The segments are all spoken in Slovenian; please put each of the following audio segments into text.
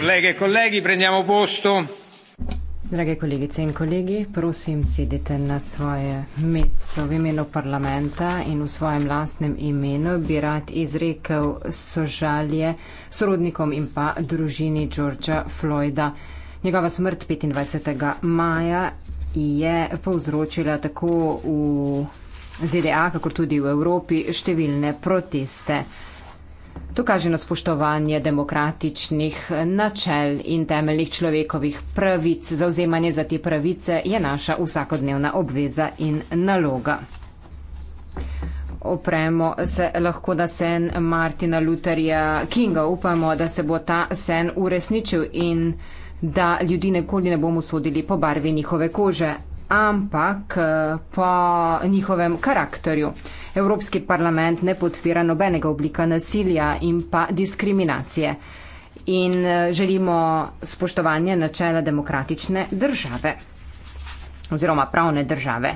Kolege, kolegi, e prendiamo posto. Drage kolegice in kolegi, prosim, sedite na svoje mesto. V imenu parlamenta in v svojem lastnem imenu bi rad izrekel sožalje sorodnikom in pa družini Georgea Floyda. Njegova smrt 25. maja je povzročila tako v ZDA, kako tudi v Evropi številne proteste. To kaže na spoštovanje demokratičnih načel in temeljnih človekovih pravic. Zauzemanje za te pravice je naša vsakodnevna obveza in naloga. Opremo se lahko, da sen Martina Lutherja Kinga. Upamo, da se bo ta sen uresničil in da ljudi nikoli ne bomo sodili po barvi njihove kože ampak eh, po njihovem karakterju. Evropski parlament ne podpira nobenega oblika nasilja in pa diskriminacije. In eh, želimo spoštovanje načela demokratične države oziroma pravne države.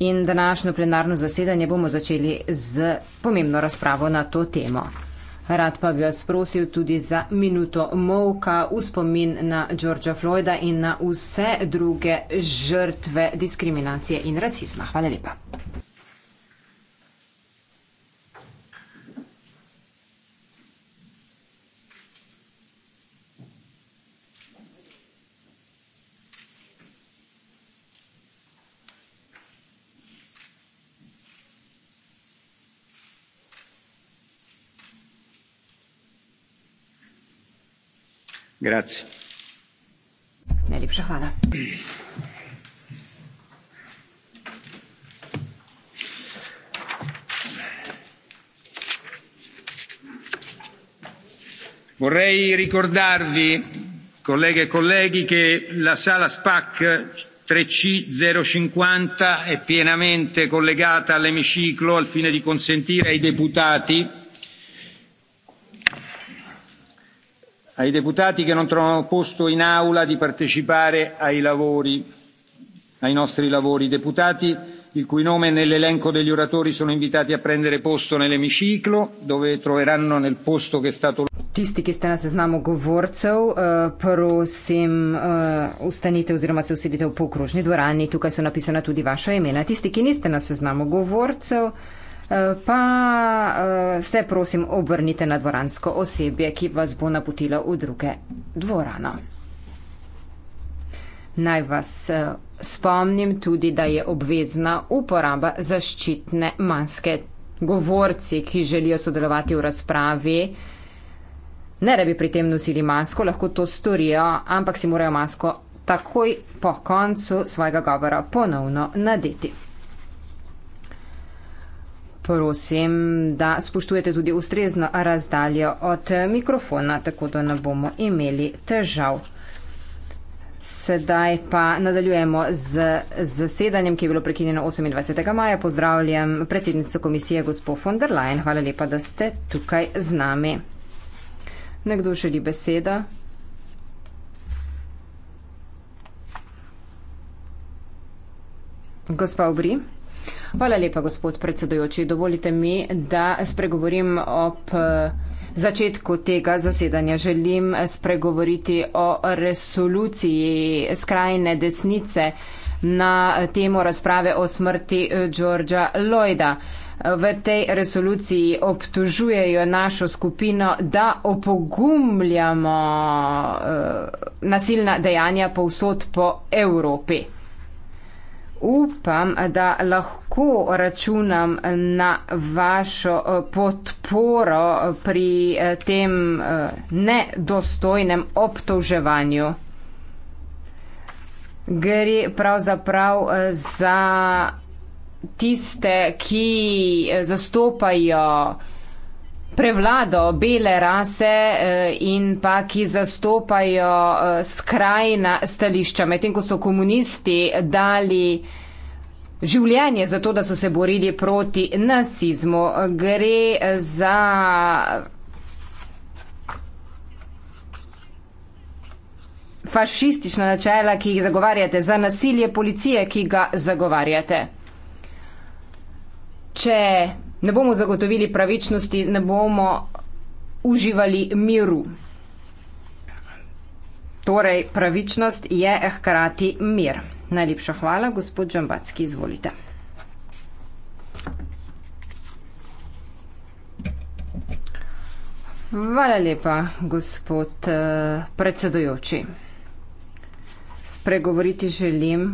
In današnjo plenarno zasedanje bomo začeli z pomembno razpravo na to temo. Rad pa bi vas prosil tudi za minuto molka v spomin na Georgea Floyda in na vse druge žrtve diskriminacije in rasizma. Hvala lepa. Grazie. Najlepša hvala. Vorrei ricordarvi, colleghe e colleghi, che la sala SPAC 3C050 è pienamente collegata all'emiciclo al fine di consentire ai deputati ai deputati che non trovano posto in aula di partecipare ai lavori ai nostri lavori deputati il cui nome è nell'elenco degli oratori sono invitati a prendere posto nell'emiciclo dove troveranno nel posto che è stato Tisti, ki ste na seznamu govorcev, eh, prosim, ustanite eh, oziroma se usedite v pokrožni dvorani, tukaj so napisana tudi vaša imena. Tisti, ki niste na seznamu govorcev, pa eh, se prosim obrnite na dvoransko osebje, ki vas bo napotilo v druge dvorano. Naj vas eh, spomnim tudi, da je obvezna uporaba zaščitne maske. Govorci, ki želijo sodelovati v razpravi, ne da bi pri tem nosili masko, lahko to storijo, ampak si morajo masko takoj po koncu svojega govora ponovno nadeti prosim, da spoštujete tudi ustrezno razdaljo od mikrofona, tako da ne bomo imeli težav. Sedaj pa nadaljujemo z zasedanjem, ki je bilo prekinjeno 28. maja. Pozdravljam predsednico komisije, gospo von der Leyen. Hvala lepa, da ste tukaj z nami. Nekdo želi besedo? Gospa Obri. Hvala lepa, gospod predsedojoči. Dovolite mi, da spregovorim ob. Eh, začetku tega zasedanja želim eh, spregovoriti o resoluciji skrajne desnice na eh, temo razprave o smrti Georgea Lloyda. V tej resoluciji obtužujejo našo skupino, da opogumljamo nasilna dejanja povsod po Evropi upam, da lahko računam na vašo eh, podporo pri eh, tem eh, nedostojnem obtoževanju. Gre pravzaprav za tiste, ki zastopajo prevlado bele rase eh, in pa ki zastopajo eh, skrajna stališča, medtem ko so komunisti dali življenje za to, da so se borili proti nasizmu. Gre eh, za. Fašistična načela, ki jih zagovarjate, za nasilje policije, ki ga zagovarjate. Če ne bomo zagotovili pravičnosti, ne bomo uživali miru. Torej, pravičnost je hkrati mir. Najlepša hvala, gospod Džambacki, izvolite. Hvala lepa, gospod eh, predsedujoči. Spregovoriti želim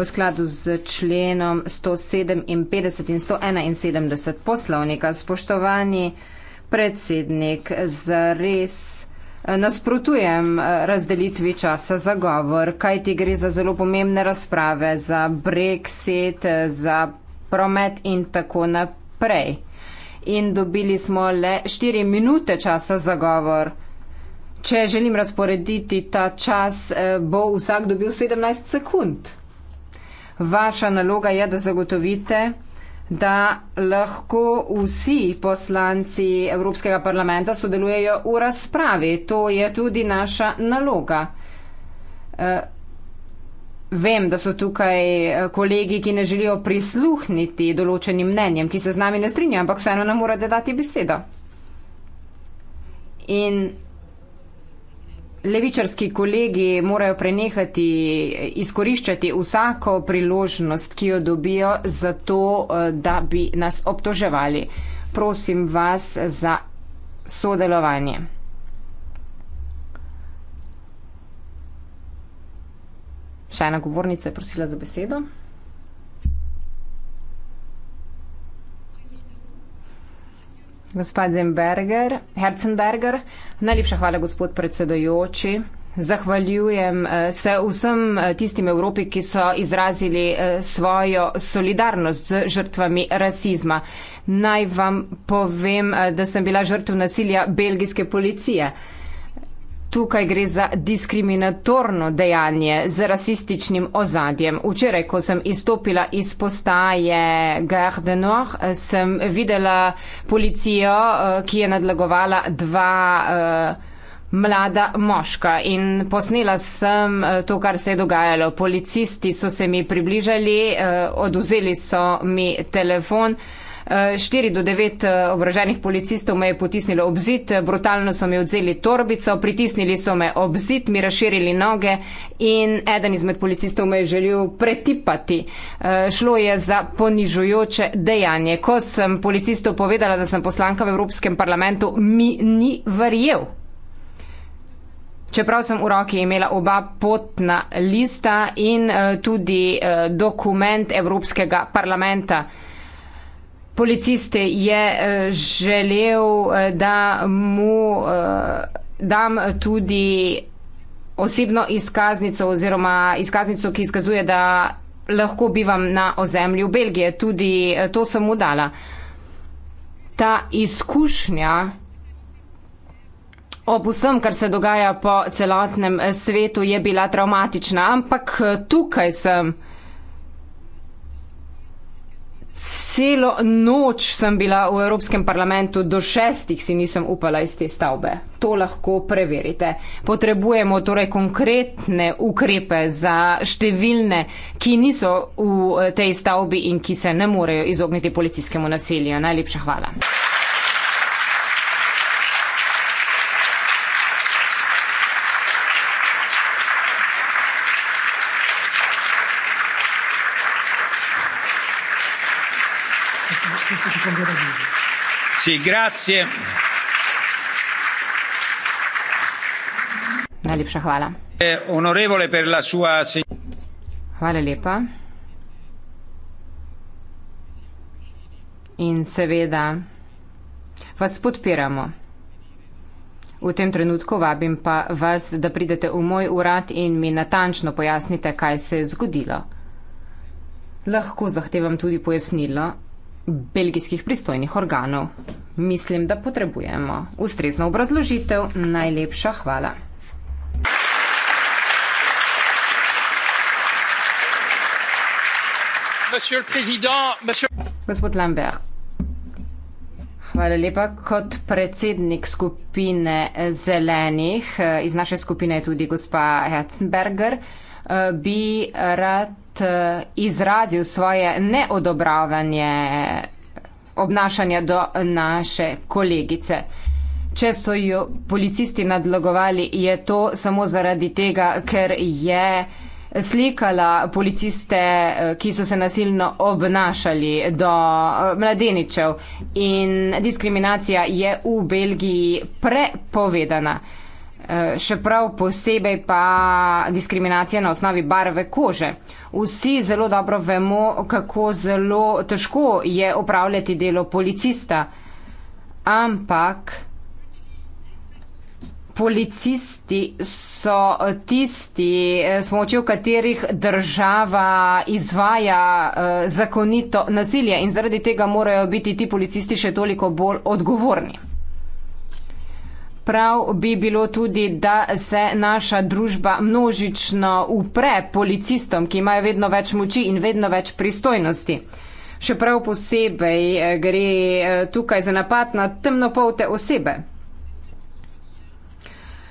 v skladu z členom 157 in 171 poslovnika. Spoštovani predsednik, zares eh, nasprotujem eh, razdelitvi časa za govor, kaj ti gre za zelo pomembne razprave, za brexit, eh, za promet in tako naprej. In dobili smo le 4 minute časa za govor. Če želim razporediti ta čas, bo vsak dobil 17 sekund. Vaša naloga je, da zagotovite, da lahko vsi poslanci Evropskega parlamenta sodelujejo v razpravi. To je tudi naša naloga. Eh, vem, da so tukaj eh, kolegi, ki ne želijo prisluhniti določenim mnenjem, ki se z nami ne strinjajo, ampak vseeno nam morate dati besedo. In levičarski kolegi morajo prenehati izkoriščati vsako priložnost, ki jo dobijo, zato eh, da bi nas obtoževali. Prosim vas za sodelovanje. Še ena govornica je prosila za besedo. Gospa Zemberger, Herzenberger, najlepša hvala, gospod predsedojoči. Zahvaljujem eh, se vsem eh, tistim Evropi, ki so izrazili eh, svojo solidarnost z žrtvami rasizma. Naj vam povem, da sem bila žrtv nasilja belgijske policije. Tukaj gre za diskriminatorno dejanje z rasističnim ozadjem. Včeraj, ko sem izstopila iz postaje Gardenoch, sem videla policijo, eh, ki je nadlegovala dva eh, mlada moška in posnela sem eh, to, kar se je dogajalo. Policisti so se mi približali, oduzeli so mi telefon. 4 do 9 eh, obroženih policistov me je potisnilo ob zid, brutalno so mi odzeli torbico, pritisnili so me ob zid, mi razširili noge in eden izmed policistov me je želel pretipati. Eh, šlo je za ponižujoče dejanje. Ko sem policistov povedala, da sem poslanka v Evropskem parlamentu, mi ni verjel. Čeprav sem v roki imela oba potna lista in eh, tudi dokument Evropskega parlamenta policist je eh, želel, eh, da mu eh, dam tudi osebno izkaznico oziroma izkaznico, ki izkazuje, da lahko bivam na ozemlju Belgije. Tudi to sem mu dala. Ta izkušnja ob vsem, kar se dogaja po celotnem svetu, je bila traumatična, ampak tukaj sem. Celo noč sem bila v Evropskem parlamentu, do šestih si nisem upala iz te stavbe. To lahko preverite. Potrebujemo torej konkretne ukrepe za številne, ki niso v eh, tej stavbi in ki se ne morejo izogniti policijskemu nasilju. Najlepša hvala. Sì, grazie. Najlepša hvala. Eh, onorevole per la sua Hvala lepa. In seveda vas podpiramo. V tem trenutku vabim pa vas, da pridete v moj urad in mi natančno pojasnite, kaj se je zgodilo. Lahko zahtevam tudi pojasnilo, belgijskih pristojnih organov. Mislim, da potrebujemo ustrezno obrazložitev. Najlepša hvala. Gospod Lambert, hvala lepa. Kot predsednik skupine zelenih, eh, iz naše skupine je tudi gospa Herzenberger, eh, bi rad Eh, izrazil svoje neodobravanje obnašanja do naše kolegice. Če so jo policisti nadlogovali, je to samo zaradi tega, ker je slikala policiste, eh, ki so se nasilno obnašali do eh, mladeničev. In diskriminacija je v Belgiji prepovedana. Eh, še prav posebej pa diskriminacija na osnovi barve kože. Vsi zelo dobro vemo, kako zelo težko je upravljati delo policista, ampak policisti so tisti, eh, s pomočjo katerih država izvaja eh, zakonito nasilje in zaradi tega morajo biti ti policisti še toliko bolj odgovorni prav bi bilo tudi, da se naša družba množično upre policistom, ki imajo vedno več moči in vedno več pristojnosti. Še prav posebej eh, gre eh, tukaj za napad na temnopolte osebe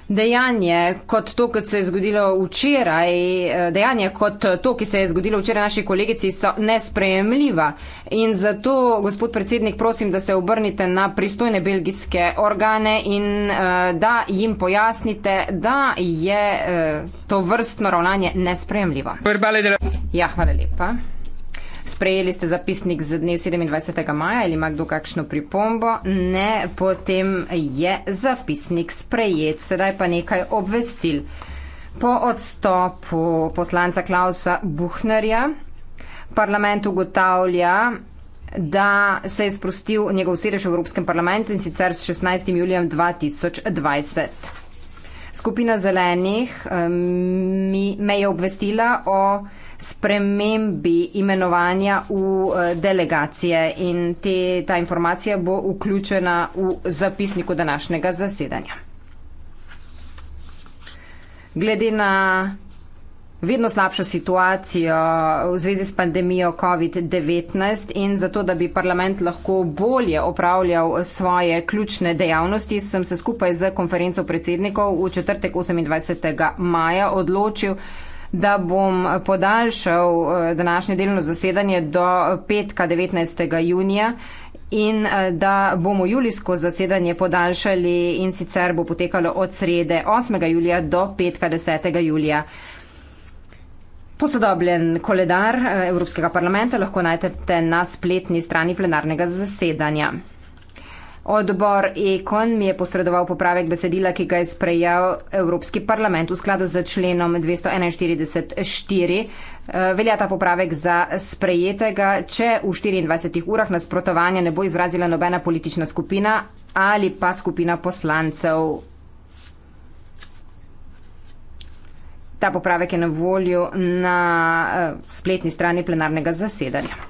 dejanje kot to, kot se je zgodilo včeraj, eh, dejanje kot to, ki se je zgodilo včeraj naši kolegici, so nesprejemljiva. In zato, gospod predsednik, prosim, da se obrnite na pristojne belgijske organe in eh, da jim pojasnite, da je eh, to vrstno ravnanje nesprejemljivo. Ja, hvala lepa. Sprejeli ste zapisnik z dne 27. maja, ali ima kdo kakšno pripombo? Ne, potem je zapisnik sprejet. Sedaj pa nekaj obvestil. Po odstopu poslanca Klausa Buhnerja parlament ugotavlja, da se je sprostil njegov sedež v Evropskem parlamentu in sicer s 16. julijem 2020. Skupina zelenih um, mi, me je obvestila o spremembi imenovanja v eh, delegacije in te, ta informacija bo vključena v zapisniku današnjega zasedanja. Glede na vedno slabšo situacijo v zvezi s pandemijo COVID-19 in zato, da bi parlament lahko bolje opravljal svoje ključne dejavnosti, sem se skupaj z konferenco predsednikov v četrtek 28. maja odločil, da bom podaljšal eh, današnje delno zasedanje do petka 19. junija in eh, da bomo julijsko zasedanje podaljšali in sicer bo potekalo od srede 8. julija do petka 10. julija. Posodobljen koledar eh, Evropskega parlamenta lahko najdete na spletni strani plenarnega zasedanja. Odbor Ekon mi je posredoval popravek besedila, ki ga je sprejel Evropski parlament v skladu z členom 241.4. Eh, velja ta popravek za sprejetega, če v 24 urah nasprotovanja ne bo izrazila nobena politična skupina ali pa skupina poslancev. Ta popravek je na voljo na eh, spletni strani plenarnega zasedanja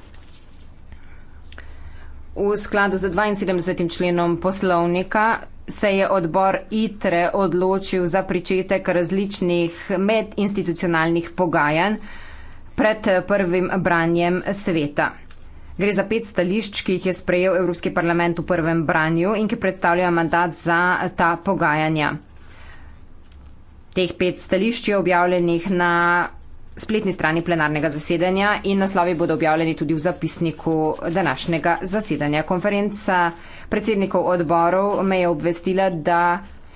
v skladu z 72. členom poslovnika se je odbor ITRE odločil za pričetek različnih medinstitucionalnih pogajanj pred prvim branjem sveta. Gre za pet stališč, ki jih je sprejel Evropski parlament v prvem branju in ki predstavljajo mandat za ta pogajanja. Teh pet stališč je objavljenih na spletni strani plenarnega zasedanja in naslovi bodo objavljeni tudi v zapisniku današnjega zasedanja. Konferenca predsednikov odborov me je obvestila, da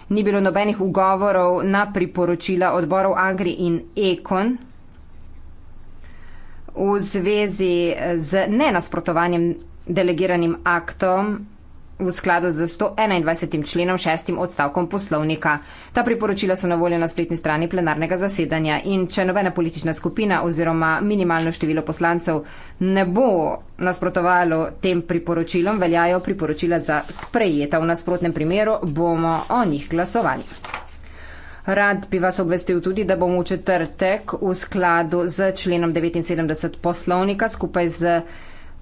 ni bilo nobenih ugovorov na priporočila odborov Agri in Ekon v zvezi z nenasprotovanjem delegiranim aktom v skladu z 121. členom šestim odstavkom poslovnika. Ta priporočila so na voljo na spletni strani plenarnega zasedanja in če nobena politična skupina oziroma minimalno število poslancev ne bo nasprotovalo tem priporočilom, veljajo priporočila za sprejeta. V nasprotnem primeru bomo o njih glasovali. Rad bi vas obvestil tudi, da bomo v četrtek v skladu z členom 79 poslovnika skupaj z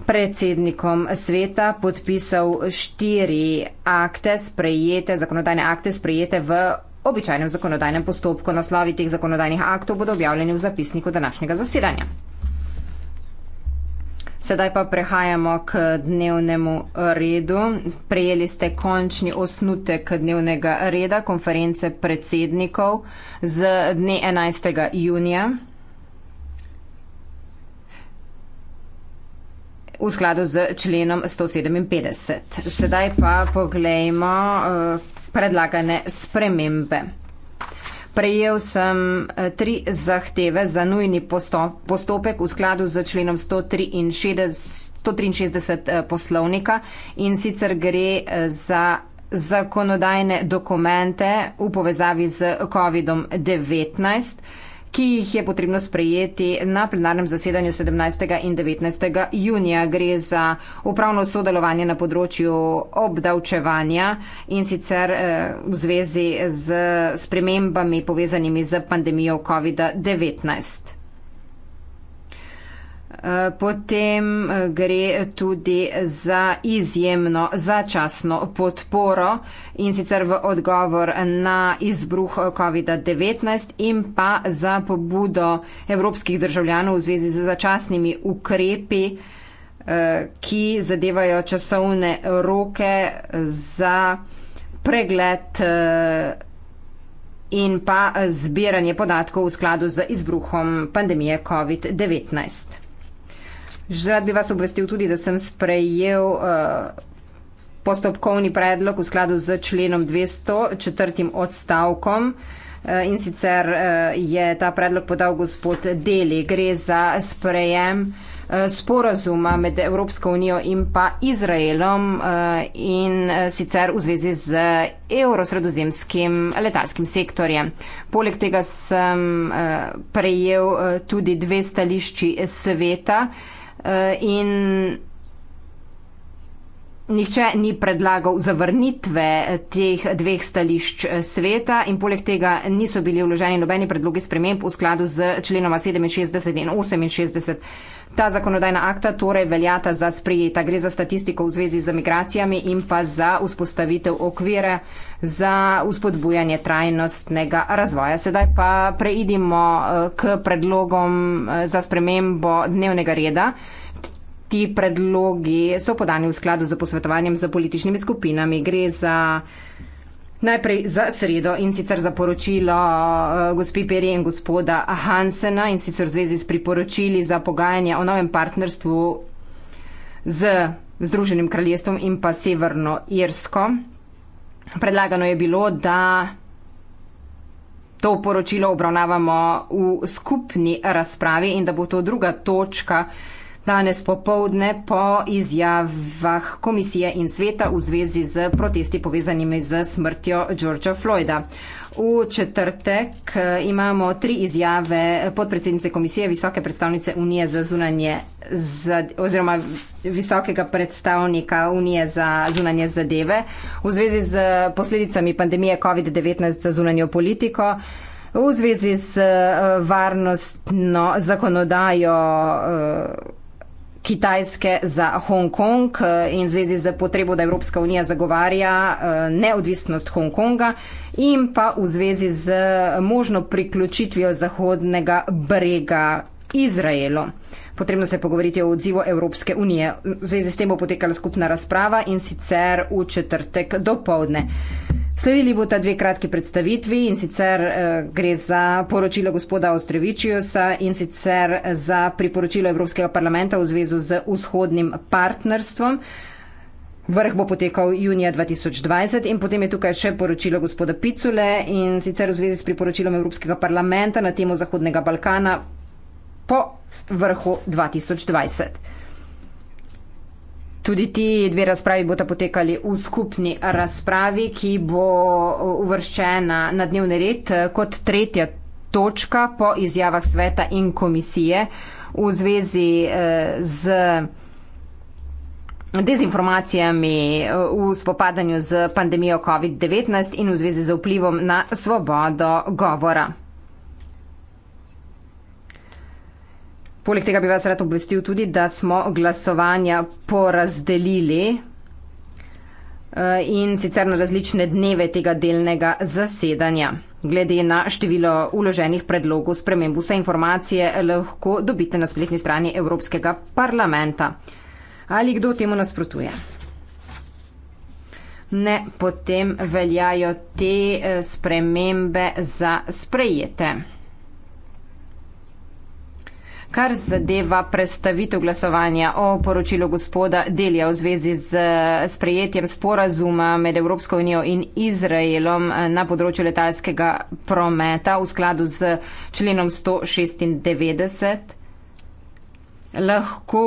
predsednikom sveta podpisal štiri akte sprejete, zakonodajne akte sprejete v običajnem zakonodajnem postopku. Naslovi teh zakonodajnih aktov bodo objavljeni v zapisniku današnjega zasedanja. Sedaj pa prehajamo k dnevnemu redu. Prejeli ste končni osnutek dnevnega reda konference predsednikov z dne 11. junija. v skladu z členom 157. Sedaj pa poglejmo eh, predlagane spremembe. Prejel sem eh, tri zahteve za nujni postopek v skladu z členom 163 eh, poslovnika in sicer gre za zakonodajne dokumente v povezavi z COVID-19 ki jih je potrebno sprejeti na plenarnem zasedanju 17. in 19. junija. Gre za upravno sodelovanje na področju obdavčevanja in sicer eh, v zvezi z spremembami povezanimi z pandemijo COVID-19. Potem eh, gre tudi za izjemno začasno podporo in sicer v odgovor na izbruh eh, COVID-19 in pa za pobudo evropskih državljanov v zvezi z začasnimi ukrepi, eh, ki zadevajo časovne roke za pregled in pa zbiranje podatkov v skladu z izbruhom pandemije COVID-19. Že rad bi vas obvestil tudi, da sem sprejel uh, postopkovni predlog v skladu z členom 204. odstavkom. Eh, in sicer eh, je ta predlog podal gospod Deli. Gre za sprejem sporazuma med Evropsko unijo in pa Izraelom in sicer v zvezi z evrosredozemskim letalskim sektorjem. Poleg tega sem prejel tudi dve stališči sveta Eh, in Nihče ni predlagal zavrnitve teh dveh stališč eh, sveta in poleg tega niso bili vloženi nobeni predlogi sprememb v skladu z členoma 67 in 68. Ta zakonodajna akta torej veljata za sprejeta. Gre za statistiko v zvezi z migracijami in pa za vzpostavitev okvira za uspodbujanje trajnostnega razvoja. Sedaj pa preidimo eh, k predlogom eh, za spremembo dnevnega reda ti predlogi so podani v skladu z posvetovanjem z političnimi skupinami. Gre za najprej za sredo in sicer za poročilo eh, gospi Peri in gospoda Hansena in sicer v zvezi s priporočili za pogajanje o novem partnerstvu z Združenim kraljestvom in pa Severno Irsko. Predlagano je bilo, da to poročilo obravnavamo v skupni razpravi in da bo to druga točka danes popovdne po izjavah komisije in sveta v zvezi z protesti povezanimi z smrtjo Georgea Floyda. V četrtek eh, imamo tri izjave podpredsednice komisije, visoke predstavnice Unije za zunanje za, oziroma visokega predstavnika Unije za zunanje zadeve v zvezi z posledicami pandemije COVID-19 za zunanjo politiko. V zvezi z eh, varnostno zakonodajo eh, Kitajske za Hongkong eh, in v zvezi z potrebo, da Evropska unija zagovarja eh, neodvisnost Hongkonga in pa v zvezi z eh, možno priključitvijo Zahodnega brega Izraelu. Potrebno se je pogovoriti o odzivu Evropske unije. V zvezi s tem bo potekala skupna razprava in sicer v četrtek do povdne. Sledili bo ta dve kratki predstavitvi in sicer eh, gre za poročilo gospoda Ostrevičiusa in sicer za priporočilo Evropskega parlamenta v zvezi z vzhodnim partnerstvom. Vrh bo potekal junija 2020 in potem je tukaj še poročilo gospoda Picule in sicer v zvezi s priporočilom Evropskega parlamenta na temo Zahodnega Balkana po vrhu 2020. Tudi ti dve razpravi bodo potekali v skupni razpravi, ki bo uh, uvrščena na dnevni red uh, kot tretja točka po izjavah sveta in komisije v zvezi uh, z dezinformacijami v spopadanju z pandemijo COVID-19 in v zvezi z vplivom na svobodo govora. Poleg tega bi vas rad obvestil tudi, da smo glasovanja porazdelili eh, in sicer na različne dneve tega delnega zasedanja. Glede na število uloženih predlogov sprememb vse informacije lahko dobite na spletni strani Evropskega parlamenta. Ali kdo temu nasprotuje? Ne, potem veljajo te eh, spremembe za sprejete kar zadeva predstavitev glasovanja o poročilu gospoda Delija v zvezi z sprejetjem sporazuma med Evropsko unijo in Izraelom eh, na področju letalskega prometa v skladu z členom 196. Lahko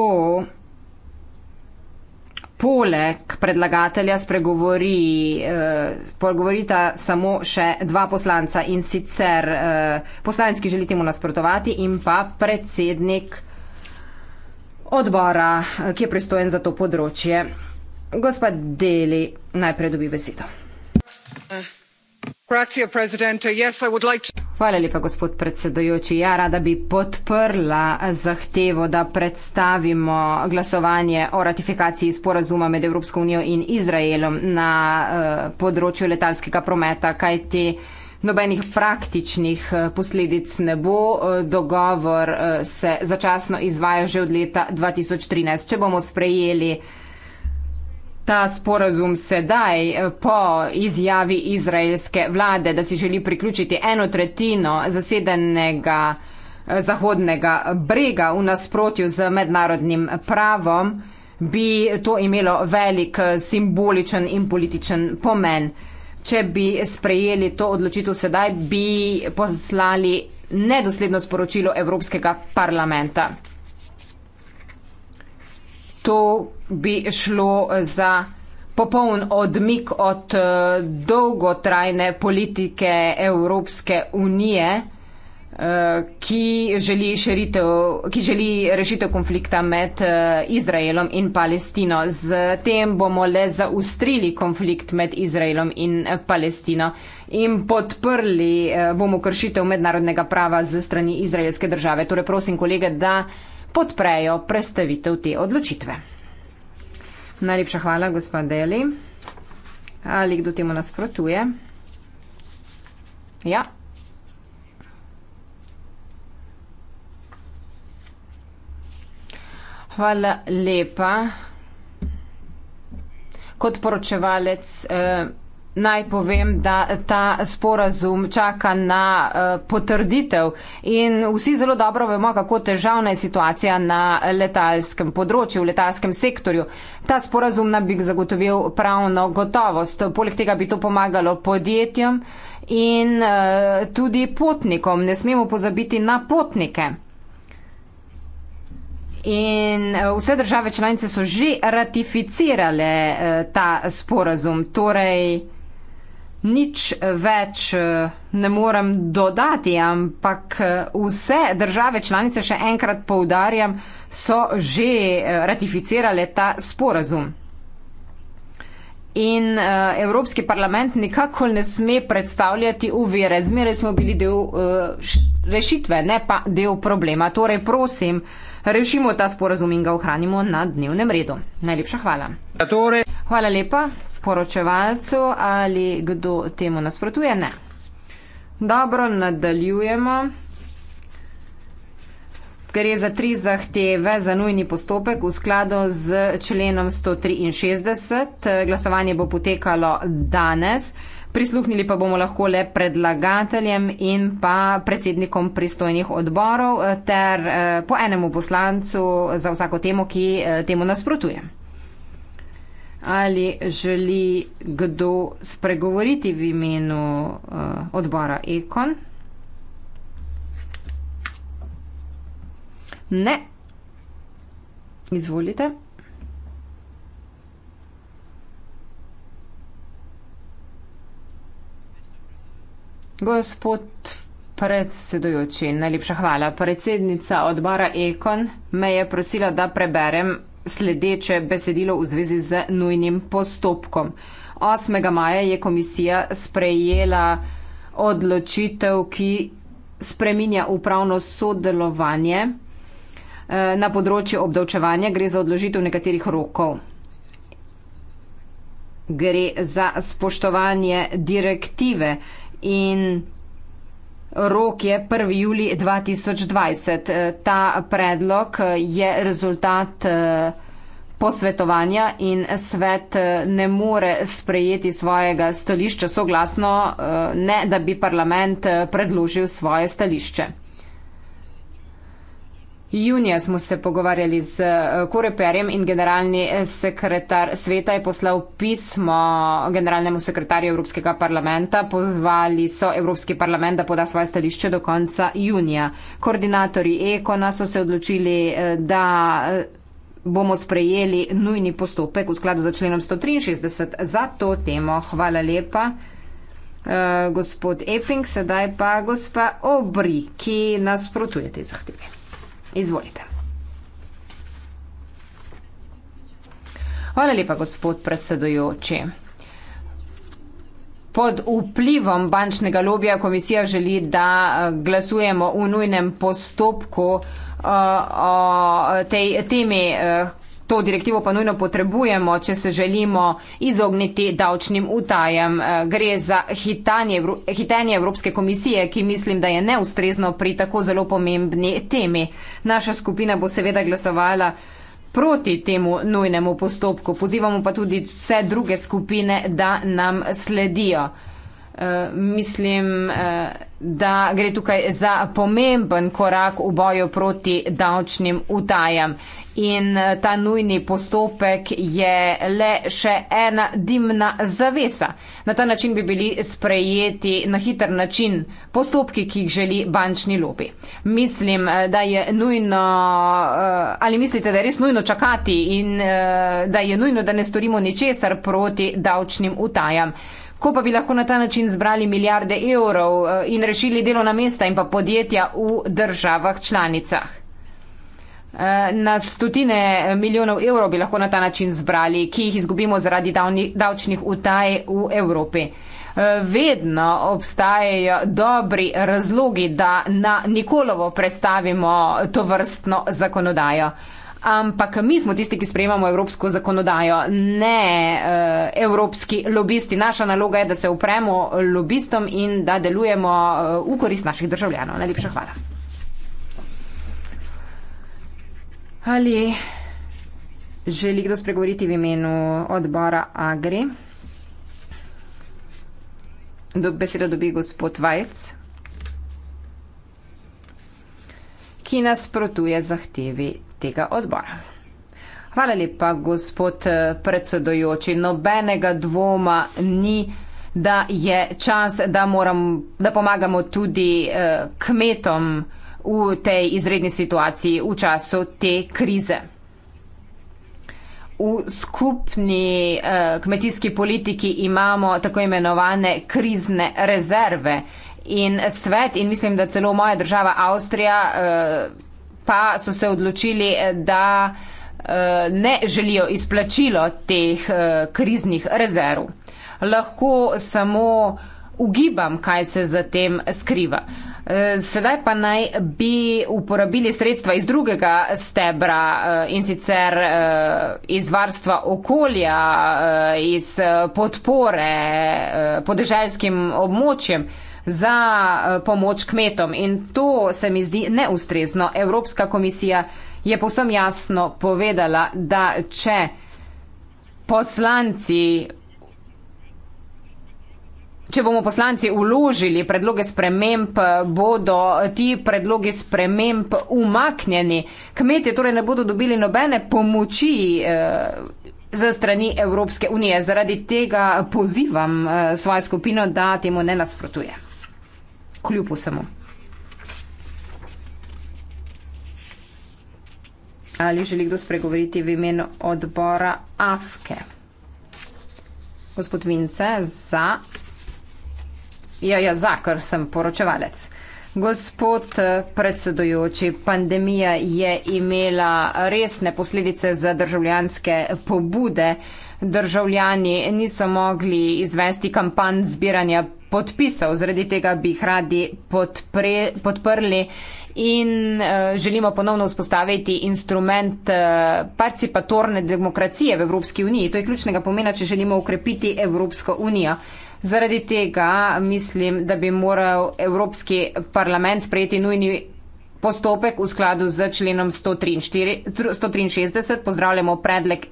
poleg predlagatelja spregovori, eh, spregovorita samo še dva poslanca in sicer eh, poslanec, ki želite mu nasprotovati in pa predsednik odbora, eh, ki je pristojen za to področje. Gospod Deli, najprej dobi besedo. Uh. Hvala lepa, gospod predsedujoči. Ja, rada bi podprla zahtevo, da predstavimo glasovanje o ratifikaciji sporazuma med Evropsko unijo in Izraelom na eh, področju letalskega prometa, kajti nobenih praktičnih eh, posledic ne bo. Eh, dogovor se začasno izvaja že od leta 2013. Če bomo sprejeli ta sporazum sedaj eh, po izjavi izraelske vlade, da si želi priključiti eno tretjino zasedenega eh, zahodnega brega v nasprotju z mednarodnim pravom, bi to imelo velik eh, simboličen in političen pomen. Če bi sprejeli to odločitev sedaj, bi poslali nedosledno sporočilo Evropskega parlamenta to bi šlo za popoln odmik od eh, dolgotrajne politike Evropske unije, eh, ki želi, širitev, ki želi rešitev konflikta med eh, Izraelom in Palestino. Z tem bomo le zaustrili konflikt med Izraelom in Palestino in podprli bomo kršitev mednarodnega prava z strani izraelske države. Torej prosim kolege, da podprejo predstavitev te odločitve. Najlepša hvala, gospod Deli. Ali kdo temu nasprotuje? Ja. Hvala lepa. Kot poročevalec. Eh, Naj povem, da ta sporazum čaka na uh, potrditev in vsi zelo dobro vemo, kako težavna je situacija na letalskem področju, v letalskem sektorju. Ta sporazum nam bi zagotovil pravno gotovost. Poleg tega bi to pomagalo podjetjem in uh, tudi potnikom. Ne smemo pozabiti na potnike. In eh, vse države članice so že ratificirale uh, ta sporazum. Torej, nič eh, več eh, ne morem dodati, ampak eh, vse države članice, še enkrat poudarjam, so že ratificirale ta sporazum. In uh, Evropski parlament nikakor ne sme predstavljati uvere. Zmeraj smo bili del uh, rešitve, ne pa del problema. Torej, prosim, rešimo ta sporazum in ga ohranimo na dnevnem redu. Najlepša hvala. Torej. Hvala lepa poročevalcu ali kdo temu nasprotuje. Ne. Dobro, nadaljujemo. Gre za tri zahteve za nujni postopek v skladu z členom 163. Glasovanje bo potekalo danes. Prisluhnili pa bomo lahko le predlagateljem in pa predsednikom pristojnih odborov ter eh, po enemu poslancu za vsako temo, ki eh, temu nasprotuje ali želi kdo spregovoriti v imenu uh, odbora Ekon? Ne. Izvolite. Gospod predsedujoči, najlepša hvala. Predsednica odbora Ekon me je prosila, da preberem sledeče besedilo v zvezi z nujnim postopkom. 8. maja je komisija sprejela odločitev, ki spreminja upravno sodelovanje eh, na področju obdavčevanja. Gre za odložitev nekaterih rokov. Gre za spoštovanje direktive in Rok je 1. juli 2020. E, ta predlog je rezultat e, posvetovanja in svet e, ne more sprejeti svojega stališča soglasno, ne da bi parlament predložil svoje stališče. Junija smo se pogovarjali z eh, Koreperjem in generalni eh, sekretar sveta je poslal pismo generalnemu sekretarju Evropskega parlamenta. Pozvali so Evropski parlament, da poda svoje stališče do konca junija. Koordinatori Ekona so se odločili, eh, da bomo sprejeli nujni postopek v skladu za členom 163 za to temo. Hvala lepa. Uh, gospod Efing, sedaj pa gospa Obri, ki nasprotuje te zahteve. Izvolite. Hvala lepa, gospod predsedujoči. Pod vplivom bančnega lobija komisija želi, da eh, glasujemo v nujnem postopku eh, o tej temi eh, To direktivo pa nujno potrebujemo, če se želimo izogniti davčnim utajem. Eh, gre za hitanje, hitenje Evropske komisije, ki mislim, da je neustrezno pri tako zelo pomembni temi. Naša skupina bo seveda glasovala proti temu nujnemu postopku. Pozivamo pa tudi vse druge skupine, da nam sledijo. Eh, mislim, uh, da gre tukaj za pomemben korak v boju proti davčnim utajam. In uh, ta nujni postopek je le še ena dimna zavesa. Na ta način bi bili sprejeti na hiter način postopki, ki jih želi bančni lobby. Mislim, uh, da je nujno, uh, ali mislite, da je res nujno čakati in uh, da je nujno, da ne storimo ničesar proti davčnim utajam. Ko pa bi lahko na ta način zbrali milijarde evrov eh, in rešili delovna mesta in pa podjetja v državah članicah. Eh, na stotine milijonov evrov bi lahko na ta način zbrali, ki jih izgubimo zaradi davčnih utaj v Evropi. Eh, vedno obstajajo dobri razlogi, da na Nikolovo predstavimo to vrstno zakonodajo ampak mi smo tisti, ki sprejemamo evropsko zakonodajo, ne eh, evropski lobisti. Naša naloga je, da se upremo lobistom in da delujemo eh, v korist naših državljanov. Najlepša hvala. Ali želi kdo spregovoriti v imenu odbora Agri? Dob besedo dobi gospod Vajc, ki nasprotuje zahtevi tega odbora. Hvala lepa, gospod eh, predsedojoči. Nobenega dvoma ni, da je čas, da, moram, da pomagamo tudi eh, kmetom v tej izredni situaciji v času te krize. V skupni eh, kmetijski politiki imamo tako imenovane krizne rezerve in svet in mislim, da celo moja država Avstrija pa so se odločili, eh, da eh, ne želijo izplačilo teh eh, kriznih rezerv. Lahko samo ugibam, kaj se za tem skriva. Sedaj pa naj bi uporabili sredstva iz drugega stebra in sicer iz varstva okolja, iz podpore podeželskim območjem za eh, pomoč kmetom in to se mi zdi neustrezno. Evropska komisija je posem jasno povedala, da če poslanci. Če bomo poslanci uložili predloge sprememb, bodo ti predloge sprememb umaknjeni. Kmetje torej ne bodo dobili nobene pomoči eh, za strani Evropske unije. Zaradi tega pozivam eh, svojo skupino, da temu ne nasprotuje kljub vsemu. Ali želi kdo spregovoriti v imenu odbora AFKE? Gospod Vince, za. Ja, ja, za, ker sem poročevalec. Gospod eh, predsedujoči, pandemija je imela resne posledice za državljanske pobude. Državljani niso mogli izvesti kampanj zbiranja podpisov, zaradi tega bi jih radi podpre, podprli in uh, želimo ponovno vzpostaviti instrument uh, participatorne demokracije v Evropski uniji. To je ključnega pomena, če želimo ukrepiti Evropsko unijo. Zaradi tega mislim, da bi moral Evropski parlament sprejeti nujni postopek v skladu z členom 143, 163. Pozdravljamo predlog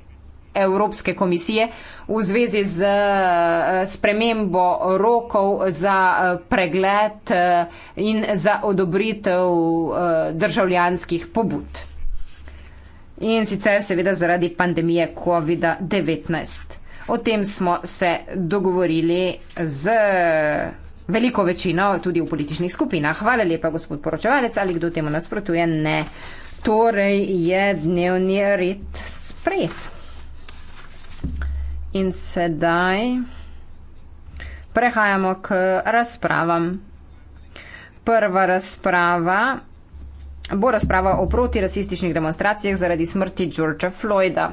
Evropske komisije v zvezi z eh, spremembo rokov za eh, pregled eh, in za odobritev državljanskih pobud. In sicer seveda zaradi pandemije COVID-19. O tem smo se dogovorili z veliko večino, tudi v političnih skupinah. Hvala lepa, gospod poročevalec, ali kdo temu nasprotuje? Ne. Torej je dnevni red sprejet. In sedaj prehajamo k razpravam. Prva razprava bo razprava o protirasističnih demonstracijah zaradi smrti Georgea Floyda.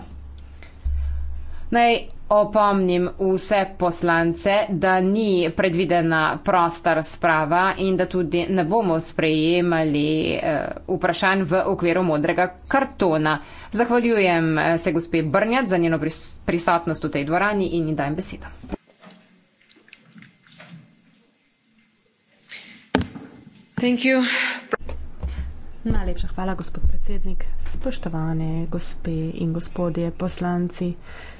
Naj opomnim vse poslance, da ni predvidena prosta razprava in da tudi ne bomo sprejemali eh, vprašanj v okviru modrega kartona. Zahvaljujem eh, se gospe Brnjat za njeno prisotnost v tej dvorani in ji dajem besedo. Najlepša hvala, gospod predsednik, spoštovane gospe in gospodje poslanci. Uh,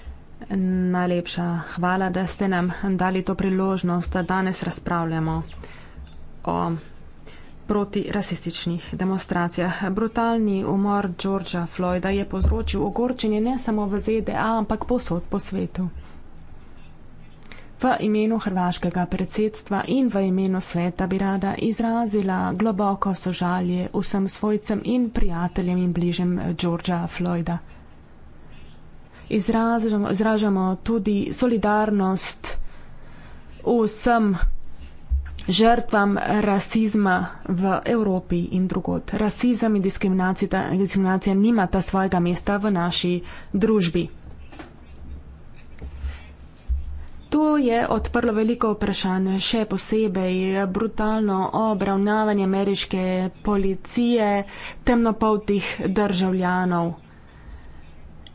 Najlepša hvala, da ste nam dali to priložnost, da danes razpravljamo o protirasističnih demonstracijah. Brutalni umor Georgea Floyda je povzročil ogorčenje ne samo v ZDA, ampak posod po svetu. V imenu hrvaškega predsedstva in v imenu sveta bi rada izrazila globoko sožalje vsem svojcem in prijateljem in bližem Georgea Floyda izražamo, izražamo tudi solidarnost vsem žrtvam rasizma v Evropi in drugot. Rasizem in diskriminacija, diskriminacija nimata svojega mesta v naši družbi. To je odprlo veliko vprašanje, še posebej brutalno obravnavanje ameriške policije temnopoltih državljanov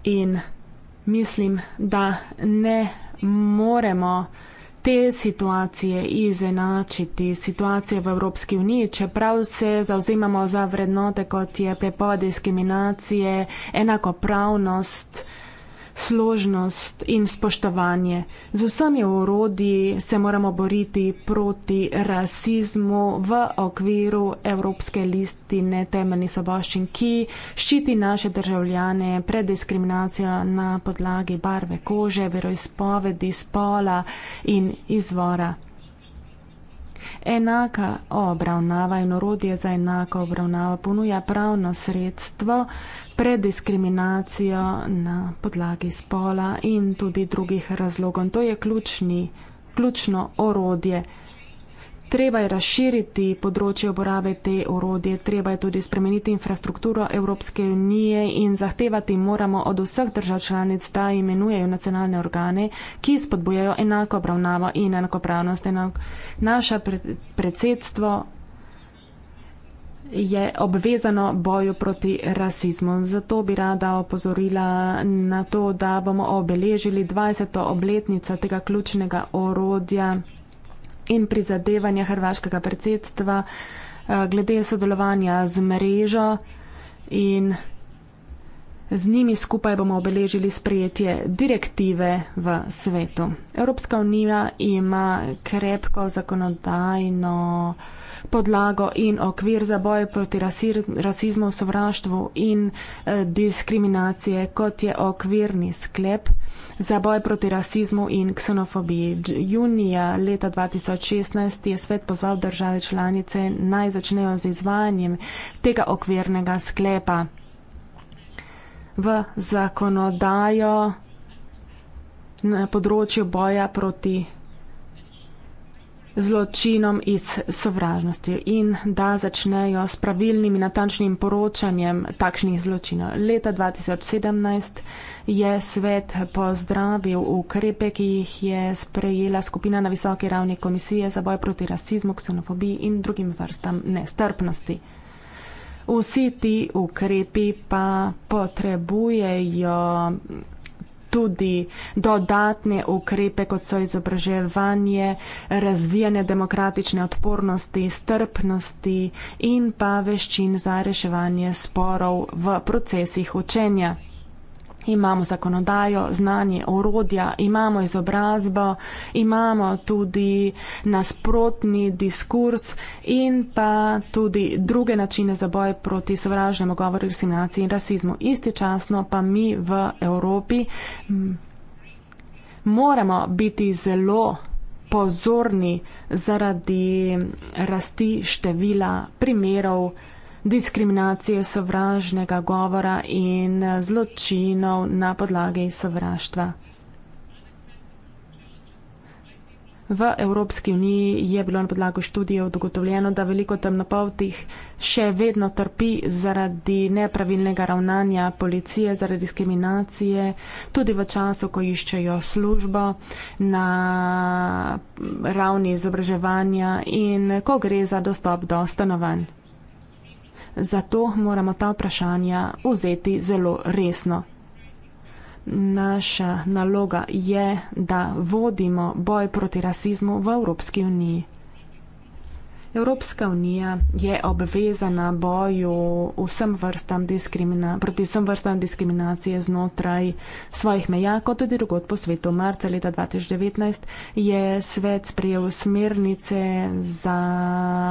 in mislim, da ne moremo te situacije izenačiti situacijo v Evropski uniji, čeprav se zauzemamo za vrednote, kot je prepoved diskriminacije, enakopravnost složnost in spoštovanje. Z vsemi urodji se moramo boriti proti rasizmu v okviru Evropske listine temeljnih soboščin, ki ščiti naše državljane pred diskriminacijo na podlagi barve kože, veroizpovedi, spola in izvora enaka obravnava in orodje za enako obravnavo ponuja pravno sredstvo pred diskriminacijo na podlagi spola in tudi drugih razlogov. To je ključni, ključno orodje treba je razširiti področje uporabe te orodje, treba je tudi spremeniti infrastrukturo Evropske unije in zahtevati moramo od vseh držav članic, da imenujejo nacionalne organe, ki spodbujajo enako obravnavo in enakopravnost. Enak. Naša predsedstvo je obvezano boju proti rasizmu. Zato bi rada opozorila na to, da bomo obeležili 20. obletnico tega ključnega orodja in prizadevanja hrvaškega predsedstva eh, glede sodelovanja z mrežo in Z njimi skupaj bomo obeležili sprejetje direktive v svetu. Evropska unija ima krepko zakonodajno podlago in okvir za boj proti rasir, rasizmu, sovraštvu in eh, diskriminacije, kot je okvirni sklep za boj proti rasizmu in ksenofobiji. Junija leta 2016 je svet pozval države članice naj začnejo z izvajanjem tega okvirnega sklepa v zakonodajo na področju boja proti zločinom iz sovražnosti in da začnejo s pravilnim in natančnim poročanjem takšnih zločinov. Leta 2017 je svet pozdravil ukrepe, ki jih je sprejela skupina na visoki ravni Komisije za boj proti rasizmu, ksenofobiji in drugim vrstam nestrpnosti. Vsi ti ukrepi pa potrebujejo tudi dodatne ukrepe, kot so izobraževanje, razvijanje demokratične odpornosti, strpnosti in pa veščin za reševanje sporov v procesih učenja imamo zakonodajo, znanje, orodja, imamo izobrazbo, imamo tudi nasprotni diskurs in pa tudi druge načine za boj proti sovražnemu govoru, diskriminaciji in rasizmu. Istočasno pa mi v Evropi moramo biti zelo pozorni zaradi rasti števila primerov, diskriminacije, sovražnega govora in eh, zločinov na podlagi sovraštva. V Evropski uniji je bilo na podlagi študije odgotovljeno, da veliko temnopoltih še vedno trpi zaradi nepravilnega ravnanja policije, zaradi diskriminacije, tudi v času, ko iščejo službo na ravni izobraževanja in ko gre za dostop do stanovanj zato moramo ta vprašanja vzeti zelo resno. Naša naloga je, da vodimo boj proti rasizmu v Evropski uniji. Evropska unija je obvezana boju vsem vrstam proti vsem vrstam diskriminacije znotraj svojih meja, kot tudi drugot po svetu. Marca leta 2019 je svet sprejel smernice za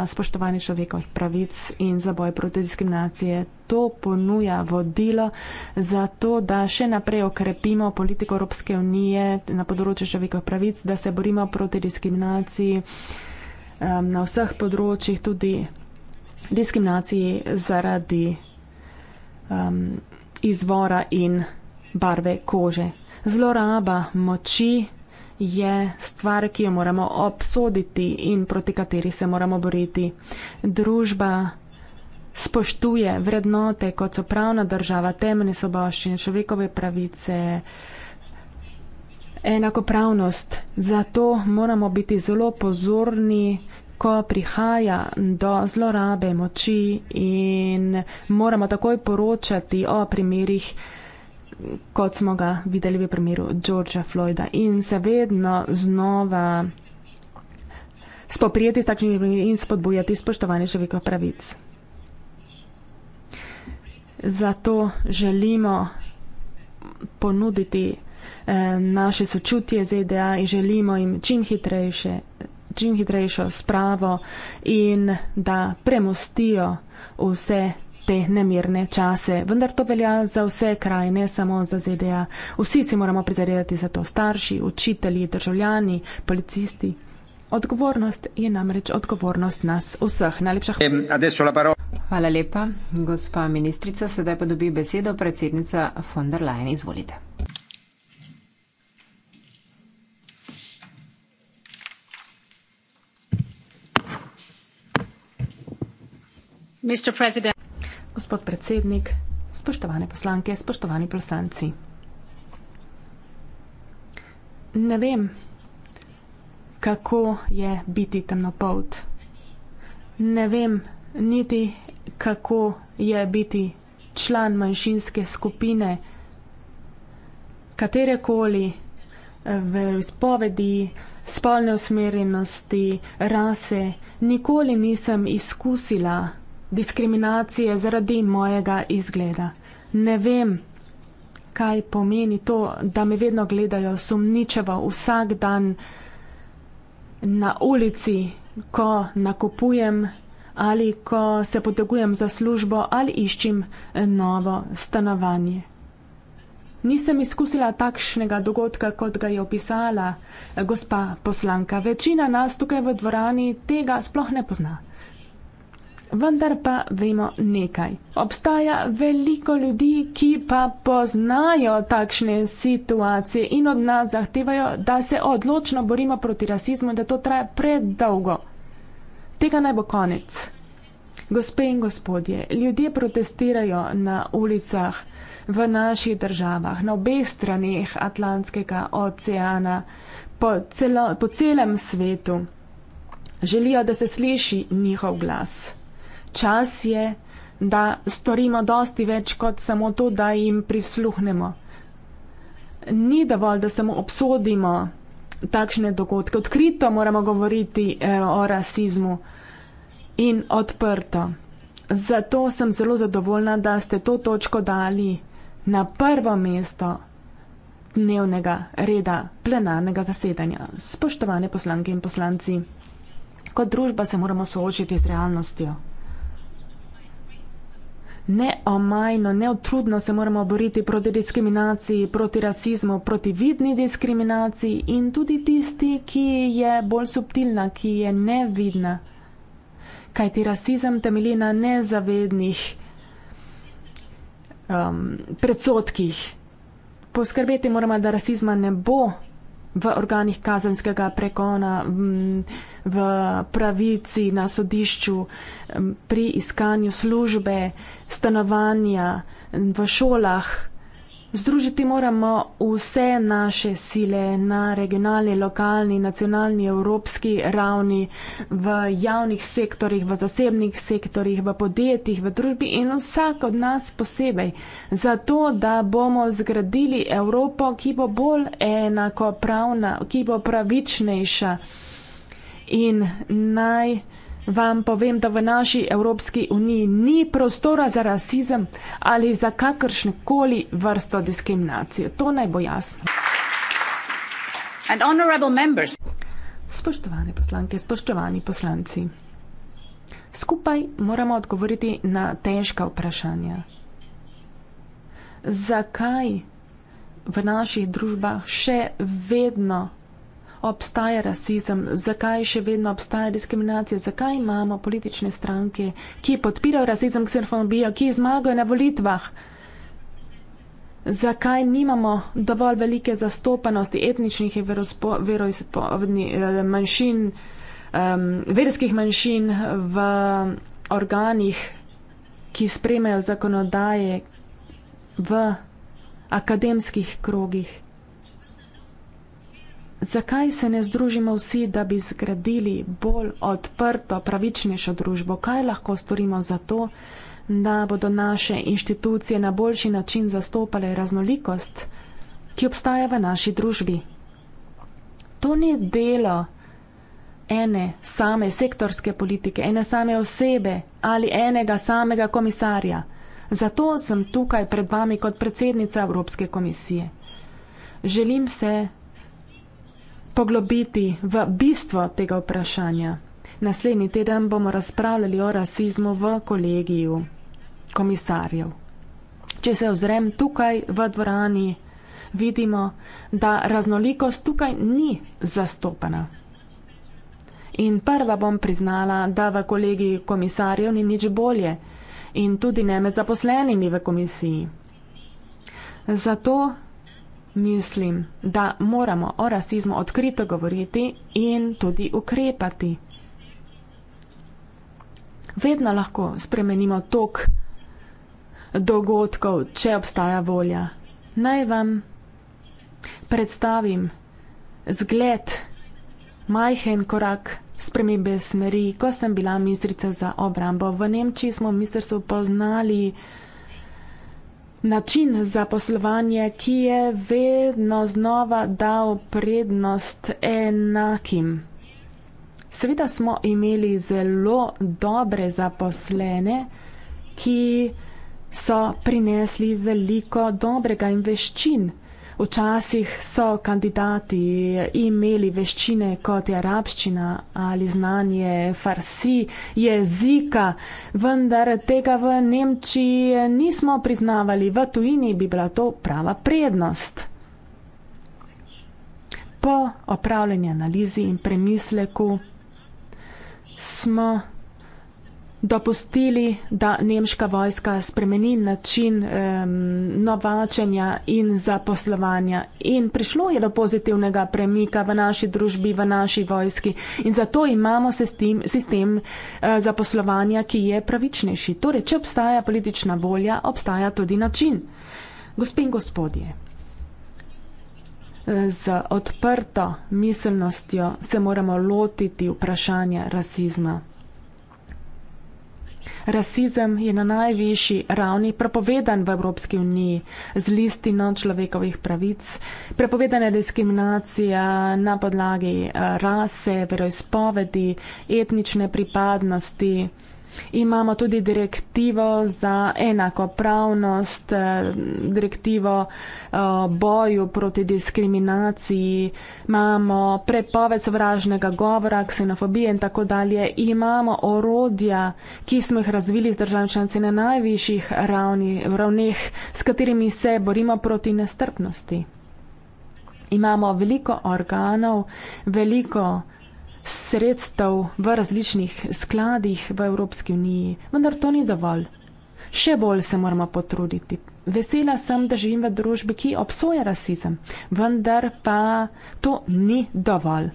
spoštovanje človekovih pravic in za boj proti diskriminacije. To ponuja vodilo za to, da še naprej okrepimo politiko Evropske unije na področju človekovih pravic, da se borimo proti diskriminaciji um, na vseh področjih, tudi diskriminaciji zaradi um, izvora in barve kože. Zloraba moči je stvar, ki jo moramo obsoditi in proti kateri se moramo boriti. Družba spoštuje vrednote, kot so pravna država, temeljne soboščine, človekove pravice enakopravnost. Zato moramo biti zelo pozorni, ko prihaja do zlorabe moči in moramo takoj poročati o primerih, kot smo ga videli v primeru Georgea Floyda in se vedno znova spoprijeti s takšnimi primeri in spodbujati spoštovanje človekov pravic. Zato želimo ponuditi Eh, naše sočutje ZDA in želimo jim čim hitrejše čim hitrejšo spravo in da premostijo vse te nemirne čase. Vendar to velja za vse kraje, ne samo za ZDA. Vsi si moramo prizadevati za to. Starši, učitelji, državljani, policisti. Odgovornost je namreč odgovornost nas vseh. Najlepša hvala. Hvala lepa, gospa ministrica. Sedaj pa dobi besedo predsednica von der Leyen. Izvolite. Gospod predsednik, spoštovane poslanke, spoštovani poslanci. Ne vem, kako je biti temnopolt. Ne vem niti, kako je biti član manjšinske skupine, katerekoli eh, v izpovedi, spolne usmerjenosti, rase. Nikoli nisem izkusila, diskriminacije zaradi mojega izgleda. Ne vem, kaj pomeni to, da me vedno gledajo sumničeva vsak dan na ulici, ko nakupujem ali ko se potegujem za službo ali iščim novo stanovanje. Nisem izkusila takšnega dogodka, kot ga je opisala gospa poslanka. Večina nas tukaj v dvorani tega sploh ne pozna vendar pa vemo nekaj. Obstaja veliko ljudi, ki pa poznajo takšne situacije in od nas zahtevajo, da se odločno borimo proti rasizmu in da to traja predolgo. Tega naj bo konec. Gospe in gospodje, ljudje protestirajo na ulicah v naših državah, na obeh stranih Atlantskega oceana, po, celo, po celem svetu. Želijo, da se sliši njihov glas čas je, da storimo dosti več kot samo to, da jim prisluhnemo. Ni dovolj, da samo obsodimo takšne dogodke. Odkrito moramo govoriti eh, o rasizmu in odprto. Zato sem zelo zadovoljna, da ste to točko dali na prvo mesto dnevnega reda plenarnega zasedanja. Spoštovane poslanke in poslanci, kot družba se moramo soočiti z realnostjo neomajno, neutrudno se moramo boriti proti diskriminaciji, proti rasizmu, proti vidni diskriminaciji in tudi tisti, ki je bolj subtilna, ki je nevidna. Kaj ti rasizem temelji na nezavednih um, predsotkih. Poskrbeti moramo, da rasizma ne bo v organih kazenskega pregona, v pravici na sodišču, pri iskanju službe, stanovanja, v šolah. Združiti moramo vse naše sile na regionalni, lokalni, nacionalni, evropski ravni, v javnih sektorjih, v zasebnih sektorjih, v podjetjih, v družbi in vsak od nas posebej, zato da bomo zgradili Evropo, ki bo bolj enakopravna, ki bo pravičnejša in najprejšnja vam povem, da v naši Evropski uniji ni prostora za rasizem ali za kakršne koli vrsto diskriminacije. To naj bo jasno. Spoštovane poslanke, spoštovani poslanci, skupaj moramo odgovoriti na težka vprašanja. Zakaj v naših družbah še vedno obstaja rasizem, zakaj še vedno obstaja diskriminacija, zakaj imamo politične stranke, ki podpirajo rasizem, ksenofobijo, ki zmagajo na volitvah. Zakaj nimamo dovolj velike zastopanosti etničnih in eh, manjšin, um, verskih manjšin v organih, ki spremejo zakonodaje v akademskih krogih? zakaj se ne združimo vsi, da bi zgradili bolj odprto, pravičnejšo družbo? Kaj lahko storimo za to, da bodo naše inštitucije na boljši način zastopale raznolikost, ki obstaja v naši družbi? To ni delo ene same sektorske politike, ene same osebe ali enega samega komisarja. Zato sem tukaj pred vami kot predsednica Evropske komisije. Želim se, poglobiti v bistvo tega vprašanja. Naslednji teden bomo razpravljali o rasizmu v kolegiju komisarjev. Če se ozrem tukaj v dvorani, vidimo, da raznolikost tukaj ni zastopana. In prva bom priznala, da v kolegiji komisarjev ni nič bolje in tudi ne med zaposlenimi v komisiji. Zato mislim, da moramo o rasizmu odkrito govoriti in tudi ukrepati. Vedno lahko spremenimo tok dogodkov, če obstaja volja. Naj vam predstavim zgled, majhen korak spremembe smeri. Ko sem bila ministrica za obrambo v Nemčiji, smo v ministrstvu poznali način zaposlovanja, ki je vedno znova dal prednost enakim. Seveda smo imeli zelo dobre zaposlene, ki so prinesli veliko dobrega in veščin. Včasih so kandidati imeli veščine kot je arabščina ali znanje farsi jezika, vendar tega v Nemčiji nismo priznavali, v tujini bi bila to prava prednost. Po opravljeni analizi in premisleku smo dopustili, da nemška vojska spremeni način um, novačenja in zaposlovanja. In prišlo je do pozitivnega premika v naši družbi, v naši vojski. In zato imamo sistem, sistem uh, zaposlovanja, ki je pravičnejši. Torej, če obstaja politična volja, obstaja tudi način. Gospin gospodje. Eh, z odprto miselnostjo se moramo lotiti vprašanja rasizma. Rasizem je na najvišji ravni prepovedan v Evropski uniji z listino človekovih pravic. Prepovedana je diskriminacija na podlagi eh, rase, veroizpovedi, etnične pripadnosti, Imamo tudi direktivo za enakopravnost, eh, direktivo o boju proti diskriminaciji, imamo prepoved sovražnega govora, ksenofobije in tako dalje. Imamo orodja, ki smo jih razvili z državami članice na najvišjih ravni, ravneh, s katerimi se borimo proti nestrpnosti. Imamo veliko organov, veliko sredstev v različnih skladih v Evropski uniji, vendar to ni dovolj. Še bolj se moramo potruditi. Vesela sem, da živim v družbi, ki obsoja rasizem, vendar pa to ni dovolj.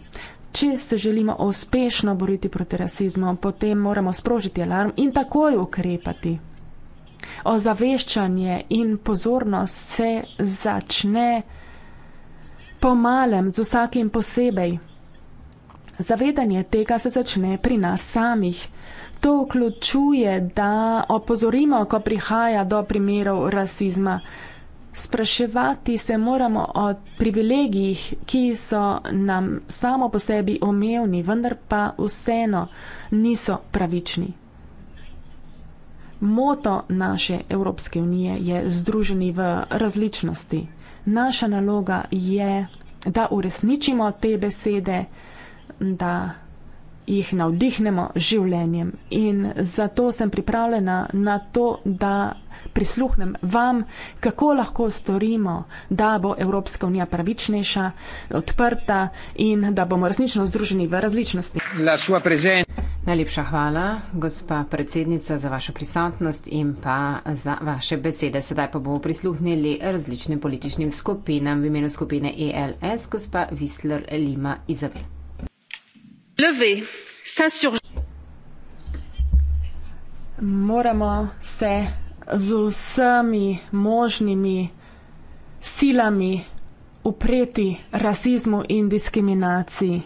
Če se želimo uspešno boriti proti rasizmu, potem moramo sprožiti alarm in takoj ukrepati. Ozaveščanje in pozornost se začne po malem, z vsakim posebej. Zavedanje tega se začne pri nas samih. To vključuje, da opozorimo, ko prihaja do primerov rasizma. Spraševati se moramo o privilegijih, ki so nam samo po sebi omejeni, vendar pa vseeno niso pravični. Moto naše Evropske unije je združeni v različnosti. Naša naloga je, da uresničimo te besede da jih navdihnemo življenjem. In zato sem pripravljena na to, da prisluhnem vam, kako lahko storimo, da bo Evropska unija pravičnejša, odprta in da bomo resnično združeni v različnosti. Najlepša hvala, gospa predsednica, za vašo prisotnost in pa za vaše besede. Sedaj pa bomo prisluhnili različnim političnim skupinam v imenu skupine ELS, gospa Visler Lima Izabela levé s'insurger. Moramo se z vsemi možnimi silami upreti rasizmu in diskriminaciji.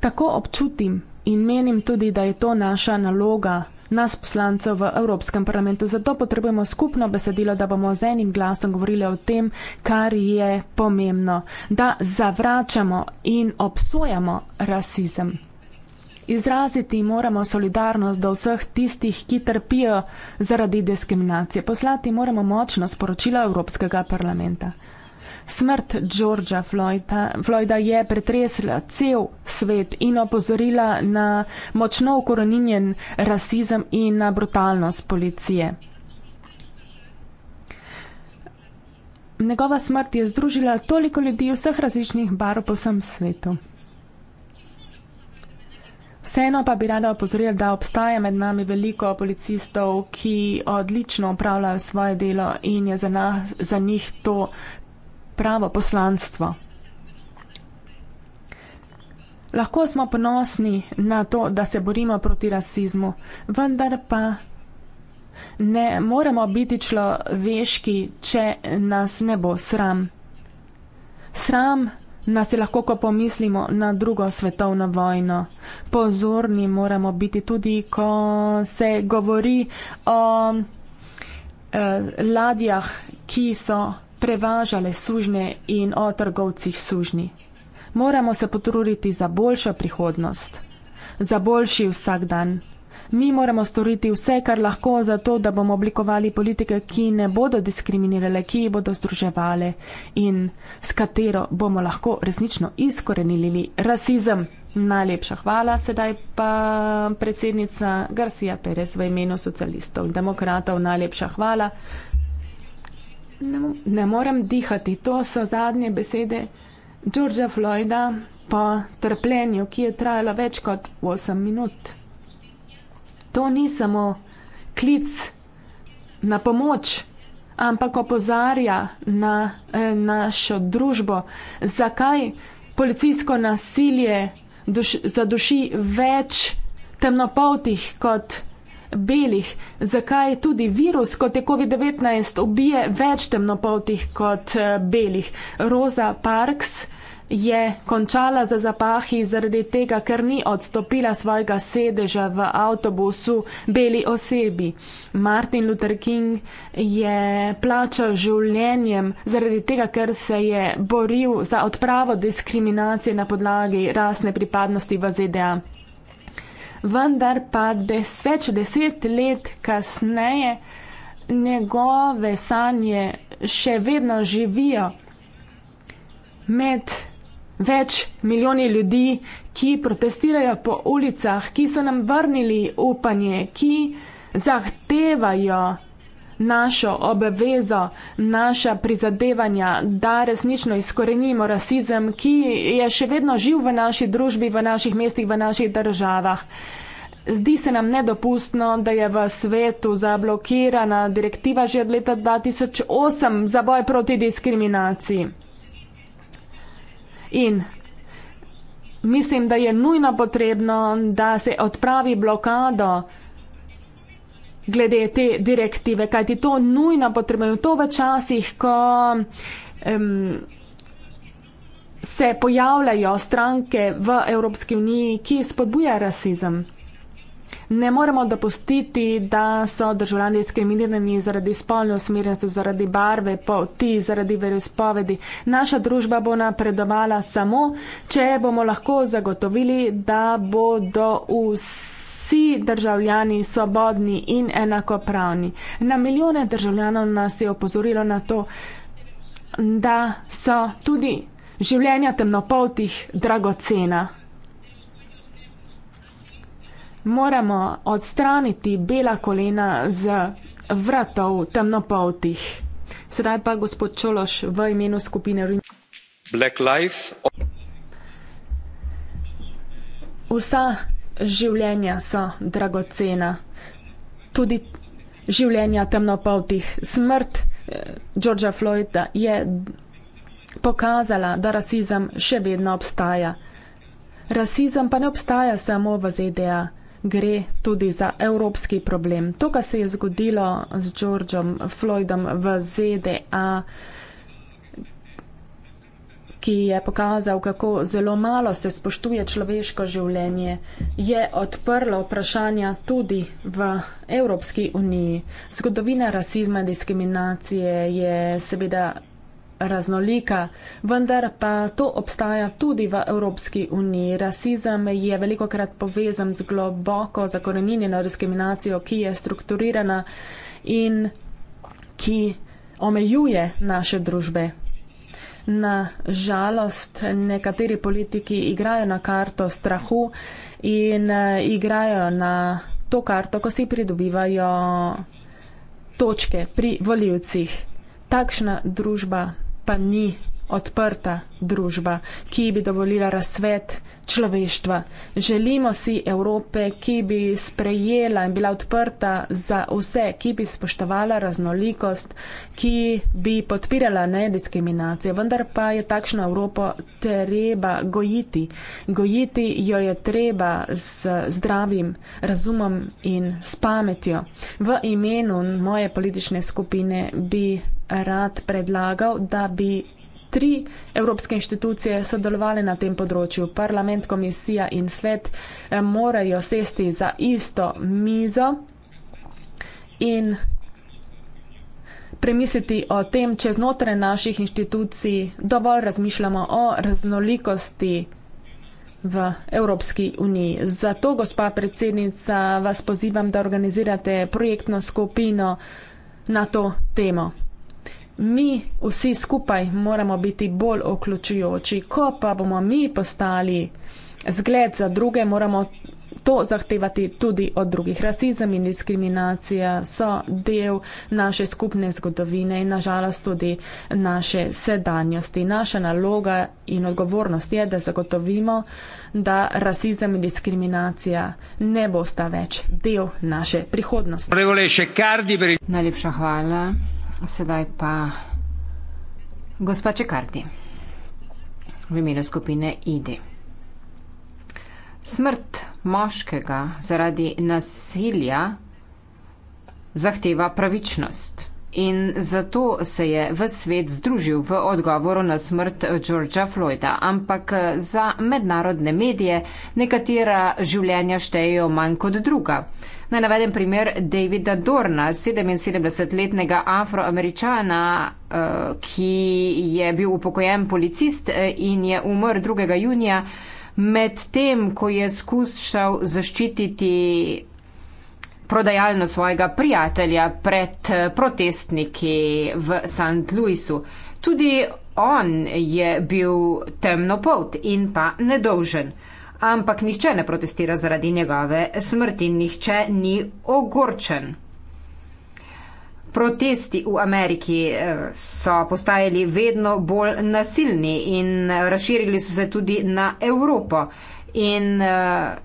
Tako občutim in menim tudi, da je to naša naloga. Nas poslancev v Evropskem parlamentu zato potrebujemo skupno besedilo, da bomo z enim glasom govorili o tem, kar je pomembno, da zavračamo in obsojamo rasizem. Izraziti moramo solidarnost do vseh tistih, ki trpijo zaradi diskriminacije. Poslati moramo močno sporočilo Evropskega parlamenta. Smrt Georgea Floyda, Floyda je pretresla cel svet in opozorila na močno ukoreninjen rasizem in na brutalnost policije. Njegova smrt je združila toliko ljudi vseh različnih barv po vsem svetu. Vseeno pa bi rada opozorila, da obstaja med nami veliko policistov, ki odlično upravljajo svoje delo in je za, nas, za njih to pravo poslanstvo. Lahko smo ponosni na to, da se borimo proti rasizmu, vendar pa ne moremo biti človeški, če nas ne bo sram. Sram nas je lahko, ko pomislimo na drugo svetovno vojno. Pozorni moramo biti tudi, ko se govori o eh, ladjah, ki so prevažale sužnje in o trgovcih sužnji. Moramo se potruditi za boljšo prihodnost, za boljši vsak dan. Mi moramo storiti vse, kar lahko, zato da bomo oblikovali politike, ki ne bodo diskriminirale, ki jih bodo združevale in s katero bomo lahko resnično izkorenili rasizem. Najlepša hvala sedaj pa predsednica Garcia Perez v imenu socialistov in demokratov. Najlepša hvala ne, ne morem dihati. To so zadnje besede Georgea Floyda po trpljenju, ki je trajalo več kot 8 minut. To ni samo klic na pomoč, ampak opozarja na eh, našo družbo, zakaj policijsko nasilje duš, zaduši več temnopoltih kot belih, zakaj tudi virus, kot je COVID-19, ubije več temnopoltih kot eh, belih. Roza Parks je končala za zapahi zaradi tega, ker ni odstopila svojega sedeža v avtobusu beli osebi. Martin Luther King je plačal življenjem zaradi tega, ker se je boril za odpravo diskriminacije na podlagi rasne pripadnosti v ZDA vendar pa des, več deset let kasneje njegove sanje še vedno živijo med več milijoni ljudi, ki protestirajo po ulicah, ki so nam vrnili upanje, ki zahtevajo našo obvezo, naša prizadevanja, da resnično izkorenimo rasizem, ki je še vedno živ v naši družbi, v naših mestih, v naših državah. Zdi se nam nedopustno, da je v svetu zablokirana direktiva že od leta 2008 za boj proti diskriminaciji. In mislim, da je nujno potrebno, da se odpravi blokado glede te direktive, kajti to nujno potrebujemo. To v časih, ko um, se pojavljajo stranke v Evropski uniji, ki spodbuja rasizem. Ne moremo dopustiti, da so državljani diskriminirani zaradi spolne usmerjenosti, zaradi barve, poti, zaradi verospovedi. Naša družba bo napredovala samo, če bomo lahko zagotovili, da bodo vsi vsi državljani svobodni in enakopravni. Na milijone državljanov nas je opozorilo na to, da so tudi življenja temnopoltih dragocena. Moramo odstraniti bela kolena z vratov temnopoltih. Sedaj pa gospod Čološ v imenu skupine Black Lives. Vsa življenja so dragocena. Tudi življenja temnopoltih. Smrt eh, Georgea Floyda je pokazala, da rasizem še vedno obstaja. Rasizem pa ne obstaja samo v ZDA, gre tudi za evropski problem. To, kar se je zgodilo z Georgeom Floydom v ZDA, ki je pokazal, kako zelo malo se spoštuje človeško življenje, je odprlo vprašanja tudi v Evropski uniji. Zgodovina rasizma in diskriminacije je seveda raznolika, vendar pa to obstaja tudi v Evropski uniji. Rasizem je veliko krat povezan z globoko zakorenjeno diskriminacijo, ki je strukturirana in ki omejuje naše družbe. Na žalost nekateri politiki igrajo na karto strahu in eh, igrajo na to karto, ko si pridobivajo točke pri voljivcih. Takšna družba pa ni odprta družba, ki bi dovolila razcvet človeštva. Želimo si Evrope, ki bi sprejela in bila odprta za vse, ki bi spoštovala raznolikost, ki bi podpirala nediskriminacijo, vendar pa je takšno Evropo treba gojiti. Gojiti jo je treba z zdravim razumom in s pametjo. V imenu moje politične skupine bi rad predlagal, da bi tri evropske inštitucije sodelovali na tem področju. Parlament, komisija in svet eh, morajo sesti za isto mizo in premisliti o tem, če znotraj naših inštitucij dovolj razmišljamo o raznolikosti v Evropski uniji. Zato, gospa predsednica, vas pozivam, da organizirate projektno skupino na to temo mi vsi skupaj moramo biti bolj vključujoči. Ko pa bomo mi postali zgled za druge, moramo to zahtevati tudi od drugih. Rasizem in diskriminacija so del naše skupne zgodovine in nažalost tudi naše sedanjosti. Naša naloga in odgovornost je, da zagotovimo, da rasizem in diskriminacija ne bosta več del naše prihodnosti. Najlepša hvala. Sedaj pa gospa Čekardi v imenu skupine Idi. Smrt moškega zaradi nasilja zahteva pravičnost. In zato se je v svet združil v odgovoru na smrt Georgea Floyda. Ampak za mednarodne medije nekatera življenja štejejo manj kot druga. Naj navedem primer Davida Dorna, 77-letnega afroameričana, eh, ki je bil upokojen policist eh, in je umrl 2. junija med tem, ko je skušal zaščititi prodajalno svojega prijatelja pred eh, protestniki v St. Louisu. Tudi on je bil temnopolt in pa nedolžen ampak nihče ne protestira zaradi njegove smrti in nihče ni ogorčen. Protesti v Ameriki eh, so postajali vedno bolj nasilni in eh, razširili so se tudi na Evropo. In eh,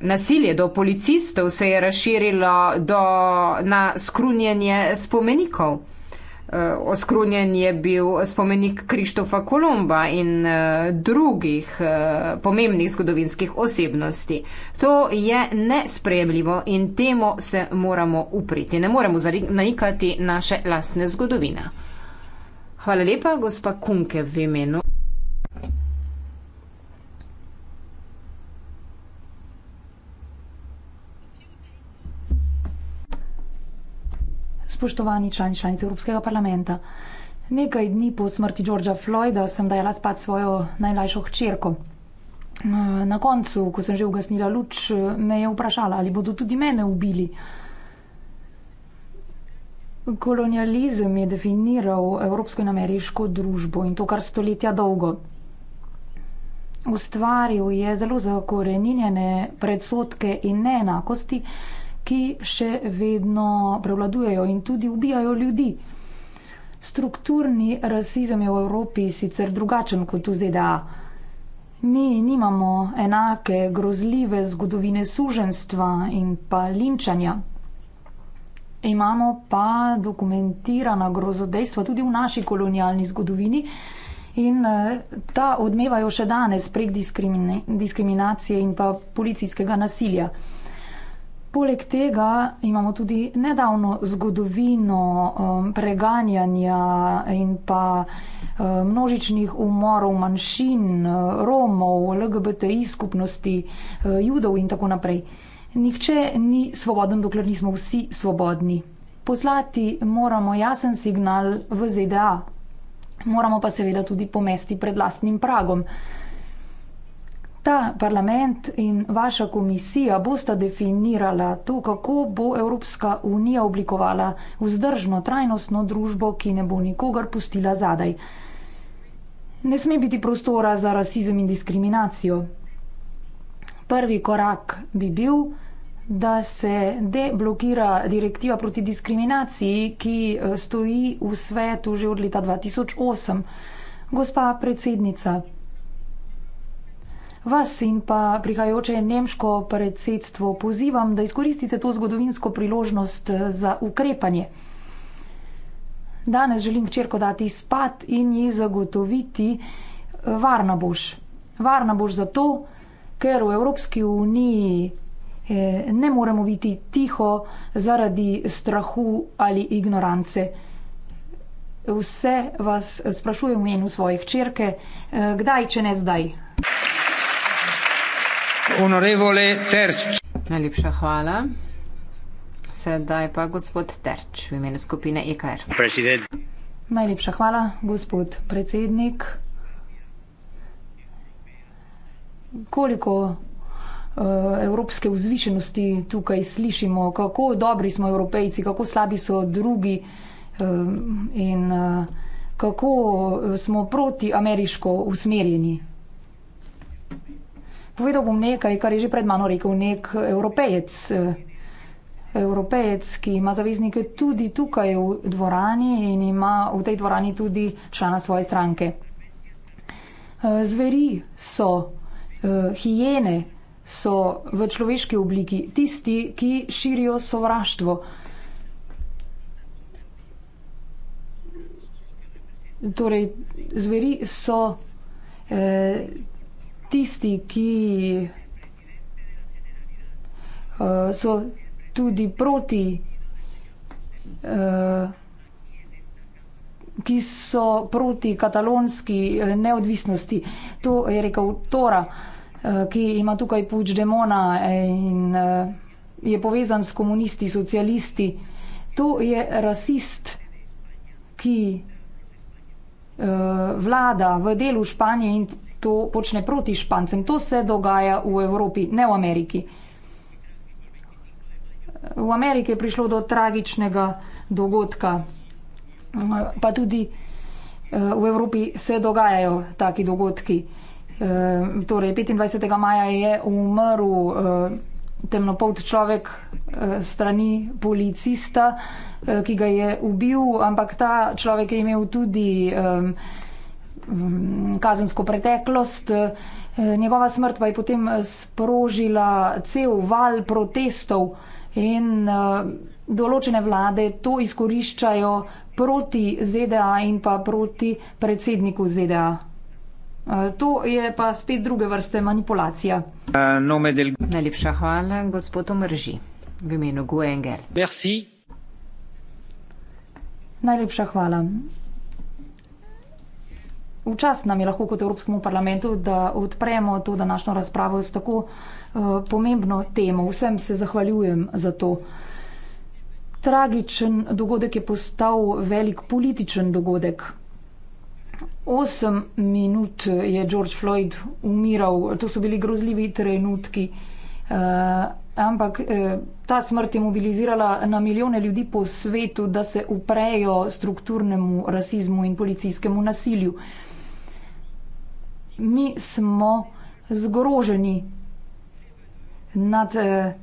nasilje do policistov se je razširilo do, na skrunjenje spomenikov uh, oskrunjen je bil spomenik Krištofa Kolumba in uh, drugih uh, pomembnih zgodovinskih osebnosti. To je nespremljivo in temu se moramo upriti. Ne moremo zanikati naše lastne zgodovine. Hvala lepa, gospa Kunke v imenu. Spoštovani člani članice Evropskega parlamenta, nekaj dni po smrti Georgea Floyda sem dajala spat svojo najmlajšo hčerko. Na koncu, ko sem že ugasnila luč, me je vprašala, ali bodo tudi mene ubili. Kolonializem je definiral evropsko in ameriško družbo in to kar stoletja dolgo. Ustvaril je zelo zakorenjene predsotke in neenakosti, ki še vedno prevladujejo in tudi ubijajo ljudi. Strukturni rasizem je v Evropi sicer drugačen kot v ZDA. Mi nimamo enake grozljive zgodovine suženstva in pa linčanja. Imamo pa dokumentirana grozodejstva tudi v naši kolonialni zgodovini in eh, ta odmevajo še danes prek diskrimine, diskriminacije in pa policijskega nasilja. Poleg tega imamo tudi nedavno zgodovino um, preganjanja in pa um, množičnih umorov manjšin, Romov, LGBTI skupnosti, uh, Judov in tako naprej. Nihče ni svoboden, dokler nismo vsi svobodni. Poslati moramo jasen signal v ZDA. Moramo pa seveda tudi pomesti pred lastnim pragom ta parlament in vaša komisija bosta definirala to, kako bo Evropska unija oblikovala vzdržno, trajnostno družbo, ki ne bo nikogar pustila zadaj. Ne sme biti prostora za rasizem in diskriminacijo. Prvi korak bi bil, da se deblokira direktiva proti diskriminaciji, ki eh, stoji v svetu že od leta 2008. Gospa predsednica, Vas in pa prihajajoče nemško predsedstvo pozivam, da izkoristite to zgodovinsko priložnost za ukrepanje. Danes želim včerko dati spat in ji zagotoviti eh, varno boš. Varno boš zato, ker v Evropski uniji eh, ne moremo biti tiho zaradi strahu ali ignorance. Vse vas eh, sprašujem v imenu svojih črke, kdaj, če ne zdaj honorevole Terč. Najlepša hvala. Sedaj pa gospod Terč v imenu skupine EKR. President. Najlepša hvala, gospod predsednik. Koliko uh, evropske vzvišenosti tukaj slišimo, kako dobri smo evropejci, kako slabi so drugi uh, in uh, kako smo proti ameriško usmerjeni. Povedal bom nekaj, kar je že pred mano rekel nek evropejec. Eh, evropejec, ki ima zaveznike tudi tukaj v dvorani in ima v tej dvorani tudi člana svoje stranke. Eh, zveri so, eh, hijene so v človeški obliki tisti, ki širijo sovraštvo. Torej, zveri so. Eh, tisti, ki uh, so tudi proti, uh, ki so proti katalonski eh, neodvisnosti. To je rekel Tora, uh, ki ima tukaj puč demona in uh, je povezan s komunisti, socialisti. To je rasist, ki vlada v delu Španije in to počne proti Špancem. To se dogaja v Evropi, ne v Ameriki. V Ameriki je prišlo do tragičnega dogodka, pa tudi eh, v Evropi se dogajajo taki dogodki. Eh, torej, 25. maja je umrl eh, temnopolt človek strani policista, ki ga je ubil, ampak ta človek je imel tudi Mm, kazensko preteklost. Eh, njegova smrt pa je potem sprožila cel val protestov in eh, določene vlade to izkoriščajo proti ZDA in pa proti predsedniku ZDA. Eh, to je pa spet druge vrste manipulacija. Najlepša hvala, gospod Omrži, v imenu Guengel. Merci. Najlepša hvala v čast nam je lahko kot Evropskemu parlamentu, da odpremo to današnjo razpravo s tako eh, pomembno temo. Vsem se zahvaljujem za to. Tragičen dogodek je postal velik političen dogodek. Osem minut je George Floyd umiral, to so bili grozljivi trenutki, uh, ampak eh, ta smrt je mobilizirala na milijone ljudi po svetu, da se uprejo strukturnemu rasizmu in policijskemu nasilju. Uh, mi smo zgroženi nad eh,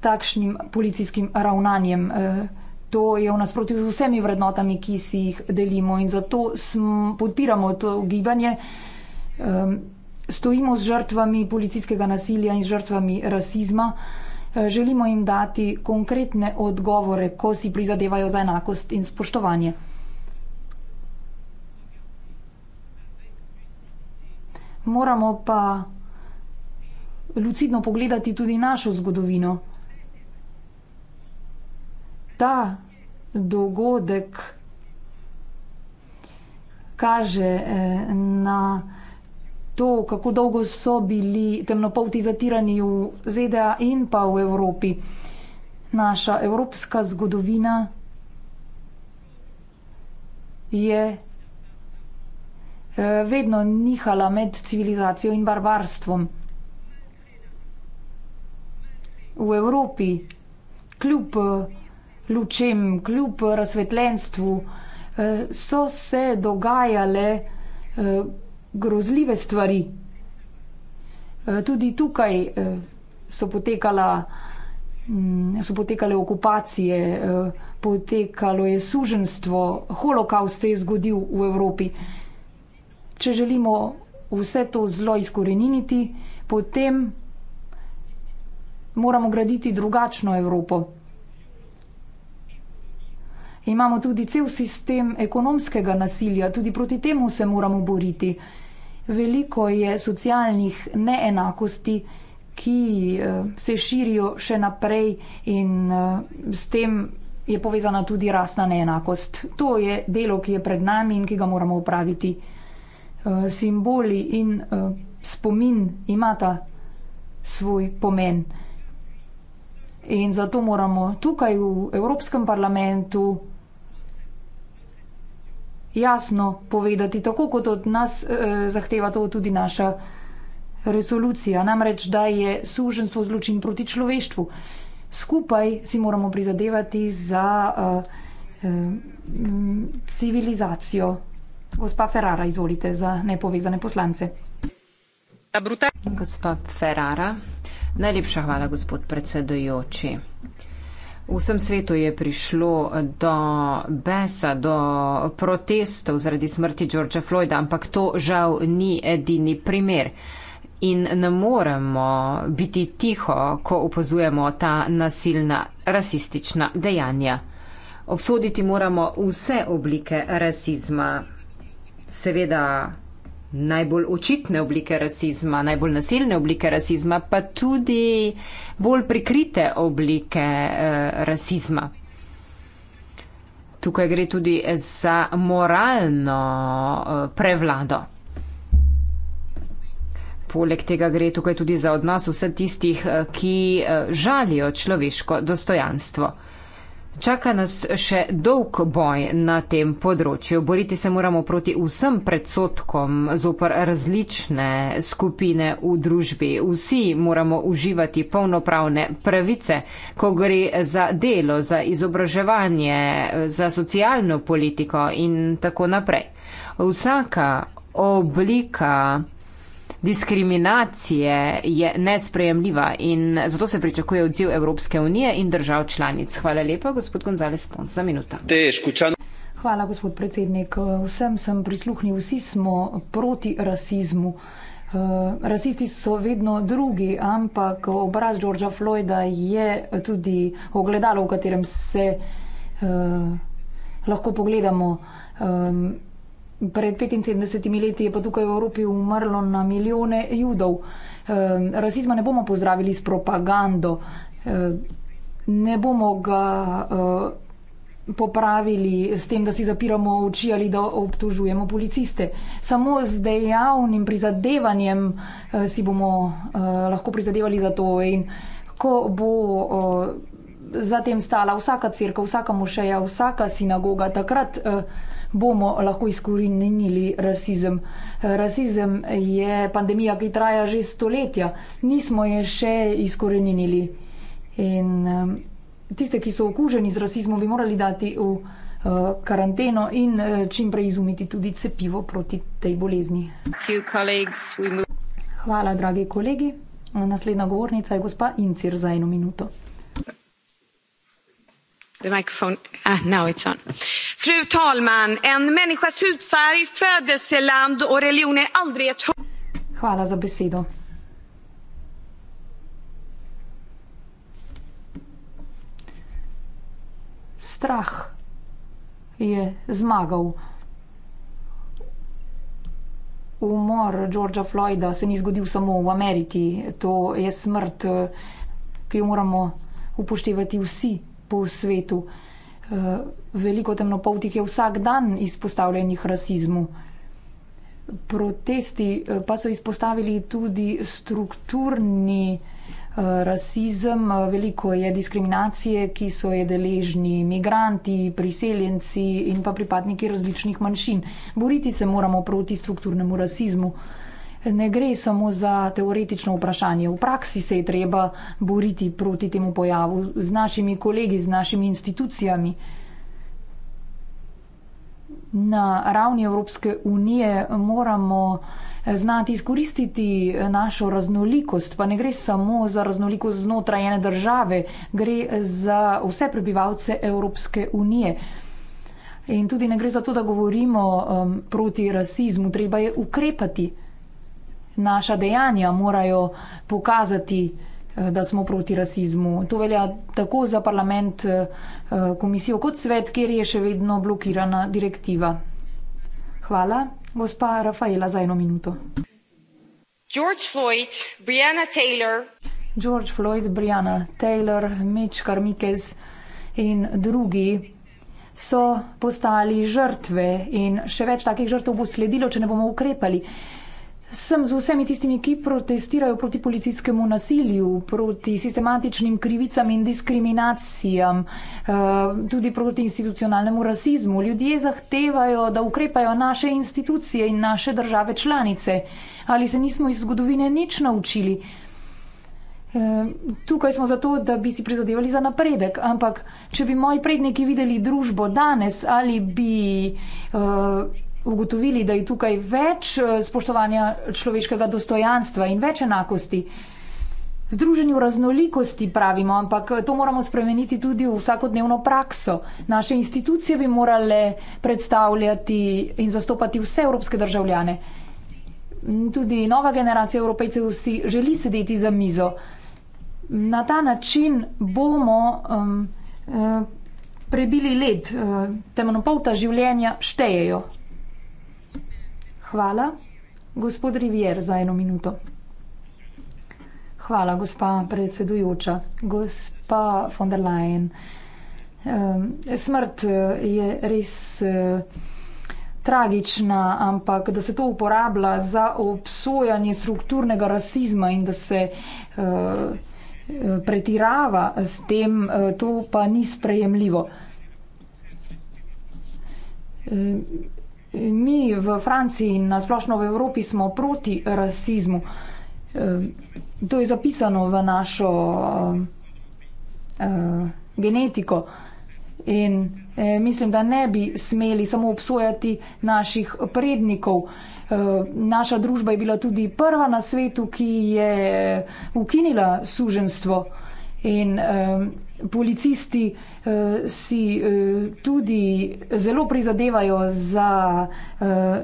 takšnim policijskim ravnanjem. Eh, to je v nasprotju z vsemi vrednotami, ki si jih delimo in zato sm, podpiramo to gibanje. Eh, stojimo z žrtvami policijskega nasilja in žrtvami rasizma. Eh, želimo jim dati konkretne odgovore, ko si prizadevajo za enakost in spoštovanje. moramo pa lucidno pogledati tudi našo zgodovino. Ta dogodek kaže eh, na to, kako dolgo so bili temnopolti zatirani v ZDA in pa v Evropi. Naša evropska zgodovina je Eh, vedno nihala med civilizacijo in barbarstvom. V Evropi, kljub eh, lučem, kljub razsvetljenstvu, eh, so se dogajale grozljive stvari. Tudi tukaj so potekala mm, so potekale okupacije, potekalo je suženstvo, holokaust se je zgodil v Evropi če želimo vse to zlo izkoreniniti, potem moramo graditi drugačno Evropo. Imamo tudi cel sistem ekonomskega nasilja, tudi proti temu se moramo boriti. Veliko je socialnih neenakosti, ki eh, se širijo še naprej in eh, s tem je povezana tudi rasna neenakost. To je delo, ki je pred nami in ki ga moramo upraviti. Eh, simboli in eh, spomin imata svoj pomen. In zato moramo tukaj v Evropskem parlamentu jasno povedati, tako kot od nas eh, zahteva to tudi naša resolucija, namreč, da je suženstvo zločin proti človeštvu. Skupaj si moramo prizadevati za eh, eh, civilizacijo. Gospa Ferrara, izvolite za nepovezane poslance. Gospa Ferrara, najlepša hvala, gospod predsedujoči. V vsem svetu je prišlo do besa, do protestov zaradi smrti Georgea Floyda, ampak to žal ni edini primer. In ne moremo biti tiho, ko opazujemo ta nasilna rasistična dejanja. Obsoditi moramo vse oblike rasizma, seveda najbolj očitne oblike rasizma, najbolj nasilne oblike rasizma, pa tudi bolj prikrite oblike eh, rasizma. Tukaj gre tudi za moralno eh, prevlado. Poleg tega gre tukaj tudi za odnos vse tistih, eh, ki eh, žalijo človeško dostojanstvo. Čaka nas še dolg boj na tem področju. Boriti se moramo proti vsem predsotkom zopr različne skupine v družbi. Vsi moramo uživati polnopravne pravice, ko gre za delo, za izobraževanje, za socialno politiko in tako naprej. Vsaka oblika diskriminacije je nesprejemljiva in zato se pričakuje odziv Evropske unije in držav članic. Hvala lepa, gospod Gonzales Pons, za minuto. Hvala, gospod predsednik. Vsem sem prisluhnil, vsi smo proti rasizmu. Eh, rasisti so vedno drugi, ampak obraz Georgea Floyda je tudi ogledalo, v katerem se uh, lahko pogledamo. Um, Pred 75 leti je pa tukaj v Evropi umrlo na milijone judov. Rasizma ne bomo pozdravili s propagando, ne bomo ga eh, popravili s tem, da si zapiramo oči ali da obtužujemo policiste. Samo z dejavnim prizadevanjem eh, si bomo eh, lahko prizadevali za to in ko bo zatem stala vsaka crkva, vsaka mošeja, vsaka sinagoga, takrat bomo lahko izkorinili rasizem. Rasizem je pandemija, ki traja že stoletja, nismo je še izkorinili. In um, tiste, ki so okuženi z rasizmom, bi morali dati v uh, karanteno in uh, čimprej izumiti tudi cepivo proti tej bolezni. Hvala, dragi kolegi. Naslednja govornica je gospa Incir za eno minuto. Ah, Fru talman, en människas hudfärg, födelseland och religion är aldrig ett hot. Hvala za besedo. Strah je zmagal. Umor Georgea Floyda se ni zgodil samo v Ameriki. To je smrt, ki jo moramo upoštevati vsi po svetu. Eh, veliko temnopoltih je vsak dan izpostavljenih rasizmu. Protesti eh, pa so izpostavili tudi strukturni eh, rasizem, veliko je diskriminacije, ki so je deležni migranti, priseljenci in pa pripadniki različnih manjšin. Boriti se moramo proti strukturnemu rasizmu ne gre samo za teoretično vprašanje. V praksi se je treba boriti proti temu pojavu z našimi kolegi, z našimi institucijami. Na ravni Evropske unije moramo znati izkoristiti našo raznolikost, pa ne gre samo za raznolikost znotraj ene države, gre za vse prebivalce Evropske unije. In tudi ne gre za to, da govorimo um, proti rasizmu, treba je ukrepati naša dejanja morajo pokazati, eh, da smo proti rasizmu. To velja tako za parlament, eh, komisijo kot svet, kjer je še vedno blokirana direktiva. Hvala, gospa Rafaela, za eno minuto. George Floyd, Brianna Taylor. George Floyd, Brianna Taylor, Mitch Karmikes in drugi so postali žrtve in še več takih žrtev bo sledilo, če ne bomo ukrepali sem z vsemi tistimi, ki protestirajo proti policijskemu nasilju, proti sistematičnim krivicam in diskriminacijam, eh, tudi proti institucionalnemu rasizmu. Ljudje zahtevajo, da ukrepajo naše institucije in naše države članice. Ali se nismo iz zgodovine nič naučili? Eh, tukaj smo zato, da bi si prizadevali za napredek, ampak če bi moji predniki videli družbo danes ali bi. Uh, ugotovili, da je tukaj več eh, spoštovanja človeškega dostojanstva in več enakosti. Združeni v raznolikosti pravimo, ampak eh, to moramo spremeniti tudi v vsakodnevno prakso. Naše institucije bi morale predstavljati in zastopati vse evropske državljane. Tudi nova generacija evropejcev si želi sedeti za mizo. Na ta način bomo um, uh, prebili led, uh, temnopolta življenja štejejo. Hvala. Gospod Rivier, za eno minuto. Hvala, gospa predsedujoča. Gospa von der Leyen, ehm, smrt eh, je res eh, tragična, ampak da se to uporablja za obsojanje strukturnega rasizma in da se eh, pretirava s tem, to pa ni sprejemljivo. Ehm, Mi v Franciji in nasplošno v Evropi smo proti rasizmu. Eh, to je zapisano v našo uh, uh, genetiko in uh, mislim, da ne bi smeli samo obsojati naših prednikov. Uh, naša družba je bila tudi prva na svetu, ki je ukinila suženstvo. Uh, In um, policisti uh, si uh, tudi zelo prizadevajo za uh,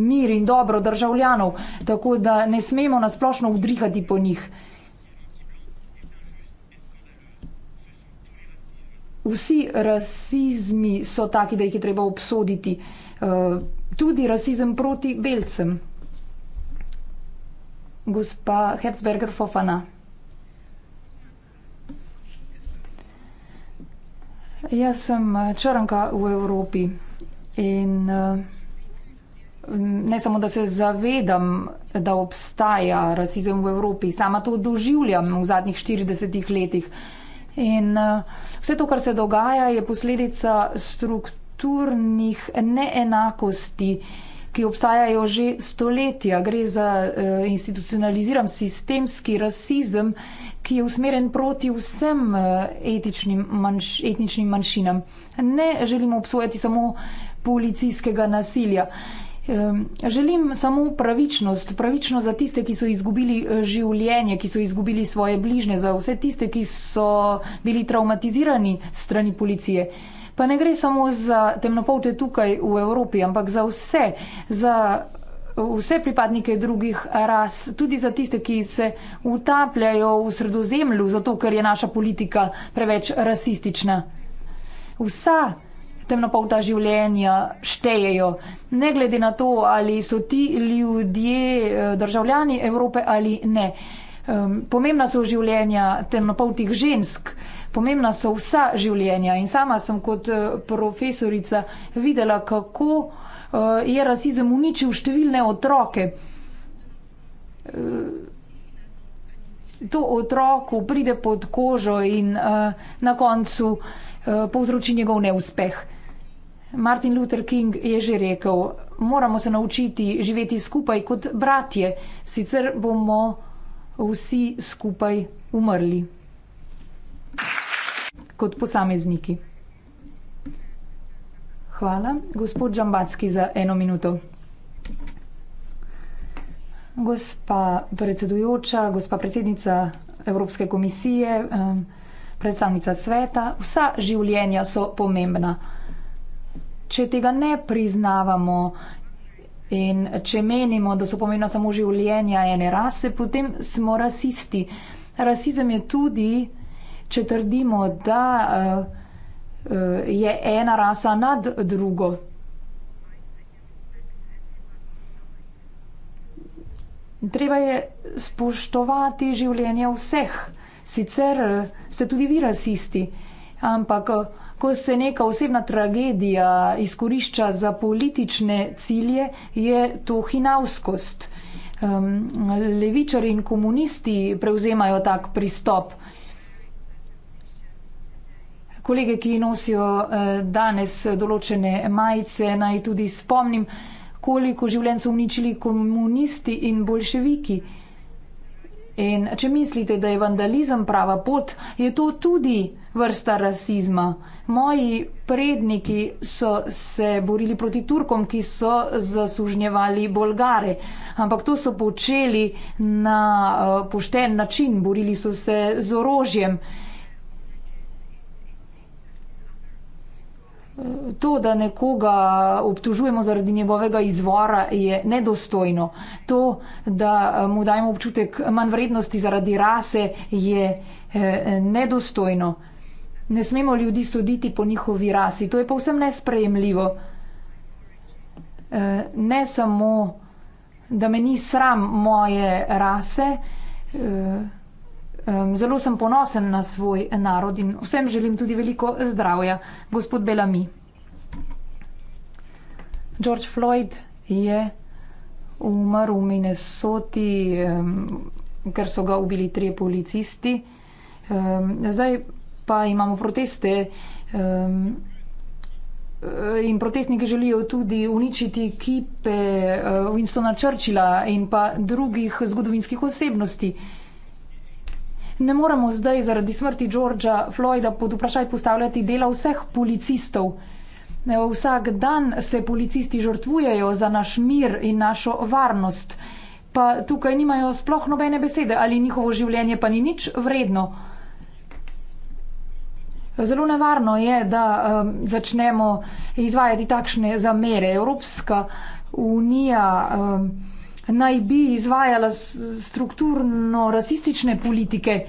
mir in dobro državljanov, tako da ne smemo nasplošno vdrihati po njih. Vsi rasizmi so taki, da jih je treba obsoditi. Tudi rasizem proti belcem. Gospa Herzberger Fofana. Jaz sem eh, črnka v Evropi in eh, ne samo, da se zavedam, da obstaja rasizem v Evropi, sama to doživljam v zadnjih 40 letih. In eh, vse to, kar se dogaja, je posledica strukturnih neenakosti, ki obstajajo že stoletja. Gre za uh, institucionaliziran sistemski rasizem, ki je usmeren proti vsem uh, etičnim manš, etničnim manjšinam. Ne želimo obsojati samo policijskega nasilja. Želim samo pravičnost, pravičnost za tiste, ki so izgubili eh, življenje, ki so izgubili svoje bližnje, za vse tiste, ki so bili traumatizirani strani policije pa ne gre samo za temnopolte tukaj v Evropi, ampak za vse, za vse pripadnike drugih ras, tudi za tiste, ki se utapljajo v sredozemlju, zato ker je naša politika preveč rasistična. Vsa temnopolta življenja štejejo, ne glede na to, ali so ti ljudje eh, državljani Evrope ali ne. Ehm, pomembna so življenja temnopoltih žensk pomembna so vsa življenja in sama sem kot eh, profesorica videla, kako eh, je rasizem uničil številne otroke. Eh, to otroku pride pod kožo in na koncu povzroči njegov neuspeh. Martin Luther King je že rekel, moramo se naučiti živeti skupaj kot bratje, sicer bomo vsi skupaj umrli kot posamezniki. Hvala. Gospod Džambacki za eno minuto. Gospa predsedujoča, gospa predsednica Evropske komisije, predstavnica sveta, vsa življenja so pomembna. Če tega ne priznavamo in če menimo, da so pomembna samo življenja ene rase, potem smo rasisti. Rasizem je tudi če trdimo, da eh, eh, je ena rasa nad drugo. Treba je spoštovati življenje vseh, sicer eh, ste tudi vi rasisti, ampak ko se neka osebna tragedija izkorišča za politične cilje, je to hinavskost. Ehm, Levičari in komunisti prevzemajo tak pristop kolege, ki nosijo eh, danes določene majice, naj tudi spomnim, koliko življenj so uničili komunisti in bolševiki. In če mislite, da je vandalizem prava pot, je to tudi vrsta rasizma. Moji predniki so se borili proti Turkom, ki so zasužnjevali Bolgare, ampak to so počeli na eh, pošten način, borili so se z orožjem. To, da nekoga obtužujemo zaradi njegovega izvora, je nedostojno. To, da eh, mu dajemo občutek manj vrednosti zaradi rase, je eh, nedostojno. Ne smemo ljudi soditi po njihovi rasi. To je povsem nesprejemljivo. Eh, ne samo, da me ni sram moje rase. Um, zelo sem ponosen na svoj narod in vsem želim tudi veliko zdravja, gospod Belami. George Floyd je umrl v Minnesoti, um, ker so ga ubili trije policisti. Um, zdaj pa imamo proteste. Um, In protestniki želijo tudi uničiti kipe eh, Winstona Churchilla in pa drugih zgodovinskih osebnosti. Uh, Ne moremo zdaj zaradi smrti Georgea Floyda pod vprašaj postavljati dela vseh policistov. Vsak dan se policisti žrtvujejo za naš mir in našo varnost, pa tukaj nimajo sploh nobene besede ali njihovo življenje pa ni nič vredno. Zelo nevarno je, da um, začnemo izvajati takšne zamere. Evropska unija. Um, naj bi izvajala strukturno rasistične politike.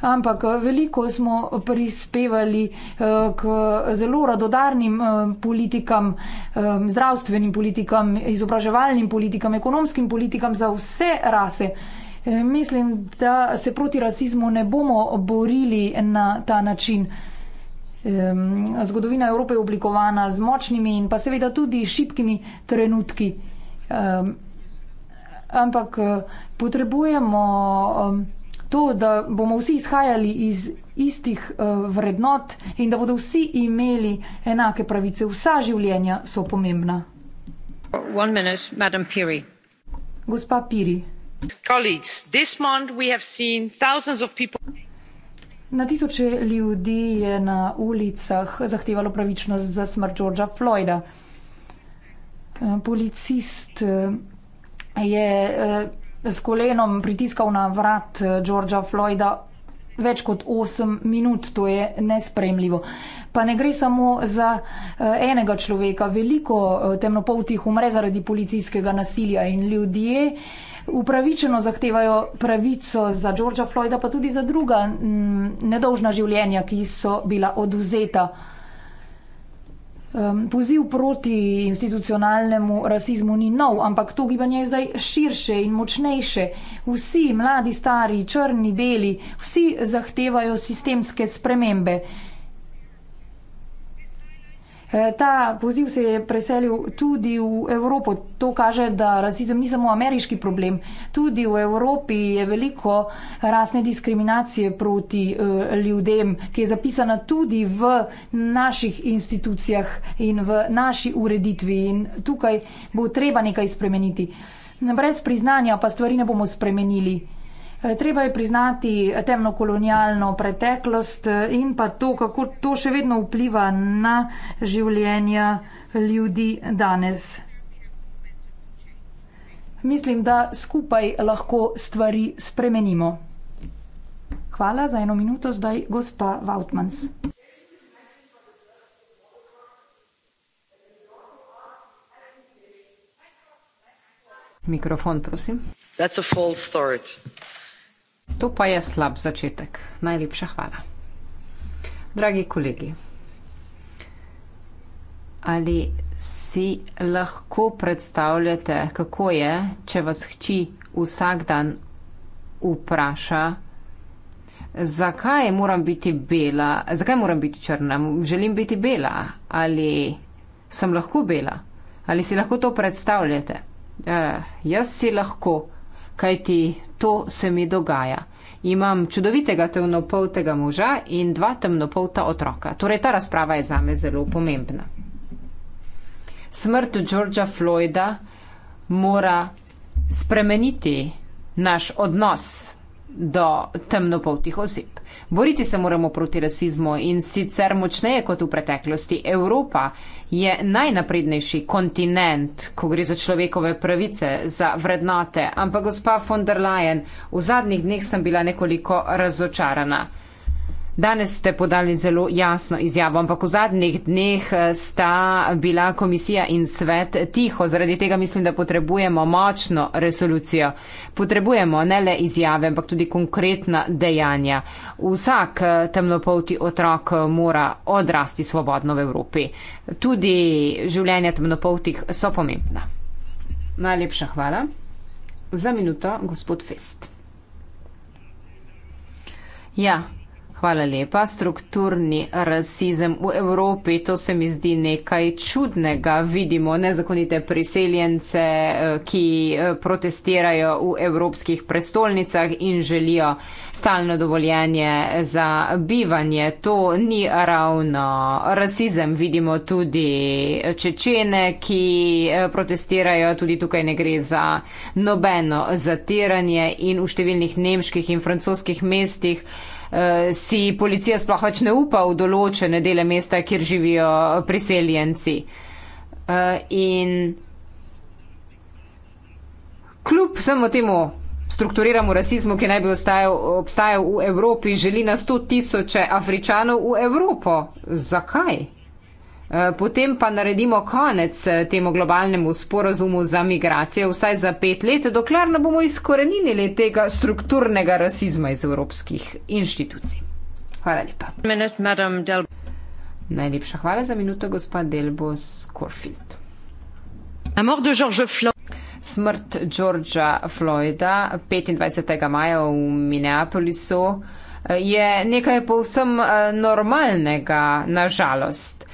Ampak eh, veliko smo prispevali eh, k zelo radodarnim eh, politikam, zdravstvenim politikam, izobraževalnim politikam, ekonomskim politikam za vse rase. Mislim, da se proti rasizmu ne bomo borili na ta način. Zgodovina Evrope je oblikovana z močnimi in pa seveda tudi šibkimi trenutki. Um, ampak eh, potrebujemo um, to, da bomo vsi izhajali iz istih uh, vrednot in da bodo vsi imeli enake pravice. Vsa življenja so pomembna. Minute, Gospa Piri. Colleagues, this month we have seen thousands of people. Na tisoče ljudi je na ulicah zahtevalo pravičnost za smrt Georgea Floyda. Eh, policist eh, je eh, s kolenom pritiskal na vrat Georgea Floyda več kot 8 minut, to je nespremljivo. Pa ne gre samo za enega človeka, veliko temnopoltih umre zaradi policijskega nasilja in ljudje upravičeno zahtevajo pravico za Georgea Floyda, pa tudi za druga mm, nedolžna življenja, ki so bila oduzeta. Um, poziv proti institucionalnemu rasizmu ni nov, ampak to gibanje je zdaj širše in močnejše. Vsi, mladi, stari, črni, beli, vsi zahtevajo sistemske spremembe. Eh, ta poziv se je preselil tudi v Evropo. To kaže, da rasizem ni samo ameriški problem. Tudi v Evropi je veliko rasne diskriminacije proti eh, ljudem, ki je zapisana tudi v naših institucijah in v naši ureditvi. In tukaj bo treba nekaj spremeniti. Brez priznanja pa stvari ne bomo spremenili. Eh, treba je priznati temno kolonialno preteklost eh, in pa to, kako to še vedno vpliva na življenja ljudi danes. Mislim, da skupaj lahko stvari spremenimo. Hvala za eno minuto, zdaj gospa Vautmans. Mikrofon, prosim. That's a false start. To pa je slab začetek. Najlepša hvala. Dragi kolegi, ali si lahko predstavljate, kako je, če vas hči vsak dan vpraša, zakaj moram biti bela, zakaj moram biti črna, želim biti bela ali sem lahko bela? Ali si lahko to predstavljate? Eh, jaz si lahko, kajti to se mi dogaja imam čudovitega temnopoltega moža in dva temnopolta otroka. Torej, ta razprava je zame zelo pomembna. Smrt Georgea Floyda mora spremeniti naš odnos do temnopoltih oseb. Boriti se moramo proti rasizmu in sicer močneje kot v preteklosti. Evropa je najnaprednejši kontinent, ko gre za človekove pravice, za vrednote. Ampak, gospa von der Leyen, v zadnjih dneh sem bila nekoliko razočarana. Danes ste podali zelo jasno izjavo, ampak v zadnjih dneh eh, sta bila komisija in svet tiho. Zaradi tega mislim, da potrebujemo močno resolucijo. Potrebujemo ne le izjave, ampak tudi konkretna dejanja. Vsak eh, temnopolti otrok eh, mora odrasti svobodno v Evropi. Tudi življenja temnopoltih so pomembna. Najlepša hvala. Za minuto, gospod Fest. Ja. Hvala lepa. Strukturni rasizem v Evropi, to se mi zdi nekaj čudnega. Vidimo nezakonite priseljence, eh, ki eh, protestirajo v evropskih prestolnicah in želijo stalno dovoljenje za bivanje. To ni ravno rasizem. Vidimo tudi Čečene, ki eh, protestirajo. Tudi tukaj ne gre za nobeno zatiranje in v številnih nemških in francoskih mestih. Eh, si policija sploh več ne upa v določene dele mesta, kjer živijo priseljenci. Eh, in kljub samo temu strukturiramo rasizmu, ki naj bi ostajal, obstajal v Evropi, želi na 100 tisoče Afričanov v Evropo. Zakaj? Eh, potem pa naredimo konec eh, temu globalnemu sporazumu za migracije vsaj za pet let, dokler ne bomo izkorenili tega strukturnega rasizma iz evropskih inštitucij. Hvala lepa. Najlepša hvala za minuto, gospa Delbo Skorfield. Smrt Georgea Floyda 25. maja v Minneapolisu eh, je nekaj povsem normalnega, nažalost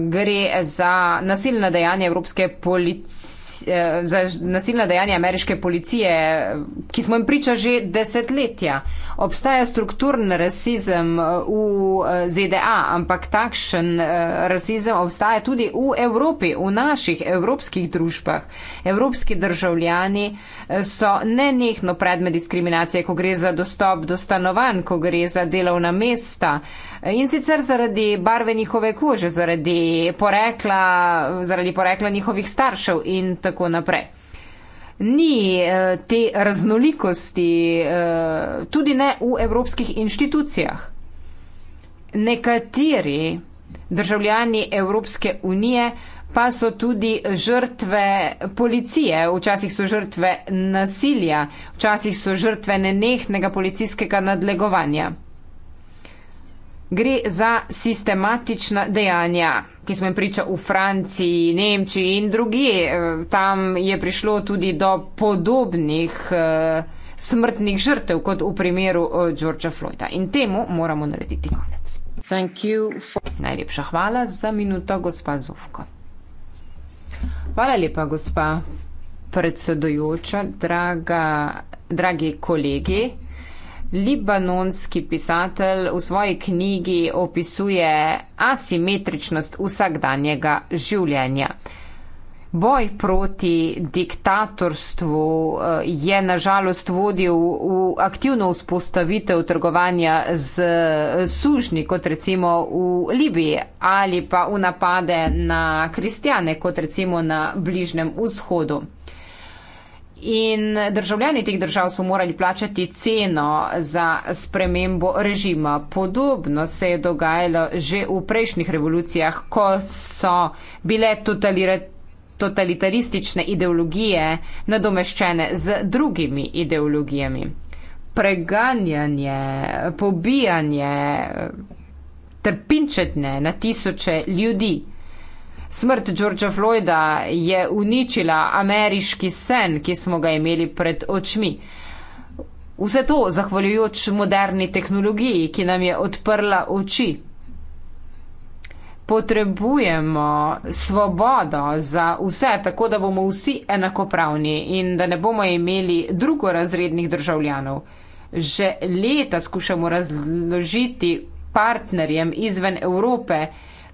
gre za nasilna dejanja evropske policije eh, za nasilna dejanja ameriške policije, ki smo jim priča že desetletja. Obstaja strukturn rasizem eh, v eh, ZDA, ampak takšen rasizem obstaja tudi v Evropi, v naših evropskih družbah. Evropski državljani so nenehno predmet diskriminacije, ko gre za dostop do stanovanj, ko gre za delovna mesta. In sicer zaradi barve njihove kože, zaradi porekla, zaradi porekla njihovih staršev in tako naprej. Ni eh, te raznolikosti, eh, tudi ne v evropskih inštitucijah. Nekateri državljani Evropske unije pa so tudi žrtve policije, včasih so žrtve nasilja, včasih so žrtve nenehnega policijskega nadlegovanja gre za sistematična dejanja, ki smo jim priča v Franciji, Nemčiji in drugi. E, tam je prišlo tudi do podobnih e, smrtnih žrtev kot v primeru e, Georgea Floyda. In temu moramo narediti konec. For... Najlepša hvala za minuto, gospa Zovko. Hvala lepa, gospa predsedujoča, draga, dragi kolegi libanonski pisatelj v svoji knjigi opisuje asimetričnost vsakdanjega življenja. Boj proti diktatorstvu eh, je nažalost vodil v aktivno vzpostavitev trgovanja z eh, sužnji, kot recimo v Libiji, ali pa v napade na kristjane, kot recimo na Bližnem vzhodu. In državljani teh držav so morali plačati ceno za spremembo režima. Podobno se je dogajalo že v prejšnjih revolucijah, ko so bile totalitaristične ideologije nadomeščene z drugimi ideologijami. Preganjanje, pobijanje, trpinčetne na tisoče ljudi. Smrt Georgea Floyda je uničila ameriški sen, ki smo ga imeli pred očmi. Vse to zahvaljujoč moderni tehnologiji, ki nam je odprla oči. Potrebujemo svobodo za vse, tako da bomo vsi enakopravni in da ne bomo imeli drugorazrednih državljanov. Že leta skušamo razložiti partnerjem izven Evrope,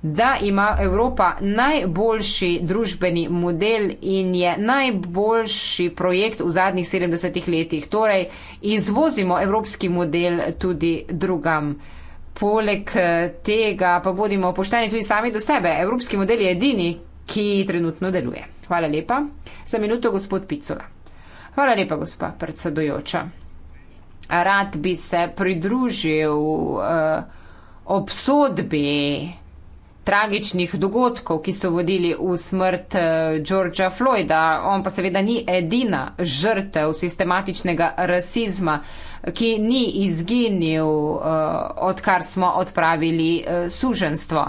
da ima Evropa najboljši družbeni model in je najboljši projekt v zadnjih 70 letih. Torej, izvozimo evropski model tudi drugam. Poleg eh, tega pa bodimo pošteni tudi sami do sebe. Evropski model je edini, ki trenutno deluje. Hvala lepa. Za minuto, gospod Picola. Hvala lepa, gospa predsedojoča. Rad bi se pridružil uh, obsodbi tragičnih dogodkov, ki so vodili v smrt eh, Georgea Floyda. On pa seveda ni edina žrtev sistematičnega rasizma, ki ni izginil, eh, odkar smo odpravili eh, suženstvo.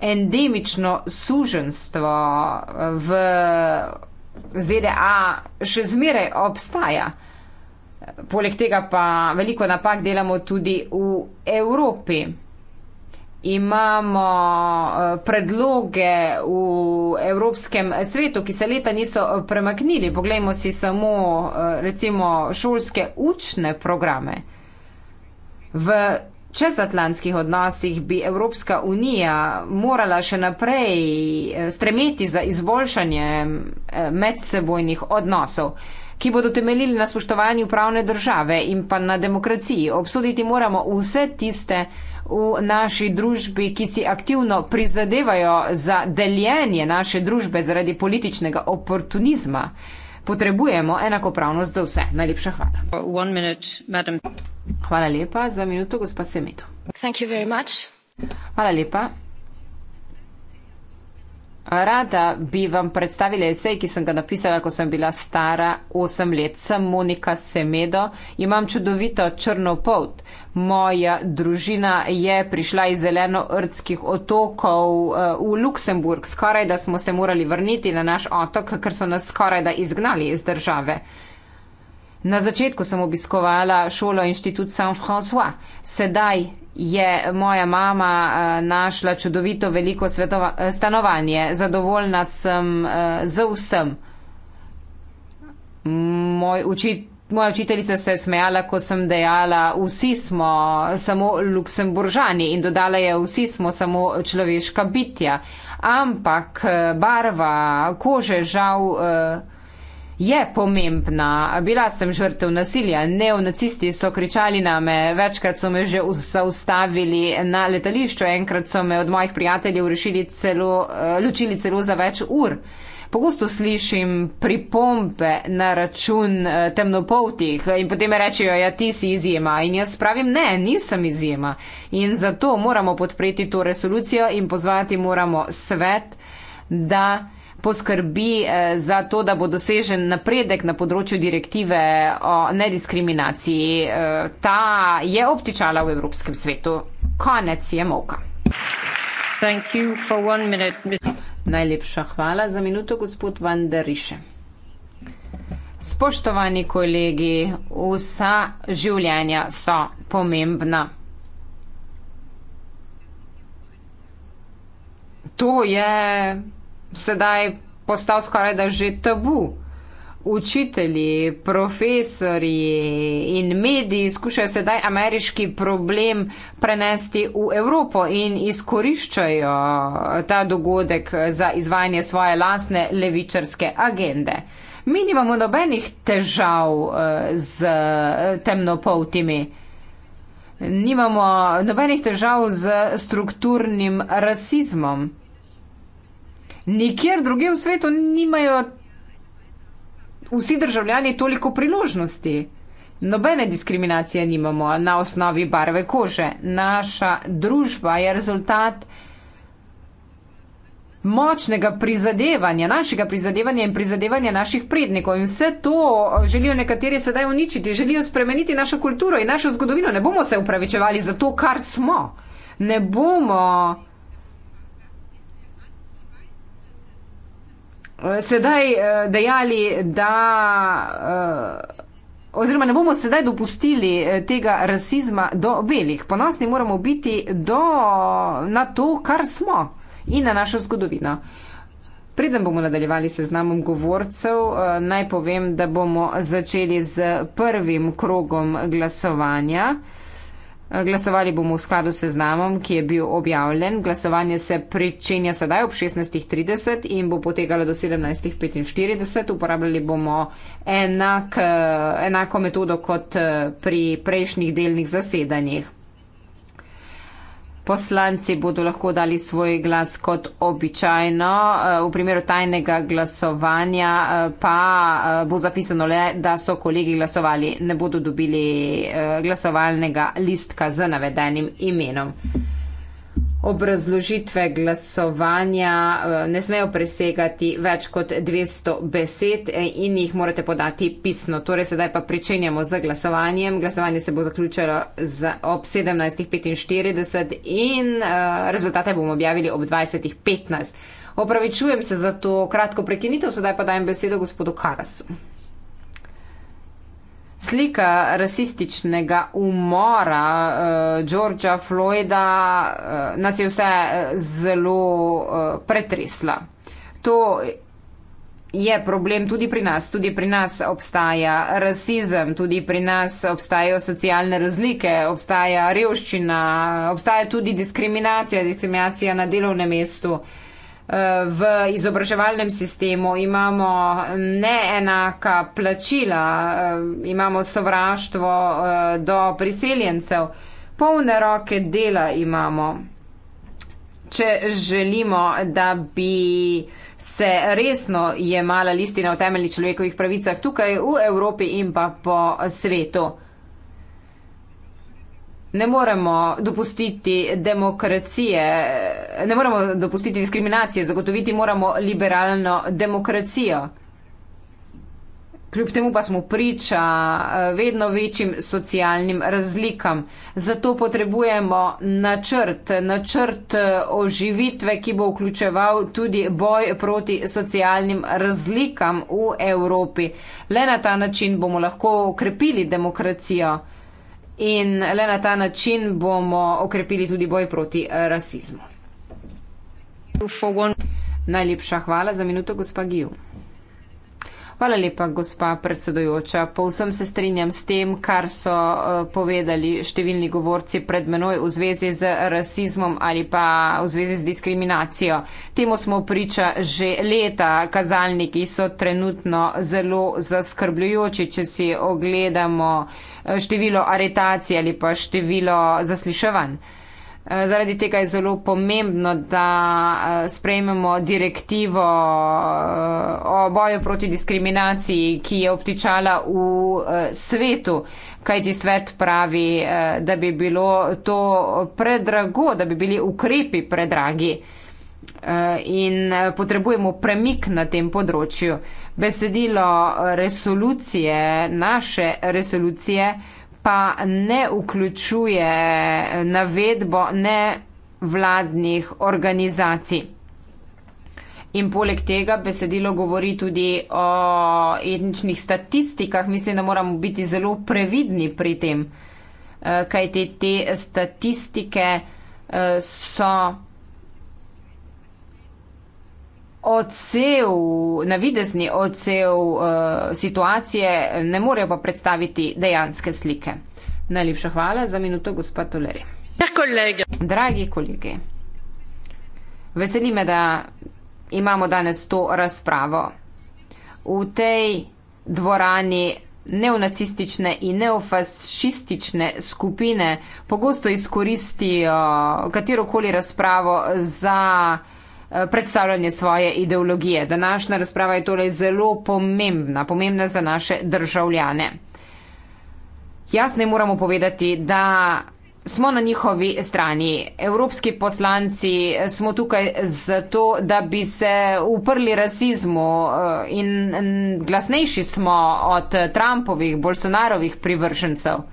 Endemično suženstvo v ZDA še zmeraj obstaja. Poleg tega pa veliko napak delamo tudi v Evropi imamo eh, predloge v Evropskem svetu, ki se leta niso eh, premaknili. Poglejmo si samo eh, recimo šolske učne programe. V čezatlantskih odnosih bi Evropska unija morala še naprej stremeti za izboljšanje medsebojnih odnosov ki bodo temeljili na spoštovanju pravne države in pa na demokraciji. Obsoditi moramo vse tiste, uh, v naši družbi, ki si aktivno prizadevajo za deljenje naše družbe zaradi političnega oportunizma. Potrebujemo enakopravnost za vse. Najlepša hvala. Minute, hvala lepa za minuto, gospod Semito. Hvala lepa. Rada bi vam predstavila esej, ki sem ga napisala, ko sem bila stara 8 let. Sem Monika Semedo, imam čudovito črno pot. Moja družina je prišla iz zeleno-rdskih otokov eh, v Luksemburg. Skoraj da smo se morali vrniti na naš otok, ker so nas skoraj da izgnali iz države. Na začetku sem obiskovala šolo Inštitut Saint-François, sedaj je moja mama eh, našla čudovito veliko svetova, eh, stanovanje. Zadovoljna sem eh, z vsem. Moj učit, moja učiteljica se je smejala, ko sem dejala, vsi smo samo luksemburžani in dodala je, vsi smo samo človeška bitja. Ampak barva kože žal. Uh, je pomembna. Bila sem žrtev nasilja, neonacisti so kričali na me, večkrat so me že zaustavili na letališču, enkrat so me od mojih prijateljev celo, eh, ločili celo za več ur. Pogosto slišim pripombe na račun eh, temnopoltih in potem rečejo, ja, ti si izjema. In jaz pravim, ne, nisem izjema. In zato moramo podpreti to resolucijo in pozvati moramo svet, da poskrbi eh, za to, da bo dosežen napredek na področju direktive o nediskriminaciji. Eh, ta je obtičala v evropskem svetu. Konec je moka. Najlepša hvala za minuto, gospod Vandariše. Spoštovani kolegi, vsa življenja so pomembna. To je sedaj postal skoraj da že tabu. Učitelji, profesori in mediji skušajo sedaj ameriški problem prenesti v Evropo in izkoriščajo ta dogodek za izvajanje svoje lastne levičarske agende. Mi nimamo nobenih težav eh, z eh, temnopoltimi. Nimamo nobenih težav z strukturnim rasizmom nikjer drugje v svetu nimajo vsi državljani toliko priložnosti. Nobene diskriminacije nimamo na osnovi barve kože. Naša družba je rezultat močnega prizadevanja, našega prizadevanja in prizadevanja naših prednikov. In vse to eh, želijo nekateri sedaj uničiti, želijo spremeniti našo kulturo in našo zgodovino. Ne bomo se upravičevali za to, kar smo. Ne bomo Eh, sedaj eh, dejali, da. Eh, oziroma, ne bomo sedaj dopustili tega rasizma do belih. Ponosni moramo biti do, na to, kar smo in na našo zgodovino. Preden bomo nadaljevali se znamom govorcev, naj povem, da bomo začeli z prvim krogom glasovanja. Glasovali bomo v skladu s znamom, ki je bil objavljen. Glasovanje se pričenja sedaj ob 16.30 in bo potekalo do 17.45. Uporabljali bomo enak, enako metodo kot pri prejšnjih delnih zasedanjih. Poslanci bodo lahko dali svoj glas kot običajno. Eh, v primeru tajnega glasovanja eh, pa eh, bo zapisano le, da so kolegi glasovali, ne bodo dobili glasovalnega listka z navedenim imenom obrazložitve glasovanja eh, ne smejo presegati več kot 200 besed eh, in jih morate podati pisno. Torej sedaj pa pričenjamo z glasovanjem. Glasovanje se bo zaključilo ob 17.45 in eh, rezultate bomo objavili ob 20.15. Opravičujem se za to kratko prekinitev, sedaj pa dajem besedo gospodu Karasu. Slika rasističnega umora uh, Georgea Floyda uh, nas je vse eh, zelo uh, pretresla. To je problem tudi pri nas. Tudi pri nas obstaja rasizem, tudi pri nas obstajajo socialne razlike, obstaja revščina, obstaja tudi diskriminacija, diskriminacija na delovnem mestu. Uh, v izobraževalnem sistemu, imamo neenaka plačila, eh, imamo sovraštvo eh, do priseljencev, polne roke dela imamo. Če želimo, da bi se resno jemala listina o temeljnih človekovih pravicah tukaj v Evropi in pa po svetu ne moremo dopustiti demokracije, ne moremo dopustiti diskriminacije, zagotoviti moramo liberalno demokracijo. Kljub temu pa smo priča eh, vedno večjim socialnim razlikam. Zato potrebujemo načrt, načrt eh, oživitve, ki bo vključeval tudi boj proti socialnim razlikam v Evropi. Le na ta način bomo lahko ukrepili demokracijo in le na ta način bomo okrepili tudi boj proti eh, rasizmu. Najlepša hvala za minuto, gospa Giju. Hvala lepa, gospa predsedojoča. Povsem se strinjam s tem, kar so uh, povedali številni govorci pred menoj v zvezi z rasizmom ali pa v zvezi z diskriminacijo. Temu smo priča že leta. Kazalniki so trenutno zelo zaskrbljujoči, če si ogledamo. Uh, število aretacij ali pa število zasliševanj. Eh, zaradi tega je zelo pomembno, da eh, sprejmemo direktivo eh, o boju proti diskriminaciji, ki je obtičala v svetu, kajti svet pravi, da bi bilo to predrago, da bi bili ukrepi predragi. Eh, in eh, potrebujemo premik na tem področju. Besedilo eh, resolucije, naše resolucije, pa ne vključuje navedbo nevladnih organizacij. In poleg tega besedilo govori tudi o etničnih statistikah. Mislim, da moramo biti zelo previdni pri tem, kaj te, te statistike so odsev, navidezni odsev uh, eh, situacije, ne morejo pa predstaviti dejanske slike. Najlepša hvala za minuto, gospa Toleri. Ja, kolege. Dragi kolegi, veseli me, da imamo danes to razpravo v tej dvorani neonacistične in neofašistične skupine pogosto izkoristijo katerokoli razpravo za Eh, predstavljanje svoje ideologije. Današnja razprava je torej zelo pomembna, pomembna za naše državljane. Jasno jim moramo povedati, da smo na njihovi strani. Evropski poslanci eh, smo tukaj zato, da bi se uprli rasizmu eh, in glasnejši smo od Trumpovih, Bolsonarovih privržencev.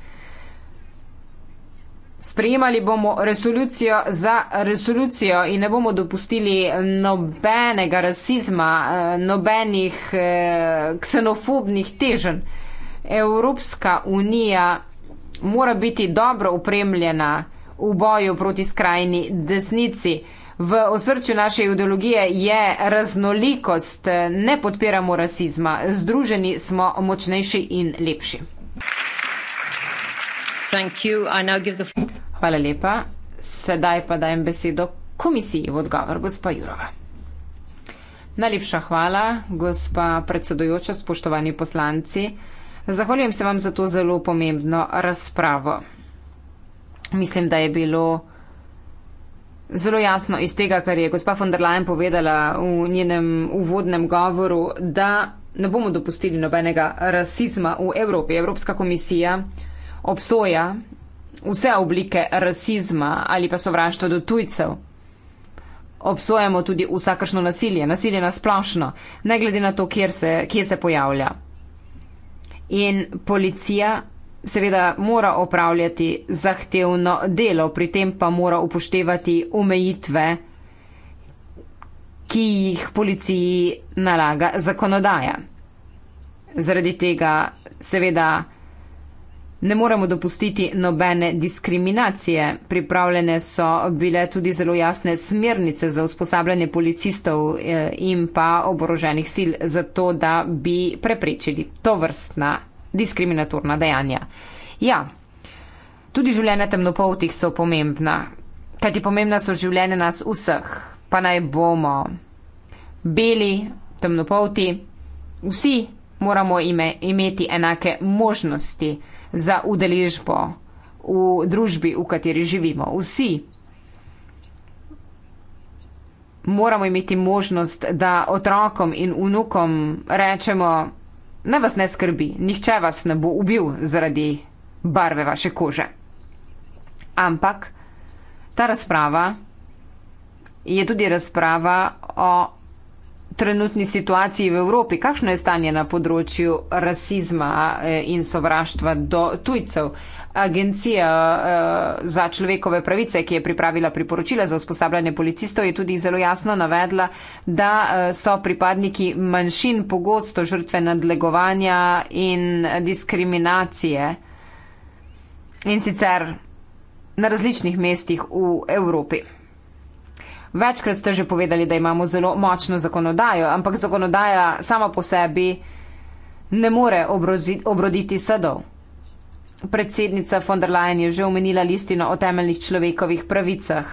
Sprejemali bomo resolucijo za resolucijo in ne bomo dopustili nobenega rasizma, eh, nobenih eh, ksenofobnih težen. Evropska unija mora biti dobro upremljena v boju proti skrajni desnici. V osrčju naše ideologije je raznolikost, eh, ne podpiramo rasizma, združeni smo močnejši in lepši. Hvala lepa. Sedaj pa dajem besedo komisiji v odgovor, gospa Jurova. Najlepša hvala, gospa predsedujoča, spoštovani poslanci. Zahvaljujem se vam za to zelo pomembno razpravo. Mislim, da je bilo zelo jasno iz tega, kar je gospa von der Leyen povedala v njenem uvodnem govoru, da ne bomo dopustili nobenega rasizma v Evropi. Evropska komisija obsoja vse oblike rasizma ali pa sovraštva do tujcev. Obsojamo tudi vsakršno nasilje, nasilje na splošno, ne glede na to, kje se, kje se pojavlja. In policija seveda mora opravljati zahtevno delo, pri tem pa mora upoštevati omejitve, ki jih policiji nalaga zakonodaja. Zaradi tega seveda Ne moremo dopustiti nobene diskriminacije. Pripravljene so bile tudi zelo jasne smernice za usposabljanje policistov eh, in pa oboroženih sil, zato da bi preprečili to vrstna diskriminatorna dejanja. Ja, tudi življenja temnopoltih so pomembna, kajti pomembna so življenja nas vseh, pa naj bomo beli, temnopolti, vsi moramo ime, imeti enake možnosti za udeležbo v družbi, v kateri živimo. Vsi moramo imeti možnost, da otrokom in unukom rečemo, ne vas ne skrbi, nihče vas ne bo ubil zaradi barve vaše kože. Ampak ta razprava je tudi razprava o trenutni situaciji v Evropi, kakšno je stanje na področju rasizma eh, in sovraštva do tujcev. Agencija eh, za človekove pravice, ki je pripravila priporočila za usposabljanje policistov, je tudi zelo jasno navedla, da eh, so pripadniki manjšin pogosto žrtve nadlegovanja in diskriminacije in sicer na različnih mestih v Evropi. Večkrat ste že povedali, da imamo zelo močno zakonodajo, ampak zakonodaja sama po sebi ne more obroditi sadov. Predsednica von der Leyen je že omenila listino o temeljnih človekovih pravicah.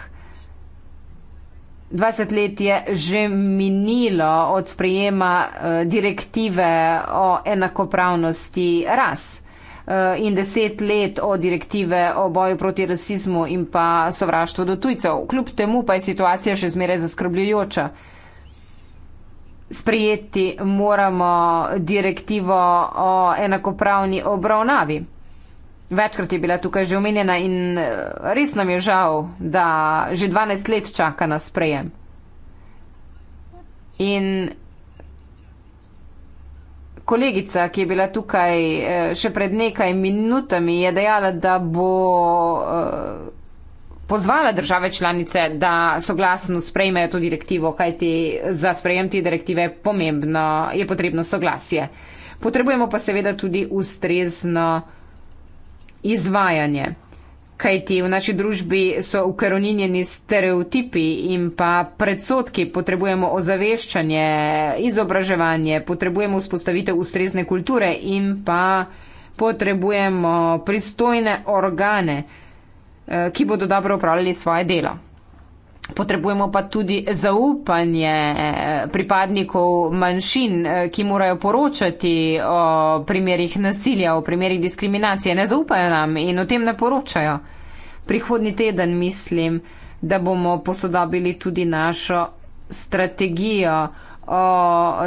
20 let je že minilo od sprejema eh, direktive o enakopravnosti ras. Eh, in deset let od direktive o boju proti rasizmu in pa sovraštvu do tujcev. Kljub temu pa je situacija še zmeraj zaskrbljujoča. Sprijeti moramo direktivo o enakopravni obravnavi. Večkrat je bila tukaj že omenjena in eh, res nam je žal, da že 12 let čaka na sprejem. In Kolegica, ki je bila tukaj eh, še pred nekaj minutami, je dejala, da bo eh, pozvala države članice, da soglasno sprejmejo to direktivo, kajti za sprejem te direktive je, pomembno, je potrebno soglasje. Potrebujemo pa seveda tudi ustrezno izvajanje. Kajti v naši družbi so ukoronjeni stereotipi in pa predsotki, potrebujemo ozaveščanje, izobraževanje, potrebujemo vzpostavitev ustrezne kulture in pa potrebujemo pristojne organe, eh, ki bodo dobro upravljali svoje delo. Potrebujemo pa tudi zaupanje eh, pripadnikov manjšin, eh, ki morajo poročati o primerih nasilja, o primerih diskriminacije. Ne zaupajo nam in o tem ne poročajo. Prihodni teden mislim, da bomo posodobili tudi našo strategijo o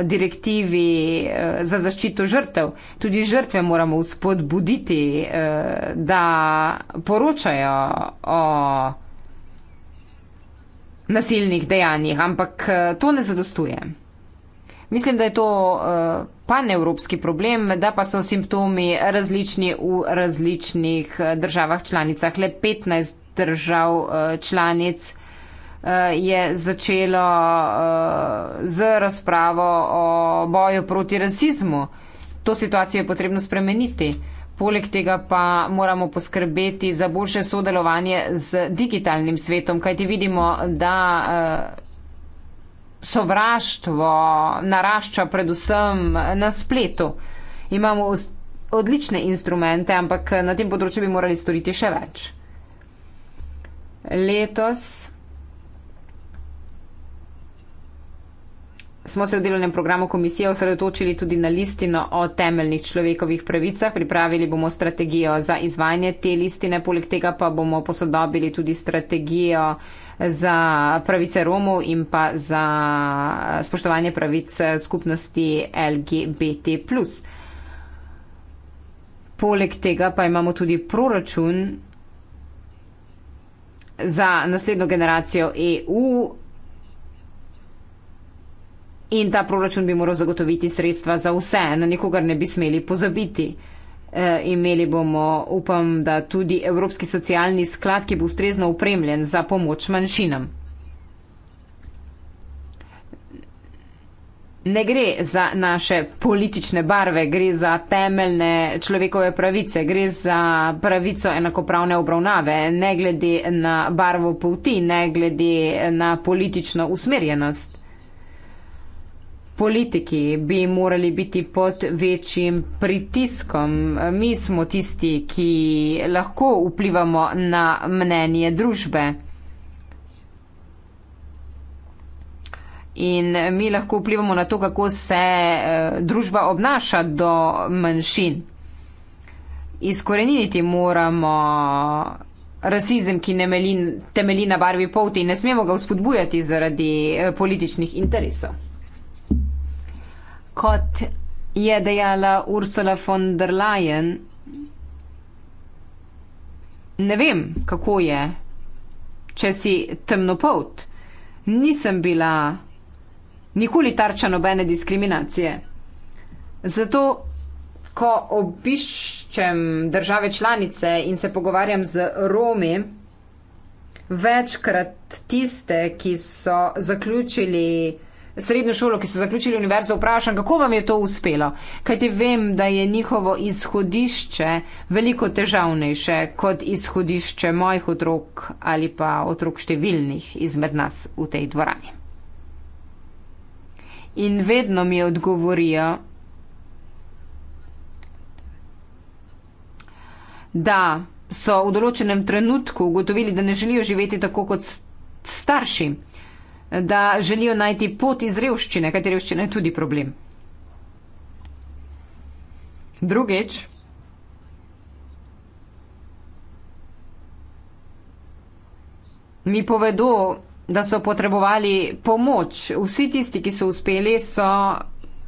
direktivi eh, za zaščito žrtev. Tudi žrtve moramo vzpodbuditi, da poročajo o nasilnih dejanjih, ampak eh, to ne zadostuje. Mislim, da je to eh, panevropski problem, da pa so simptomi različni v različnih eh, državah članicah. Le 15 držav članic je začelo z razpravo o boju proti rasizmu. To situacijo je potrebno spremeniti. Poleg tega pa moramo poskrbeti za boljše sodelovanje z digitalnim svetom, kajti vidimo, da eh, sovraštvo narašča predvsem na spletu. Imamo odlične instrumente, ampak eh, na tem področju bi morali storiti še več. Letos smo se v delovnem programu komisije osredotočili tudi na listino o temeljnih človekovih pravicah. Pripravili bomo strategijo za izvajanje te listine, poleg tega pa bomo posodobili tudi strategijo za pravice Romov in pa za spoštovanje pravic skupnosti LGBT. Poleg tega pa imamo tudi proračun za naslednjo generacijo EU. In ta proračun bi moral zagotoviti sredstva za vse, na nikogar ne bi smeli pozabiti. E, imeli bomo, upam, da tudi Evropski socialni sklad, ki bo ustrezno upremljen za pomoč manjšinam. Ne gre za naše politične barve, gre za temeljne človekove pravice, gre za pravico enakopravne obravnave, ne glede na barvo polti, ne glede na politično usmerjenost. Politiki bi morali biti pod večjim pritiskom. Mi smo tisti, ki lahko vplivamo na mnenje družbe. In mi lahko vplivamo na to, kako se eh, družba obnaša do manjšin. Izkoreniti moramo rasizem, ki temelji na barvi polti in ne smemo ga vzpodbujati zaradi eh, političnih interesov kot je dejala Ursula von der Leyen, ne vem, kako je, če si temnopolt. Nisem bila nikoli tarča nobene diskriminacije. Zato, ko obiščem države članice in se pogovarjam z Romi, večkrat tiste, ki so zaključili srednjo šolo, ki so zaključili univerzo, vprašam, kako vam je to uspelo. Kaj ti vem, da je njihovo izhodišče veliko težavnejše kot izhodišče mojih otrok ali pa otrok številnih izmed nas v tej dvorani. In vedno mi odgovorijo, da so v določenem trenutku ugotovili, da ne želijo živeti tako kot starši da želijo najti pot iz revščine, kajti revščina je tudi problem. Drugič, mi povedo, da so potrebovali pomoč. Vsi tisti, ki so uspeli, so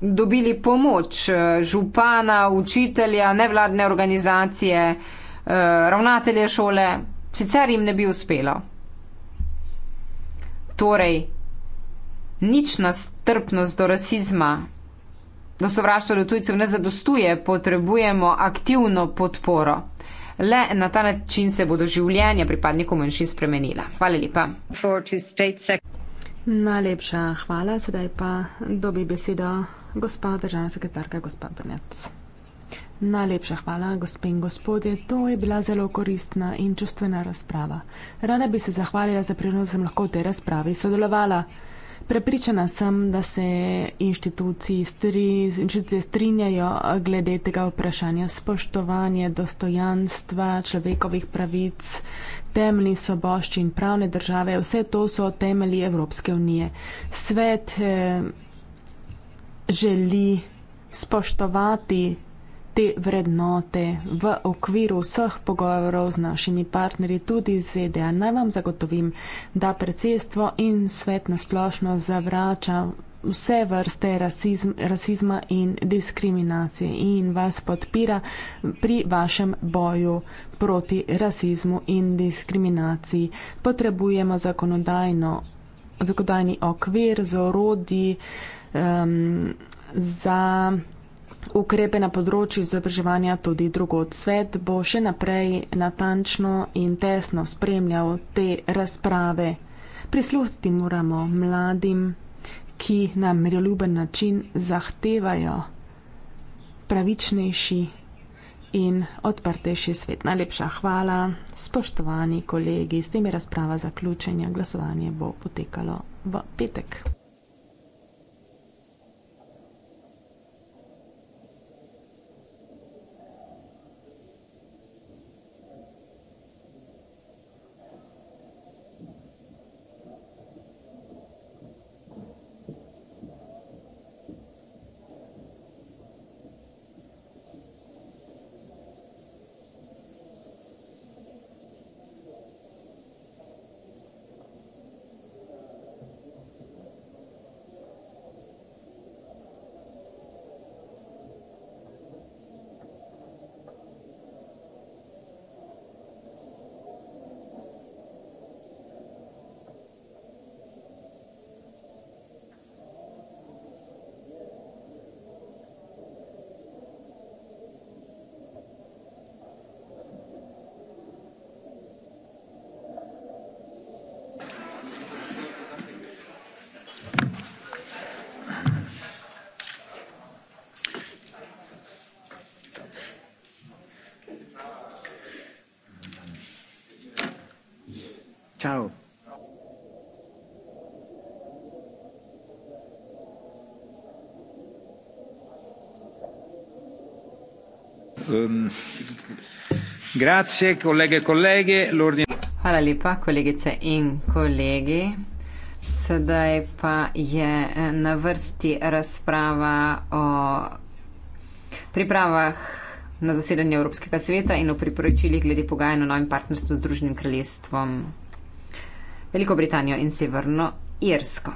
dobili pomoč eh, župana, učitelja, nevladne organizacije, eh, ravnatelje šole, sicer jim ne bi uspelo. Torej, nič nastrpnost do rasizma, do sovraštva do tujcev ne zadostuje, potrebujemo aktivno podporo. Le na ta način se bodo življenja pripadnikov manjšin spremenila. Hvala lepa. Najlepša hvala, sedaj pa dobi besedo gospa državna sekretarka, gospa Brnec. Najlepša hvala, gospe in gospodje. To je bila zelo koristna in čustvena razprava. Rada bi se zahvalila za priložnost, da sem lahko v tej razpravi sodelovala. Prepričana sem, da se inštitucije strinjajo glede tega vprašanja spoštovanja dostojanstva, človekovih pravic, temeljni sobošči in pravne države. Vse to so temelji Evropske unije. Svet eh, želi spoštovati te vrednote v okviru vseh pogovorov z našimi partnerji, tudi z ZDA. Naj vam zagotovim, da predsedstvo in svet nasplošno zavrača vse vrste rasizm, rasizma in diskriminacije in vas podpira pri vašem boju proti rasizmu in diskriminaciji. Potrebujemo zakonodajno, zakonodajni okvir z orodji um, za ukrepe na področju izobraževanja tudi drugod. Svet bo še naprej natančno in tesno spremljal te razprave. Prisluhti moramo mladim, ki na miroljuben način zahtevajo pravičnejši in odprtejši svet. Najlepša hvala, spoštovani kolegi. S tem je razprava zaključena. Glasovanje bo potekalo v petek. Chao. E Hvala lepa, kolegice in kolegi. Sedaj pa je eh, na vrsti razprava o pripravah na zasedanje Evropskega sveta in o priporočilih glede pogajanja o novem partnerstvu z Združenim kraljestvom Veliko Britanijo in Severno Irsko.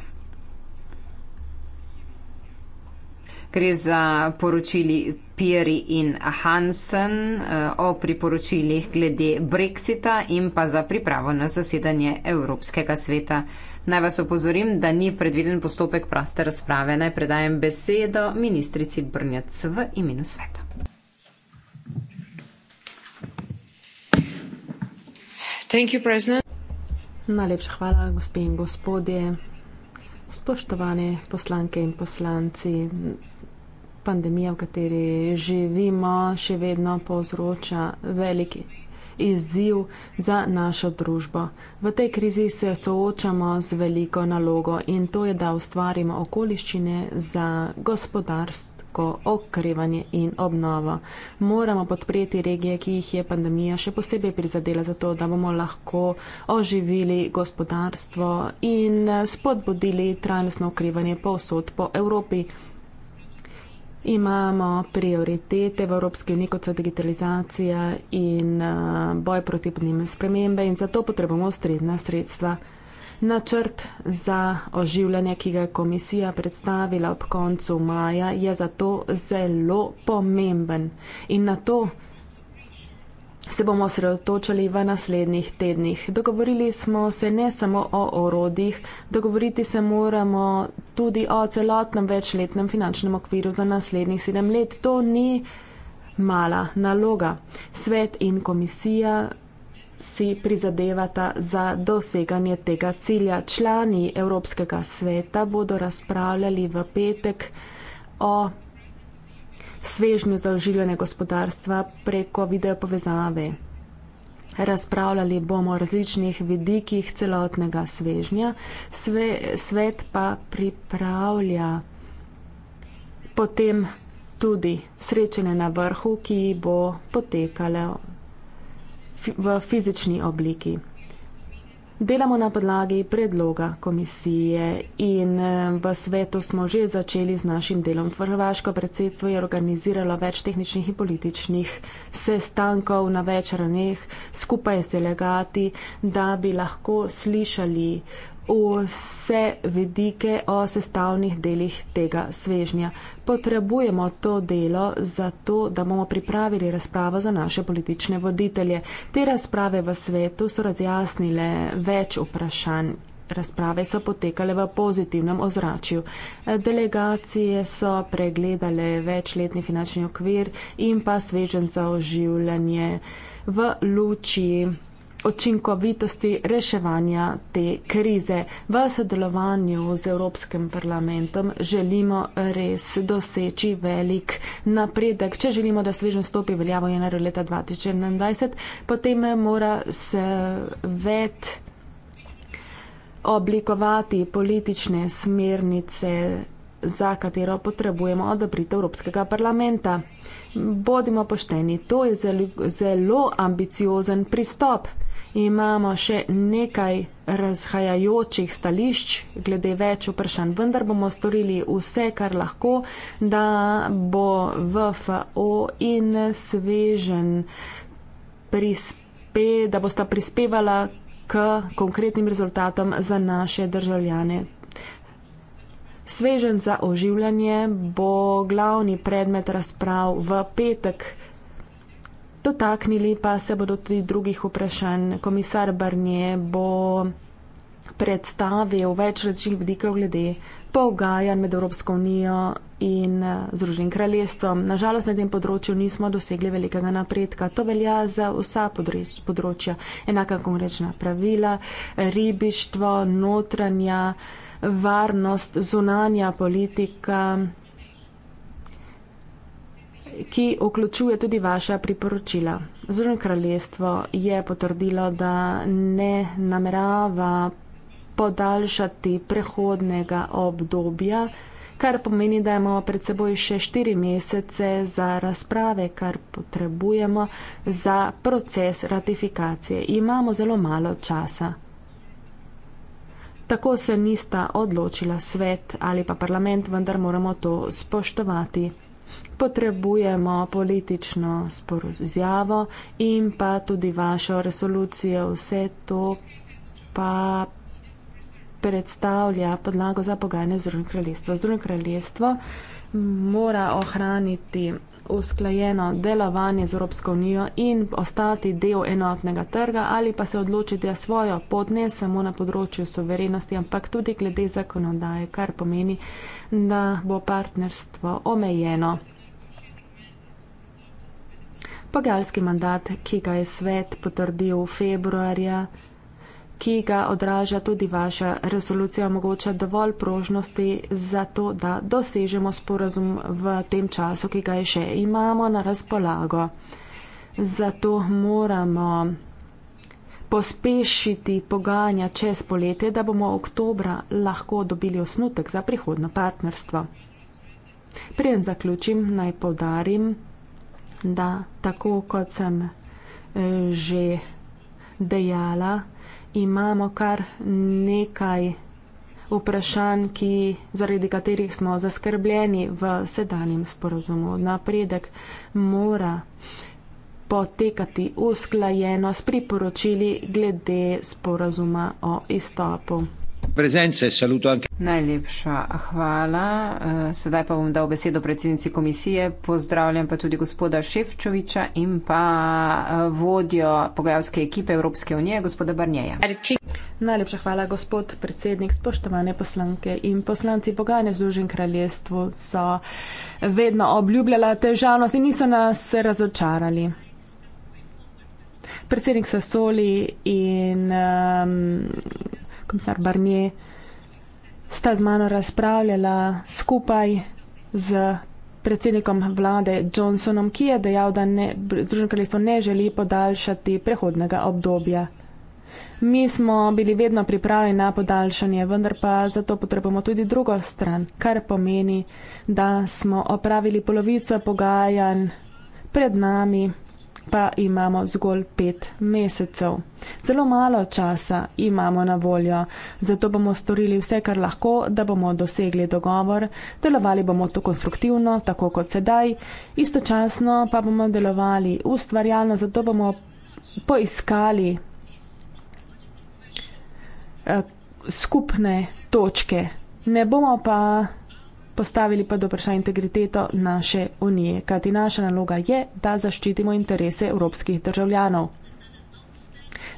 Gre za poročili Piri in Hansen eh, o priporočilih glede Brexita in pa za pripravo na zasedanje Evropskega sveta. Naj vas opozorim, da ni predviden postopek proste razprave. Naj predajem besedo ministrici Brnjac v imenu sveta. Thank you, President. Najlepša hvala, gospe in gospodje, spoštovane poslanke in poslanci. Pandemija, v kateri živimo, še vedno povzroča veliki izziv za našo družbo. V tej krizi se soočamo z veliko nalogo in to je, da ustvarimo okoliščine za gospodarstvo krepko okrevanje in obnovo. Moramo podpreti regije, ki jih je pandemija še posebej prizadela za to, da bomo lahko oživili gospodarstvo in eh, spodbudili trajnostno okrevanje povsod po Evropi. Imamo prioritete v Evropski uniji, kot so digitalizacija in eh, boj proti podnebne spremembe in zato potrebujemo ustrezna sredstva. Načrt za oživljanje, ki ga je komisija predstavila ob koncu maja, je zato zelo pomemben in na to se bomo osredotočali v naslednjih tednih. Dogovorili smo se ne samo o orodjih, dogovoriti se moramo tudi o celotnem večletnem finančnem okviru za naslednjih sedem let. To ni mala naloga. Svet in komisija si prizadevata za doseganje tega cilja. Člani Evropskega sveta bodo razpravljali v petek o svežnju za oživljanje gospodarstva preko videopovezave. Razpravljali bomo o različnih vidikih celotnega svežnja. Sve, svet pa pripravlja potem tudi srečanje na vrhu, ki bo potekalo v fizični obliki. Delamo na podlagi predloga komisije in v svetu smo že začeli z našim delom. Hrvaško predsedstvo je organiziralo več tehničnih in političnih sestankov na več raneh skupaj z delegati, da bi lahko slišali vse vedike o sestavnih delih tega svežnja. Potrebujemo to delo zato, da bomo pripravili razpravo za naše politične voditelje. Te razprave v svetu so razjasnile več vprašanj. Razprave so potekale v pozitivnem ozračju. Delegacije so pregledale večletni finančni okvir in pa svežen za oživljanje v luči očinkovitosti reševanja te krize. V sodelovanju z Evropskim parlamentom želimo res doseči velik napredek. Če želimo, da svežen stopi veljavo januarja leta 2021, potem mora svet oblikovati politične smernice za katero potrebujemo odobritev Evropskega parlamenta. Bodimo pošteni, to je zelo, zelo ambiciozen pristop. Imamo še nekaj razhajajočih stališč glede več vprašanj, vendar bomo storili vse, kar lahko, da bo VFO in svežen prispe, da bosta prispevala k konkretnim rezultatom za naše državljane. Svežen za oživljanje bo glavni predmet razprav v petek. Dotaknili pa se bodo tudi drugih vprašanj. Komisar Barnje bo predstavil več različnih vidikov glede pogajanj med Evropsko unijo in eh, Združenim kraljestvom. Nažalost, na tem področju nismo dosegli velikega napredka. To velja za vsa področja. Enaka konkrečna pravila, ribištvo, notranja varnost, zunanja politika, ki vključuje tudi vaša priporočila. Združeno kraljestvo je potrdilo, da ne namerava podaljšati prehodnega obdobja, kar pomeni, da imamo pred seboj še štiri mesece za razprave, kar potrebujemo za proces ratifikacije. Imamo zelo malo časa. Tako se nista odločila svet ali pa parlament, vendar moramo to spoštovati. Potrebujemo politično sporozjavo in pa tudi vašo resolucijo. Vse to pa predstavlja podlago za pogajanje z Združenim kraljestvom. Združeno kraljestvo mora ohraniti usklajeno delovanje z Evropsko unijo in ostati del enotnega trga ali pa se odločiti za svojo pot ne samo na področju soverenosti, ampak tudi glede zakonodaje, kar pomeni, da bo partnerstvo omejeno. Pogajalski mandat, ki ga je svet potrdil v februarja ki ga odraža tudi vaša resolucija, omogoča dovolj prožnosti za to, da dosežemo sporazum v tem času, ki ga je še imamo na razpolago. Zato moramo pospešiti pogajanja čez poletje, da bomo v oktobra lahko dobili osnutek za prihodno partnerstvo. Preden zaključim, naj povdarim, da tako kot sem eh, že dejala, imamo kar nekaj vprašanj, ki, zaradi katerih smo zaskrbljeni v sedanjem sporozumu. Napredek mora potekati usklajeno s priporočili glede sporozuma o izstopu prezence, saluto anche. Najlepša hvala. Eh, sedaj pa bom dal besedo predsednici komisije. Pozdravljam pa tudi gospoda Ševčoviča in pa eh, vodjo pogajalske ekipe Evropske unije, gospoda Barnjeja. Najlepša hvala, gospod predsednik. Spoštovane poslanke in poslanci pogajanja v Združen kraljestvu so vedno obljubljala težavnost in niso nas razočarali. Predsednik Sasoli in um, komisar Barnier, sta z mano razpravljala skupaj z predsednikom vlade Johnsonom, ki je dejal, da Združeno kraljestvo ne želi podaljšati prehodnega obdobja. Mi smo bili vedno pripravljeni na podaljšanje, vendar pa zato potrebujemo tudi drugo stran, kar pomeni, da smo opravili polovico pogajanj pred nami pa imamo zgolj pet mesecev. Zelo malo časa imamo na voljo, zato bomo storili vse, kar lahko, da bomo dosegli dogovor, delovali bomo to konstruktivno, tako kot sedaj, istočasno pa bomo delovali ustvarjalno, zato bomo poiskali eh, skupne točke. Ne bomo pa postavili pa do vprašanja integriteto naše unije, kajti naša naloga je, da zaščitimo interese evropskih državljanov.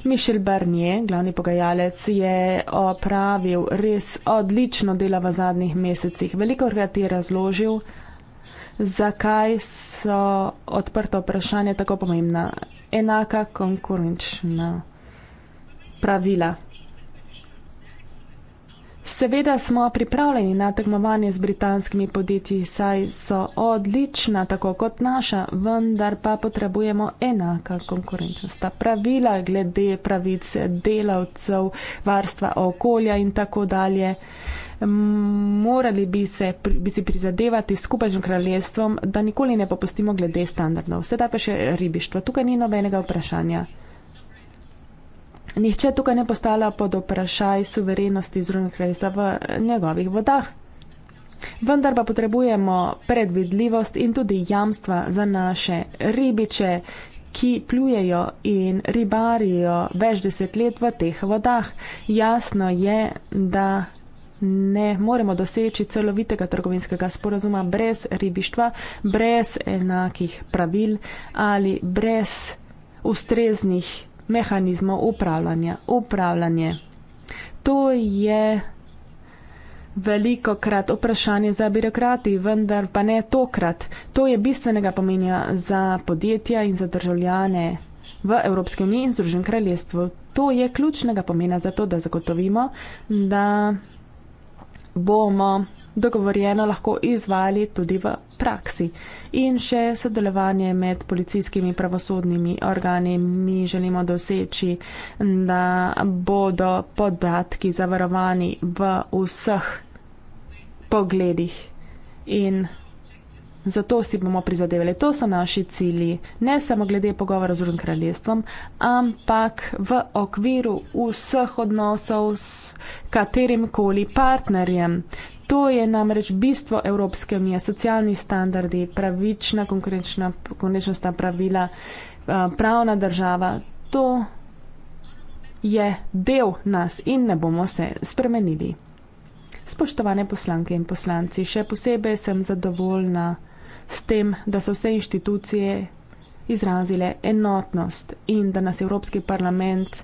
Mišel Barnier, glavni pogajalec, je opravil res odlično delo v zadnjih mesecih. Veliko krat je razložil, zakaj so odprta vprašanja tako pomembna. Enaka konkurenčna pravila. Seveda smo pripravljeni na tekmovanje z britanskimi podjetji, saj so odlična, tako kot naša, vendar pa potrebujemo enaka konkurenčnost. Ta pravila glede pravic delavcev, varstva okolja in tako dalje, morali bi, se, bi si prizadevati skupaj z kraljestvom, da nikoli ne popustimo glede standardov. Sedaj pa še ribištvo. Tukaj ni nobenega vprašanja nihče tukaj ne postala pod vprašaj suverenosti Združenih kraljestva v njegovih vodah. Vendar pa potrebujemo predvidljivost in tudi jamstva za naše ribiče, ki plujejo in ribarijo več desetlet v teh vodah. Jasno je, da ne moremo doseči celovitega trgovinskega sporazuma brez ribištva, brez enakih pravil ali brez ustreznih mehanizmov upravljanja. Upravljanje. To je veliko krat vprašanje za birokrati, vendar pa ne tokrat. To je bistvenega pomenja za podjetja in za državljane v Evropski uniji in Združen kraljestvu. To je ključnega pomena za to, da zagotovimo, da bomo dogovorjeno lahko izvali tudi v praksi. In še sodelovanje med policijskimi pravosodnimi organi. Mi želimo doseči, da bodo podatki zavarovani v vseh pogledih. In Zato si bomo prizadevali. To so naši cilji, ne samo glede pogovora z Rudnim kraljestvom, ampak v okviru vseh odnosov s katerim koli partnerjem. To je namreč bistvo Evropske unije, socialni standardi, pravična konkurenčna pravila, eh, pravna država. To je del nas in ne bomo se spremenili. Spoštovane poslanke in poslanci, še posebej sem zadovoljna s tem, da so vse inštitucije izrazile enotnost in da nas Evropski parlament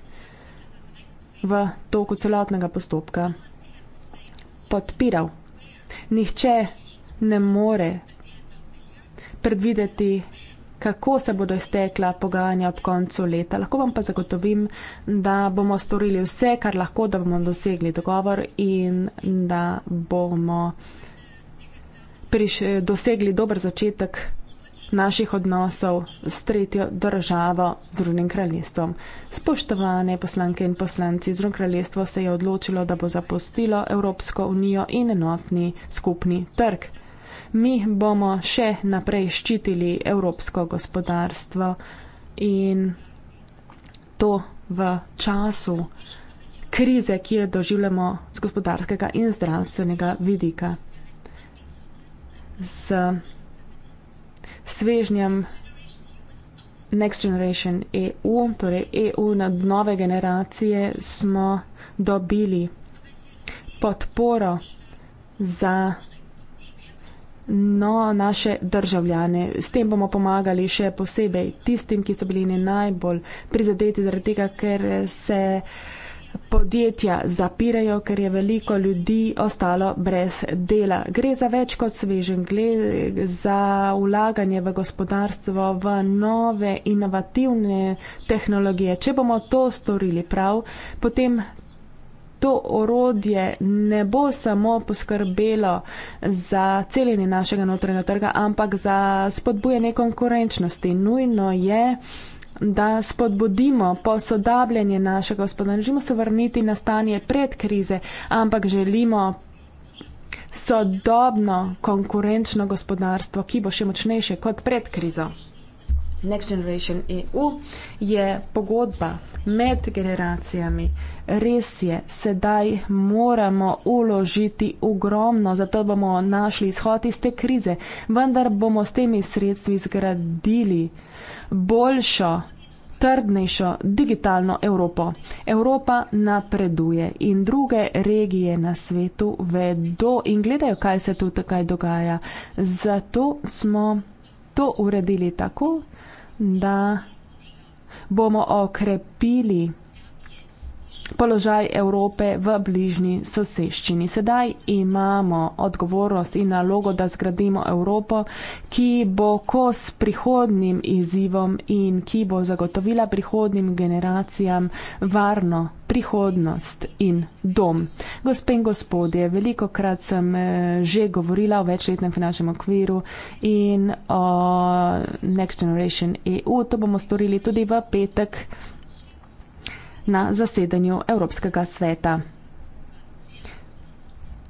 v toku celotnega postopka podpiral. Nihče ne more predvideti, kako se bodo iztekla pogajanja ob koncu leta. Lahko vam pa zagotovim, da bomo storili vse, kar lahko, da bomo dosegli dogovor in da bomo prišli, dosegli dober začetek naših odnosov s tretjo državo, z Rudnim kraljestvom. Spoštovane poslanke in poslanci, Zrun kraljestvo se je odločilo, da bo zapustilo Evropsko unijo in enotni skupni trg. Mi bomo še naprej ščitili evropsko gospodarstvo in to v času krize, ki jo doživljamo z gospodarskega in zdravstvenega vidika svežnjem Next Generation EU, torej EU nad nove generacije, smo dobili podporo za no, naše državljane. S tem bomo pomagali še posebej tistim, ki so bili najbolj prizadeti zaradi tega, ker se podjetja zapirajo, ker je veliko ljudi ostalo brez dela. Gre za več kot svežen, gre za ulaganje v gospodarstvo, v nove inovativne tehnologije. Če bomo to storili prav, potem. To orodje ne bo samo poskrbelo za celjenje našega notranjega trga, ampak za spodbujanje konkurenčnosti. Nujno je, da spodbudimo posodabljanje našega gospodarstva. Ne želimo se vrniti na stanje pred krize, ampak želimo sodobno konkurenčno gospodarstvo, ki bo še močnejše kot pred krizo. Next Generation EU, je pogodba med generacijami. Res je, sedaj moramo uložiti ogromno, zato bomo našli izhod iz te krize, vendar bomo s temi sredstvi zgradili boljšo, trdnejšo digitalno Evropo. Evropa napreduje in druge regije na svetu vedo in gledajo, kaj se tu tukaj dogaja. Zato smo. To uredili tako, da bomo okrepili položaj Evrope v bližnji soseščini. Sedaj imamo odgovornost in nalogo, da zgradimo Evropo, ki bo kos prihodnim izzivom in ki bo zagotovila prihodnim generacijam varno prihodnost in dom. Gospe in gospodje, veliko krat sem eh, že govorila o večletnem finančnem okviru in o Next Generation EU. To bomo storili tudi v petek na zasedanju Evropskega sveta.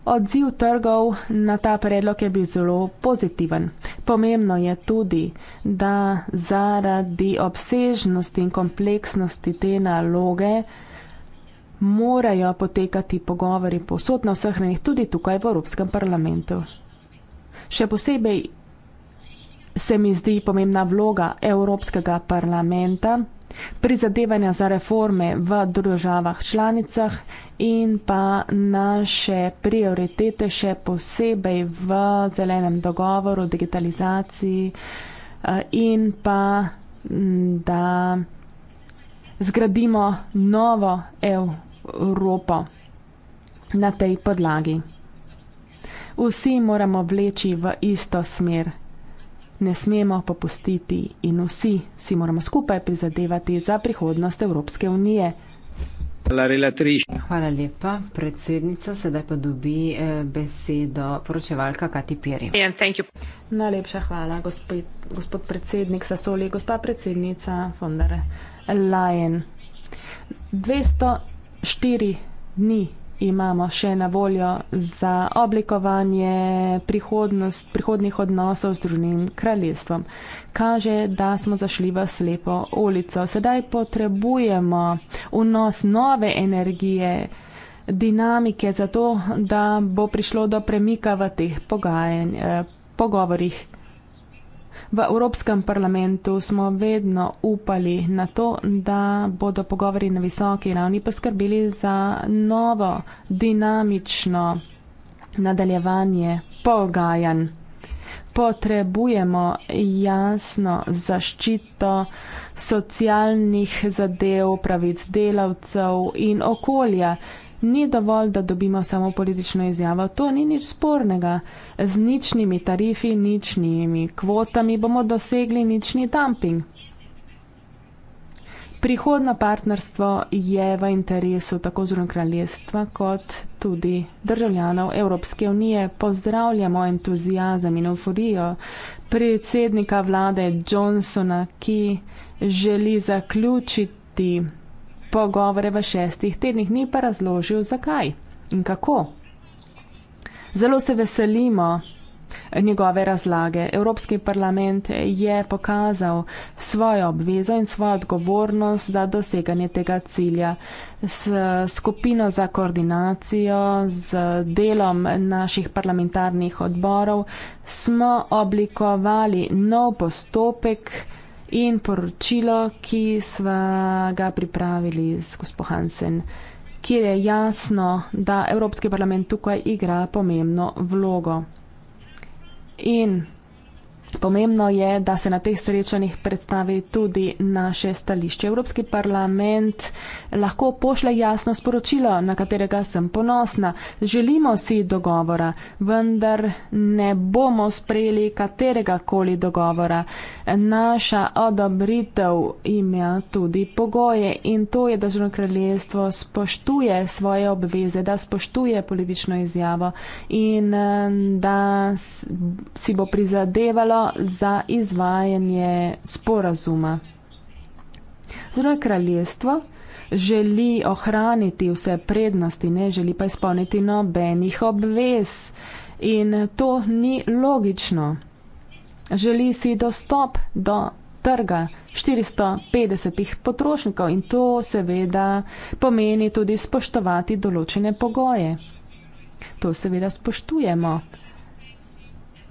Odziv trgov na ta predlog je bil zelo pozitiven. Pomembno je tudi, da zaradi obsežnosti in kompleksnosti te naloge morajo potekati pogovori posod na vseh renih, tudi tukaj v Evropskem parlamentu. Še posebej se mi zdi pomembna vloga Evropskega parlamenta prizadevanja za reforme v državah članicah in pa naše prioritete še posebej v zelenem dogovoru, digitalizaciji eh, in pa da zgradimo novo Evropo na tej podlagi. Vsi moramo vleči v isto smer ne smemo popustiti in vsi si moramo skupaj prizadevati za prihodnost Evropske unije. Hvala lepa, predsednica. Sedaj pa dobi eh, besedo poročevalka Kati Piri. Najlepša hvala, gospod, gospod predsednik Sasoli, gospa predsednica Fondare Lajen. 204 dni imamo še na voljo za oblikovanje prihodnost, prihodnih odnosov z družnim kraljestvom. Kaže, da smo zašli v slepo ulico. Sedaj potrebujemo vnos nove energije, dinamike za to, da bo prišlo do premika v teh pogajanj, eh, pogovorih. V Evropskem parlamentu smo vedno upali na to, da bodo pogovori na visoki ravni poskrbeli za novo dinamično nadaljevanje pogajanj. Potrebujemo jasno zaščito socialnih zadev, pravic delavcev in okolja ni dovolj, da dobimo samo politično izjavo. To ni nič spornega. Z ničnimi tarifi, ničnimi kvotami bomo dosegli nični dumping. Prihodno partnerstvo je v interesu tako zrun kraljestva kot tudi državljanov Evropske unije. Pozdravljamo entuzijazem in euforijo predsednika vlade Johnsona, ki želi zaključiti pogovore v šestih tednih, ni pa razložil, zakaj in kako. Zelo se veselimo njegove razlage. Evropski parlament je pokazal svojo obvezo in svojo odgovornost za doseganje tega cilja. S skupino za koordinacijo, z delom naših parlamentarnih odborov smo oblikovali nov postopek, in poročilo, ki sva ga pripravili z gospod Hansen, kjer je jasno, da Evropski parlament tukaj igra pomembno vlogo. In Pomembno je, da se na teh srečanjih predstavi tudi naše stališče. Evropski parlament lahko pošle jasno sporočilo, na katerega sem ponosna. Želimo si dogovora, vendar ne bomo sprejeli katerega koli dogovora. Naša odobritev ima tudi pogoje in to je, da Združeno kraljestvo spoštuje svoje obveze, da spoštuje politično izjavo in eh, da si bo prizadevalo, za izvajanje sporazuma. Zdaj, kraljestvo želi ohraniti vse prednosti, ne želi pa izpolniti nobenih obvez in to ni logično. Želi si dostop do trga 450 potrošnikov in to seveda pomeni tudi spoštovati določene pogoje. To seveda spoštujemo.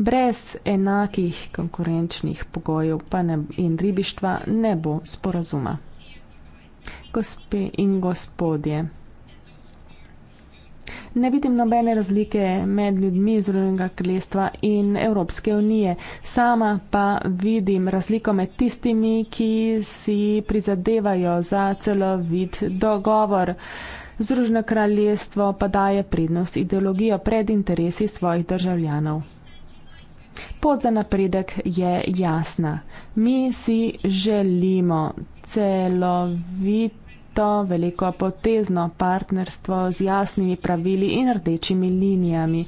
Brez enakih konkurenčnih pogojev pa ne, in ribištva ne bo sporazuma. Gospe in gospodje, ne vidim nobene razlike med ljudmi iz Združenega kraljestva in Evropske unije. Sama pa vidim razliko med tistimi, ki si prizadevajo za celovit dogovor. Združeno kraljestvo pa daje prednost ideologijo pred interesi svojih državljanov. Pot za napredek je jasna. Mi si želimo celovito, veliko potezno partnerstvo z jasnimi pravili in rdečimi linijami.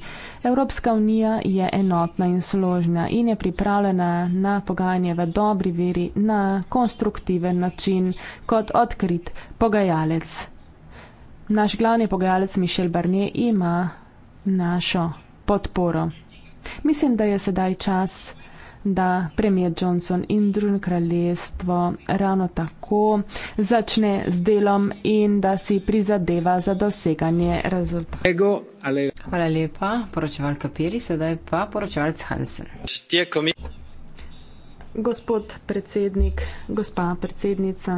Evropska unija je enotna in složna in je pripravljena na pogajanje v dobri veri, na konstruktiven način, kot odkrit pogajalec. Naš glavni pogajalec Mišel Barnier ima našo podporo. Mislim, da je sedaj čas, da premijer Johnson in drugo kraljestvo ravno tako začne z delom in da si prizadeva za doseganje rezultatov. Hvala lepa, poročevalka Piri, sedaj pa poročevalc Hansen. Gospod predsednik, gospa predsednica,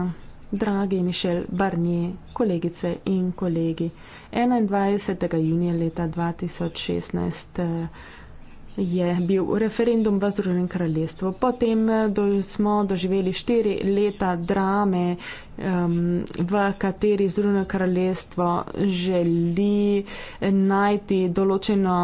dragi Mišel Barnier, kolegice in kolegi, 21. junija leta 2016 je bil referendum v Združenem kraljestvu. Potem eh, do, smo doživeli štiri leta drame, um, v kateri Združeno kraljestvo želi eh, najti določeno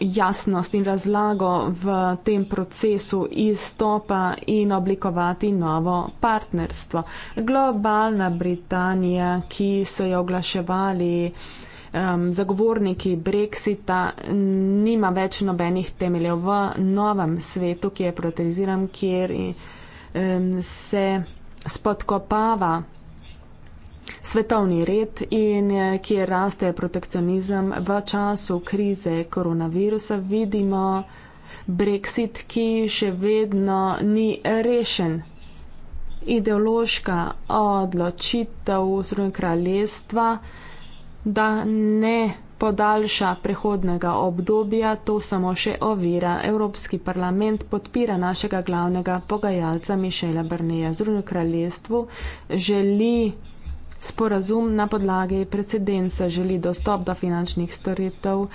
jasnost in razlago v tem procesu izstopa in oblikovati novo partnerstvo. Globalna Britanija, ki so jo oglaševali, um, zagovorniki Brexita nima več nobenih temeljev v novem svetu, ki je proteziran, kjer um, se spodkopava svetovni red in eh, kjer raste protekcionizem v času krize koronavirusa, vidimo Brexit, ki še vedno ni rešen. Ideološka odločitev vzrojen kraljestva da ne podaljša prehodnega obdobja, to samo še ovira. Evropski parlament podpira našega glavnega pogajalca Mišela Brneja. Zrunjo kraljestvu želi sporazum na podlagi precedence, želi dostop do finančnih storitev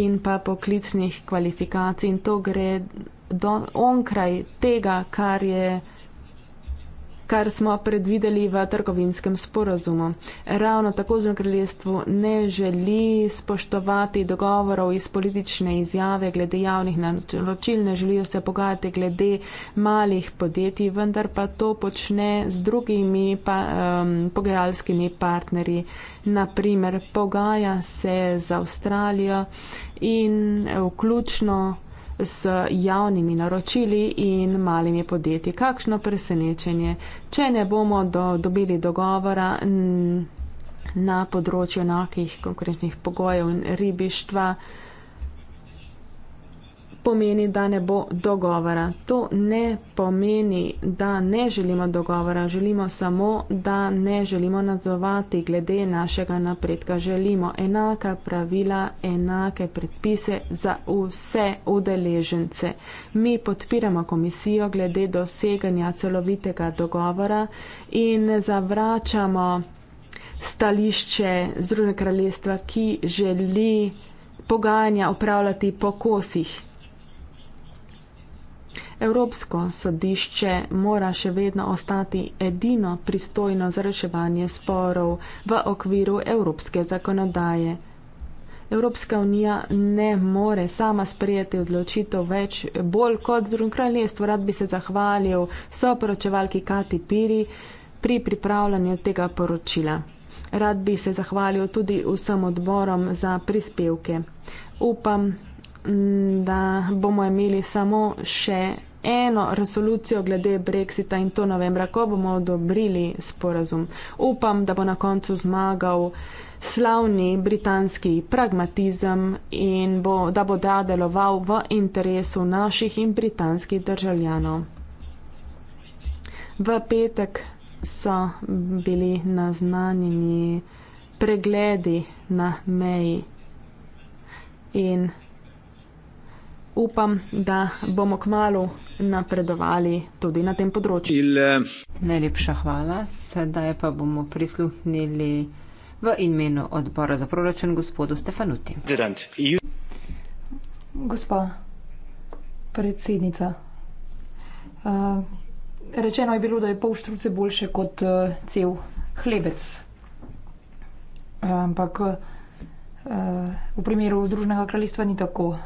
in pa poklicnih kvalifikacij in to gre do, onkraj tega, kar je kar smo predvideli v trgovinskem sporazumu. Ravno tako Združeno kraljestvo ne želi spoštovati dogovorov iz politične izjave glede javnih naročil, ne želijo se pogajati glede malih podjetij, vendar pa to počne z drugimi pa, um, pogajalskimi partnerji. Naprimer, pogaja se z Avstralijo in eh, vključno s javnimi naročili in malimi podjetji. Kakšno presenečenje, če ne bomo do, dobili dogovora na področju enakih konkurenčnih pogojev in ribištva pomeni, da ne bo dogovora. To ne pomeni, da ne želimo dogovora, želimo samo, da ne želimo nadzovati glede našega napredka. Želimo enaka pravila, enake predpise za vse udeležence. Mi podpiramo komisijo glede doseganja celovitega dogovora in zavračamo stališče Združenega kraljestva, ki želi pogajanja upravljati po kosih. Evropsko sodišče mora še vedno ostati edino pristojno za reševanje sporov v okviru evropske zakonodaje. Evropska unija ne more sama sprejeti odločitev več bolj kot Združen kraljestvo. Rad bi se zahvalil soporočevalki Kati Piri pri pripravljanju tega poročila. Rad bi se zahvalil tudi vsem odborom za prispevke. Upam, da bomo imeli samo še eno resolucijo glede Brexita in to novembra, ko bomo odobrili sporazum. Upam, da bo na koncu zmagal slavni britanski pragmatizem in bo, da bo da deloval v interesu naših in britanskih državljanov. V petek so bili naznanjeni pregledi na meji in upam, da bomo k malu napredovali tudi na tem področju. Il, eh, Najlepša hvala. Sedaj pa bomo prisluhnili v imenu odbora za proračun gospodu Stefanuti. Gospa predsednica. Uh, rečeno je bilo, da je pol štruce boljše kot uh, cel hlebec. Uh, ampak uh, v primeru Združenega kraljestva ni tako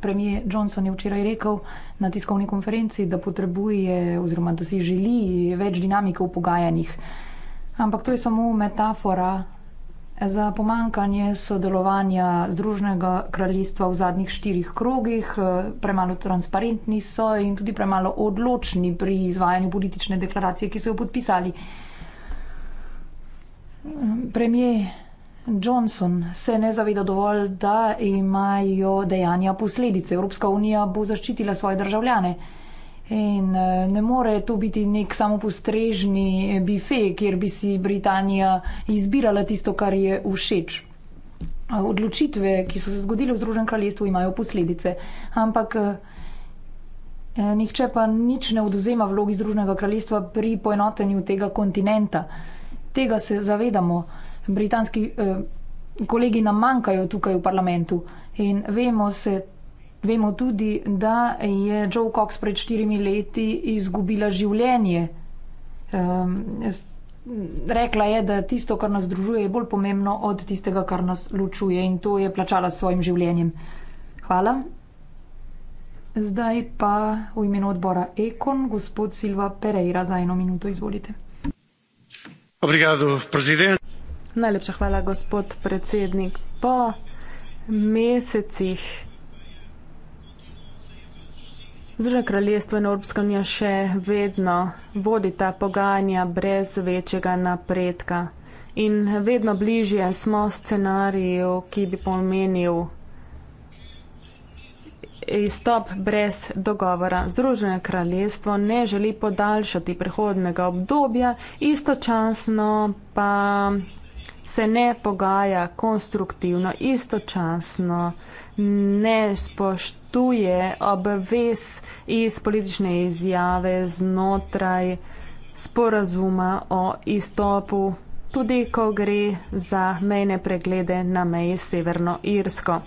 premijer Johnson je včeraj rekel na tiskovni konferenci, da potrebuje oziroma da si želi več dinamike v pogajanjih. Ampak to je samo metafora za pomankanje sodelovanja Združnega kraljestva v zadnjih štirih krogih. Premalo transparentni so in tudi premalo odločni pri izvajanju politične deklaracije, ki so jo podpisali. Premijer Johnson se ne zaveda dovolj, da imajo dejanja posledice. Evropska unija bo zaščitila svoje državljane. In eh, ne more to biti nek samopostrežni bife, kjer bi si Britanija izbirala tisto, kar je všeč. Odločitve, ki so se zgodile v Združenem kraljestvu, imajo posledice. Ampak eh, eh, nihče pa nič ne oduzema vlogi Združenega kraljestva pri poenotenju tega kontinenta. Tega se zavedamo britanski eh, kolegi nam manjkajo tukaj v parlamentu. In vemo, se, vemo tudi, da je Joe Cox pred štirimi leti izgubila življenje. Eh, rekla je, da tisto, kar nas združuje, je bolj pomembno od tistega, kar nas ločuje. In to je plačala s svojim življenjem. Hvala. Zdaj pa v imenu odbora Ekon, gospod Silva Pereira, za eno minuto izvolite. Obrigado, predsednik. Najlepša hvala, gospod predsednik. Po mesecih Združeno kraljestvo in Evropska unija še vedno vodita pogajanja brez večjega napredka. In vedno bližje smo scenariju, ki bi pomenil izstop brez dogovora. Združeno kraljestvo ne želi podaljšati prehodnega obdobja, istočasno pa se ne pogaja konstruktivno, istočasno, ne spoštuje obvez iz politične izjave znotraj sporazuma o izstopu, tudi ko gre za mejne preglede na meji Severno Irsko.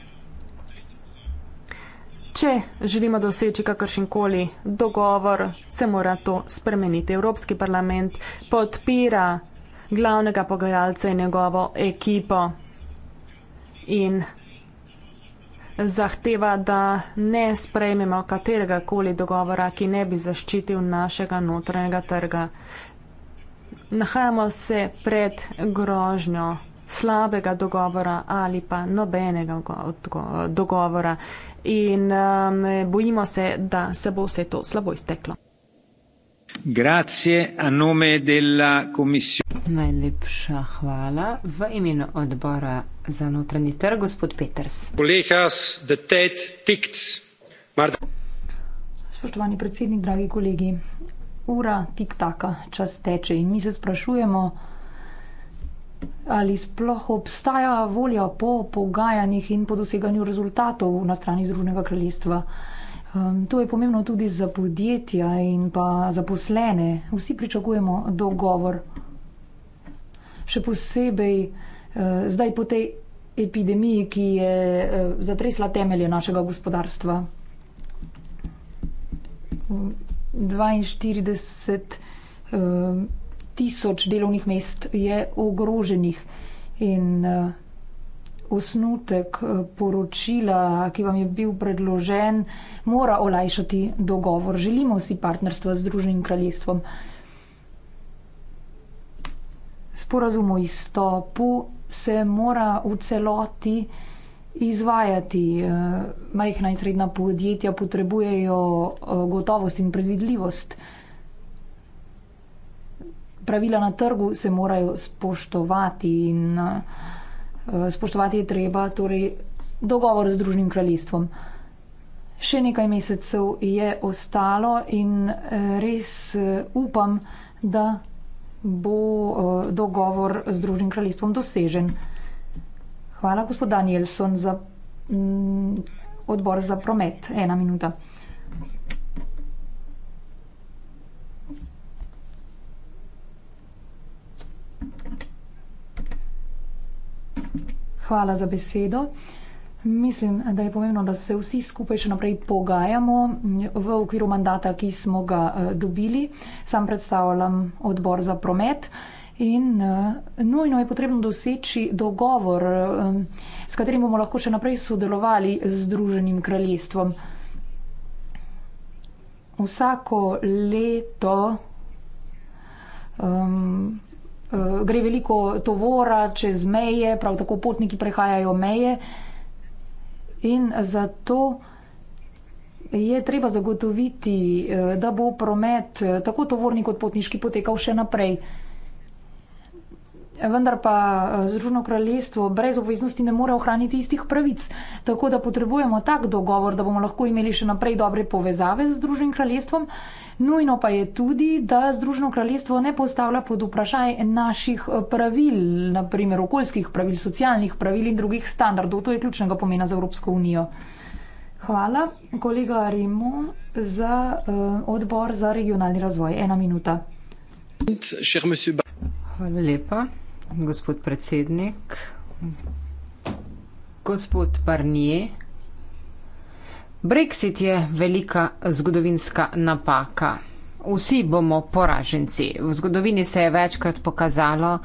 Če želimo doseči kakršenkoli dogovor, se mora to spremeniti. Evropski parlament podpira glavnega pogajalca in njegovo ekipo in zahteva, da ne sprejmemo katerega koli dogovora, ki ne bi zaščitil našega notranjega trga. Nahajamo se pred grožnjo slabega dogovora ali pa nobenega dogovora in um, bojimo se, da se bo vse to slabo izteklo. Najlepša hvala. V imenu odbora za notranji trg, gospod Peters. Spoštovani predsednik, dragi kolegi. Ura tiktaka, čas teče in mi se sprašujemo, ali sploh obstaja volja po pogajanjih in po doseganju rezultatov na strani Združenega kraljestva. Ehm, to je pomembno tudi za podjetja in pa za poslene. Vsi pričakujemo dogovor. Še posebej eh, zdaj po tej epidemiji, ki je eh, zatresla temelje našega gospodarstva. 42 ehm, tisoč delovnih mest je ogroženih in eh, osnutek eh, poročila, ki vam je bil predložen, mora olajšati dogovor. Želimo si partnerstva z Združenim kraljestvom. Sporazum o izstopu se mora v celoti izvajati. Eh, majhna in srednja podjetja potrebujejo eh, gotovost in predvidljivost. Pravila na trgu se morajo spoštovati in uh, Eh, spoštovati je treba torej, dogovor z Združenim kraljestvom. Še nekaj mesecev je ostalo in eh, res eh, upam, da bo dogovor z Združenim kraljestvom dosežen. Hvala, gospod Danielson, za mm, odbor za promet. Ena minuta. hvala za besedo. Mislim, da je pomembno, da se vsi skupaj še naprej pogajamo v okviru mandata, ki smo ga eh, dobili. Sam predstavljam odbor za promet in eh, nujno je potrebno doseči dogovor, eh, s katerim bomo lahko še naprej sodelovali z Združenim kraljestvom. Vsako leto um, Eh, gre veliko tovora čez meje, prav tako potniki prehajajo meje. In zato je treba zagotoviti, eh, da bo promet eh, tako tovorni kot potniški potekal še naprej vendar pa eh, Združeno kraljestvo brez obveznosti ne more ohraniti istih pravic. Tako da potrebujemo tak dogovor, da bomo lahko imeli še naprej dobre povezave z Združenim kraljestvom. Nujno pa je tudi, da Združeno kraljestvo ne postavlja pod vprašaj naših eh, pravil, naprimer okoljskih pravil, socialnih pravil in drugih standardov. To je ključnega pomena za Evropsko unijo. Hvala, kolega Arimo, za uh, odbor za regionalni razvoj. Ena minuta. Hvala lepa gospod predsednik, gospod Parnije. Brexit je velika zgodovinska napaka. Vsi bomo poraženci. V zgodovini se je večkrat pokazalo,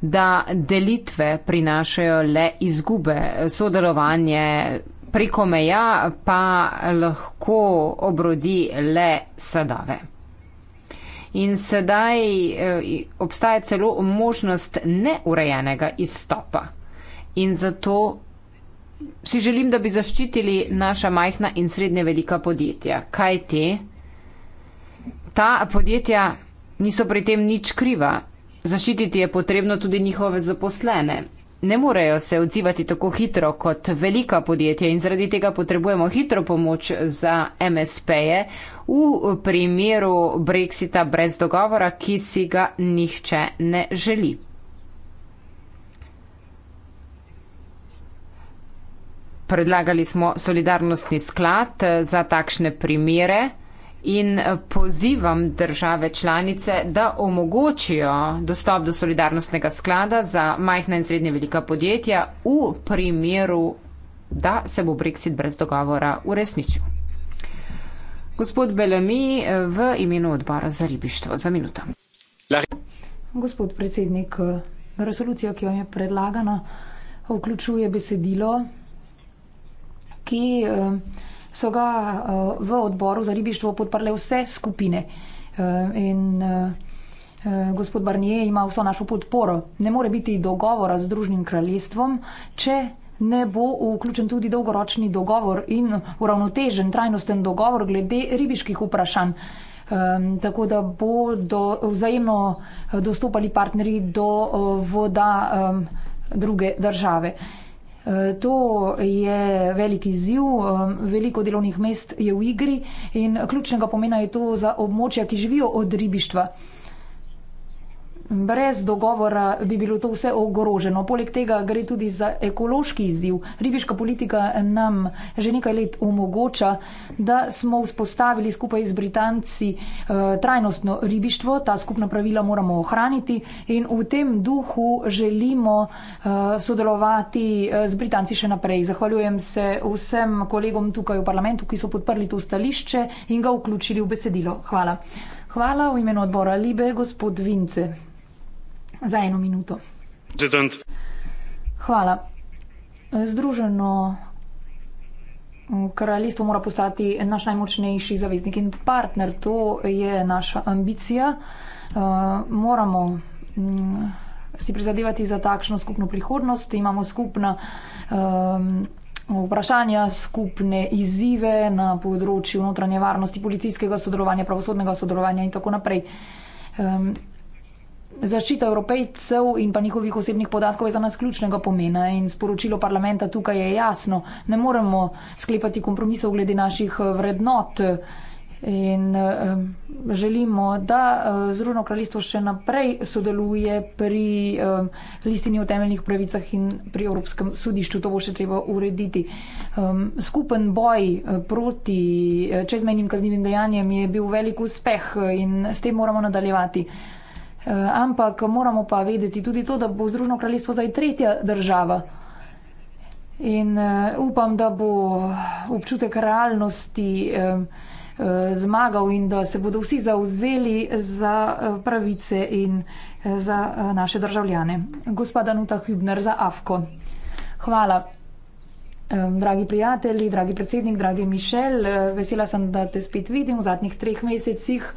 da delitve prinašajo le izgube, sodelovanje preko meja pa lahko obrodi le sadave in sedaj eh, obstaja celo možnost neurejenega izstopa. In zato si želim, da bi zaščitili naša majhna in srednje velika podjetja. Kaj te? Ta podjetja niso pri tem nič kriva. Zaščititi je potrebno tudi njihove zaposlene ne morejo se odzivati tako hitro kot velika podjetja in zaradi tega potrebujemo hitro pomoč za MSP-je v primeru Brexita brez dogovora, ki si ga nihče ne želi. Predlagali smo solidarnostni sklad za takšne primere in eh, pozivam države članice, da omogočijo dostop do solidarnostnega sklada za majhna in srednje velika podjetja v primeru, da se bo Brexit brez dogovora uresničil. Gospod Belami eh, v imenu odbora za ribištvo. Za minuto. Gospod predsednik, eh, resolucija, ki vam je predlagana, vključuje besedilo, ki. Eh, so ga eh, v odboru za ribištvo podprle vse skupine. Eh, in eh, gospod Barnier ima vso našo podporo. Ne more biti dogovora z Združnim kraljestvom, če ne bo vključen tudi dolgoročni dogovor in uravnotežen, trajnosten dogovor glede ribiških vprašanj. Um, tako da bo do, vzajemno dostopali partnerji do voda um, druge države. Uh, To je velik izziv, veliko delovnih mest je v igri in ključnega pomena je to za območja, ki živijo od ribištva. Brez dogovora bi bilo to vse ogroženo. Poleg tega gre tudi za ekološki izziv. Ribiška politika nam že nekaj let omogoča, da smo vzpostavili skupaj z Britanci eh, trajnostno ribištvo. Ta skupna pravila moramo ohraniti in v tem duhu želimo eh, sodelovati eh, z Britanci še naprej. Zahvaljujem se vsem kolegom tukaj v parlamentu, ki so podprli to stališče in ga vključili v besedilo. Hvala. Hvala v imenu odbora Libe, gospod Vince za eno minuto. Zetant. Hvala. Združeno kraljestvo mora postati naš najmočnejši zaveznik in partner. To je naša ambicija. Eh, moramo mm, si prizadevati za takšno skupno prihodnost. Imamo skupna ehm, vprašanja, skupne izzive na področju notranje varnosti, policijskega sodelovanja, pravosodnega sodelovanja in tako naprej. Ehm, Zaščita evropejcev in pa njihovih osebnih podatkov je za nas ključnega pomena in sporočilo parlamenta tukaj je jasno. Ne moremo sklepati kompromisov glede naših eh, vrednot in eh, želimo, da eh, Združeno kraljestvo še naprej sodeluje pri listini o temeljnih pravicah in pri Evropskem sodišču. To bo še treba urediti. Skupen boj proti čezmejnim kaznjivim dejanjem je bil velik uspeh in s tem moramo nadaljevati. Eh, ampak moramo pa vedeti tudi to, da bo Združeno kraljestvo zdaj tretja država. In eh, upam, da bo občutek realnosti eh, zmagal in da se bodo vsi zauzeli za pravice in za naše državljane. Gospa Danuta Hübner za AFKO. Hvala. Dragi prijatelji, dragi predsednik, dragi Mišel, vesela sem, da te spet vidim v zadnjih treh mesecih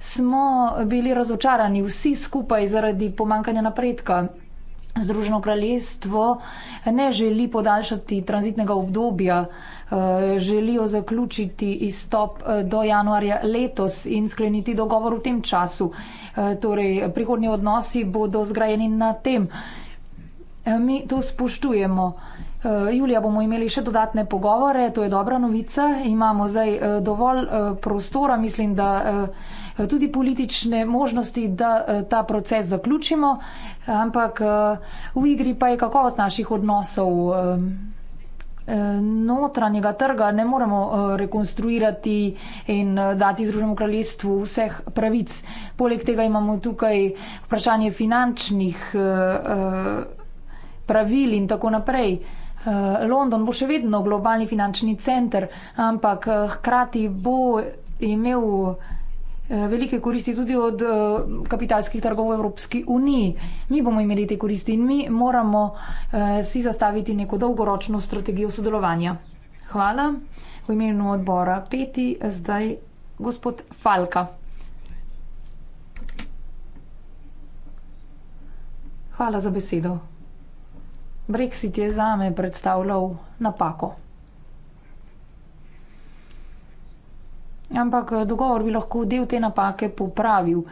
smo bili razočarani vsi skupaj zaradi pomankanja napredka. Združeno kraljestvo ne želi podaljšati tranzitnega obdobja, eh, želijo zaključiti izstop eh, do januarja letos in skleniti dogovor v tem času. Eh, torej, prihodnji odnosi bodo zgrajeni na tem. Mi to spoštujemo. Julija bomo imeli še dodatne pogovore, to je dobra novica. Imamo zdaj dovolj prostora, mislim, da tudi politične možnosti, da eh, ta proces zaključimo, ampak eh, v igri pa je kakovost naših odnosov. Eh, notranjega trga ne moremo rekonstruirati in dati Združenemu kraljestvu vseh pravic. Poleg tega imamo tukaj vprašanje finančnih pravil in tako naprej. London bo še vedno globalni finančni center, ampak hkrati bo imel Eh, velike koristi tudi od eh, kapitalskih trgov v Evropski uniji. Mi bomo imeli te koristi in mi moramo eh, si zastaviti neko dolgoročno strategijo sodelovanja. Hvala. V imenu odbora peti, zdaj gospod Falka. Hvala za besedo. Brexit je zame predstavljal napako. Ampak eh, dogovor bi lahko del te napake popravil.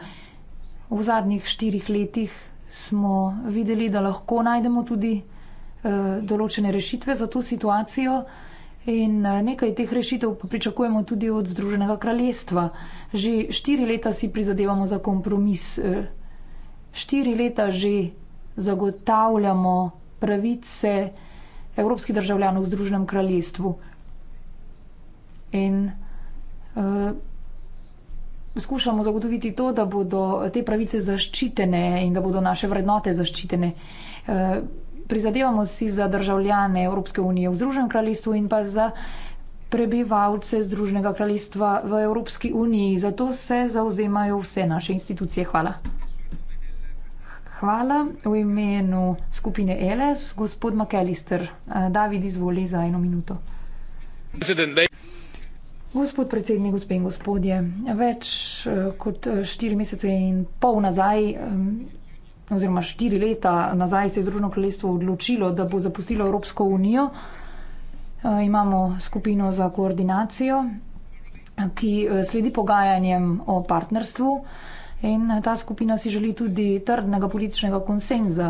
V zadnjih štirih letih smo videli, da lahko najdemo tudi eh, določene rešitve za to situacijo in eh, nekaj teh rešitev pričakujemo tudi od Združenega kraljestva. Že štiri leta si prizadevamo za kompromis, eh, štiri leta že zagotavljamo pravice evropskih državljanov v Združenem kraljestvu. In Eh, skušamo zagotoviti to, da bodo te pravice zaščitene in da bodo naše vrednote zaščitene. Eh, prizadevamo si za državljane Evropske unije v Združenem kraljestvu in pa za prebivalce Združenega kraljestva v Evropski uniji. Zato se zauzemajo vse naše institucije. Hvala. Hvala v imenu skupine ELES, gospod McAllister. Eh, David, izvoli za eno minuto. President, they... Gospod predsednik, gospe in gospodje, več eh, kot eh, štiri mesece in pol nazaj, oziroma štiri leta nazaj, se je Združeno kraljestvo odločilo, da bo zapustilo Evropsko unijo. Eh, imamo skupino za koordinacijo, ki sledi pogajanjem o partnerstvu in ta skupina si želi tudi trdnega političnega konsenza.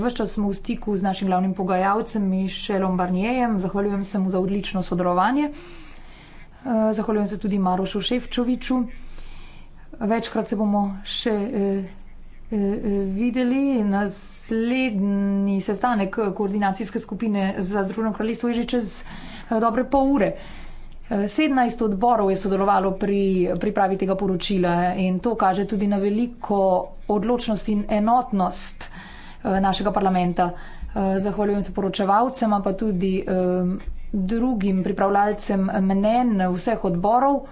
Ves čas smo v stiku z našim glavnim pogajalcem Mišelom Barnijejem, zahvaljujem se mu za odlično sodelovanje. Eh, zahvaljujem se tudi Marošu Ševčoviču. Večkrat se bomo še eh, eh, videli. Naslednji sestanek koordinacijske skupine za Združeno kraljestvo je že čez dobre pol ure. 17 odborov je sodelovalo pri pripravi tega poročila in to kaže tudi na veliko odločnost in enotnost našega parlamenta. Zahvaljujem se poročevalcema, pa tudi drugim pripravljalcem mnen vseh odborov.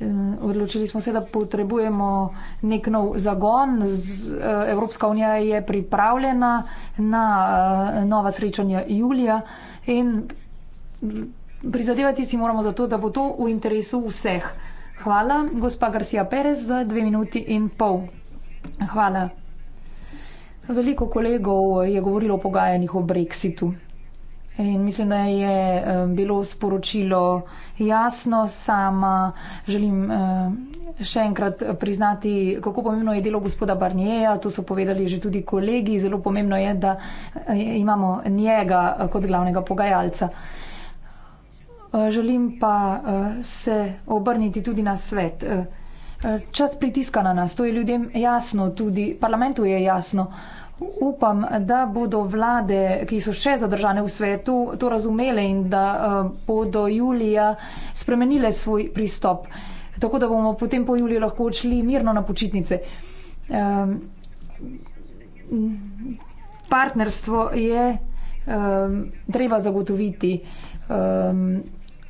Eh, odločili smo se, da potrebujemo nek nov zagon. Eh, Evropska unija je pripravljena na eh, nova srečanja julija in prizadevati si moramo za to, da bo to v interesu vseh. Hvala, gospa Garcia Perez, za dve minuti in pol. Hvala. Veliko kolegov je govorilo o pogajanjih o brexitu. In mislim, da je eh, bilo sporočilo jasno, sama želim eh, še enkrat priznati, kako pomembno je delo gospoda Barnjeja, to so povedali že tudi kolegi, zelo pomembno je, da eh, imamo njega kot glavnega pogajalca. Želim pa se obrniti tudi na svet. Čas pritiska na nas, to je ljudem jasno, tudi parlamentu je jasno. Upam, da bodo vlade, ki so še zadržane v svetu, to razumele in da eh, bodo julija spremenile svoj pristop, tako da bomo potem po juliju lahko odšli mirno na počitnice. Ehm, partnerstvo je ehm, treba zagotoviti. Ehm,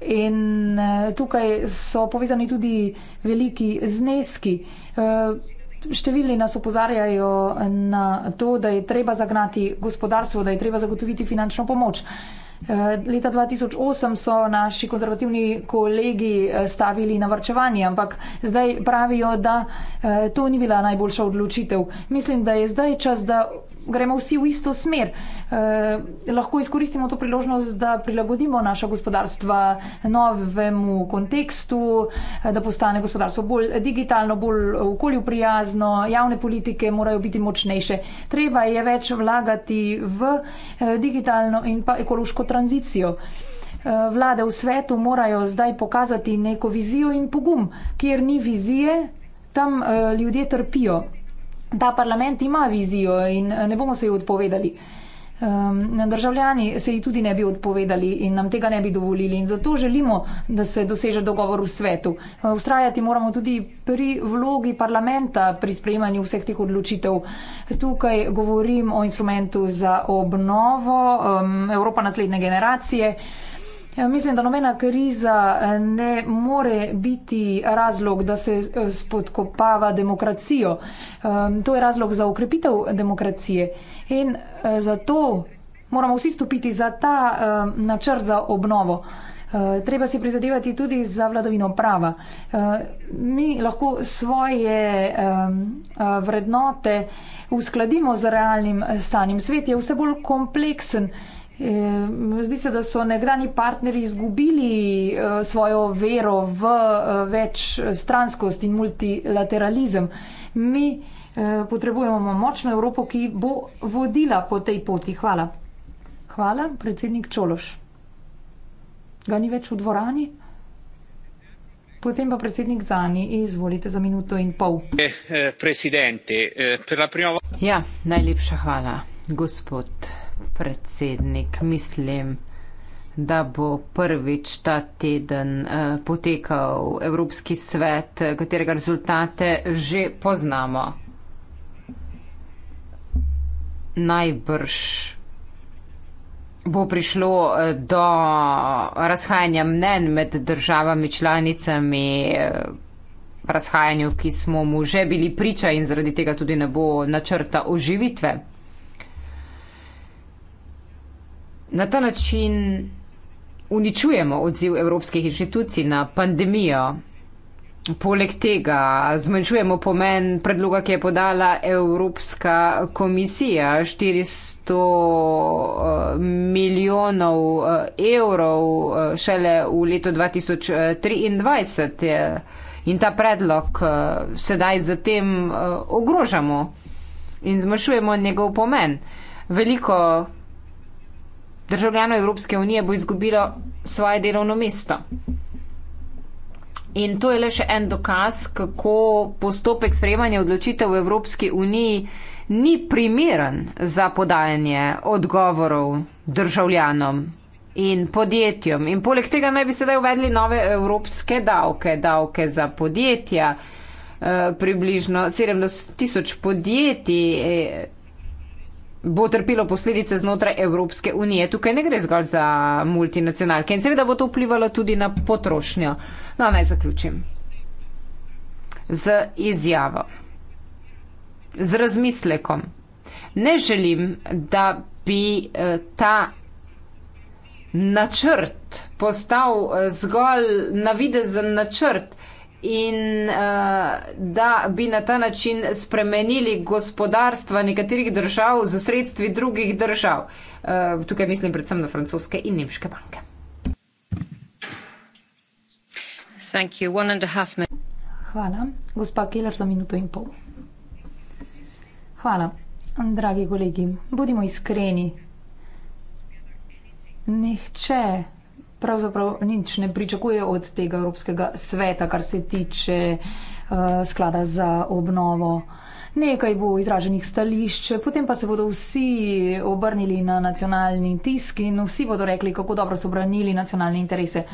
In eh, tukaj so povezani tudi veliki zneski. Eh, številni nas opozarjajo na to, da je treba zagnati gospodarstvo, da je treba zagotoviti finančno pomoč. Eh, leta 2008 so naši konzervativni kolegi stavili na vrčevanje, ampak zdaj pravijo, da to ni bila najboljša odločitev. Mislim, da je zdaj čas, da gremo vsi v isto smer. Eh, lahko izkoristimo to priložnost, da prilagodimo naša gospodarstva novemu kontekstu, eh, da postane gospodarstvo bolj digitalno, bolj okolju prijazno, javne politike morajo biti močnejše. Treba je več vlagati v eh, digitalno in pa ekološko tranzicijo. Vlade v svetu morajo zdaj pokazati neko vizijo in pogum, kjer ni vizije, tam ljudje trpijo. Ta parlament ima vizijo in ne bomo se jo odpovedali um, državljani se ji tudi ne bi odpovedali in nam tega ne bi dovolili. In zato želimo, da se doseže dogovor v svetu. Ustrajati ehm, moramo tudi pri vlogi parlamenta pri sprejemanju vseh teh odločitev. Tukaj govorim o instrumentu za obnovo um, Evropa naslednje generacije. Ja, mislim, da nobena kriza eh, ne more biti razlog, da se eh, spodkopava demokracijo. Ehm, to je razlog za ukrepitev demokracije in eh, zato moramo vsi stopiti za ta načrt za obnovo. Treba si prizadevati tudi za vladavino prava. Mi lahko svoje ehm, vrednote uskladimo z realnim stanjem. Svet je vse bolj kompleksen. Ehm, zdi se, da so nekdani partnerji izgubili eh, svojo vero v eh, več stranskost in multilateralizem. Mi eh, potrebujemo močno Evropo, ki bo vodila po tej poti. Hvala. Hvala, predsednik Čološ. Ga ni več v dvorani? Potem pa predsednik Zani, izvolite za minuto in pol. Ja, najlepša hvala, gospod predsednik. Mislim, da bo prvič ta teden uh, potekal Evropski svet, katerega rezultate že poznamo. Najbrž bo prišlo eh, do razhajanja mnen med državami članicami, eh, razhajanju, ki smo mu že bili priča in zaradi tega tudi ne bo načrta oživitve. Na ta način uničujemo odziv evropskih inštitucij na pandemijo. Poleg tega zmanjšujemo pomen predloga, ki je podala Evropska komisija. 400 eh, milijonov eh, evrov eh, šele v letu 2023 je. in ta predlog sedaj zatem ogrožamo in zmanjšujemo njegov pomen. Veliko državljanov Evropske unije bo izgubilo svoje delovno mesto. In to je le še en dokaz, kako postopek sprejemanja odločitev v Evropski uniji ni primeren za podajanje odgovorov državljanom in podjetjem. In poleg tega naj bi sedaj uvedli nove evropske davke, davke za podjetja, eh, približno 70 tisoč podjetij. Eh, bo trpelo posledice znotraj Evropske unije. Tukaj ne gre zgolj za multinacionalke in seveda bo to vplivalo tudi na potrošnjo. No, naj zaključim. Z izjavo. Z razmislekom. Ne želim, da bi eh, ta načrt postal eh, zgolj navidezen načrt, in uh, da bi na ta način spremenili gospodarstva nekaterih držav z sredstvi drugih držav. Uh, tukaj mislim predvsem na francoske in nemške banke. Hvala. Gospa Keller za minuto in pol. Hvala. Dragi kolegi, bodimo iskreni. Nihče pravzaprav nič ne pričakuje od tega Evropskega sveta, kar se tiče uh, sklada za obnovo. Nekaj bo izraženih stališč, potem pa se bodo vsi obrnili na nacionalni tisk in vsi bodo rekli, kako dobro so branili nacionalne interese.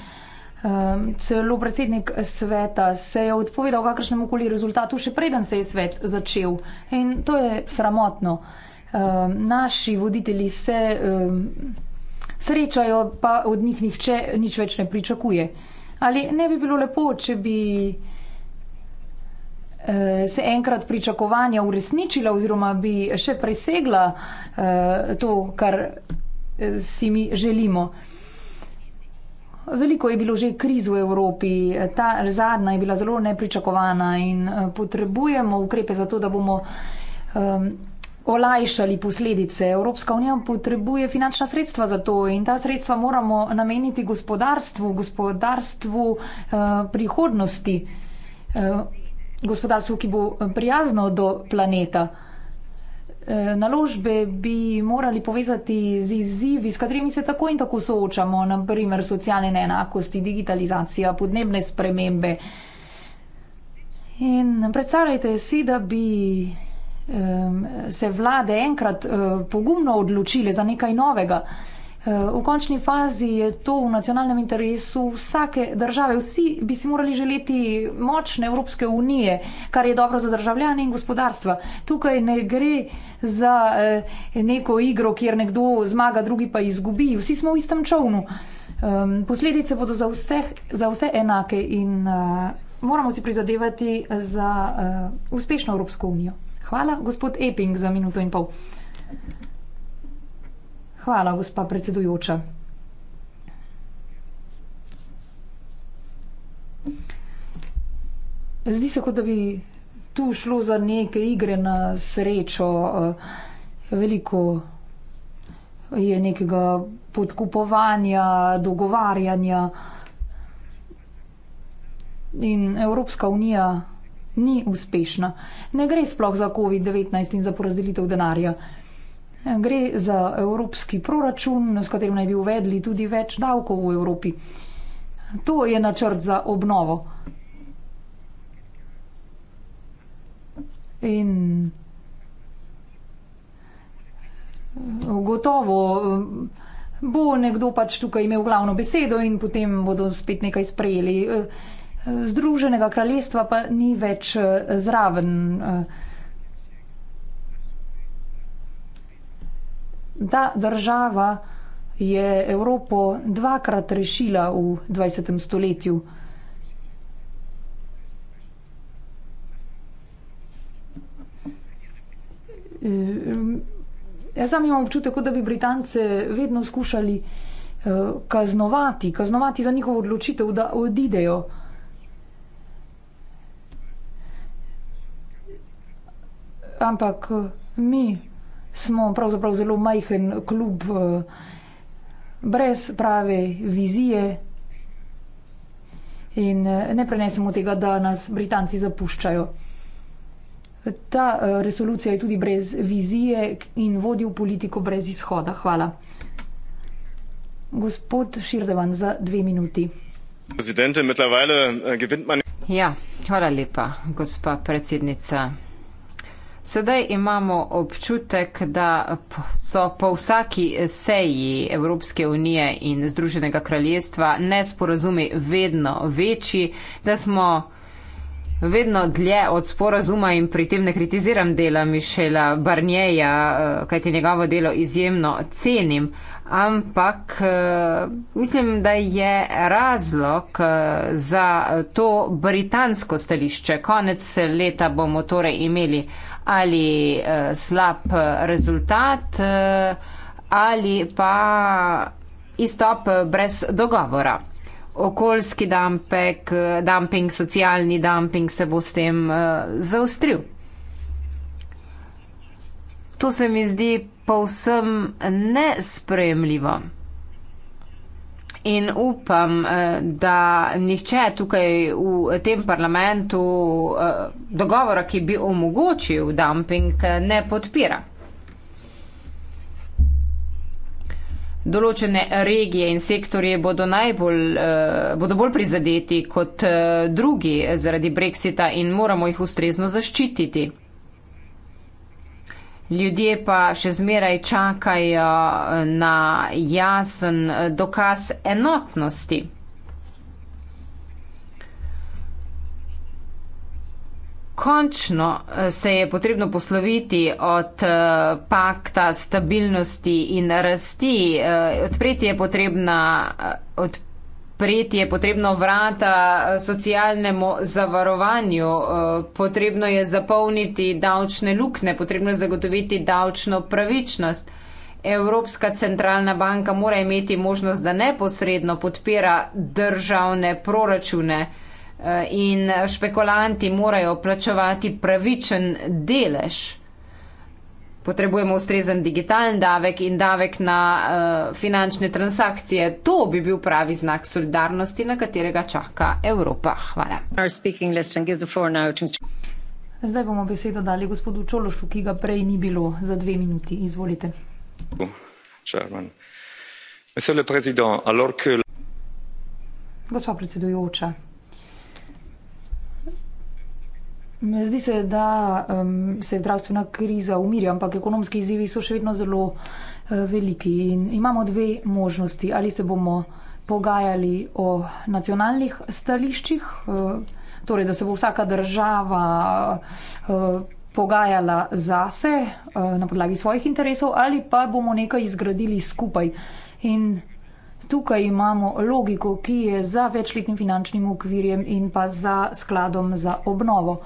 Um, celo predsednik sveta se je odpovedal kakršnemu koli rezultatu, še preden se je svet začel. In to je sramotno. Um, naši voditelji se. Um, srečajo, pa od njih nihče nič več ne pričakuje. Ali ne bi bilo lepo, če bi eh, se enkrat pričakovanja uresničila oziroma bi še presegla eh, to, kar eh, si mi želimo? Veliko je bilo že kriz v Evropi, ta zadnja je bila zelo nepričakovana in potrebujemo ukrepe za to, da bomo um, olajšali posledice. Evropska unija potrebuje finančna sredstva za to in ta sredstva moramo nameniti gospodarstvu, gospodarstvu eh, prihodnosti, eh, gospodarstvu, ki bo prijazno do planeta. Eh, naložbe bi morali povezati z izzivi, s katerimi se tako in tako soočamo, naprimer socialne neenakosti, digitalizacija, podnebne spremembe. In predstavljajte si, da bi se vlade enkrat eh, pogumno odločile za nekaj novega. Eh, v končni fazi je to v nacionalnem interesu vsake države. Vsi bi si morali želeti močne Evropske unije, kar je dobro za državljane in gospodarstva. Tukaj ne gre za eh, neko igro, kjer nekdo zmaga, drugi pa izgubi. Vsi smo v istem čovnu. Posledice bodo za vse, za vse enake in moramo si prizadevati za uspešno Evropsko unijo. Hvala, gospod Eping, za minuto in pol. Hvala, gospa predsedujoča. Zdi se, kot da bi tu šlo za neke igre na srečo. Eh, veliko je nekega podkupovanja, dogovarjanja in Evropska unija ni uspešna. Ne gre sploh za COVID-19 in za porazdelitev denarja. Gre za evropski proračun, s katerim naj bi uvedli tudi več davkov v Evropi. To je načrt za obnovo. In gotovo eh, bo nekdo pač tukaj imel glavno besedo in potem bodo spet nekaj sprejeli. Eh, Združenega kraljestva pa ni več eh, zraven. Eh. Ta država je Evropo dvakrat rešila v 20. stoletju. Eh, jaz sam imam občutek, da bi Britance vedno skušali kaznovati, kaznovati za njihovo odločitev, da odidejo. ampak eh, mi smo pravzaprav zelo majhen klub eh, brez prave vizije in eh, ne prenesemo tega, da nas Britanci zapuščajo. Ta resolucija je tudi brez vizije in vodi v politiko brez izhoda. Hvala. Gospod Širdevan, za dve minuti. Ja, hvala lepa, gospa predsednica. Sedaj imamo občutek, da so po vsaki seji Evropske unije in Združenega kraljestva nesporazumi vedno večji, da smo vedno dlje od sporazuma in pri tem ne kritiziram dela Mišela Barnjeja, eh, kajti njegovo delo izjemno cenim, ampak eh, mislim, da je razlog eh, za to britansko stališče. Konec leta bomo torej imeli ali uh, slab rezultat uh, ali pa izstop brez dogovora. Okoljski dampek, dumping, socialni dumping se bo s tem uh, eh, zaustril. To se mi zdi povsem nespremljivo in upam, eh, da nihče tukaj v tem parlamentu eh, dogovora, ki bi omogočil dumping, eh, ne podpira. Določene regije in sektorje bodo, najbolj, bodo bolj prizadeti kot drugi zaradi brexita in moramo jih ustrezno zaščititi. Ljudje pa še zmeraj čakajo eh, na jasen eh, dokaz enotnosti. Končno eh, se je potrebno posloviti od uh, pakta stabilnosti in rasti. Uh, odpreti je potrebna, uh, odpreti odpreti je potrebno vrata eh, socialnemu zavarovanju, eh, potrebno je zapolniti davčne lukne, potrebno je zagotoviti davčno pravičnost. Evropska centralna banka mora imeti možnost, da neposredno podpira državne proračune eh, in špekulanti morajo plačevati pravičen delež potrebujemo ustrezen digitalen davek in davek na uh, finančne transakcije. To bi bil pravi znak solidarnosti, na katerega čaka Evropa. Hvala. Zdaj bomo besedo dali gospodu Čološu, ki ga prej ni bilo za dve minuti. Izvolite. Gospa predsedujoča, Zdi se, da um, se zdravstvena kriza umirja, ampak ekonomski izzivi so še vedno zelo uh, veliki. In imamo dve možnosti. Ali se bomo pogajali o nacionalnih stališčih, uh, torej da se bo vsaka država. Uh, pogajala zase na podlagi svojih interesov ali pa bomo nekaj izgradili skupaj. In tukaj imamo logiko, ki je za večletnim finančnim okvirjem in pa za skladom za obnovo.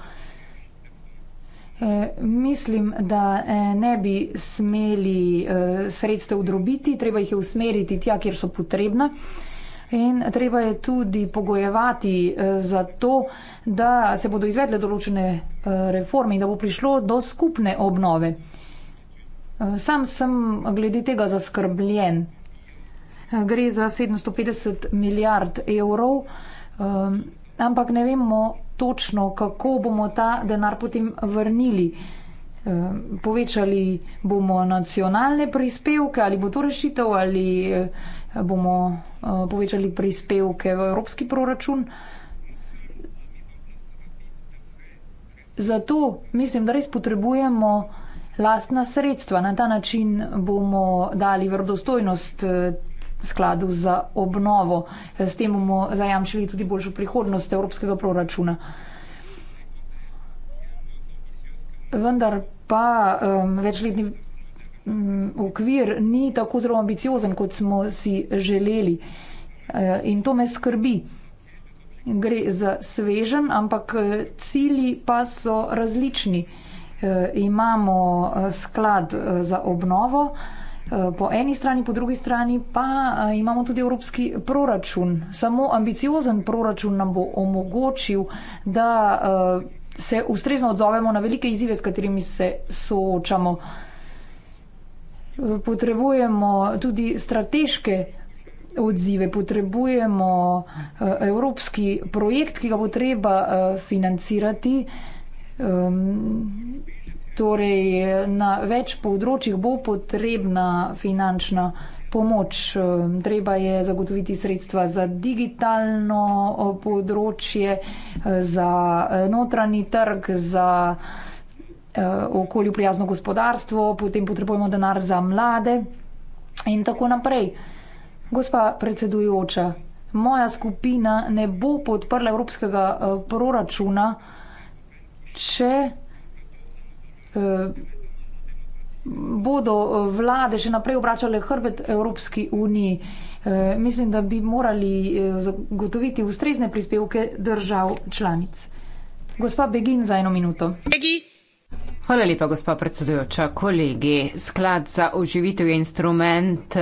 Eh, mislim, da eh, ne bi smeli eh, sredstev drobiti, treba jih je usmeriti tja, kjer so potrebna. In treba je tudi pogojevati za to, da se bodo izvedle določene reforme in da bo prišlo do skupne obnove. Sam sem glede tega zaskrbljen. Gre za 750 milijard evrov, ampak ne vemo, točno, kako bomo ta denar potem vrnili. Eh, povečali bomo nacionalne prispevke, ali bo to rešitev, ali eh, bomo eh, povečali prispevke v evropski proračun. Zato mislim, da res potrebujemo lastna sredstva. Na ta način bomo dali vrdostojnost skladu za obnovo. S tem bomo zajamčili tudi boljšo prihodnost evropskega proračuna. Vendar pa um, večletni um, okvir ni tako zelo ambiciozen, kot smo si želeli. Uh, in to me skrbi. Gre za svežen, ampak uh, cili pa so različni. Uh, imamo sklad za obnovo, Eh, po eni strani, po drugi strani pa eh, imamo tudi evropski proračun. Samo ambiciozen proračun nam bo omogočil, da eh, se ustrezno odzovemo na velike izzive, s katerimi se soočamo. Potrebujemo tudi strateške odzive, potrebujemo evropski projekt, ki ga bo treba financirati. Ehm, Torej, na več področjih bo potrebna finančna pomoč. Ehm, treba je zagotoviti sredstva za digitalno področje, eh, za eh, notranji trg, za eh, okolju prijazno gospodarstvo, potem potrebujemo denar za mlade in tako naprej. Gospa predsedujoča, moja skupina ne bo podprla evropskega proračuna, če Eh, bodo eh, vlade še naprej obračale hrbet Evropski uniji. Eh, mislim, da bi morali zagotoviti ustrezne prispevke držav članic. Gospa Begin za eno minuto. Begi. Hvala lepa, gospa predsedujoča, kolegi. Sklad za oživitev je instrument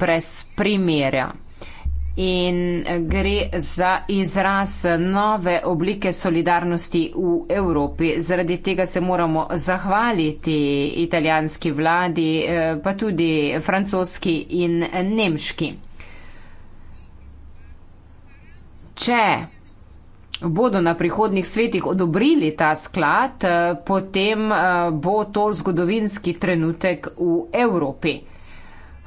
brez primerja in eh, gre za izraz nove oblike solidarnosti v Evropi. Zaradi tega se moramo zahvaliti italijanski vladi, eh, pa tudi francoski in nemški. Če bodo na prihodnih svetih odobrili ta sklad, eh, potem bo to zgodovinski trenutek v Evropi.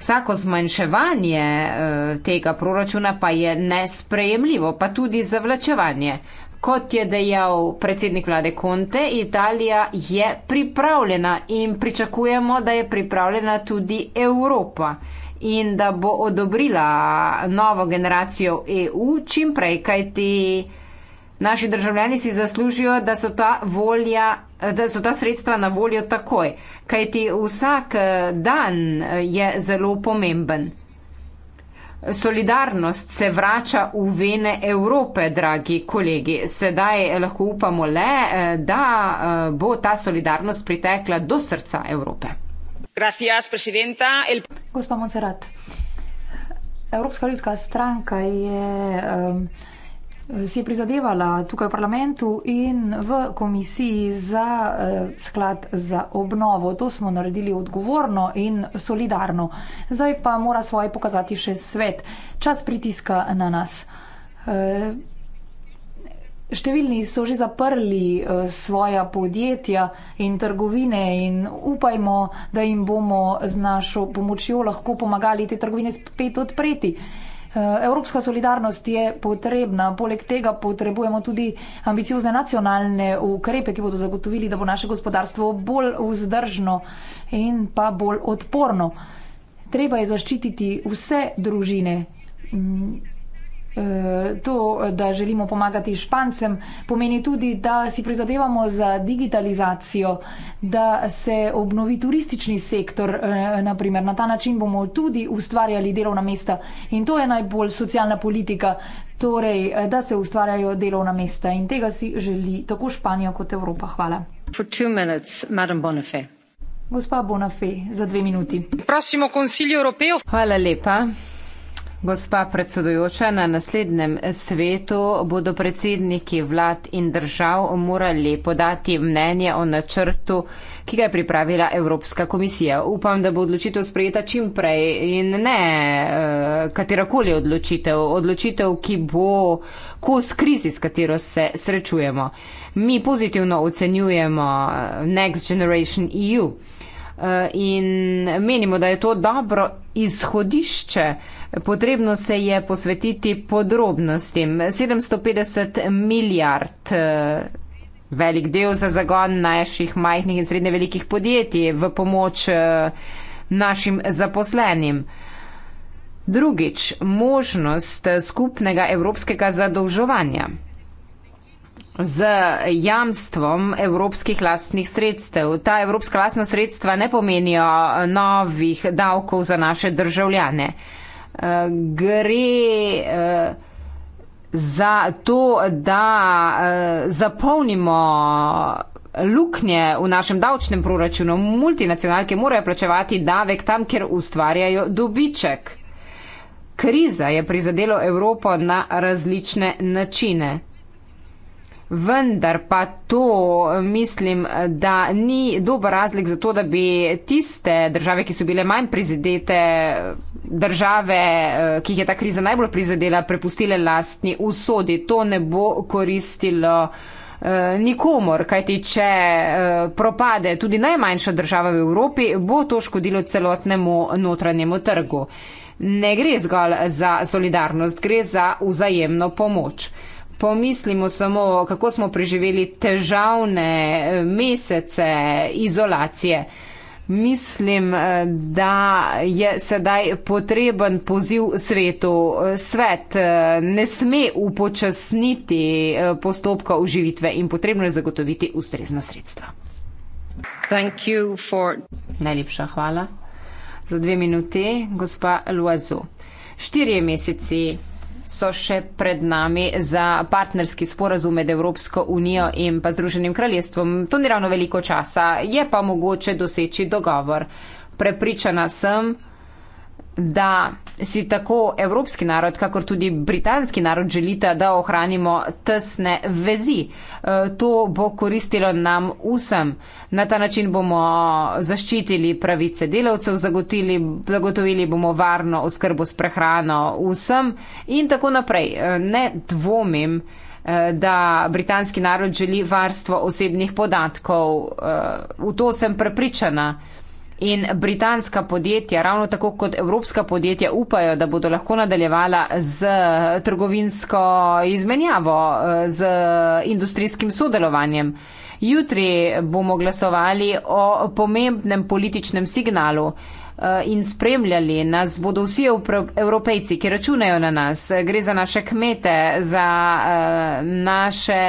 Vsako zmanjševanje eh, tega proračuna pa je nesprejemljivo, pa tudi zavlačevanje. Kot je dejal predsednik vlade Conte, Italija je pripravljena in pričakujemo, da je pripravljena tudi Evropa in da bo odobrila novo generacijo EU čim prej, kajti naši državljani si zaslužijo, da so ta volja. Da so ta sredstva na voljo takoj, kajti vsak eh, dan eh, je zelo pomemben. Solidarnost se vrača v vene Evrope, dragi kolegi. Sedaj eh, lahko upamo le, da bo ta solidarnost pritekla do srca Evrope. Gracias, el... Gospa Monserrat, Evropska ljudska stranka je. Um... Eh, si je prizadevala tukaj v parlamentu in v komisiji za eh, sklad za obnovo. To smo naredili odgovorno in solidarno. Zdaj pa mora svoje pokazati še svet. Čas pritiska na nas. Eh, številni so že zaprli svoja podjetja in trgovine in upajmo, da jim bomo z našo pomočjo lahko pomagali te trgovine spet odpreti. Eh, evropska solidarnost je potrebna, poleg tega potrebujemo tudi ambiciozne nacionalne ukrepe, ki bodo zagotovili, da bo naše gospodarstvo bolj vzdržno in pa bolj odporno. Treba je zaščititi vse družine. Mm, Eh, to, da želimo pomagati špancem, pomeni tudi, da si prizadevamo za digitalizacijo, da se obnovi turistični sektor. Eh, Naprimer. Na ta način bomo tudi ustvarjali delovna mesta in to je najbolj socialna politika, torej, eh, da se ustvarjajo delovna mesta in tega si želi tako Španija kot Evropa. Hvala. Gospa Bonafé, za dve minuti. Hvala lepa. Gospa predsedujoča, na naslednjem svetu bodo predsedniki vlad in držav morali podati mnenje o načrtu, ki ga je pripravila Evropska komisija. Upam, da bo odločitev sprejeta čim prej in ne eh, katerakoli odločitev, odločitev, ki bo kos krizi, s katero se srečujemo. Mi pozitivno ocenjujemo eh, Next Generation EU eh, in menimo, da je to dobro izhodišče, Potrebno se je posvetiti podrobnostim. 750 milijard eh, velik del za zagon naših majhnih in srednje velikih podjetij v pomoč eh, našim zaposlenim. Drugič, možnost eh, skupnega evropskega zadolževanja z jamstvom evropskih lastnih sredstev. Ta evropska lastna sredstva ne pomenijo novih davkov za naše državljane uh, gre uh, za to, da uh, zapolnimo luknje v našem davčnem proračunu. Multinacionalke morajo plačevati davek tam, kjer ustvarjajo dobiček. Kriza je prizadela Evropo na različne načine. Vendar pa to mislim, da ni dober razlik za to, da bi tiste države, ki so bile manj prizadete, države, eh, ki jih je ta kriza najbolj prizadela, prepustile lastni usodi. To ne bo koristilo eh, nikomor, kajti če eh, propade tudi najmanjša država v Evropi, bo to škodilo celotnemu notranjemu trgu. Ne gre zgolj za solidarnost, gre za vzajemno pomoč. Pomislimo samo, kako smo preživeli težavne eh, mesece izolacije. Mislim, eh, da je sedaj potreben poziv svetu. Eh, svet ne sme upočasniti postopka uživitve in potrebno je zagotoviti ustrezna sredstva. For... Najlepša hvala za dve minuti, gospa Luazu. Štirje meseci so še pred nami za partnerski sporazum med Evropsko unijo in pa Združenim kraljestvom. To ni ravno veliko časa, je pa mogoče doseči dogovor. Prepričana sem, da si tako evropski narod, kakor tudi britanski narod želite, da ohranimo tesne vezi. E, to bo koristilo nam vsem. Na ta način bomo zaščitili pravice delavcev, zagotili, zagotovili bomo varno oskrbo s prehrano vsem in tako naprej. E, ne dvomim, e, da britanski narod želi varstvo osebnih podatkov. V to sem prepričana. In britanska podjetja, ravno tako kot evropska podjetja, upajo, da bodo lahko nadaljevala z trgovinsko izmenjavo, eh, z industrijskim sodelovanjem. Jutri bomo glasovali o pomembnem političnem signalu eh, in spremljali nas bodo vsi evropejci, ki računajo na nas. Gre za naše kmete, za eh, naše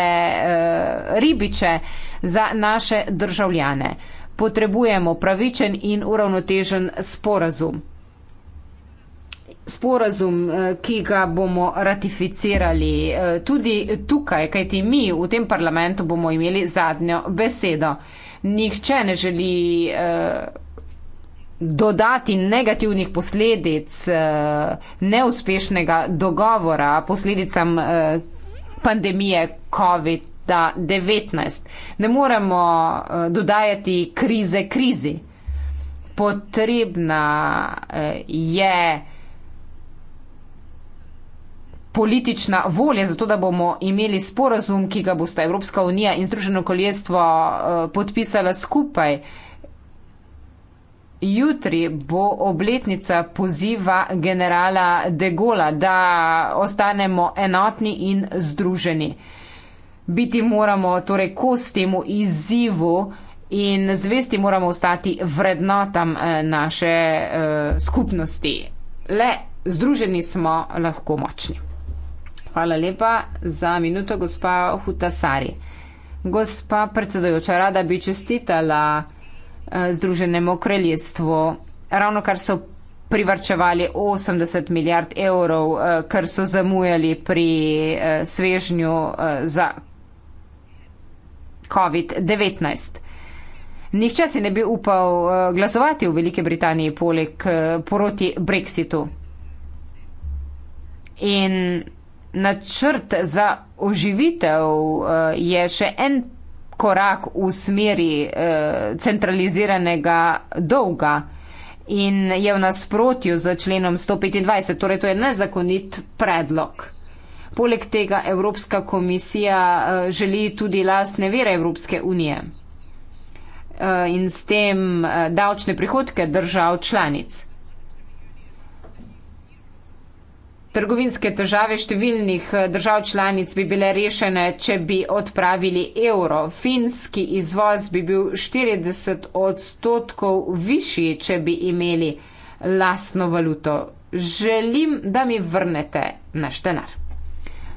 ribiče, za naše državljane potrebujemo pravičen in uravnotežen sporazum. Sporazum, eh, ki ga bomo ratificirali eh, tudi tukaj, kajti mi v tem parlamentu bomo imeli zadnjo besedo. Nihče ne želi eh, dodati negativnih posledic neuspešnega dogovora posledicam pandemije COVID-19 ta 19. Ne moremo eh, dodajati krize krizi. Potrebna eh, je politična volja za to, da bomo imeli sporazum, ki ga bosta Evropska unija in Združeno koljestvo eh, podpisala skupaj. Jutri bo obletnica poziva generala De Gola, da ostanemo enotni in združeni biti moramo torej kos temu izzivu in zvesti moramo ostati vrednotam eh, naše eh, skupnosti. Le združeni smo lahko močni. Hvala lepa za minuto, gospa Hutasari. Gospa predsedojoča, rada bi čestitala eh, Združenemu kraljestvu. Ravno kar so privrčevali 80 milijard evrov, kar so zamujali pri svežnju za COVID-19. Nihče si ne bi upal eh, glasovati v Veliki Britaniji poleg eh, proti Brexitu. In načrt za oživitev eh, je še en korak v smeri centraliziranega dolga in je v nasprotju z členom 125, torej to je nezakonit predlog. Poleg tega Evropska komisija eh, želi tudi lastne vere Evropske unije eh, in s tem eh, davčne prihodke držav članic. Trgovinske težave številnih držav članic bi bile rešene, če bi odpravili evro. Finski izvoz bi bil 40 odstotkov višji, če bi imeli lasno valuto. Želim, da mi vrnete naš denar.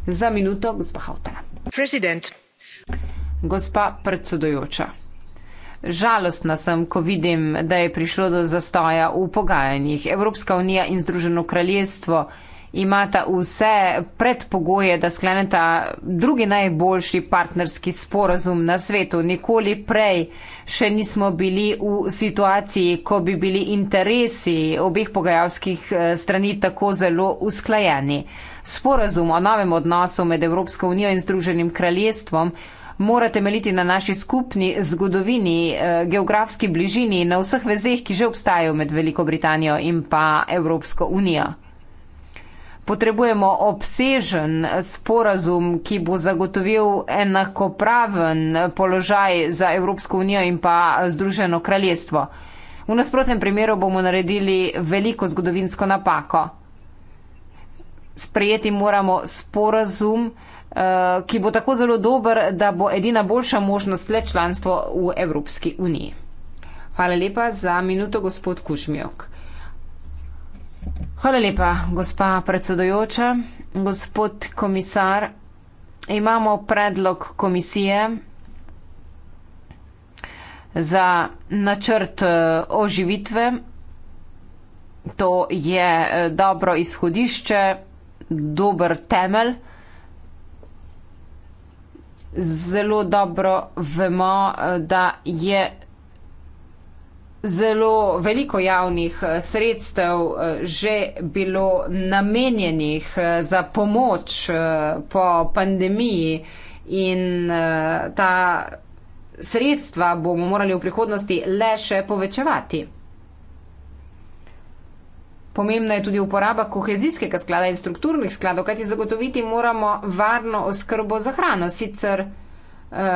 Za minuto, gospa Hautala. Gospa predsedujoča. Žalostna sem, ko vidim, da je prišlo do zastoja v pogajanjih. Evropska unija in Združeno kraljestvo imata vse predpogoje, da skleneta drugi najboljši partnerski sporazum na svetu. Nikoli prej še nismo bili v situaciji, ko bi bili interesi obeh pogajalskih eh, strani tako zelo usklajeni. Sporazum o novem odnosu med Evropsko unijo in Združenim kraljestvom mora temeljiti na naši skupni zgodovini, eh, geografski bližini, na vseh vezeh, ki že obstajajo med Veliko Britanijo in pa Evropsko unijo. Potrebujemo obsežen sporazum, ki bo zagotovil enakopraven položaj za Evropsko unijo in pa Združeno kraljestvo. V nasprotnem primeru bomo naredili veliko zgodovinsko napako sprejeti moramo sporazum, eh, ki bo tako zelo dober, da bo edina boljša možnost le članstvo v Evropski uniji. Hvala lepa za minuto, gospod Kušmjok. Hvala lepa, gospa predsedojoča, gospod komisar. Imamo predlog komisije za načrt eh, oživitve. To je eh, dobro izhodišče dober temelj. Zelo dobro vemo, eh, da je zelo veliko javnih eh, sredstev eh, že bilo namenjenih za pomoč po pandemiji in ta sredstva bomo morali v prihodnosti le še povečevati. Pomembna je tudi uporaba kohezijskega sklada in strukturnih skladov, kajti zagotoviti moramo varno oskrbo za hrano, sicer eh,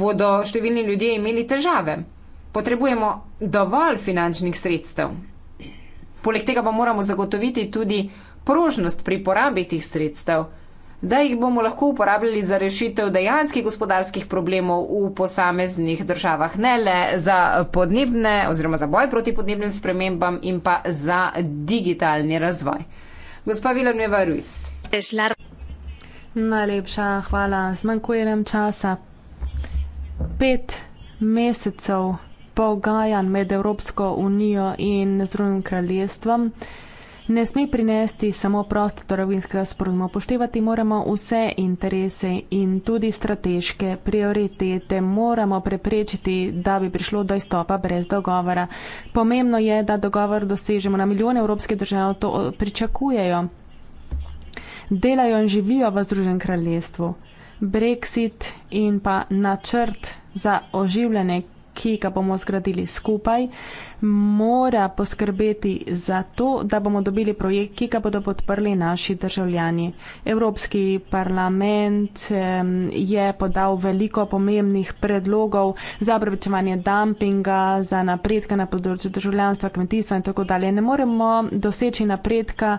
bodo številni ljudje imeli težave. Potrebujemo dovolj finančnih sredstev. Poleg tega pa moramo zagotoviti tudi prožnost pri porabi teh sredstev da jih bomo lahko uporabljali za rešitev dejanskih gospodarskih problemov v posameznih državah, ne le za podnebne oziroma za boj proti podnebnim spremembam in pa za digitalni razvoj. Gospa Vilanjeva Ruiz. Najlepša hvala. Zmanjkuje nam časa. Pet mesecev pogajanj med Evropsko unijo in Združenim kraljestvom ne sme prinesti samo prosta trgovinskega sporozuma. Poštevati moramo vse interese in tudi strateške prioritete. Moramo preprečiti, da bi prišlo do izstopa brez dogovora. Pomembno je, da dogovor dosežemo. Na milijone evropskih držav to pričakujejo. Delajo in živijo v Združenem kraljestvu. Brexit in pa načrt za oživljanje ki ga bomo zgradili skupaj, mora poskrbeti za to, da bomo dobili projekt, ki ga bodo podprli naši državljani. Evropski parlament je podal veliko pomembnih predlogov za prevečevanje dumpinga, za napredka na področju državljanstva, kmetijstva in tako dalje. Ne moremo doseči napredka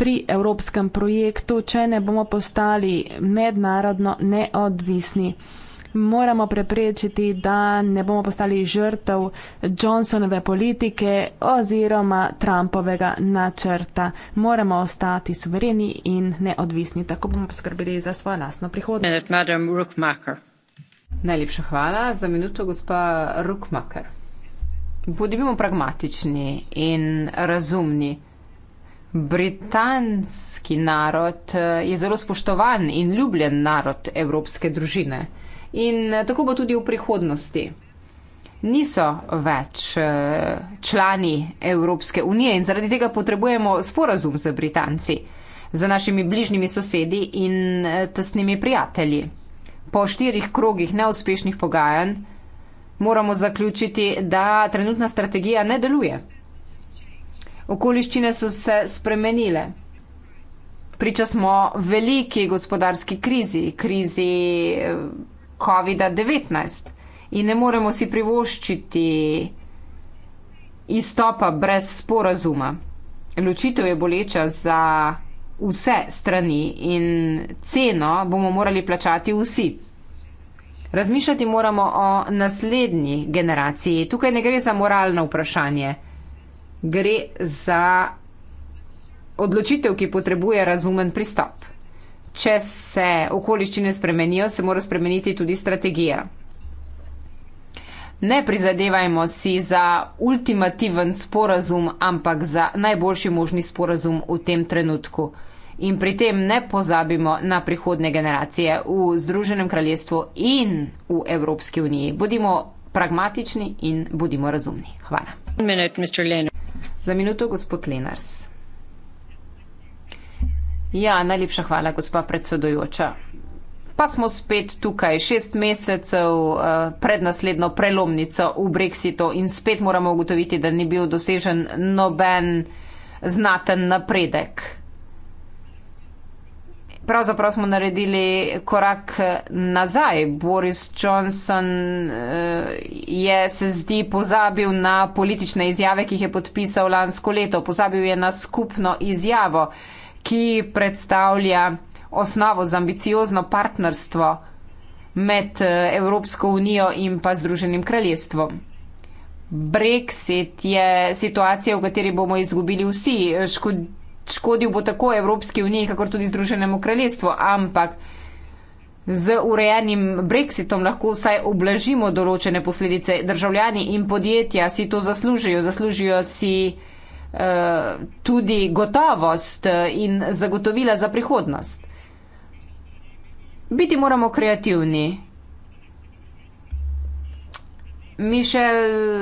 pri evropskem projektu, če ne bomo postali mednarodno neodvisni moramo preprečiti, da ne bomo postali žrtev Johnsonove politike oziroma Trumpovega načrta. Moramo ostati suvereni in neodvisni, tako bomo poskrbeli za svojo lastno prihodnost. Najlepša hvala za minuto, gospa Rukmaker. Bodimo pragmatični in razumni. Britanski narod eh, je zelo spoštovan in ljubljen narod evropske družine in eh, tako bo tudi v prihodnosti. Niso več eh, člani Evropske unije in zaradi tega potrebujemo sporazum z Britanci, z našimi bližnjimi sosedi in eh, tesnimi prijatelji. Po štirih krogih neuspešnih pogajanj moramo zaključiti, da trenutna strategija ne deluje. Okoliščine so se spremenile. Priča smo veliki gospodarski krizi, krizi COVID-19 in ne moremo si privoščiti izstopa brez sporazuma. Ločitev je boleča za vse strani in ceno bomo morali plačati vsi. Razmišljati moramo o naslednji generaciji. Tukaj ne gre za moralno vprašanje, gre za odločitev, ki potrebuje razumen pristop če se okoliščine spremenijo, se mora spremeniti tudi strategija. Ne prizadevajmo si za ultimativen sporazum, ampak za najboljši možni sporazum v tem trenutku. In pri tem ne pozabimo na prihodne generacije v Združenem kraljestvu in v Evropski uniji. Bodimo pragmatični in bodimo razumni. Hvala. Minute, za minuto, gospod Lenars. Ja, najlepša hvala, gospa predsedujoča. Pa smo spet tukaj, šest mesecev eh, pred naslednjo prelomnico v Brexitu in spet moramo ugotoviti, da ni bil dosežen noben znaten napredek. Pravzaprav smo naredili korak eh, nazaj. Boris Johnson eh, je se zdi pozabil na politične izjave, ki jih je podpisal lansko leto. Pozabil je na skupno izjavo ki predstavlja osnovo za ambiciozno partnerstvo med eh, Evropsko unijo in pa Združenim kraljestvom. Brexit je situacija, v kateri bomo izgubili vsi. Škodil bo tako Evropski uniji, kakor tudi Združenemu kraljestvu, ampak z urejenim brexitom lahko vsaj oblažimo določene posledice. Državljani in podjetja si to zaslužijo. Zaslužijo si uh, Eh, tudi gotovost eh, in zagotovila za prihodnost. Biti moramo kreativni. Mišel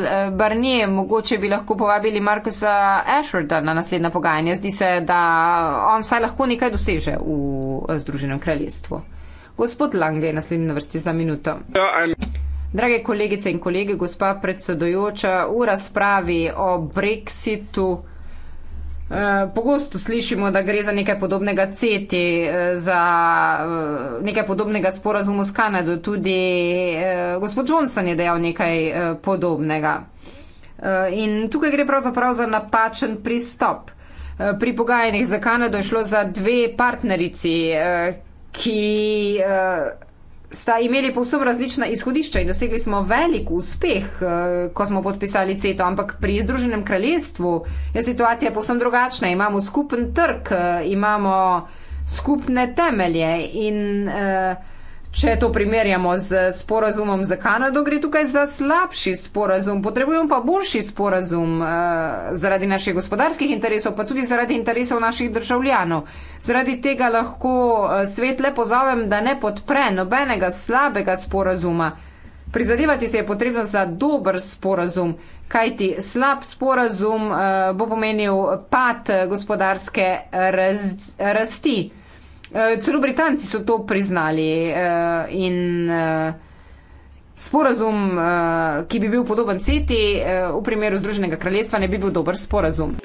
eh, Barnier, mogoče bi lahko povabili Markusa Ashworda na naslednja pogajanja. Zdi se, da on vsaj lahko nekaj doseže v Združenem kraljestvu. Gospod Lange je naslednji na vrsti za minuto. Yeah, ja, Drage kolegice in kolege, gospa predsedojoča, v razpravi o Brexitu eh, pogosto slišimo, da gre za nekaj podobnega CETI, eh, za eh, nekaj podobnega sporazumu s Kanado. Tudi gospod Johnson je dejal nekaj podobnega. In tukaj gre pravzaprav za napačen pristop. Pri pogajanjih za Kanado je šlo za dve partnerici, ki sta imeli povsem različna izhodišča in dosegli smo velik uspeh, eh, ko smo podpisali CETO, ampak pri Združenem kraljestvu je situacija povsem drugačna. Imamo skupen trg, eh, imamo skupne temelje in uh, Če to primerjamo z sporazumom z Kanado, gre tukaj za slabši sporazum. Potrebujemo pa boljši sporazum eh, zaradi naših gospodarskih interesov, pa tudi zaradi interesov naših državljanov. Zaradi tega lahko eh, svet le pozovem, da ne podpre nobenega slabega sporazuma. Prizadevati se je potrebno za dober sporazum, kajti slab sporazum eh, bo pomenil pad gospodarske raz, rasti. Eh, celo Britanci so to priznali eh, in eh, sporazum, ki bi bil podoben CETI, v primeru Združenega kraljestva ne bi bil dober sporazum.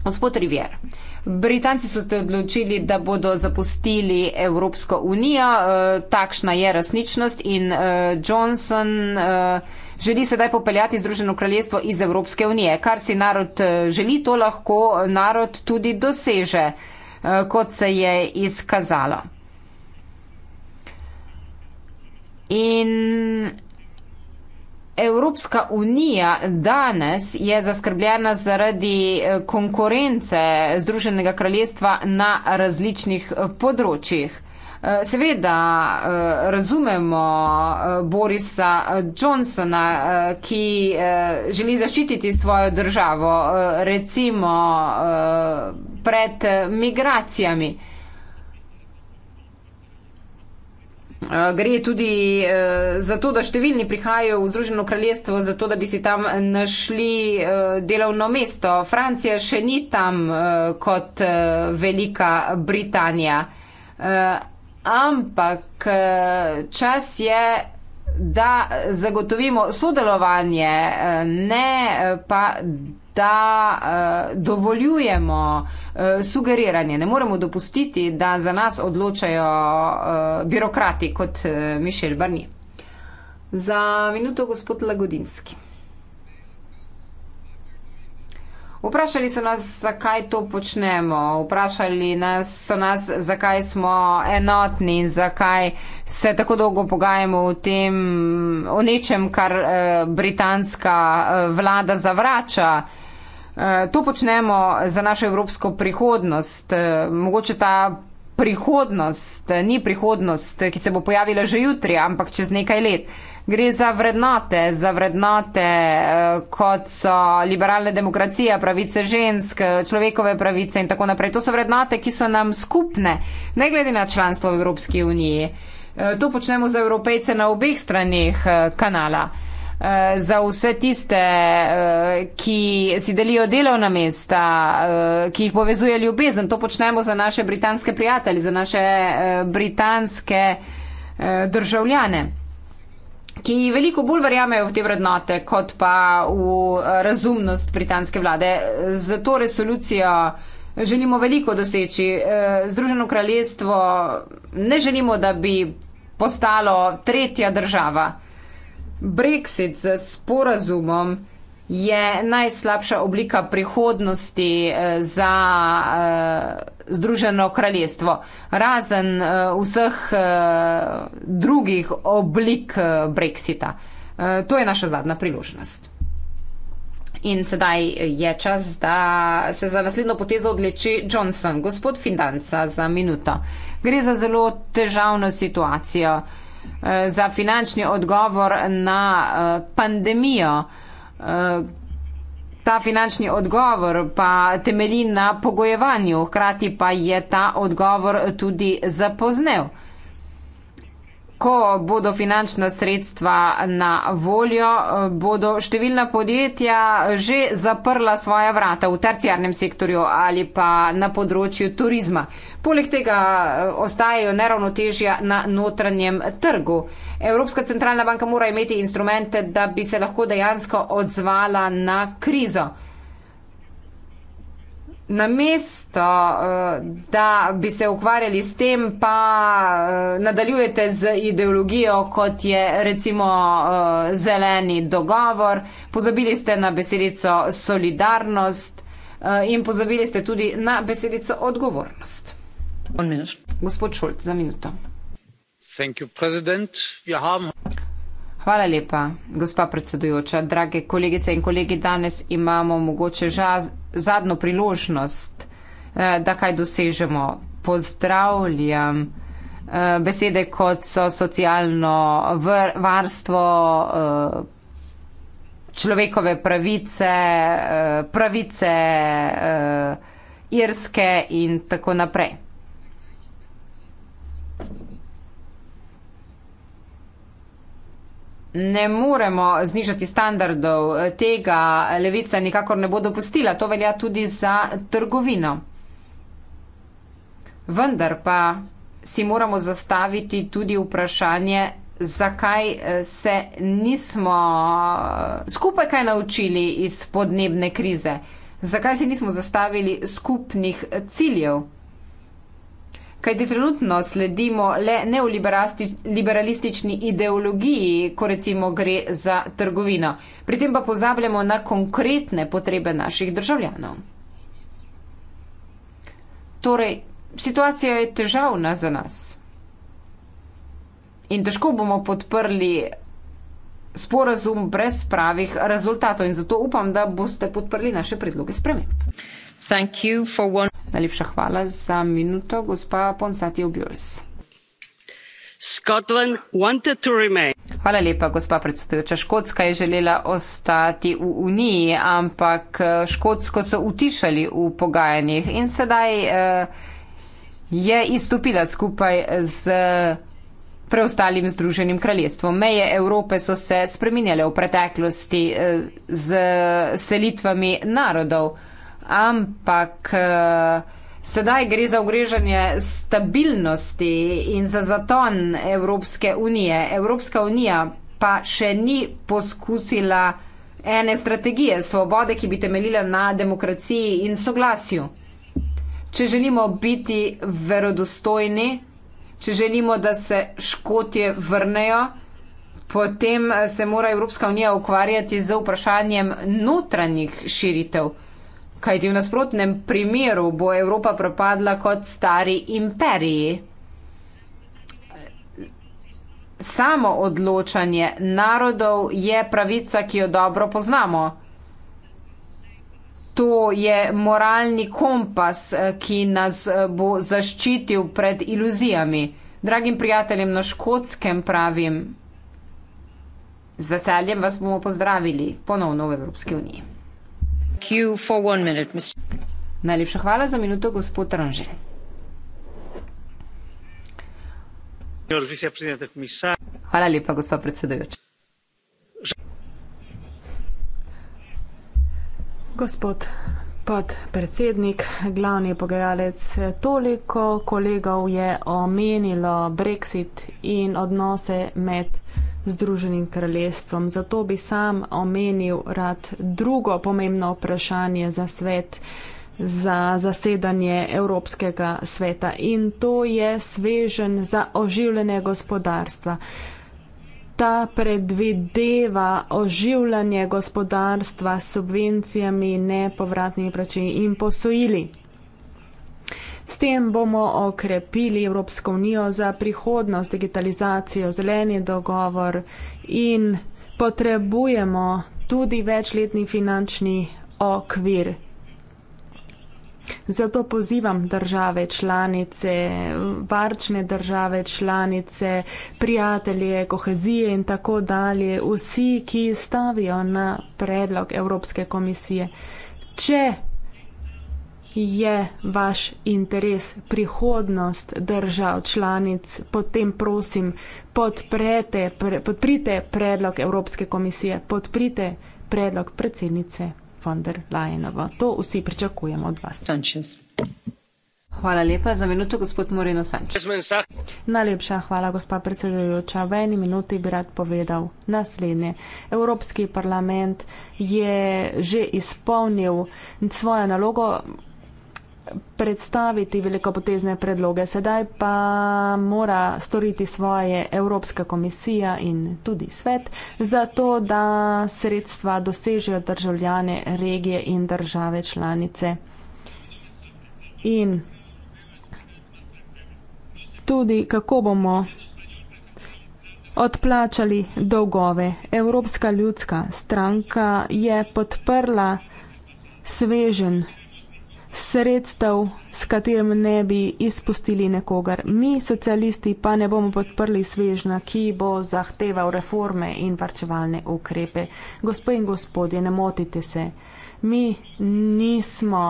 Gospod Rivier, Britanci so se odločili, da bodo zapustili Evropsko unijo, takšna je resničnost in Johnson želi sedaj popeljati Združeno kraljestvo iz Evropske unije. Kar si narod želi, to lahko narod tudi doseže. Eh, kot se je izkazalo. In Evropska unija danes je zaskrbljena zaradi eh, konkurence Združenega kraljestva na različnih eh, področjih. Eh, seveda eh, razumemo eh, Borisa Johnsona, ki želi zaščititi svojo državo, recimo pred migracijami. Gre tudi za to, da številni prihajajo v Združeno kraljestvo, zato da bi si tam našli delovno mesto. Francija še ni tam kot Velika Britanija ampak eh, čas je, da zagotovimo sodelovanje, eh, ne eh, pa da dovoljujemo sugeriranje. Ne moremo dopustiti, da za nas odločajo birokrati kot Mišel Barni. Za minuto gospod Lagodinski. Vprašali so nas, zakaj to počnemo, vprašali nas, so nas, zakaj smo enotni in zakaj se tako dolgo pogajamo o tem, o nečem, kar eh, britanska eh, vlada zavrača. Eh, to počnemo za našo evropsko prihodnost. Eh, mogoče ta prihodnost eh, ni prihodnost, ki se bo pojavila že jutri, ampak čez nekaj let. Eh, gre za vrednote, za vrednote eh, kot so liberalne demokracije, pravice žensk, eh, človekove pravice in tako naprej. To so vrednote, ki so nam skupne, ne glede na članstvo v Evropski uniji. Eh, to počnemo za evropejce na obeh stranih kanala. Za vse tiste, ki si delijo delovna mesta, ki jih povezuje ljubezen, to počnemo za naše britanske prijatelje, za naše britanske državljane ki veliko bolj verjamejo v te vrednote, kot pa v eh, razumnost britanske vlade. Zato resolucijo želimo veliko doseči. Eh, Združeno kraljestvo ne želimo, da bi postalo tretja država. Brexit z sporazumom je najslabša oblika prihodnosti eh, za eh, Združeno kraljestvo. Razen eh, vseh drugih oblik Brexita. To je naša zadnja priložnost. In sedaj je čas, da se za naslednjo potezo odleči Johnson, gospod Financa, za minuto. Gre za zelo težavno situacijo, za finančni odgovor na pandemijo ta finančni odgovor pa temelji na pogojevanju, hkrati pa je ta odgovor tudi zapoznel ko bodo finančna sredstva na voljo, bodo številna podjetja že zaprla svoja vrata v terciarnem sektorju ali pa na področju turizma. Poleg tega eh, ostajajo neravnotežja na notranjem trgu. Evropska centralna banka mora imeti instrumente, da bi se lahko dejansko odzvala na krizo namesto, eh, da bi se ukvarjali s tem, pa eh, nadaljujete z ideologijo, kot je recimo eh, zeleni dogovor, pozabili ste na besedico solidarnost in pozabili ste tudi na besedico odgovornost. Gospod Šulc, za minuto. Ja, Hvala lepa, gospa predsedujoča. Drage kolegice in kolegi, danes imamo mogoče žal zadnjo priložnost, eh, da kaj dosežemo. Pozdravljam eh, besede kot so socialno varstvo, eh, človekove pravice, pravice irske in tako naprej. ne moremo znižati standardov. Tega levica nikakor ne bo dopustila. To velja tudi za trgovino. Vendar pa si moramo zastaviti tudi vprašanje, zakaj eh, se nismo eh, skupaj kaj naučili iz podnebne krize. Zakaj si nismo zastavili skupnih ciljev? Kajti trenutno sledimo le neoliberalistični ideologiji, ko recimo gre za trgovino. Pri tem pa pozabljamo na konkretne potrebe naših državljanov. Torej, situacija je težavna za nas. In težko bomo podprli sporazum brez pravih rezultatov. In zato upam, da boste podprli naše predloge spremem. Hvala. Najlepša hvala za minuto, gospa Poncati Objuls. Hvala lepa, gospa predsedujoča. Škotska je želela ostati v Uniji, ampak eh, Škotsko so utišali v pogajanjih in sedaj eh, je izstopila skupaj z preostalim združenim kraljestvom. Meje Evrope so se spreminjale v preteklosti eh, z selitvami narodov ampak uh, sedaj gre za ogrežanje stabilnosti in za zaton Evropske unije. Evropska unija pa še ni poskusila ene strategije svobode, ki bi temeljila na demokraciji in soglasju. Če želimo biti verodostojni, če želimo, da se škotje vrnejo, potem se mora Evropska unija ukvarjati z vprašanjem notranjih širitev. Kaj ti v nasprotnem primeru bo Evropa propadla kot stari imperiji? Samo odločanje narodov je pravica, ki jo dobro poznamo. To je moralni kompas, ki nas bo zaščitil pred iluzijami. Dragim prijateljem na škotskem pravim, z veseljem vas bomo pozdravili ponovno v Evropski uniji. Najlepša hvala. Za minuto gospod Ranžen. Hvala lepa, gospa predsedujoča. Gospod podpredsednik, glavni pogajalec, toliko kolegov je omenilo brexit in odnose med državami. Združenim kraljestvom. Zato bi sam omenil rad drugo pomembno vprašanje za svet, za zasedanje Evropskega sveta in to je svežen za oživljanje gospodarstva. Ta predvideva oživljanje gospodarstva s subvencijami, nepovratnimi plačili in posojili. S tem bomo okrepili Evropsko unijo za prihodnost, digitalizacijo, zeleni dogovor in potrebujemo tudi večletni finančni okvir. Zato pozivam države članice, varčne države članice, prijatelje, kohezije in tako dalje, vsi, ki stavijo na predlog Evropske komisije. Če je vaš interes prihodnost držav članic, potem prosim, podprete, pre, podprite predlog Evropske komisije, podprite predlog predsednice von der Leyenovo. To vsi pričakujemo od vas. Sanchez. Hvala lepa za minuto, gospod Moreno Sanchez. Najlepša hvala, gospa predsedujoča. V eni minuti bi rad povedal naslednje. Evropski parlament je že izpolnil svojo nalogo, predstaviti velikopotezne predloge. Sedaj pa mora storiti svoje Evropska komisija in tudi svet, zato da sredstva dosežejo državljane regije in države članice. In tudi kako bomo odplačali dolgove. Evropska ljudska stranka je podprla svežen sredstev, s katerim ne bi izpustili nekogar. Mi, socialisti, pa ne bomo podprli svežna, ki bo zahteval reforme in varčevalne ukrepe. Gospod in gospodje, ne motite se. Mi nismo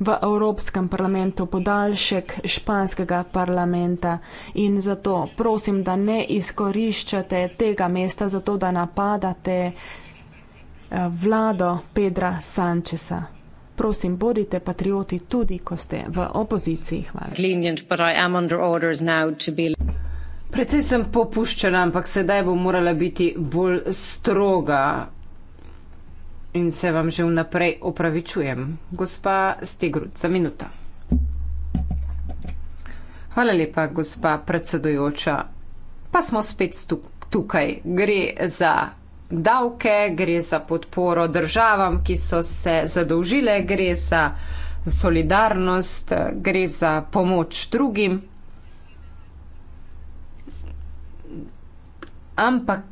v Evropskem parlamentu podaljšek španskega parlamenta in zato prosim, da ne izkoriščate tega mesta za to, da napadate eh, vlado Pedra Sančesa prosim, bodite patrioti tudi, ko ste v opoziciji. Predvsej sem popuščena, ampak sedaj bom morala biti bolj stroga in se vam že vnaprej opravičujem. Gospa Stigrud, za minuto. Hvala lepa, gospa predsedojoča. Pa smo spet tukaj. Gre za davke, gre za podporo državam, ki so se zadolžile, gre za solidarnost, gre za pomoč drugim. Ampak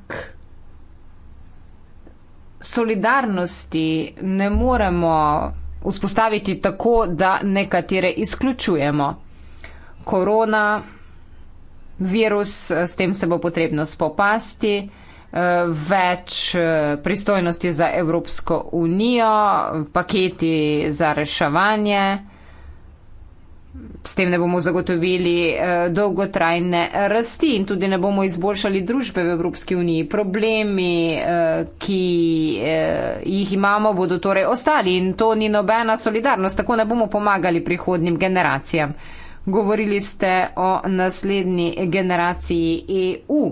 solidarnosti ne moremo vzpostaviti tako, da nekatere izključujemo. Korona, virus, s tem se bo potrebno spopasti. Eh, več eh, pristojnosti za Evropsko unijo, paketi za reševanje. S tem ne bomo zagotovili eh, dolgotrajne rasti in tudi ne bomo izboljšali družbe v Evropski uniji. Problemi, ki jih imamo, bodo torej ostali in to ni nobena solidarnost. Tako ne bomo pomagali prihodnim generacijam. Govorili ste o naslednji generaciji EU.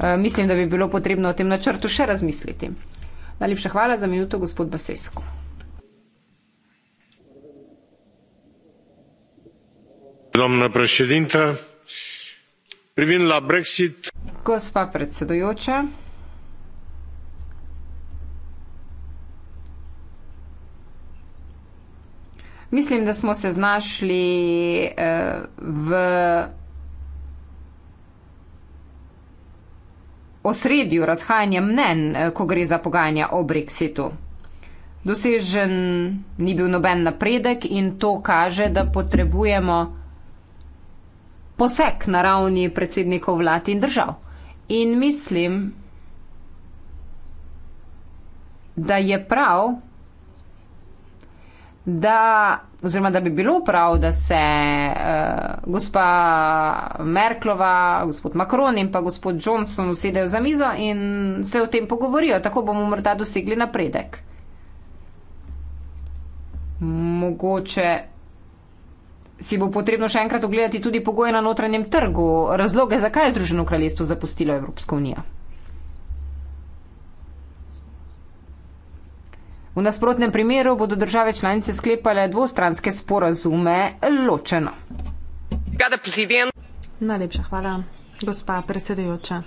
Eh, mislim, da bi bilo potrebno o tem načrtu še razmisliti. Najlepša hvala za minuto, gospod Basesko. Domna predsednica, privinila Brexit. Gospa predsedujoča. Mislim, da smo se znašli eh, v. osredju razhajanja mnen, eh, ko gre za pogajanja o Brexitu. Dosežen ni bil noben napredek in to kaže, da potrebujemo poseg na ravni predsednikov vlad in držav. In mislim, da je prav, da, oziroma da bi bilo prav, da se uh, gospa Merklova, gospod Macron in pa gospod Johnson usedejo za mizo in se o tem pogovorijo. Tako bomo morda dosegli napredek. Mogoče si bo potrebno še enkrat ogledati tudi pogoje na notranjem trgu, razloge, zakaj je Združeno kraljestvo zapustilo Evropsko unijo. V nasprotnem primeru bodo države članice sklepale dvostranske sporazume ločeno. Najlepša hvala, gospa predsedujoča.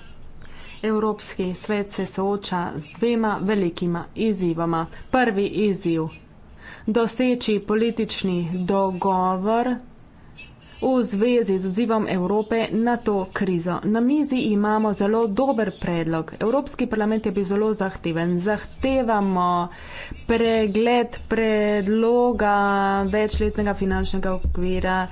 Evropski svet se sooča z dvema velikima izzivoma. Prvi izziv. Doseči politični dogovor v zvezi z odzivom Evrope na to krizo. Na mizi imamo zelo dober predlog. Evropski parlament je bil zelo zahteven. Zahtevamo pregled predloga večletnega finančnega okvira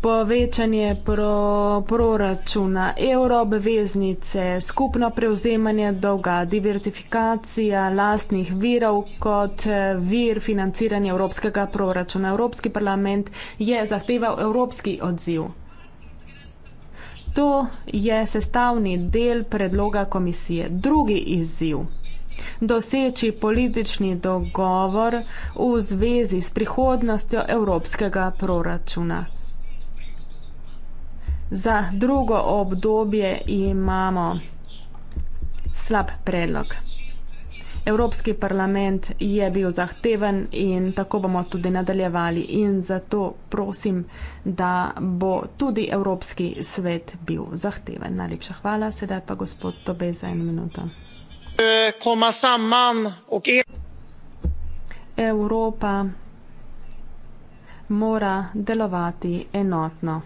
povečanje pro, proračuna, evro, obveznice, skupno prevzemanje dolga, diversifikacija lastnih virov kot eh, vir financiranja evropskega proračuna. Evropski parlament je zahteval evropski odziv. To je sestavni del predloga komisije. Drugi izziv. Doseči politični dogovor v zvezi s prihodnostjo evropskega proračuna. Za drugo obdobje imamo slab predlog. Evropski parlament je bil zahteven in tako bomo tudi nadaljevali in zato prosim, da bo tudi Evropski svet bil zahteven. Najlepša hvala, sedaj pa gospod Tobe za eno minuto. Evropa mora delovati enotno.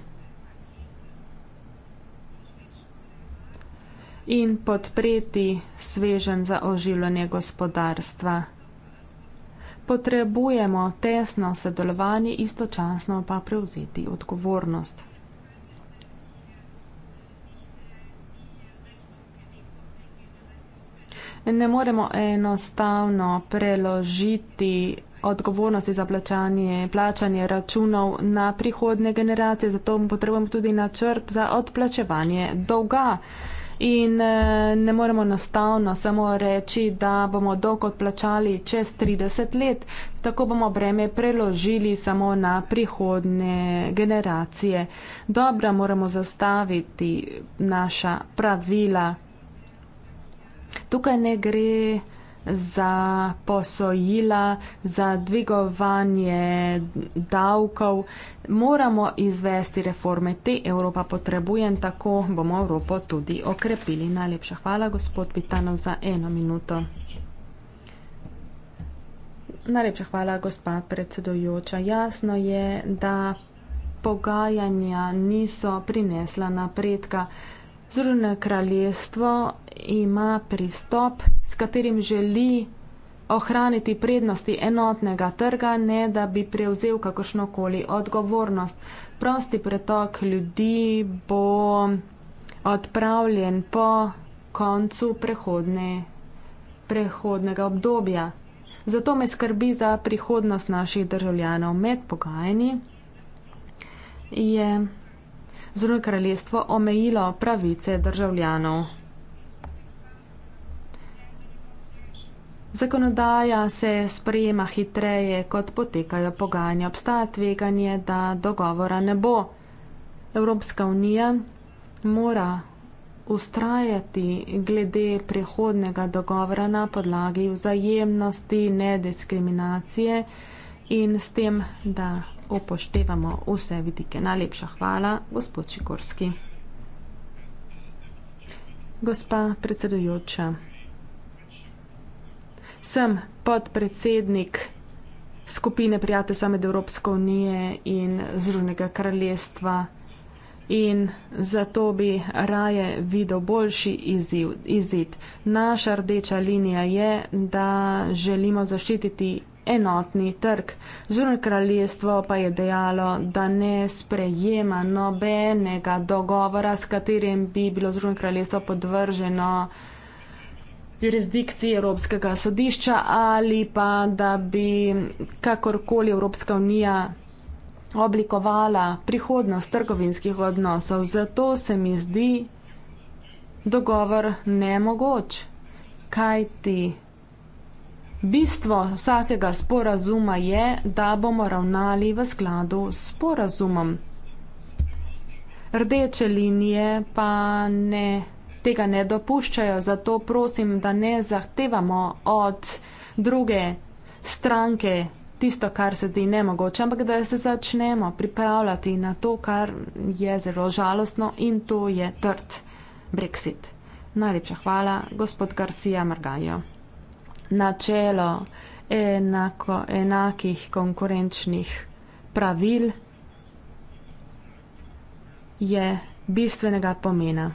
in podpreti svežen za oživljanje gospodarstva. Potrebujemo tesno sodelovanje, istočasno pa prevzeti odgovornost. Ne moremo enostavno preložiti odgovornosti za plačanje, plačanje računov na prihodne generacije, zato potrebujemo tudi načrt za odplačevanje dolga in eh, ne moremo nastavno samo reči, da bomo dolg odplačali čez 30 let, tako bomo breme preložili samo na prihodne generacije. Dobra moramo zastaviti naša pravila. Tukaj ne gre za posojila, za dvigovanje davkov. Moramo izvesti reforme, te Evropa potrebuje in tako bomo Evropo tudi okrepili. Najlepša hvala, gospod Pitano, za eno minuto. Najlepša hvala, gospa predsedujoča. Jasno je, da pogajanja niso prinesla napredka. Zrne kraljestvo ima pristop, s katerim želi ohraniti prednosti enotnega trga, ne da bi prevzel kakršnokoli odgovornost. Prosti pretok ljudi bo odpravljen po koncu prehodne, prehodnega obdobja. Zato me skrbi za prihodnost naših državljanov med pogajanji. Je zunaj kraljestva omejilo pravice državljanov. Zakonodaja se sprejema hitreje, kot potekajo pogajanja. Obstaja tveganje, da dogovora ne bo. Evropska unija mora ustrajati glede prihodnega dogovora na podlagi vzajemnosti, nediskriminacije in s tem, da upoštevamo vse vidike. Najlepša hvala, gospod Čikorski. Gospa predsedujoča, sem podpredsednik skupine prijatelj samed Evropske unije in Združnega kraljestva in zato bi raje videl boljši izid. Naša rdeča linija je, da želimo zaščititi enotni trg. Zunaj kraljestvo pa je dejalo, da ne sprejema nobenega dogovora, s katerim bi bilo zunaj kraljestvo podvrženo jurisdikciji Evropskega sodišča ali pa da bi kakorkoli Evropska unija oblikovala prihodnost trgovinskih odnosov. Zato se mi zdi dogovor nemogoč, kaj ti Bistvo vsakega sporazuma je, da bomo ravnali v skladu s sporazumom. Rdeče linije pa ne, tega ne dopuščajo, zato prosim, da ne zahtevamo od druge stranke tisto, kar se ti ne mogoče, ampak da se začnemo pripravljati na to, kar je zelo žalostno in to je trd Brexit. Najlepša hvala, gospod Garcia Margajo načelo enako, enakih konkurenčnih pravil je bistvenega pomena.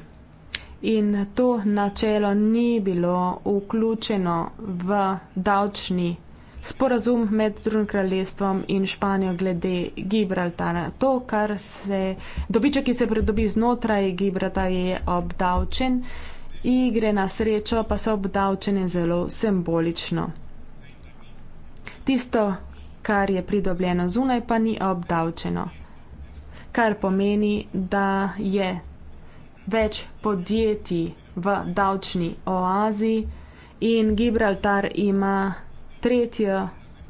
In to načelo ni bilo vključeno v davčni sporazum med Združenim kraljestvom in Španijo glede Gibraltara. To, kar se dobiček, ki se pridobi znotraj Gibraltara, je obdavčen igre na srečo pa so obdavčene zelo simbolično. Tisto, kar je pridobljeno zunaj, pa ni obdavčeno. Kar pomeni, da je več podjetij v davčni oazi in Gibraltar ima tretjo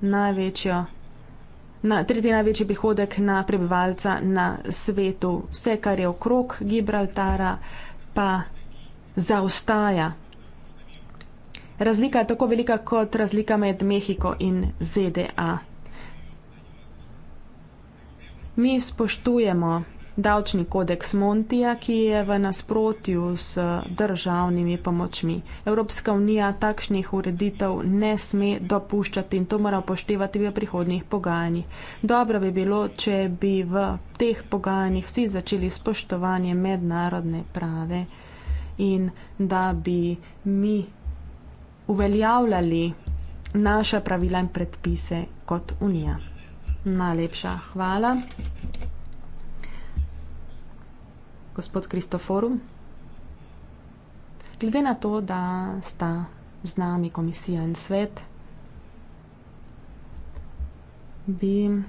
največjo. Na tretji največji prihodek na prebivalca na svetu, vse, kar je okrog Gibraltara, pa zaostaja. Razlika je tako velika kot razlika med Mehiko in ZDA. Mi spoštujemo davčni kodeks Montija, ki je v nasprotju s državnimi pomočmi. Evropska unija takšnih ureditev ne sme dopuščati in to mora upoštevati v prihodnjih pogajanjih. Dobro bi bilo, če bi v teh pogajanjih vsi začeli spoštovanje mednarodne prave in da bi mi uveljavljali naše pravila in predpise kot Unija. Najlepša hvala. Gospod Kristoforum, glede na to, da sta z nami komisija in svet, bi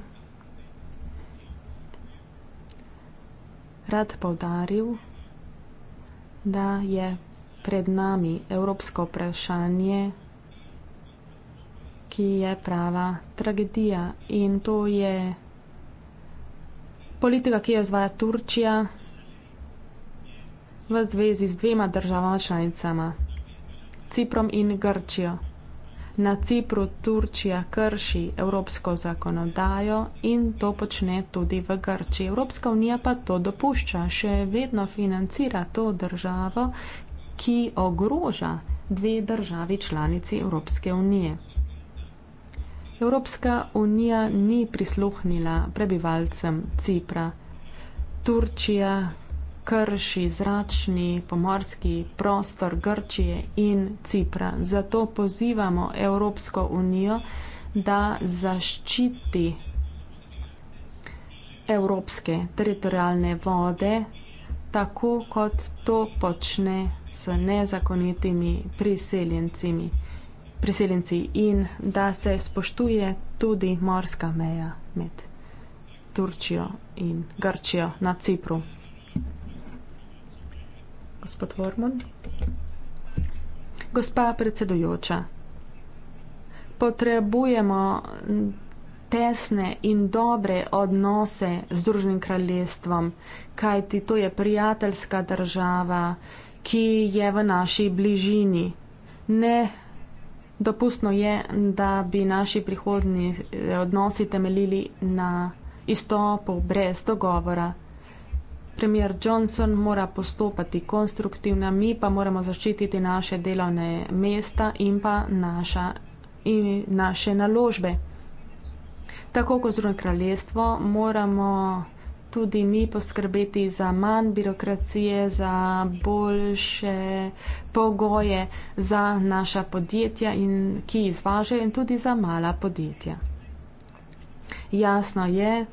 rad poudaril, da je pred nami evropsko vprašanje, ki je prava tragedija. In to je politika, ki jo izvaja Turčija v zvezi z dvema državama članicama, Ciprom in Grčijo. Na Cipru Turčija krši evropsko zakonodajo in to počne tudi v Grčiji. Evropska unija pa to dopušča, še vedno financira to državo, ki ogroža dve državi članici Evropske unije. Evropska unija ni prisluhnila prebivalcem Cipra. Turčija krši, zračni, pomorski prostor Grčije in Cipra. Zato pozivamo Evropsko unijo, da zaščiti evropske teritorijalne vode, tako kot to počne s nezakonitimi priseljencimi, priseljenci in da se spoštuje tudi morska meja med Turčijo in Grčijo na Cipru. Gospod Vormon. Gospa predsedujoča, potrebujemo tesne in dobre odnose z Združenim kraljestvom, kajti to je prijateljska država, ki je v naši bližini. Ne dopustno je, da bi naši prihodni odnosi temeljili na izstopu brez dogovora premijer Johnson mora postopati konstruktivno, mi pa moramo zaščititi naše delovne mesta in pa naša, in naše naložbe. Tako kot zrno kraljestvo moramo tudi mi poskrbeti za manj birokracije, za boljše pogoje za naša podjetja, in, ki izvažajo in tudi za mala podjetja. Jasno je,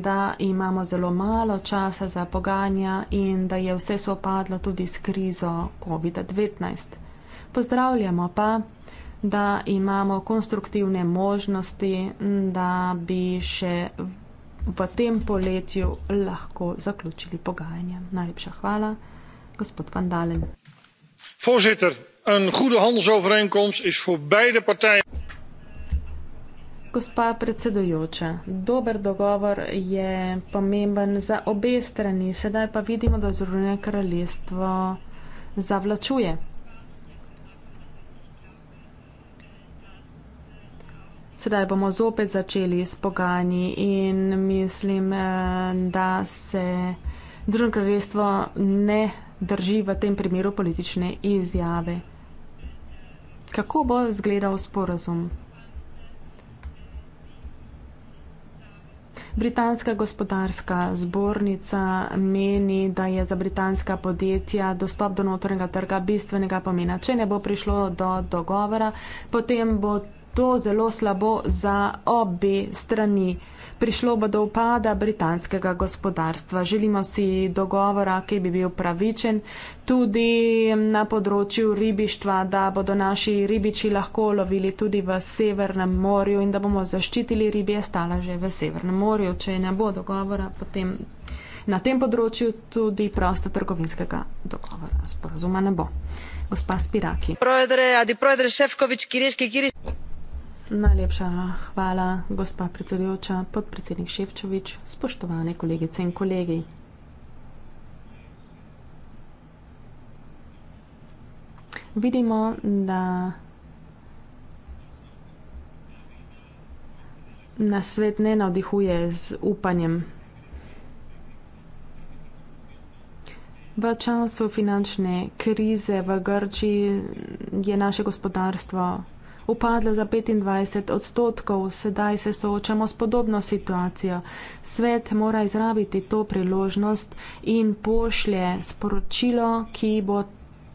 da imamo zelo malo časa za poganja in da je vse sopadlo tudi s krizo COVID-19. Pozdravljamo pa, da imamo konstruktivne možnosti, da bi še v tem poletju lahko zaključili pogajanja. Najlepša hvala, gospod Van Dalen. Voorzitter, een goede handelsovereenkomst is voor beide partijen. Gospa predsedujoča, dober dogovor je pomemben za obe strani, sedaj pa vidimo, da Združene kraljestvo zavlačuje. Sedaj bomo zopet začeli s pogajanji in mislim, da se Združeno kraljestvo ne drži v tem primeru politične izjave. Kako bo izgledal sporazum? Britanska gospodarska zbornica meni, da je za britanska podjetja dostop do notranjega trga bistvenega pomena. Če ne bo prišlo do dogovora, potem bo to zelo slabo za obe strani prišlo bo do upada britanskega gospodarstva. Želimo si dogovora, ki bi bil pravičen tudi na področju ribištva, da bodo naši ribiči lahko lovili tudi v Severnem morju in da bomo zaščitili ribje stalaže v Severnem morju. Če ne bo dogovora, potem na tem področju tudi prosta trgovinskega dogovora sporozuma ne bo. Gospa Spiraki. Proedre, adi proedre, šefkovič, kiriški, kiriški. Najlepša hvala, gospa predsedujoča, podpredsednik Ševčovič, spoštovane kolegice in kolegi. Vidimo, da na svet ne navdihuje z upanjem. V času finančne krize v Grči je naše gospodarstvo upadla za 25 odstotkov. Sedaj se soočamo s podobno situacijo. Svet mora izrabiti to priložnost in pošlje sporočilo, ki bo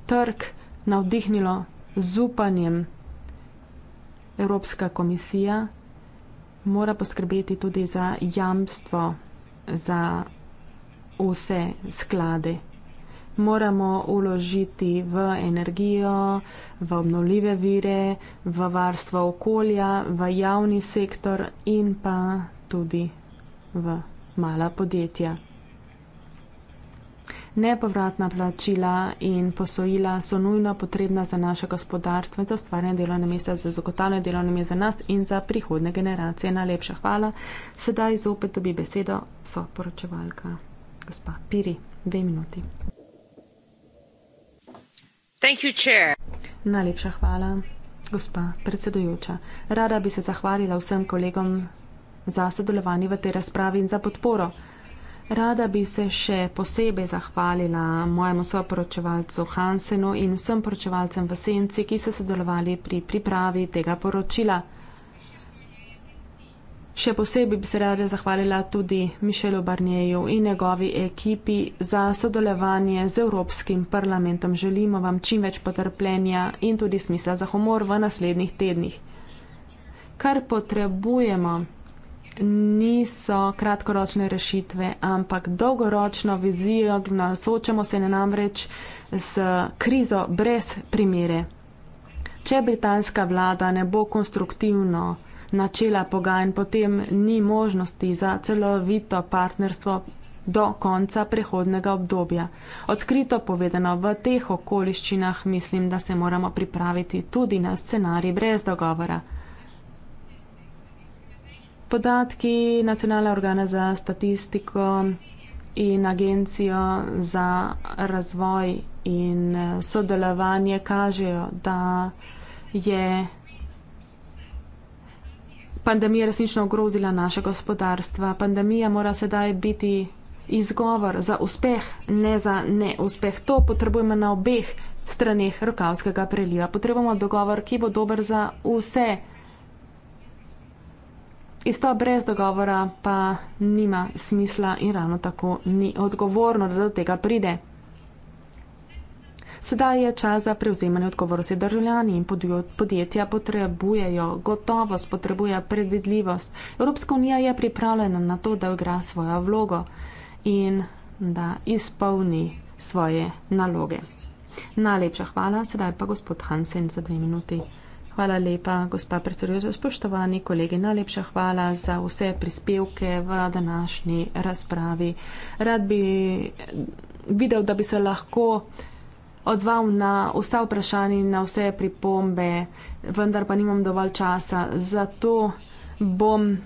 trg navdihnilo z upanjem. Evropska komisija mora poskrbeti tudi za jamstvo za vse sklade moramo uložiti v energijo, v obnovljive vire, v varstvo okolja, v javni sektor in pa tudi v mala podjetja. Nepovratna plačila in posojila so nujno potrebna za naše gospodarstvo in za ustvarjanje delovne mesta, za zagotavljanje delovne mesta za nas in za prihodne generacije. Najlepša hvala. Sedaj zopet dobi besedo soporočevalka. Gospa Piri, dve minuti. Najlepša hvala, gospa predsedujoča. Rada bi se zahvalila vsem kolegom za sodelovanje v tej razpravi in za podporo. Rada bi se še posebej zahvalila mojemu soporočevalcu Hansenu in vsem poročevalcem v Senci, ki so sodelovali pri pripravi tega poročila. Še posebej bi se rada zahvalila tudi Mišelu Barnjeju in njegovi ekipi za sodelovanje z Evropskim parlamentom. Želimo vam čim več potrpljenja in tudi smisla za humor v naslednjih tednih. Kar potrebujemo, niso kratkoročne rešitve, ampak dolgoročno vizijo, soočamo se namreč s krizo brez primere. Če britanska vlada ne bo konstruktivno načela pogajanj, potem ni možnosti za celovito partnerstvo do konca prehodnega obdobja. Odkrito povedano, v teh okoliščinah mislim, da se moramo pripraviti tudi na scenarij brez dogovora. Podatki Nacionalne organe za statistiko in Agencijo za razvoj in sodelovanje kažejo, da je pandemija resnično ogrozila naše gospodarstva. Pandemija mora sedaj biti izgovor za uspeh, ne za neuspeh. To potrebujemo na obeh straneh Rokavskega preliva. Potrebujemo dogovor, ki bo dober za vse. Isto brez dogovora pa nima smisla in ravno tako ni odgovorno, da do tega pride. Sedaj je čas za prevzemanje odgovornosti. Državljani in podjetja potrebujejo gotovost, potrebuje predvidljivost. Evropska unija je pripravljena na to, da igra svojo vlogo in da izpolni svoje naloge. Najlepša hvala, sedaj pa gospod Hansen za dve minuti. Hvala lepa, gospa predsedujoča, spoštovani kolegi, najlepša hvala za vse prispevke v današnji razpravi. Rad bi videl, da bi se lahko odzval na vsa vprašanja in na vse pripombe, vendar pa nimam dovolj časa. Zato bom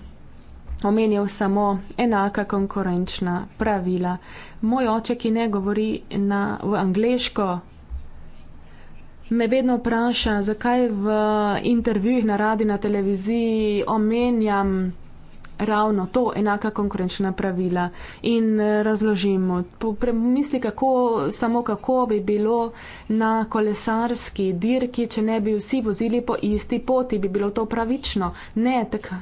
omenil samo enaka konkurenčna pravila. Moj oče, ki ne govori na, v angliško, me vedno vpraša, zakaj v intervjujih na radiju, na televiziji omenjam ravno to, enaka konkurenčna pravila in eh, razložimo. Pomisli, kako, samo kako bi bilo na kolesarski dirki, če ne bi vsi vozili po isti poti, bi bilo to pravično. Ne, tak,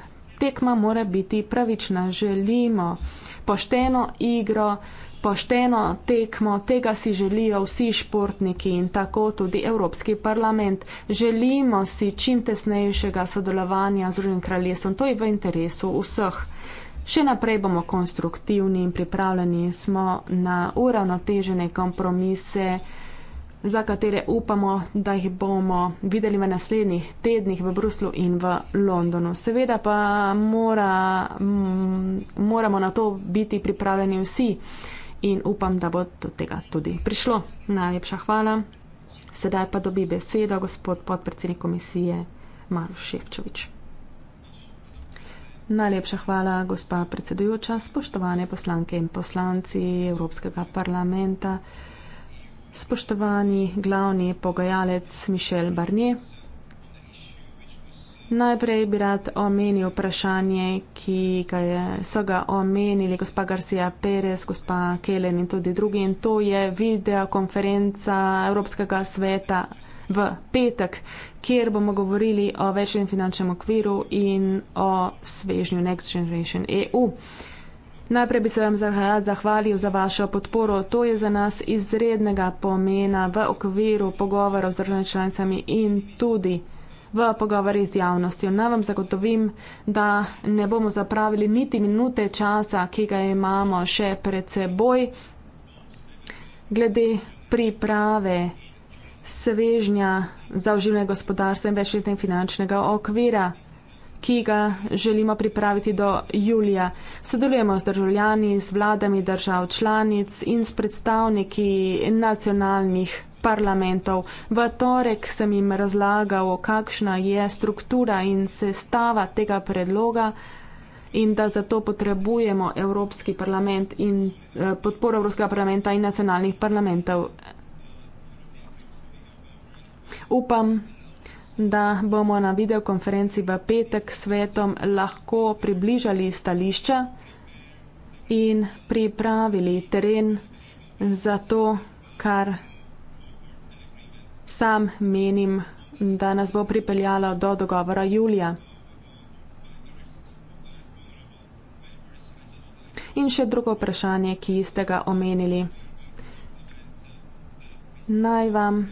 tekma mora biti pravična. Želimo pošteno igro, pošteno tekmo, tega si želijo vsi športniki in tako tudi Evropski parlament. Želimo si čim tesnejšega sodelovanja z drugim kraljestvom, to je v interesu vseh. Še naprej bomo konstruktivni in pripravljeni smo na uravnotežene kompromise, za katere upamo, da jih bomo videli v naslednjih tednih v Bruslu in v Londonu. Seveda pa mora, m, moramo na to biti pripravljeni vsi in upam, da bo do tega tudi prišlo. Najlepša hvala. Sedaj pa dobi besedo gospod podpredsednik komisije Maru Ševčovič. Najlepša hvala, gospa predsedujoča, spoštovane poslanke in poslanci Evropskega parlamenta, spoštovani glavni pogajalec Mišel Barnier. Najprej bi rad omenil vprašanje, ki ga je, so ga omenili gospa Garcia Perez, gospa Kelen in tudi drugi in to je videokonferenca Evropskega sveta v petek, kjer bomo govorili o večjem finančnem okviru in o svežnju Next Generation EU. Najprej bi se vam zahvalil za vašo podporo. To je za nas izrednega pomena v okviru pogovorov z državnimi članicami in tudi v pogovori z javnostjo. Naj vam zagotovim, da ne bomo zapravili niti minute časa, ki ga imamo še pred seboj, glede priprave svežnja za oživljanje gospodarstva in večletnega finančnega okvira ki ga želimo pripraviti do julija. Sodelujemo z državljani, z vladami držav članic in s predstavniki nacionalnih parlamentov. V torek sem jim razlagal, kakšna je struktura in sestava tega predloga in da zato potrebujemo Evropski parlament in eh, podporo Evropskega parlamenta in nacionalnih parlamentov. Upam, da bomo na videokonferenci v petek svetom lahko približali stališča in pripravili teren za to, kar Sam menim, da nas bo pripeljalo do dogovora julija. In še drugo vprašanje, ki ste ga omenili. Naj vam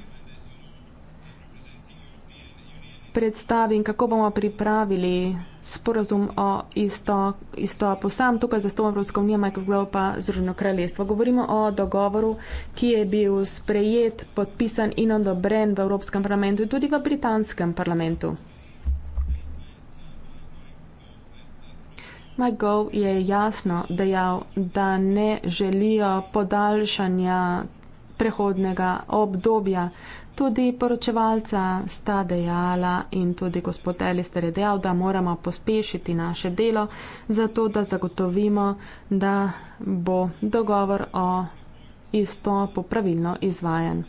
predstavim, kako bomo pripravili sporazum o isto, isto posam, tukaj za to Evropska unija, Michael Grove pa Združeno kraljestvo. Govorimo o dogovoru, ki je bil sprejet, podpisan in odobren v Evropskem parlamentu in tudi v Britanskem parlamentu. Mike Gove je jasno dejal, da ne želijo podaljšanja prehodnega obdobja tudi poročevalca sta dejala in tudi gospod Elister je dejal, da moramo pospešiti naše delo, zato da zagotovimo, da bo dogovor o izstopu pravilno izvajan.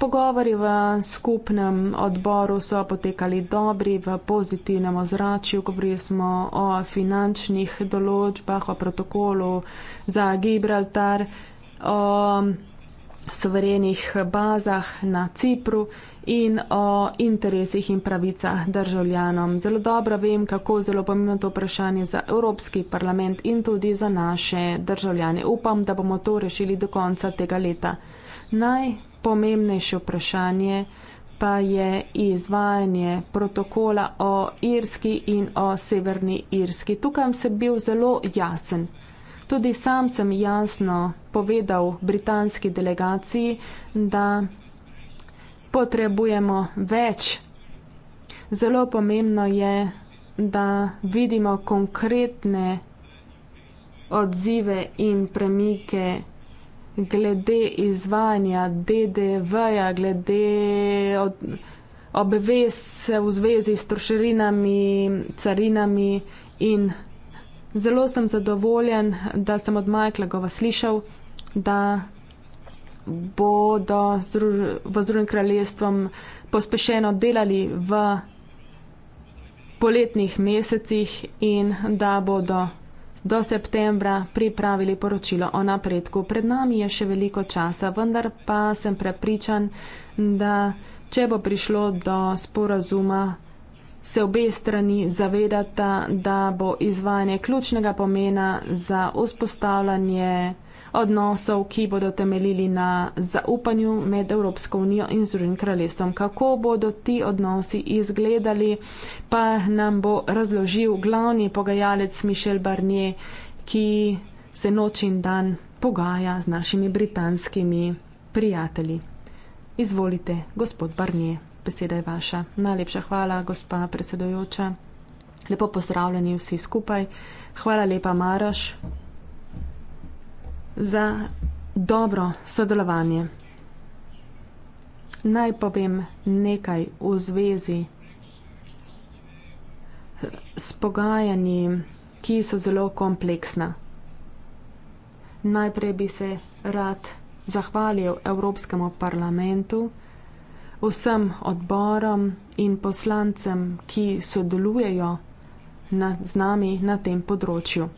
pogovori v skupnem odboru so potekali dobri, v pozitivnem ozračju. Govorili smo o finančnih določbah, o protokolu za Gibraltar, o soverenih bazah na Cipru in o interesih in pravicah državljanom. Zelo dobro vem, kako zelo pomembno to vprašanje za Evropski parlament in tudi za naše državljane. Upam, da bomo to rešili do konca tega leta. Naj pomembnejše vprašanje pa je izvajanje protokola o Irski in o Severni Irski. Tukaj sem bil zelo jasen. Tudi sam sem jasno povedal britanski delegaciji, da potrebujemo več. Zelo pomembno je, da vidimo konkretne odzive in premike glede izvajanja DDV-ja, glede od, obvez v zvezi s trošerinami, carinami in zelo sem zadovoljen, da sem od Majkla Gova slišal, da bodo v Združenem kraljestvu pospešeno delali v poletnih mesecih in da bodo do septembra pripravili poročilo o napredku. Pred nami je še veliko časa, vendar pa sem prepričan, da če bo prišlo do sporazuma, se obe strani zavedata, da bo izvajanje ključnega pomena za vzpostavljanje odnosov, ki bodo temeljili na zaupanju med Evropsko unijo in Združenim kraljestvom. Kako bodo ti odnosi izgledali, pa nam bo razložil glavni pogajalec Mišel Barnier, ki se noč in dan pogaja z našimi britanskimi prijatelji. Izvolite, gospod Barnier, beseda je vaša. Najlepša hvala, gospa predsedojoča. Lepo pozdravljeni vsi skupaj. Hvala lepa, Maroš za dobro sodelovanje. Naj povem nekaj v zvezi s pogajanji, ki so zelo kompleksna. Najprej bi se rad zahvalil Evropskemu parlamentu, vsem odborom in poslancem, ki sodelujejo na, z nami na tem področju.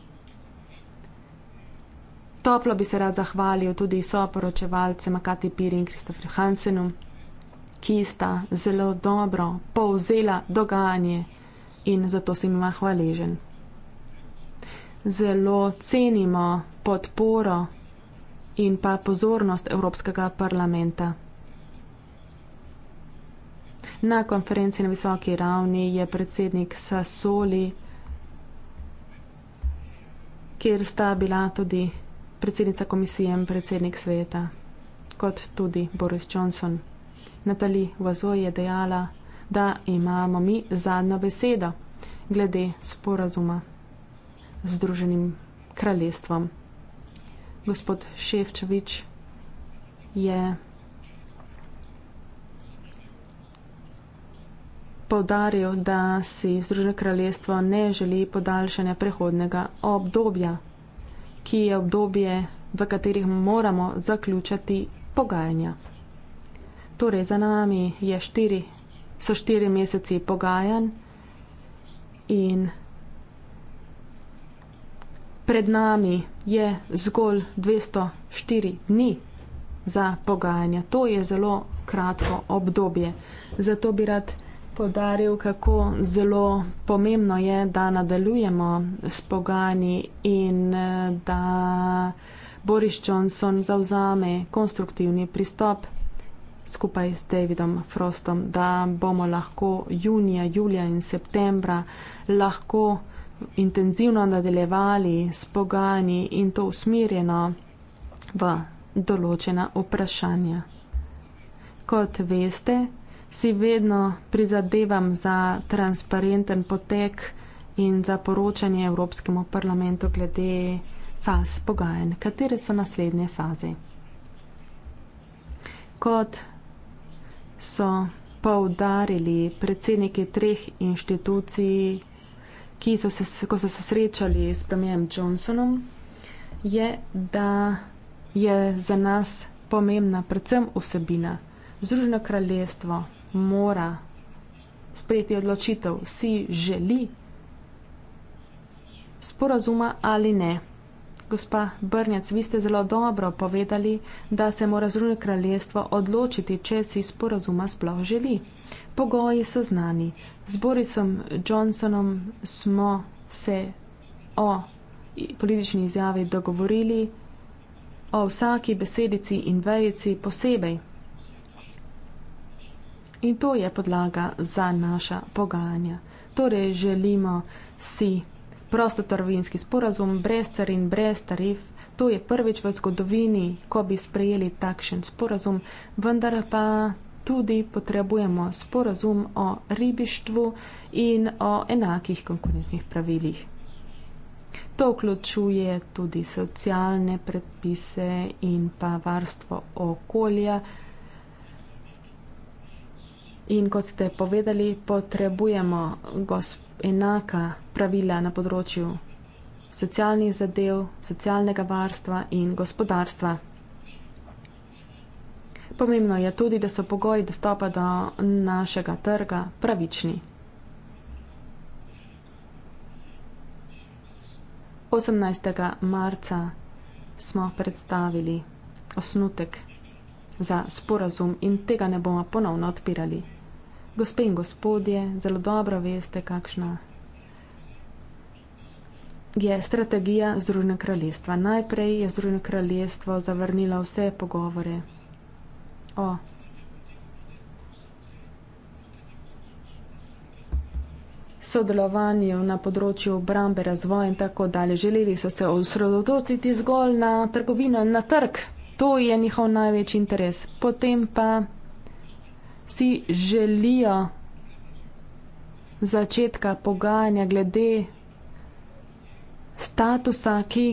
Toplo bi se rad zahvalil tudi soporočevalcem Akati Piri in Kristofru Hansenu, ki sta zelo dobro povzela dogajanje in zato sem jima hvaležen. Zelo cenimo podporo in pa pozornost Evropskega parlamenta. Na konferenci na visoki ravni je predsednik Sasoli, kjer sta bila tudi predsednica komisije in predsednik sveta, kot tudi Boris Johnson. Natali Vazo je dejala, da imamo mi zadnjo besedo glede sporazuma z Združenim kraljestvom. Gospod Ševčevič je povdaril, da si Združeno kraljestvo ne želi podaljšanja prehodnega obdobja ki je obdobje, v katerih moramo zaključati pogajanja. Torej, za nami je štiri, so štiri meseci pogajanj in pred nami je zgolj 204 dni za pogajanja. To je zelo kratko obdobje. Zato bi rad podaril, kako zelo pomembno je, da nadaljujemo s pogajanji in da Boris Johnson zauzame konstruktivni pristop skupaj s Davidom Frostom, da bomo lahko junija, julija in septembra lahko intenzivno nadaljevali s pogajanji in to usmirjeno v določena vprašanja. Kot veste, si vedno prizadevam za transparenten potek in za poročanje Evropskemu parlamentu glede faz pogajanj. Katere so naslednje faze? Kot so poudarili predsedniki treh inštitucij, ki so se, ko so se srečali s premijem Johnsonom, je, da je za nas pomembna predvsem vsebina. Združeno kraljestvo mora sprejeti odločitev, si želi sporazuma ali ne. Gospa Brnjac, vi ste zelo dobro povedali, da se mora zrune kraljestvo odločiti, če si sporazuma sploh želi. Pogoji so znani. Z Borisom Johnsonom smo se o politični izjavi dogovorili, o vsaki besedici in vejici posebej in to je podlaga za naša pogajanja. Torej, želimo si prostotrovinski sporazum brez carin, brez tarif. To je prvič v zgodovini, ko bi sprejeli takšen sporazum, vendar pa tudi potrebujemo sporazum o ribištvu in o enakih konkurenčnih pravilih. To vključuje tudi socialne predpise in pa varstvo okolja, In kot ste povedali, potrebujemo enaka pravila na področju socialnih zadev, socialnega varstva in gospodarstva. Pomembno je tudi, da so pogoji dostopa do našega trga pravični. 18. marca smo predstavili osnutek za sporazum in tega ne bomo ponovno odpirali gospe in gospodje, zelo dobro veste, kakšna je strategija Združenega kraljestva. Najprej je Združeno kraljestvo zavrnilo vse pogovore o sodelovanju na področju obrambe, razvoja in tako dalje. Želeli so se osredotočiti zgolj na trgovino in na trg. To je njihov največji interes. Potem pa vsi želijo začetka pogajanja glede statusa, ki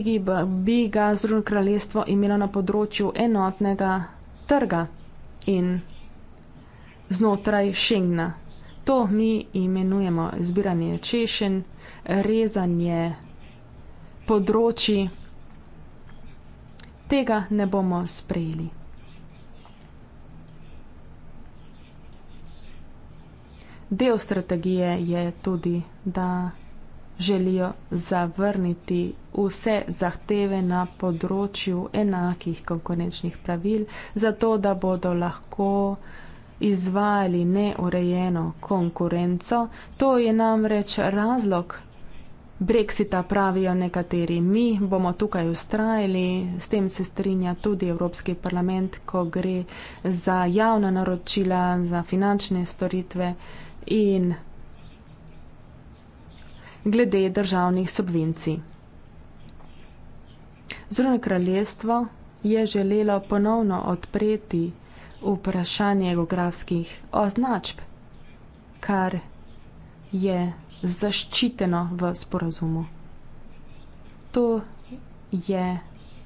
bi ga Združeno kraljestvo imelo na področju enotnega trga in znotraj Schengna. To mi imenujemo zbiranje češen, rezanje področji. Tega ne bomo sprejeli. del strategije je tudi, da želijo zavrniti vse zahteve na področju enakih konkurenčnih pravil, zato da bodo lahko izvajali neurejeno konkurenco. To je namreč razlog Brexita, pravijo nekateri. Mi bomo tukaj ustrajali, s tem se strinja tudi Evropski parlament, ko gre za javna naročila, za finančne storitve in glede državnih subvencij. Zrno kraljestvo je želelo ponovno odpreti vprašanje geografskih označb, kar je zaščiteno v sporazumu. To je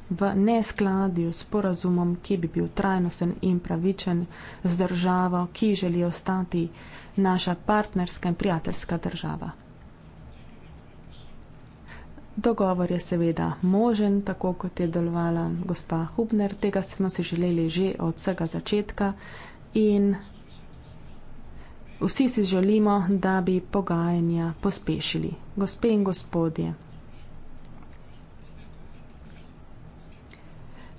v neskladju s sporazumom, ki bi bil trajnosten in pravičen z državo, ki želi ostati naša partnerska in prijateljska država. Dogovor je seveda možen, tako kot je delovala gospa Hubner, tega smo si želeli že od vsega začetka in vsi si želimo, da bi pogajanja pospešili. Gospe in gospodje,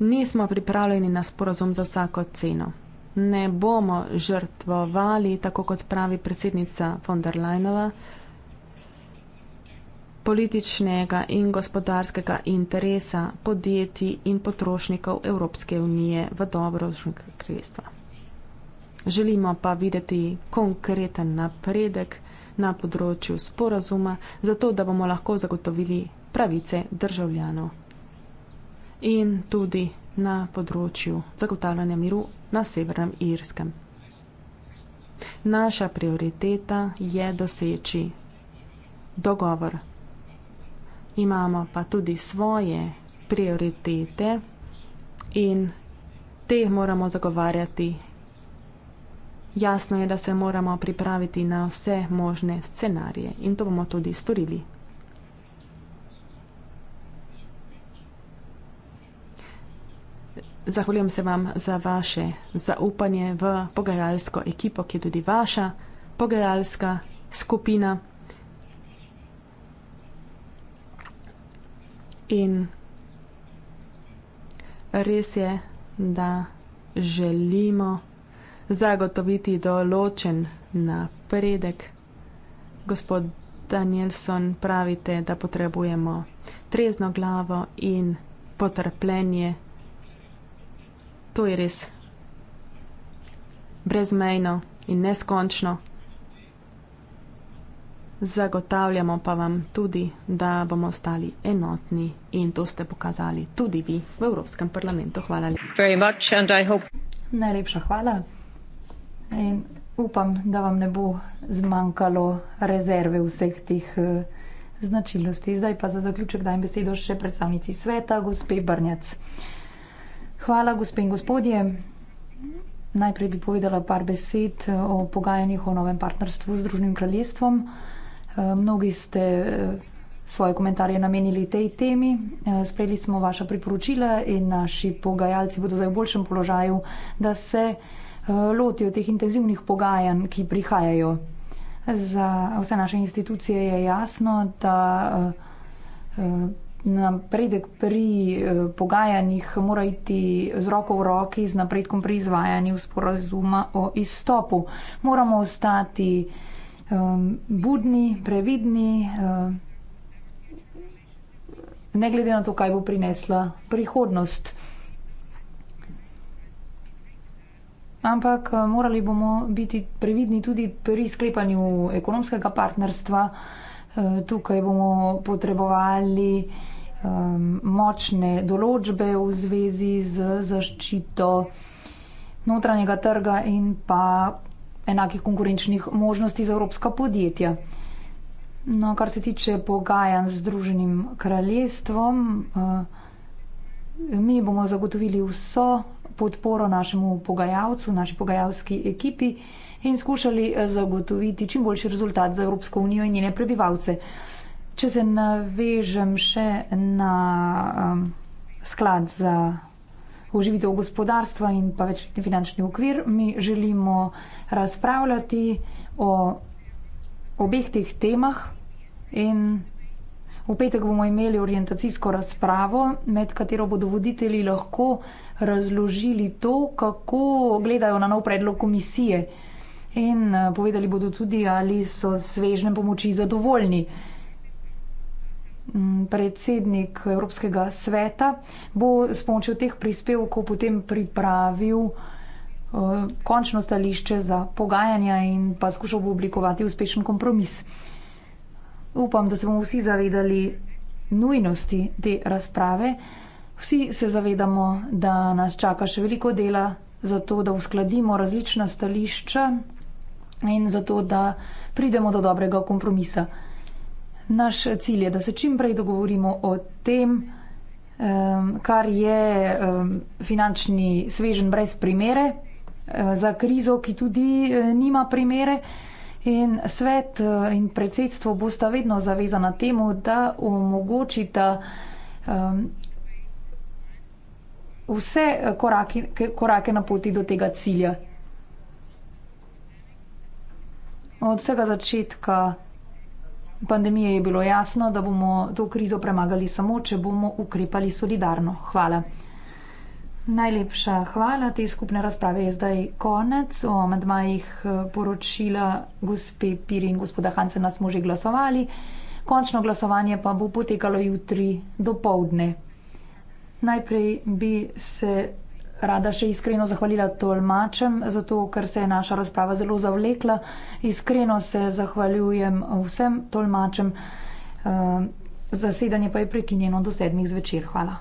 nismo pripravljeni na sporazum za vsako ceno ne bomo žrtvovali, tako kot pravi predsednica von der Leinova, političnega in gospodarskega interesa podjetij in potrošnikov Evropske unije v dobro Združenega kraljestva. Želimo pa videti konkreten napredek na področju sporazuma, zato da bomo lahko zagotovili pravice državljanov in tudi na področju zagotavljanja miru na severnem Irskem. Naša prioriteta je doseči dogovor. Imamo pa tudi svoje prioritete in te moramo zagovarjati. Jasno je, da se moramo pripraviti na vse možne scenarije in to bomo tudi storili. Zahvaljujem se vam za vaše zaupanje v pogajalsko ekipo, ki je tudi vaša pogajalska skupina. In res je, da želimo zagotoviti določen napredek. Gospod Danielson, pravite, da potrebujemo trezno glavo in potrpljenje to je res. Brezmejno in neskončno. Zagotavljamo pa vam tudi, da bomo ostali enotni in to ste pokazali tudi vi v Evropskem parlamentu. Hvala lepa. Najlepša hvala in upam, da vam ne bo zmanjkalo rezerve vseh tih eh, značilnosti. Zdaj pa za zaključek dajem besedo še predstavnici sveta, gospe Brnjac. Hvala, gospe in gospodje. Najprej bi povedala par besed o pogajanjih o novem partnerstvu z Združenim kraljestvom. Eh, mnogi ste eh, svoje komentarje namenili tej temi. Eh, sprejeli smo vaša priporočila in naši pogajalci bodo zdaj v boljšem položaju, da se lotijo teh intenzivnih pogajanj, ki prihajajo. Za vse naše institucije je jasno, da napredek pri eh, pogajanjih mora iti z roko v roki z napredkom pri izvajanju sporazuma o izstopu. Moramo ostati um, budni, previdni, um, ne glede na to, kaj bo prinesla prihodnost. Ampak eh, morali bomo biti previdni tudi pri sklepanju ekonomskega partnerstva. Tukaj bomo potrebovali uh, um, močne določbe v zvezi z zaščito notranjega trga in pa enakih konkurenčnih možnosti za evropska podjetja. No, kar se tiče pogajanj z Združenim kraljestvom, uh, mi bomo zagotovili vso podporo našemu pogajalcu, naši pogajalski ekipi in skušali eh, zagotoviti čim boljši rezultat za Evropsko unijo in njene prebivalce. Če se navežem še na um, sklad za oživitev gospodarstva in pa večni finančni okvir, mi želimo razpravljati o obeh teh temah in v petek bomo imeli orientacijsko razpravo, med katero bodo voditelji lahko razložili to, kako gledajo na nov predlog komisije in eh, povedali bodo tudi, ali so svežne pomoči zadovoljni predsednik Evropskega sveta, bo s pomočjo teh prispevkov potem pripravil eh, končno stališče za pogajanja in pa skušal bo oblikovati uspešen kompromis. Upam, da se bomo vsi zavedali nujnosti te razprave. Vsi se zavedamo, da nas čaka še veliko dela za to, da uskladimo različna stališča in za to, da pridemo do dobrega kompromisa. Naš cilj je, da se čim prej dogovorimo o tem, kar je finančni svežen brez primere eh, za krizo, ki tudi eh, nima primere. In svet eh, in predsedstvo bosta vedno zavezana temu, da omogočita vse korake, korake na poti do tega cilja. Od vsega začetka pandemije je bilo jasno, da bomo to krizo premagali samo, če bomo ukrepali solidarno. Hvala. Najlepša hvala. Te skupne razprave je zdaj konec. O amadmajih eh, poročila gospe Piri in gospoda Hansena smo že glasovali. Končno glasovanje pa bo potekalo jutri do povdne. Najprej bi se rada še iskreno zahvalila tolmačem, zato ker se je naša razprava zelo zavlekla. Iskreno se zahvaljujem vsem tolmačem. Eh, zasedanje pa je prekinjeno do sedmih zvečer. Hvala.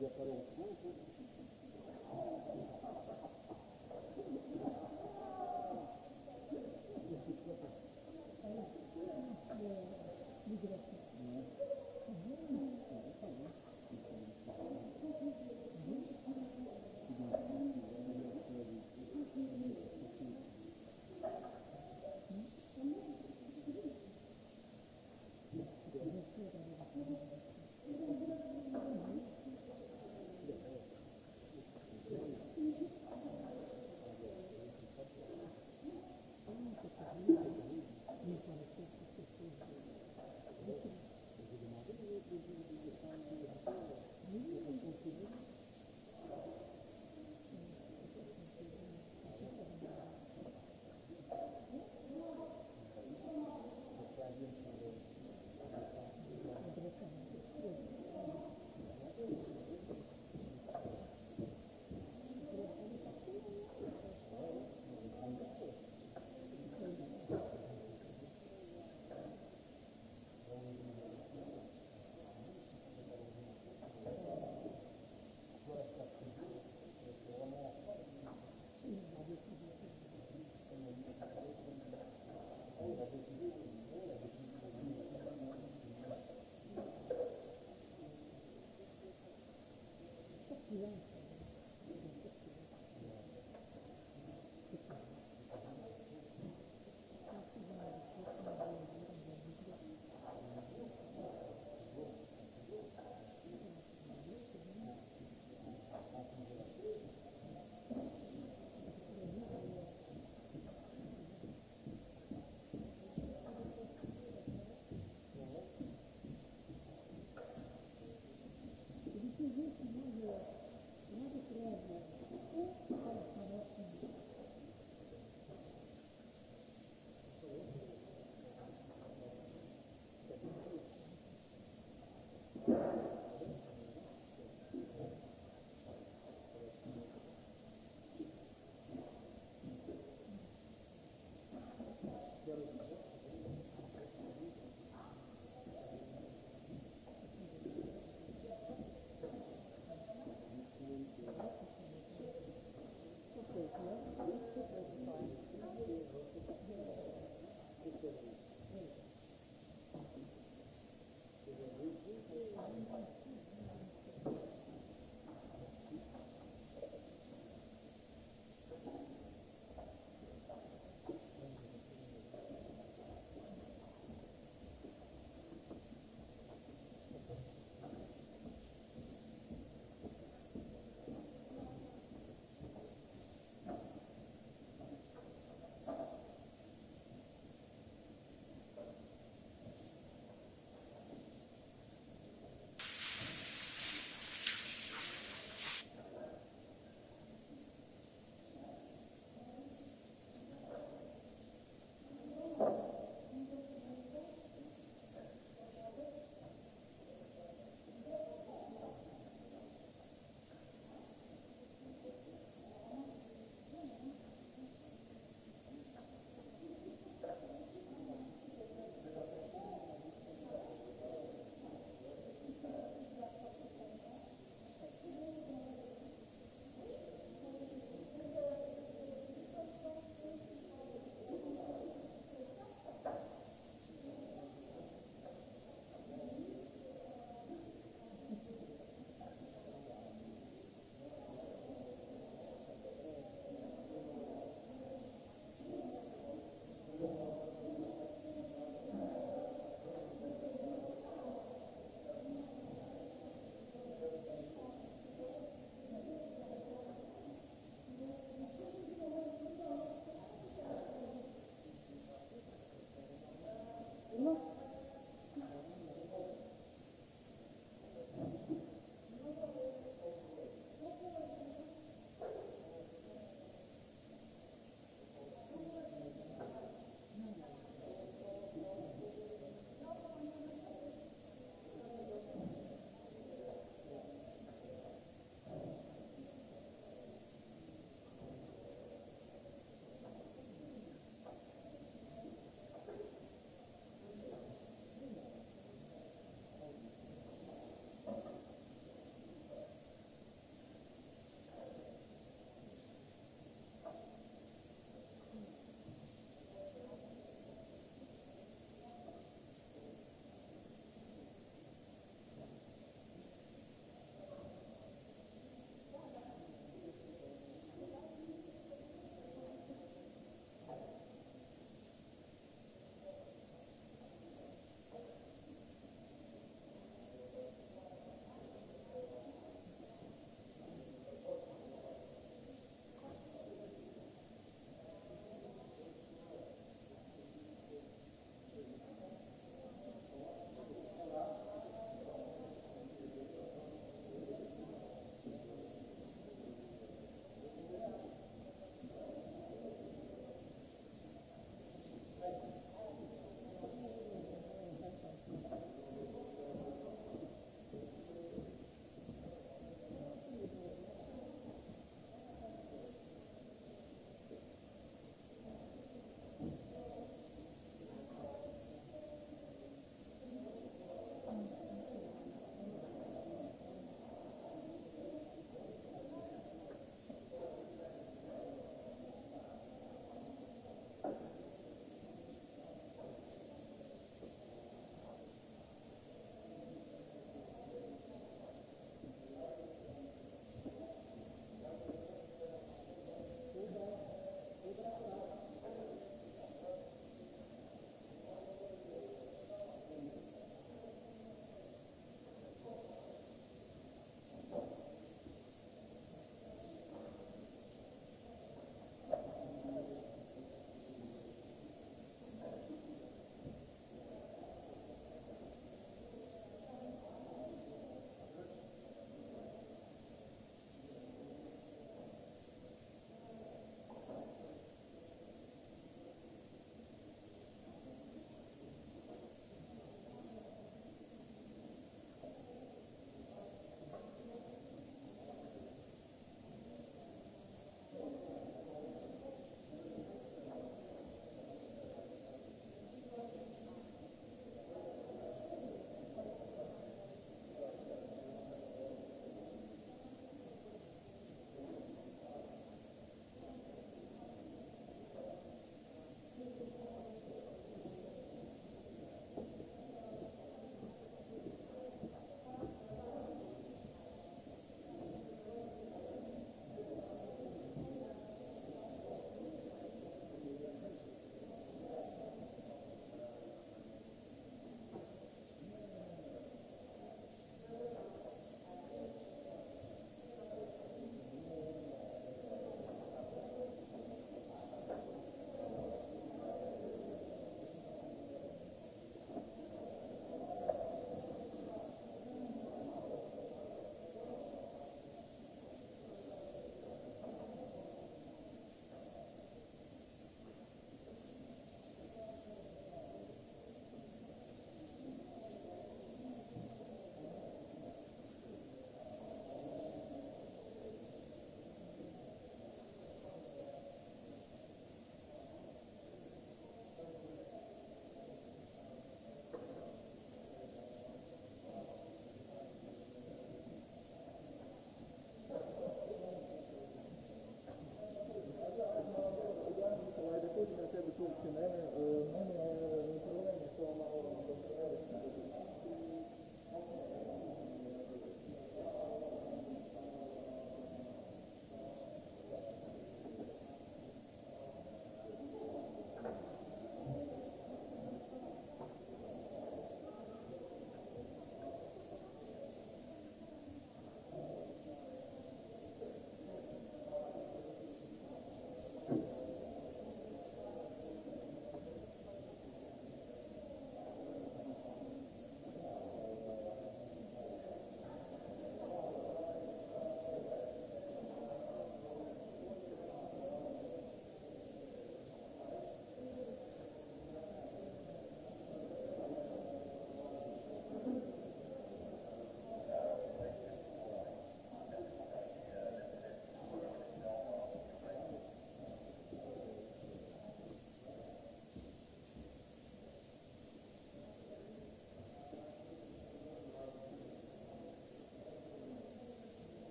je poročal.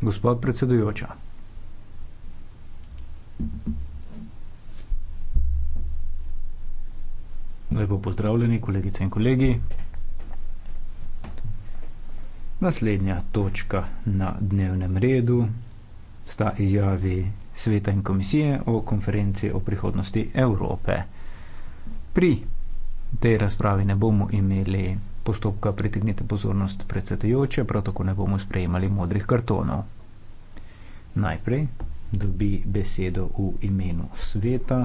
gospod predsedujoča. Lepo pozdravljeni, kolegice in kolegi. Naslednja točka na dnevnem redu sta izjavi Sveta in komisije o konferenci o prihodnosti Evrope. Pri tej razpravi ne bomo imeli postopka pritegnite pozornost predsedujoče, prav tako ne bomo sprejemali modrih kartonov. Najprej dobi besedo v imenu sveta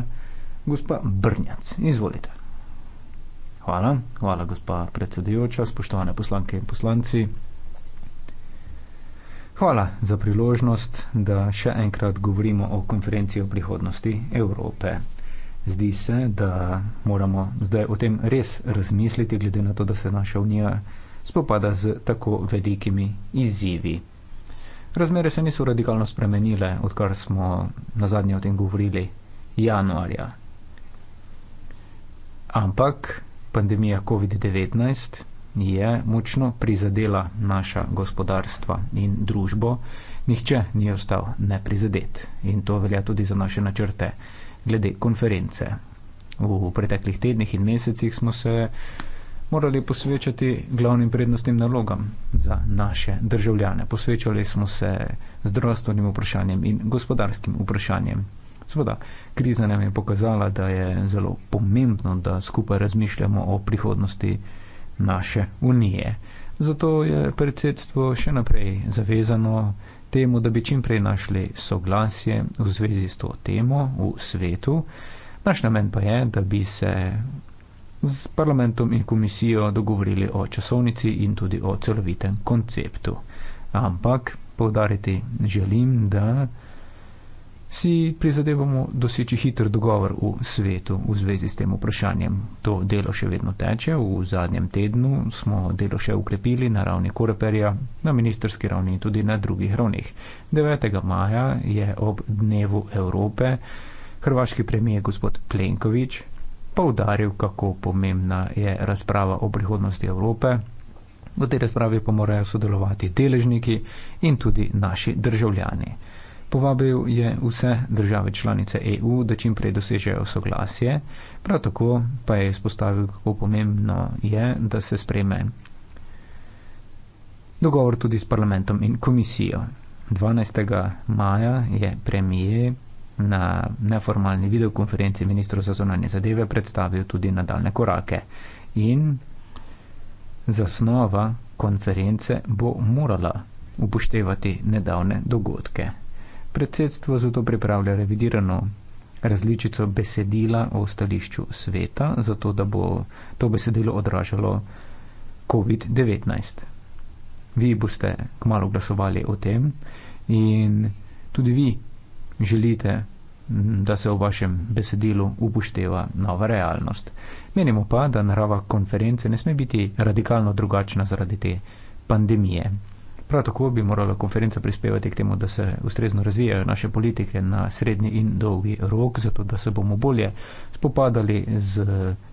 gospa Brnjac. Izvolite. Hvala, hvala gospa predsedujoča, spoštovane poslanke in poslanci. Hvala za priložnost, da še enkrat govorimo o konferenciji o prihodnosti Evrope zdi se, da moramo zdaj o tem res razmisliti, glede na to, da se naša unija spopada z tako velikimi izzivi. Razmere se niso radikalno spremenile, odkar smo na zadnje o tem govorili januarja. Ampak pandemija COVID-19 je močno prizadela naša gospodarstva in družbo. Nihče ni ostal neprizadet in to velja tudi za naše načrte glede konference. V preteklih tednih in mesecih smo se morali posvečati glavnim prednostnim nalogam za naše državljane. Posvečali smo se zdravstvenim vprašanjem in gospodarskim vprašanjem. Sveda, kriza nam je pokazala, da je zelo pomembno, da skupaj razmišljamo o prihodnosti naše unije. Zato je predsedstvo še naprej zavezano temu, da bi čim prej našli soglasje v zvezi s to temo v svetu. Naš namen pa je, da bi se z parlamentom in komisijo dogovorili o časovnici in tudi o celovitem konceptu. Ampak, povdariti želim, da si prizadevamo doseči hiter dogovor v svetu v zvezi s tem vprašanjem. To delo še vedno teče. V zadnjem tednu smo delo še ukrepili na ravni koreperja, na ministerski ravni in tudi na drugih ravnih. 9. maja je ob dnevu Evrope hrvaški premijer gospod Plenković poudaril, kako pomembna je razprava o prihodnosti Evrope. V tej razpravi pa morajo sodelovati deležniki in tudi naši državljani. Povabil je vse države članice EU, da čim prej dosežejo soglasje, prav tako pa je izpostavil, kako pomembno je, da se spreme dogovor tudi s parlamentom in komisijo. 12. maja je premije na neformalni videokonferenci ministrov za zonanje zadeve predstavil tudi nadaljne korake in zasnova konference bo morala upoštevati nedavne dogodke. Predsedstvo zato pripravlja revidirano različico besedila o stališču sveta, zato da bo to besedilo odražalo COVID-19. Vi boste kmalo glasovali o tem in tudi vi želite, da se v vašem besedilu upošteva nova realnost. Menimo pa, da narava konference ne sme biti radikalno drugačna zaradi te pandemije. Prav tako bi morala konferenca prispevati k temu, da se ustrezno razvijajo naše politike na srednji in dolgi rok, zato da se bomo bolje spopadali z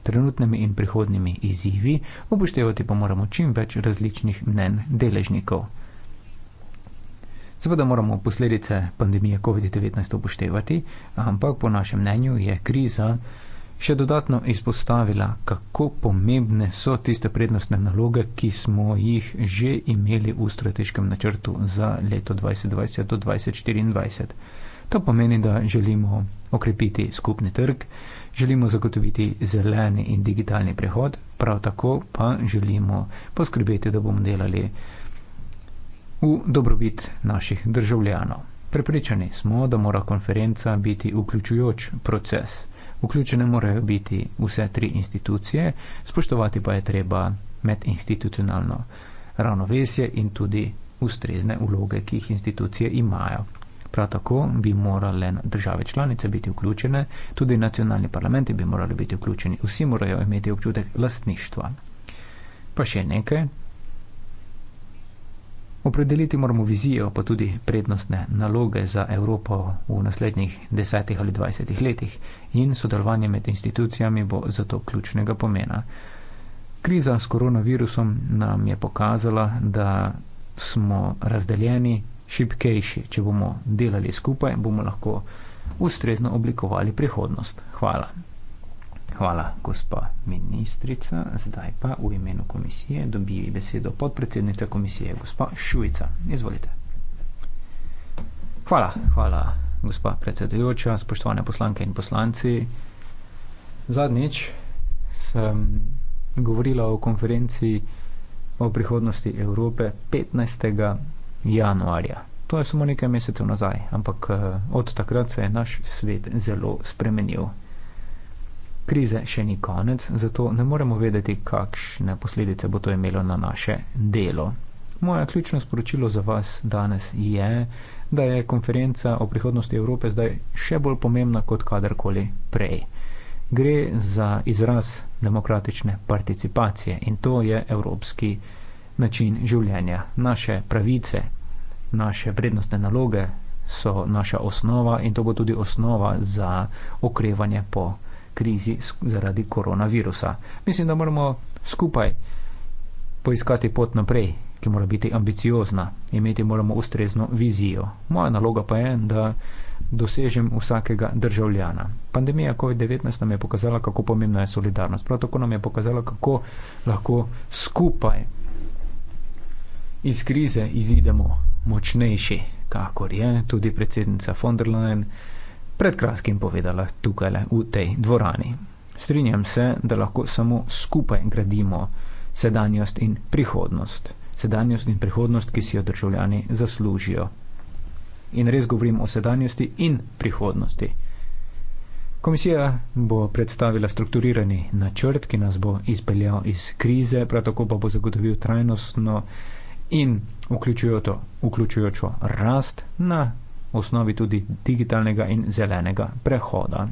trenutnimi in prihodnimi izzivi, upoštevati pa moramo čim več različnih mnen deležnikov. Seveda moramo posledice pandemije COVID-19 upoštevati, ampak po našem mnenju je kriza še dodatno izpostavila, kako pomembne so tiste prednostne naloge, ki smo jih že imeli v strateškem načrtu za leto 2020 do 2024. To pomeni, da želimo okrepiti skupni trg, želimo zagotoviti zeleni in digitalni prehod, prav tako pa želimo poskrbeti, da bomo delali v dobrobit naših državljanov. Prepričani smo, da mora konferenca biti vključujoč proces, Vključene morajo biti vse tri institucije, spoštovati pa je treba medinstitucionalno ravnovesje in tudi ustrezne vloge, ki jih institucije imajo. Prav tako bi morale države članice biti vključene, tudi nacionalni parlamenti bi morali biti vključeni, vsi morajo imeti občutek lastništva. Pa še nekaj, Opredeliti moramo vizijo, pa tudi prednostne naloge za Evropo v naslednjih desetih ali dvajsetih letih in sodelovanje med institucijami bo zato ključnega pomena. Kriza s koronavirusom nam je pokazala, da smo razdeljeni, šipkejši. Če bomo delali skupaj, bomo lahko ustrezno oblikovali prihodnost. Hvala. Hvala, gospa ministrica. Zdaj pa v imenu komisije dobi besedo podpredsednica komisije, gospa Šujica. Izvolite. Hvala, hvala, gospa predsedujoča, spoštovane poslanke in poslanci. Zadnjič sem govorila o konferenci o prihodnosti Evrope 15. januarja. To je samo nekaj mesecev nazaj, ampak eh, od takrat se je naš svet zelo spremenil. Krize še ni konec, zato ne moremo vedeti, kakšne posledice bo to imelo na naše delo. Moje ključno sporočilo za vas danes je, da je konferenca o prihodnosti Evrope zdaj še bolj pomembna kot kadarkoli prej. Gre za izraz demokratične participacije in to je evropski način življenja. Naše pravice, naše prednostne naloge so naša osnova in to bo tudi osnova za okrevanje po prihodnosti krizi zaradi koronavirusa. Mislim, da moramo skupaj poiskati pot naprej, ki mora biti ambiciozna, imeti moramo ustrezno vizijo. Moja naloga pa je, da dosežem vsakega državljana. Pandemija COVID-19 nam je pokazala, kako pomembna je solidarnost. Prav tako nam je pokazala, kako lahko skupaj iz krize izidemo močnejši, kakor je tudi predsednica von der Leyen pred kratkim povedala tukaj v tej dvorani. Strinjam se, da lahko samo skupaj gradimo sedanjost in prihodnost, sedanjost in prihodnost, ki si jo državljani zaslužijo. In res govorim o sedanjosti in prihodnosti. Komisija bo predstavila strukturirani načrt, ki nas bo izpeljal iz krize, prav tako pa bo zagotovil trajnostno in vključujočo rast na osnovi tudi digitalnega in zelenega prehoda.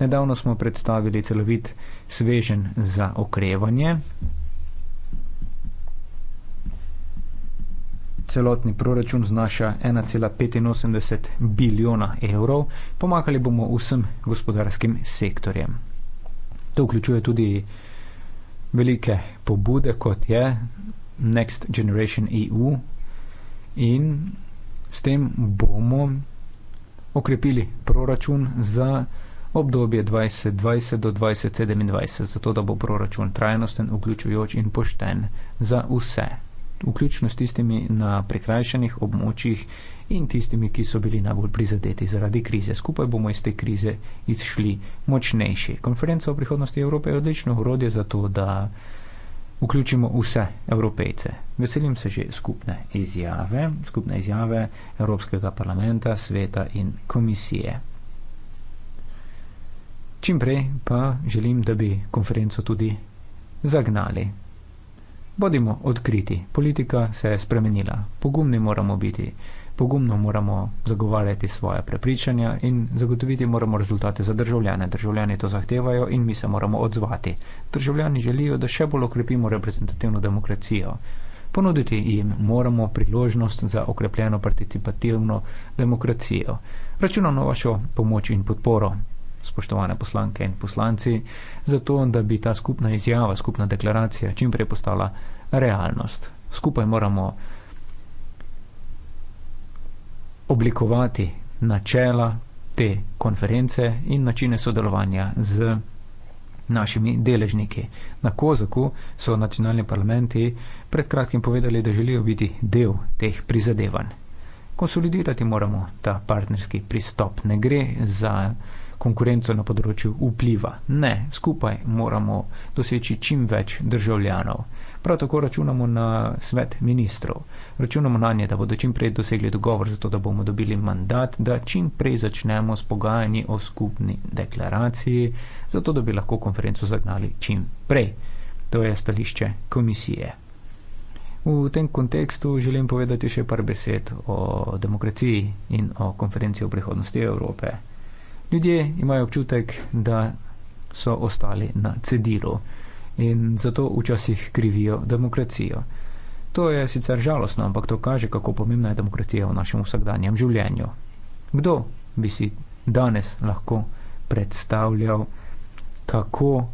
Nedavno smo predstavili celovit svežen za okrevanje. Celotni proračun znaša 1,85 biliona evrov. Pomagali bomo vsem gospodarskim sektorjem. To vključuje tudi velike pobude, kot je Next Generation EU in S tem bomo okrepili proračun za obdobje 2020 do 2027, zato da bo proračun trajnosten, vključujoč in pošten za vse, vključno s tistimi na prikrajšanih območjih in tistimi, ki so bili najbolj prizadeti zaradi krize. Skupaj bomo iz te krize izšli močnejši. Konferenca o prihodnosti Evrope je odlično urodje za to, da vključimo vse evropejce. Veselim se že skupne izjave, skupne izjave Evropskega parlamenta, sveta in komisije. Čim prej pa želim, da bi konferenco tudi zagnali. Bodimo odkriti, politika se je spremenila, pogumni moramo biti pogumno moramo zagovarjati svoje prepričanja in zagotoviti moramo rezultate za državljane. Državljani to zahtevajo in mi se moramo odzvati. Državljani želijo, da še bolj okrepimo reprezentativno demokracijo. Ponuditi jim moramo priložnost za okrepljeno participativno demokracijo. Računam na vašo pomoč in podporo, spoštovane poslanke in poslanci, zato, da bi ta skupna izjava, skupna deklaracija čim prej postala realnost. Skupaj moramo oblikovati načela te konference in načine sodelovanja z našimi deležniki. Na Kozaku so nacionalni parlamenti pred kratkim povedali, da želijo biti del teh prizadevanj. Konsolidirati moramo ta partnerski pristop. Ne gre za konkurenco na področju vpliva. Ne, skupaj moramo doseči čim več državljanov. Prav tako računamo na svet ministrov. Računamo na nje, da bodo čim prej dosegli dogovor, zato da bomo dobili mandat, da čim prej začnemo s pogajanji o skupni deklaraciji, zato da bi lahko konferenco zagnali čim prej. To je stališče komisije. V tem kontekstu želim povedati še par besed o demokraciji in o konferenci o prihodnosti Evrope. Ljudje imajo občutek, da so ostali na cedilu in zato včasih krivijo demokracijo. To je sicer žalostno, ampak to kaže, kako pomembna je demokracija v našem vsakdanjem življenju. Kdo bi si danes lahko predstavljal, kako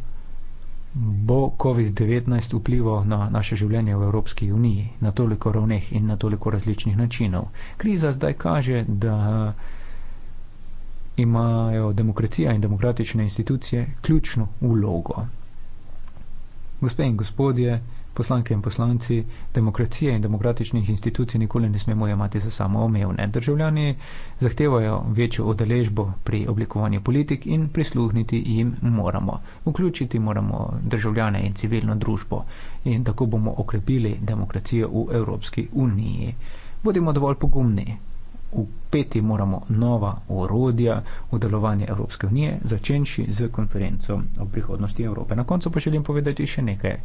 bo COVID-19 vplival na naše življenje v Evropski uniji na toliko ravneh in na toliko različnih načinov? Kriza zdaj kaže, da imajo demokracija in demokratične institucije ključno vlogo. Gospe in gospodje, poslanke in poslanci, demokracije in demokratičnih institucij nikoli ne smemo jemati za samo omejevne. Državljani zahtevajo večjo odeležbo pri oblikovanju politik in prisluhniti jim moramo. Vključiti moramo državljane in civilno družbo in tako bomo okrepili demokracijo v Evropski uniji. Bodimo dovolj pogumni, upeti moramo nova orodja v delovanje Evropske unije, začenši z konferenco o prihodnosti Evrope. Na koncu pa želim povedati še nekaj.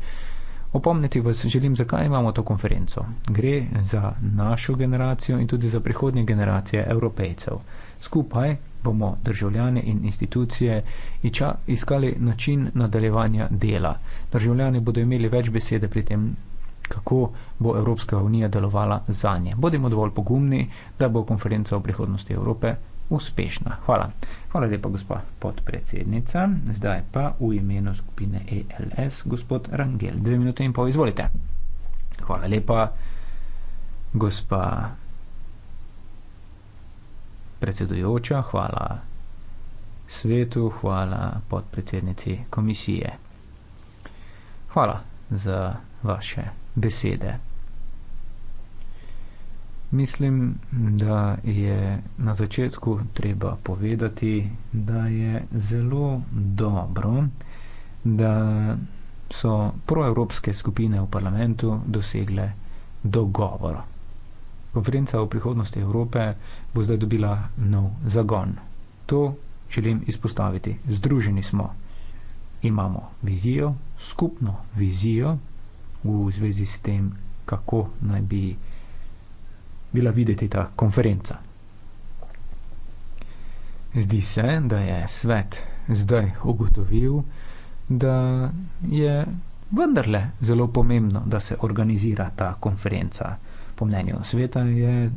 Opomniti vas želim, zakaj imamo to konferenco. Gre za našo generacijo in tudi za prihodnje generacije evropejcev. Skupaj bomo državljane in institucije iskali način nadaljevanja dela. Državljani bodo imeli več besede pri tem kako bo Evropska unija delovala za nje. Bodimo dovolj pogumni, da bo konferenca o prihodnosti Evrope uspešna. Hvala. Hvala lepa, gospa podpredsednica. Zdaj pa v imenu skupine ELS, gospod Rangel. Dve minute in pol, izvolite. Hvala lepa, gospa predsedujoča. Hvala svetu, hvala podpredsednici komisije. Hvala za vaše besede. Mislim, da je na začetku treba povedati, da je zelo dobro, da so proevropske skupine v parlamentu dosegle dogovor. Konferenca o prihodnosti Evrope bo zdaj dobila nov zagon. To želim izpostaviti. Združeni smo. Imamo vizijo, skupno vizijo, v zvezi s tem, kako naj bi bila videti ta konferenca. Zdi se, da je svet zdaj ugotovil, da je vendarle zelo pomembno, da se organizira ta konferenca. Po mnenju sveta je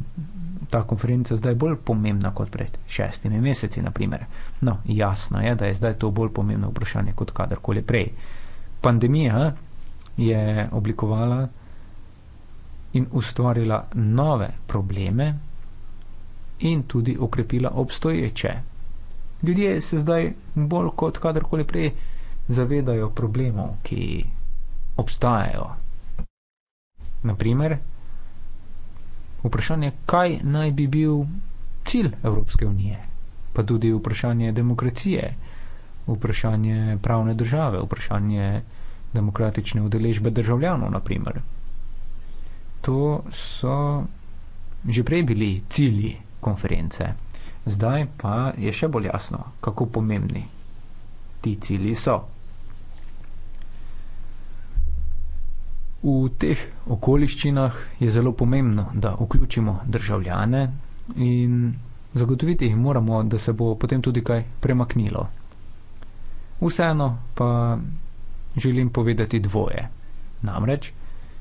ta konferenca zdaj bolj pomembna kot pred šestimi meseci, naprimer. No, jasno je, da je zdaj to bolj pomembno vprašanje kot kadarkoli prej. Pandemija je oblikovala in ustvarila nove probleme in tudi okrepila obstoječe. Ljudje se zdaj bolj kot kadarkoli prej zavedajo problemov, ki obstajajo. Naprimer, vprašanje, kaj naj bi bil cilj Evropske unije, pa tudi vprašanje demokracije, vprašanje pravne države, vprašanje demokratične udeležbe državljanov, naprimer. To so že prej bili cilji konference. Zdaj pa je še bolj jasno, kako pomembni ti cilji so. V teh okoliščinah je zelo pomembno, da vključimo državljane in zagotoviti jih moramo, da se bo potem tudi kaj premaknilo. Vseeno pa želim povedati dvoje. Namreč,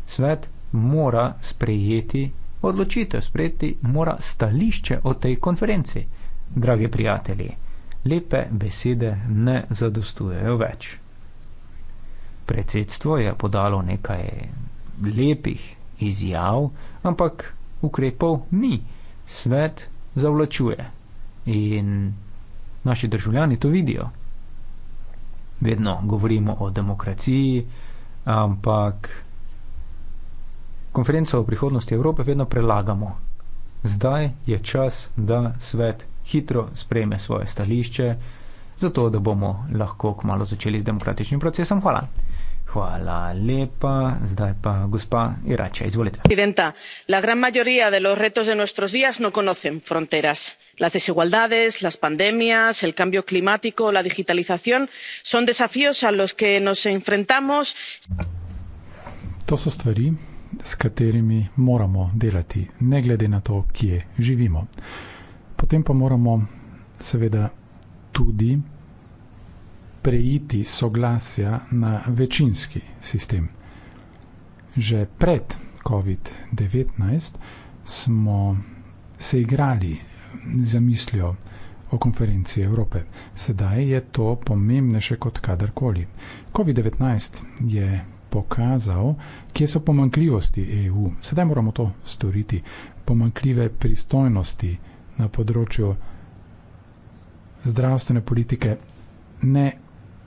svet mora sprejeti odločitev, sprejeti mora stališče o tej konferenci. Dragi prijatelji, lepe besede ne zadostujejo več. Predsedstvo je podalo nekaj lepih izjav, ampak ukrepov ni. Svet zavlačuje in naši državljani to vidijo vedno govorimo o demokraciji, ampak konferenco o prihodnosti Evrope vedno prelagamo. Zdaj je čas, da svet hitro sprejme svoje stališče, zato da bomo lahko kmalo začeli s demokratičnim procesom. Hvala. Hvala lepa. Zdaj pa gospa Irača, izvolite. Presidenta, la gran mayoría de los retos de nuestros días no conocen fronteras. Las desigualdades, las pandemias, el cambio climático, la digitalización son desafíos a los que nos enfrentamos. To so stvari, s katerimi moramo delati, ne glede na to, kje živimo. Potem pa moramo seveda tudi preiti soglasja na večinski sistem. Že pred COVID-19 smo se igrali za mislijo o konferenci Evrope. Sedaj je to pomembnejše kot kadarkoli. COVID-19 je pokazal, kje so pomankljivosti EU. Sedaj moramo to storiti. Pomankljive pristojnosti na področju zdravstvene politike ne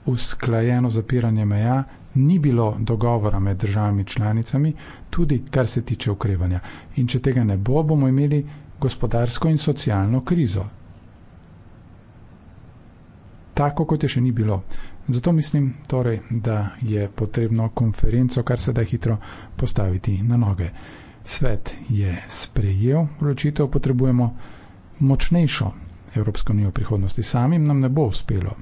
usklajeno zapiranje meja, ni bilo dogovora med državami članicami, tudi kar se tiče ukrevanja. In če tega ne bo, bomo imeli gospodarsko in socialno krizo. Tako kot je še ni bilo. Zato mislim torej, da je potrebno konferenco kar se da hitro postaviti na noge. Svet je sprejel vločitev, potrebujemo močnejšo Evropsko unijo prihodnosti. Samim nam ne bo uspelo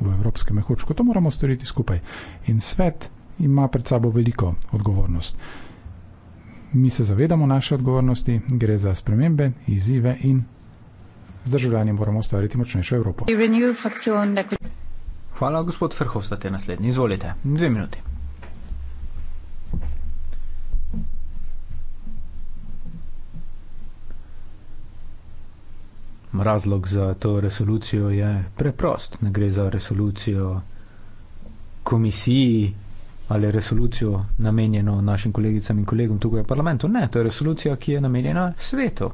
v evropskem mehučku. To moramo storiti skupaj. In svet ima pred sabo veliko odgovornost. Mi se zavedamo naše odgovornosti, gre za spremembe, izzive in z državljanjem moramo ustvariti močnejšo Evropo. Hvala, gospod Frhov, za te naslednje. Izvolite, dve minuti. Razlog za to resolucijo je preprost. Ne gre za resolucijo komisiji ali resolucijo namenjeno našim kolegicam in kolegom tukaj v parlamentu. Ne, to je resolucija, ki je namenjena svetu.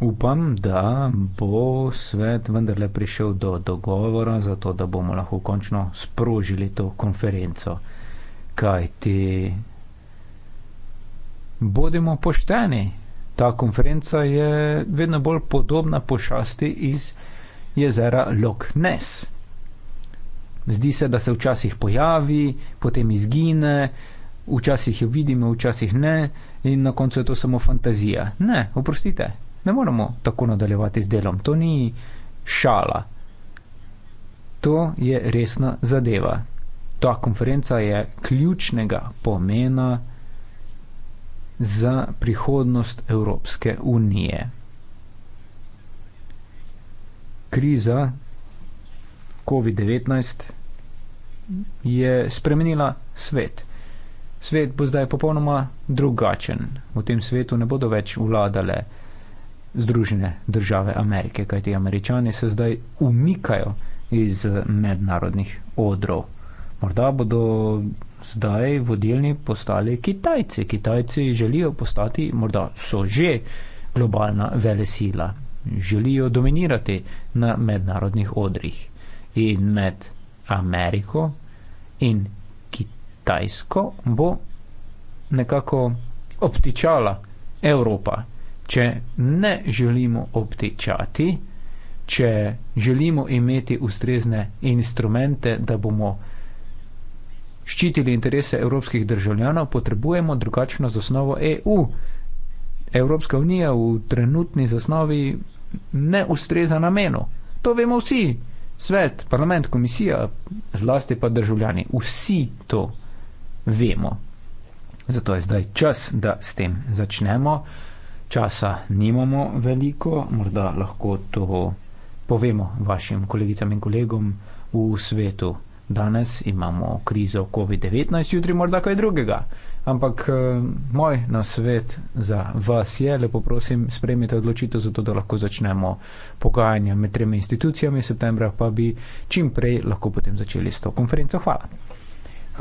Upam, da bo svet vendarle prišel do dogovora, zato da bomo lahko končno sprožili to konferenco. Kaj ti? Bodimo pošteni ta konferenca je vedno bolj podobna pošasti iz jezera Loch Ness. Zdi se, da se včasih pojavi, potem izgine, včasih jo vidimo, včasih ne, in na koncu je to samo fantazija. Ne, oprostite, ne moramo tako nadaljevati z delom, to ni šala. To je resna zadeva. Ta konferenca je ključnega pomena za prihodnost Evropske unije. Kriza COVID-19 je spremenila svet. Svet bo zdaj popolnoma drugačen. V tem svetu ne bodo več vladale Združene države Amerike, kajti američani se zdaj umikajo iz mednarodnih odrov. Morda bodo zdaj vodilni postali Kitajci. Kitajci želijo postati, morda so že globalna velesila, želijo dominirati na mednarodnih odrih in med Ameriko in Kitajsko bo nekako obtičala Evropa. Če ne želimo obtičati, če želimo imeti ustrezne instrumente, da bomo ščitili interese evropskih državljanov, potrebujemo drugačno zasnovo EU. Evropska unija v trenutni zasnovi ne ustreza namenu. To vemo vsi, svet, parlament, komisija, zlasti pa državljani. Vsi to vemo. Zato je zdaj čas, da s tem začnemo. Časa nimamo veliko, morda lahko to povemo vašim kolegicam in kolegom v svetu danes imamo krizo COVID-19, jutri morda kaj drugega. Ampak eh, moj nasvet za vas je, lepo prosim, spremite odločitev, zato da lahko začnemo pogajanja med tremi institucijami, septembra pa bi čim prej lahko potem začeli s to konferenco. Hvala.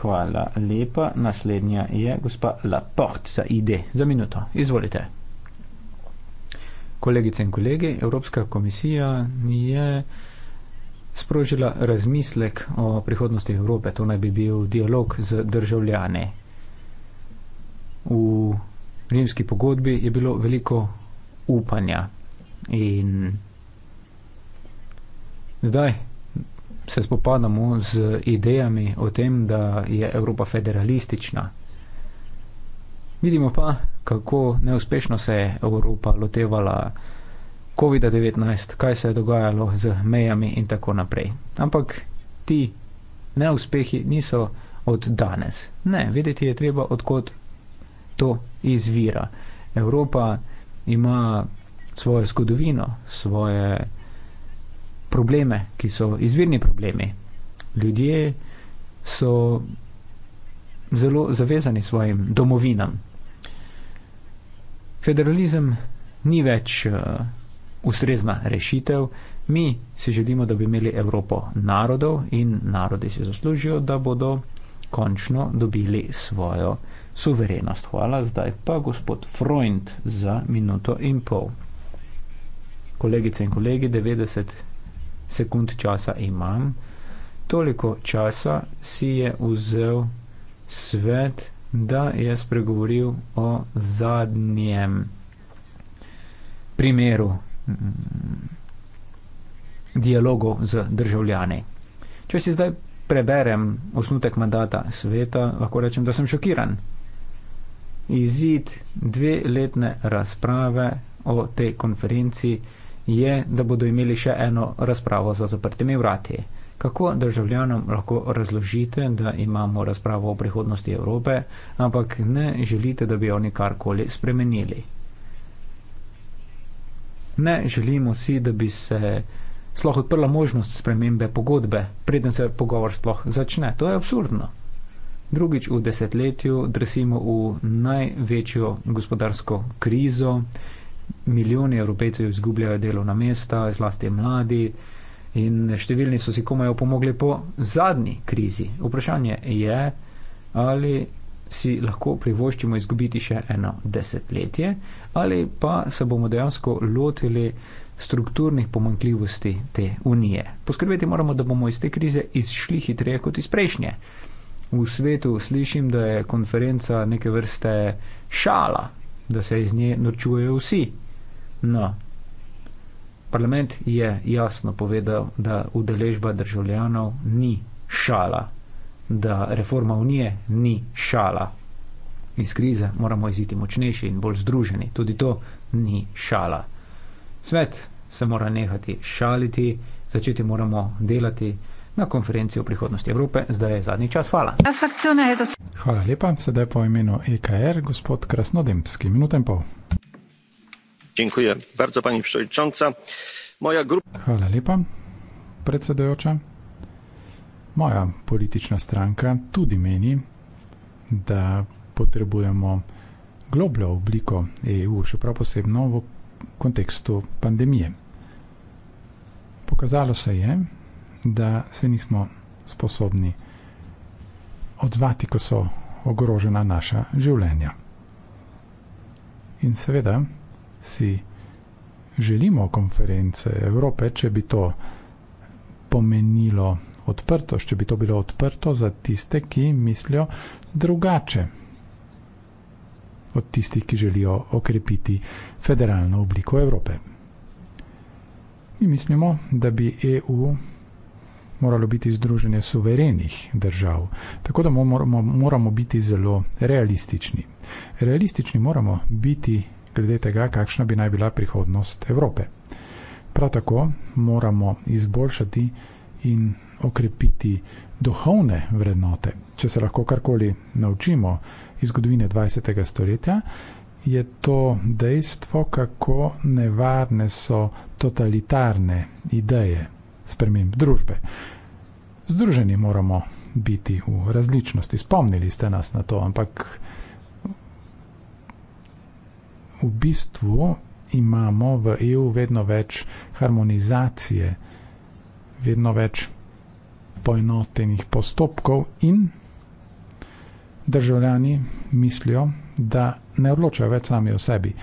Hvala lepa. Naslednja je gospa Laporte za ID. Za minuto. Izvolite. Kolegice in kolegi, Evropska komisija je. Nije sprožila razmislek o prihodnosti Evrope. To naj bi bil dialog z državljane. V rimski pogodbi je bilo veliko upanja in zdaj se spopadamo z idejami o tem, da je Evropa federalistična. Vidimo pa, kako neuspešno se je Evropa lotevala COVID-19, kaj se je dogajalo z mejami in tako naprej. Ampak ti neuspehi niso od danes. Ne, vedeti je treba, odkot to izvira. Evropa ima svojo zgodovino, svoje probleme, ki so izvirni problemi. Ljudje so zelo zavezani svojim domovinam. Federalizem ni več uh, ustrezna rešitev. Mi si želimo, da bi imeli Evropo narodov in narodi si zaslužijo, da bodo končno dobili svojo suverenost. Hvala, zdaj pa gospod Freund za minuto in pol. Kolegice in kolegi, 90 sekund časa imam. Toliko časa si je vzel svet, da je spregovoril o zadnjem primeru Mm. dialogu z državljani. Če si zdaj preberem osnutek mandata sveta, lahko rečem, da sem šokiran. Izid dve letne razprave o tej konferenci je, da bodo imeli še eno razpravo za zaprtimi vrati. Kako državljanom lahko razložite, da imamo razpravo o prihodnosti Evrope, ampak ne želite, da bi oni karkoli spremenili? Ne želimo si, da bi se sploh odprla možnost spremembe pogodbe, preden se pogovor sploh začne. To je absurdno. Drugič v desetletju drsimo v največjo gospodarsko krizo, milijoni evropejcev izgubljajo delovna mesta, zlasti mladi in številni so si komaj opomogli po zadnji krizi. Vprašanje je, ali si lahko privoščimo izgubiti še eno desetletje, ali pa se bomo dejansko lotili strukturnih pomankljivosti te unije. Poskrbeti moramo, da bomo iz te krize izšli hitreje kot iz prejšnje. V svetu slišim, da je konferenca neke vrste šala, da se iz nje norčujejo vsi. No, parlament je jasno povedal, da udeležba državljanov ni šala da reforma unije ni šala. Iz krize moramo iziti močnejši in bolj združeni. Tudi to ni šala. Svet se mora nehati šaliti, začeti moramo delati na konferenci o prihodnosti Evrope. Zdaj je zadnji čas. Hvala. Hvala lepa. Sedaj po imenu EKR, gospod Krasnodemski. Minuten pol. Dziękuję bardzo, pani przewodnicząca. Moja grupa. Hvala lepa, predsedujoča moja politična stranka tudi meni, da potrebujemo globljo obliko EU, še prav posebno v kontekstu pandemije. Pokazalo se je, da se nismo sposobni odzvati, ko so ogrožena naša življenja. In seveda si želimo konference Evrope, če bi to pomenilo odprtost, če bi to bilo odprto za tiste, ki mislijo drugače od tistih, ki želijo okrepiti federalno obliko Evrope. Mi mislimo, da bi EU moralo biti združenje suverenih držav, tako da moramo, moramo biti zelo realistični. Realistični moramo biti glede tega, kakšna bi naj bila prihodnost Evrope. Prav tako moramo izboljšati in okrepiti duhovne vrednote. Če se lahko karkoli naučimo iz zgodovine 20. stoletja, je to dejstvo, kako nevarne so totalitarne ideje sprememb družbe. Združeni moramo biti v različnosti, spomnili ste nas na to, ampak v bistvu imamo v EU vedno več harmonizacije, vedno več poenotenih postopkov in državljani mislijo, da ne odločajo več sami o sebi.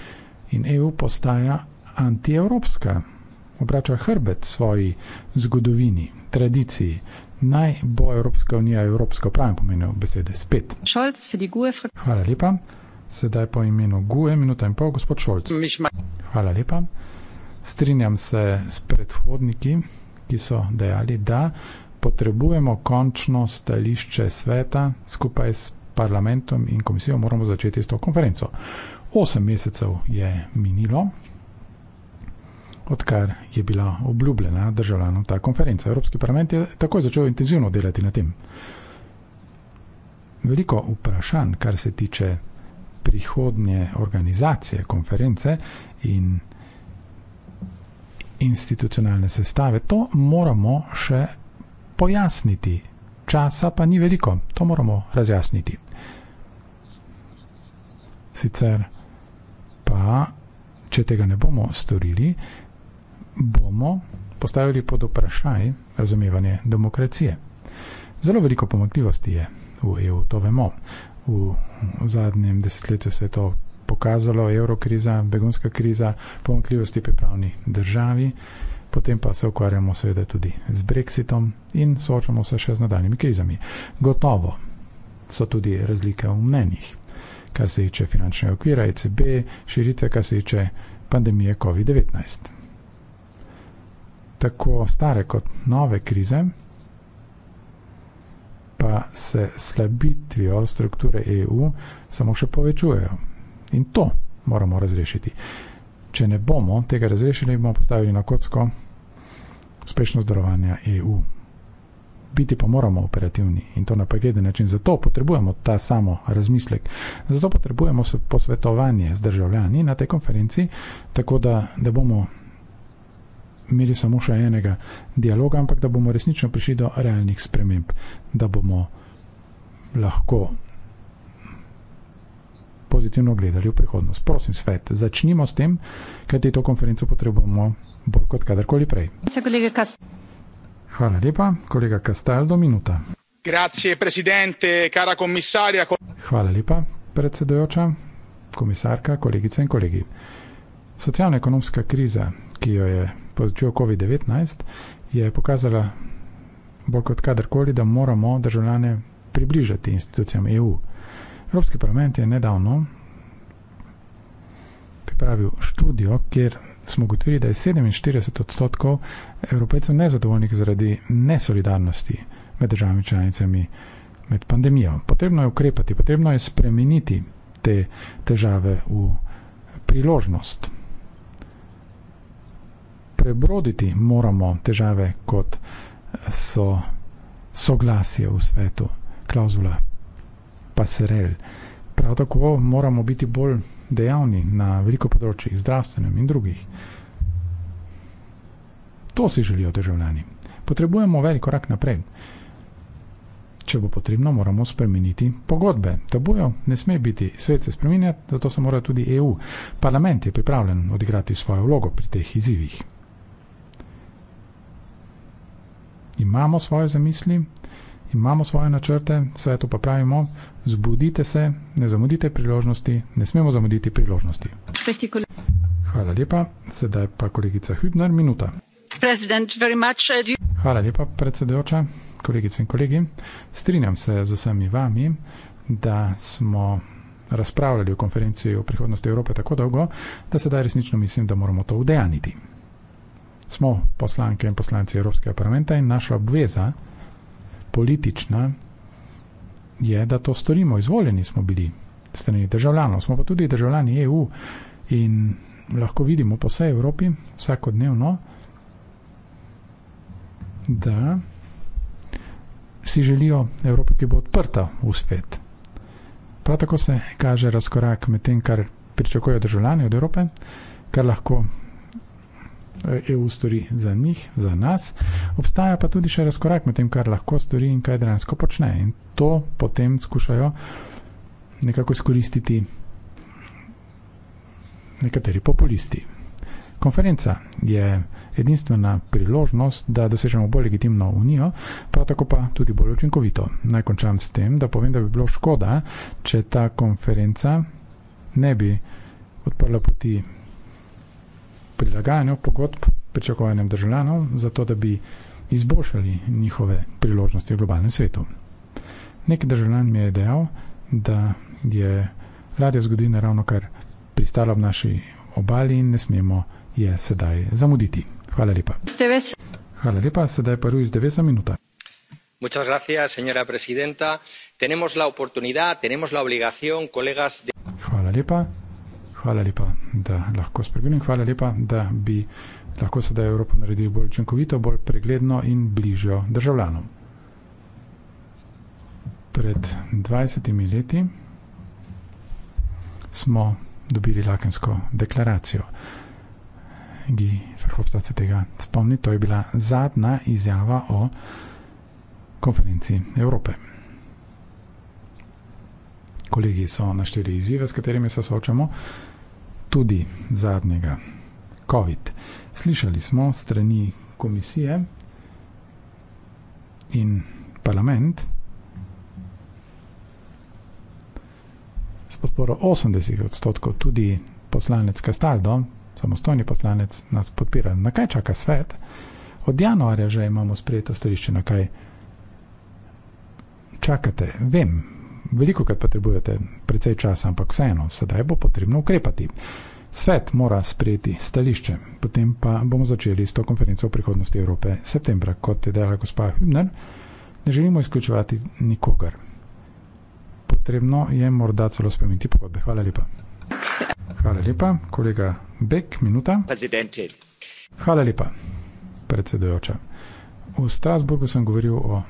In EU postaja antievropska, obrača hrbet svoji zgodovini, tradiciji. Naj bo Evropska unija evropsko pravim pomenil besede spet. Šolc, Hvala lepa. Sedaj po imenu Gue, minuta in pol, gospod Šolc. Hvala lepa. Strinjam se s predhodniki, ki so dejali, da potrebujemo končno stališče sveta skupaj s parlamentom in komisijo, moramo začeti s to konferenco. Osem mesecev je minilo, odkar je bila obljubljena državljanom ta konferenca. Evropski parlament je takoj začel intenzivno delati na tem. Veliko vprašanj, kar se tiče prihodnje organizacije konference in institucionalne sestave, to moramo še pojasniti. Časa pa ni veliko, to moramo razjasniti. Sicer pa, če tega ne bomo storili, bomo postavili pod vprašaj razumevanje demokracije. Zelo veliko pomakljivosti je v EU, to vemo. V zadnjem desetletju se je to pokazalo, evrokriza, begunska kriza, pomakljivosti pri pravni državi potem pa se ukvarjamo seveda tudi z brexitom in soočamo se še z nadaljnimi krizami. Gotovo so tudi razlike v mnenjih, kar se tiče finančnega okvira ECB, širitve, kar se tiče pandemije COVID-19. Tako stare kot nove krize pa se slabitvijo strukture EU samo še povečujejo. In to moramo razrešiti. Če ne bomo tega razrešili, bomo postavili na kocko uspešno zdravljanje EU. Biti pa moramo operativni in to na pageden način. Zato potrebujemo ta samo razmislek, zato potrebujemo posvetovanje z državljani na tej konferenci, tako da, da bomo imeli samo še enega dialoga, ampak da bomo resnično prišli do realnih sprememb, da bomo lahko pozitivno gledali v prihodnost. Prosim, svet, začnimo s tem, kajti to konferenco potrebujemo bolj kot kadarkoli prej. Hvala lepa, kolega Castaldo, minuta. Hvala lepa, predsedojoča, komisarka, kolegice in kolegi. Socialno-ekonomska kriza, ki jo je povzročil COVID-19, je pokazala bolj kot kadarkoli, da moramo državljane približati institucijam EU. Evropski parlament je nedavno pripravil študijo, kjer smo ugotovili, da je 47 odstotkov evropejcev nezadovoljnih zaradi nesolidarnosti med državami članicami med pandemijo. Potrebno je ukrepati, potrebno je spremeniti te težave v priložnost. Prebroditi moramo težave, kot so soglasje v svetu, klauzula pasarel. Prav tako moramo biti bolj dejavni na veliko področjih, zdravstvenem in drugih. To si želijo državljani. Potrebujemo velik korak naprej. Če bo potrebno, moramo spremeniti pogodbe. Tabujo ne sme biti, svet se spremenja, zato se mora tudi EU. Parlament je pripravljen odigrati svojo vlogo pri teh izzivih. Imamo svoje zamisli, imamo svoje načrte, svetu pa pravimo, zbudite se, ne zamudite priložnosti, ne smemo zamuditi priložnosti. Hvala lepa, sedaj pa kolegica Hübner, minuta. Uh, Hvala lepa, predsedujoča, kolegice in kolegi. Strinjam se z vsemi vami, da smo razpravljali o konferenci o prihodnosti Evrope tako dolgo, da sedaj resnično mislim, da moramo to udejaniti. Smo poslanke in poslanci Evropskega parlamenta in naša obveza politična, je, da to storimo. Izvoljeni smo bili strani državljanov, smo pa tudi državljani EU in lahko vidimo po vsej Evropi vsakodnevno, da si želijo Evrope, ki bo odprta v svet. Prav tako se kaže razkorak med tem, kar pričakujejo državljani od Evrope, kar lahko EU stori za njih, za nas. Obstaja pa tudi še razkorak med tem, kar lahko stori in kaj dejansko počne. In to potem skušajo nekako izkoristiti nekateri populisti. Konferenca je edinstvena priložnost, da dosežemo bolj legitimno unijo, prav tako pa tudi bolj učinkovito. Naj končam s tem, da povem, da bi bilo škoda, če ta konferenca ne bi odprla poti prilagajanju pogodb pričakovanjem državljanov, zato da bi izboljšali njihove priložnosti v globalnem svetu. Nek državljan mi je dejal, da je ladja zgodovine ravno kar pristala v naši obali in ne smemo je sedaj zamuditi. Hvala lepa. Hvala lepa, sedaj pa Ruiz 9 za minuta. Muchas gracias, señora presidenta. Tenemos la oportunidad, tenemos la obligación, colegas de... Hvala lepa, Hvala lepa, da lahko spregledam. Hvala lepa, da bi lahko sedaj Evropo naredil bolj učinkovito, bolj pregledno in bližjo državljanom. Pred 20 leti smo dobili lakensko deklaracijo. Gi Verhofstadt se tega spomni, to je bila zadnja izjava o konferenci Evrope. Kolegi so našteli izzive, s katerimi se soočamo tudi zadnjega, COVID. Slišali smo strani komisije in parlament s podporo 80 odstotkov tudi poslanec Kastaldo, samostojni poslanec, nas podpira. Na kaj čaka svet? Od januarja že imamo sprejeto stališče, na kaj čakate. Vem, veliko krat potrebujete precej časa, ampak vseeno, sedaj bo potrebno ukrepati. Svet mora sprejeti stališče, potem pa bomo začeli s to konferenco o prihodnosti Evrope septembra, kot je dejala gospa Hübner. Ne želimo izključevati nikogar. Potrebno je morda celo spremeniti pogodbe. Hvala lepa. Hvala lepa, kolega Beck, minuta. Hvala lepa, predsedujoča. V Strasburgu sem govoril o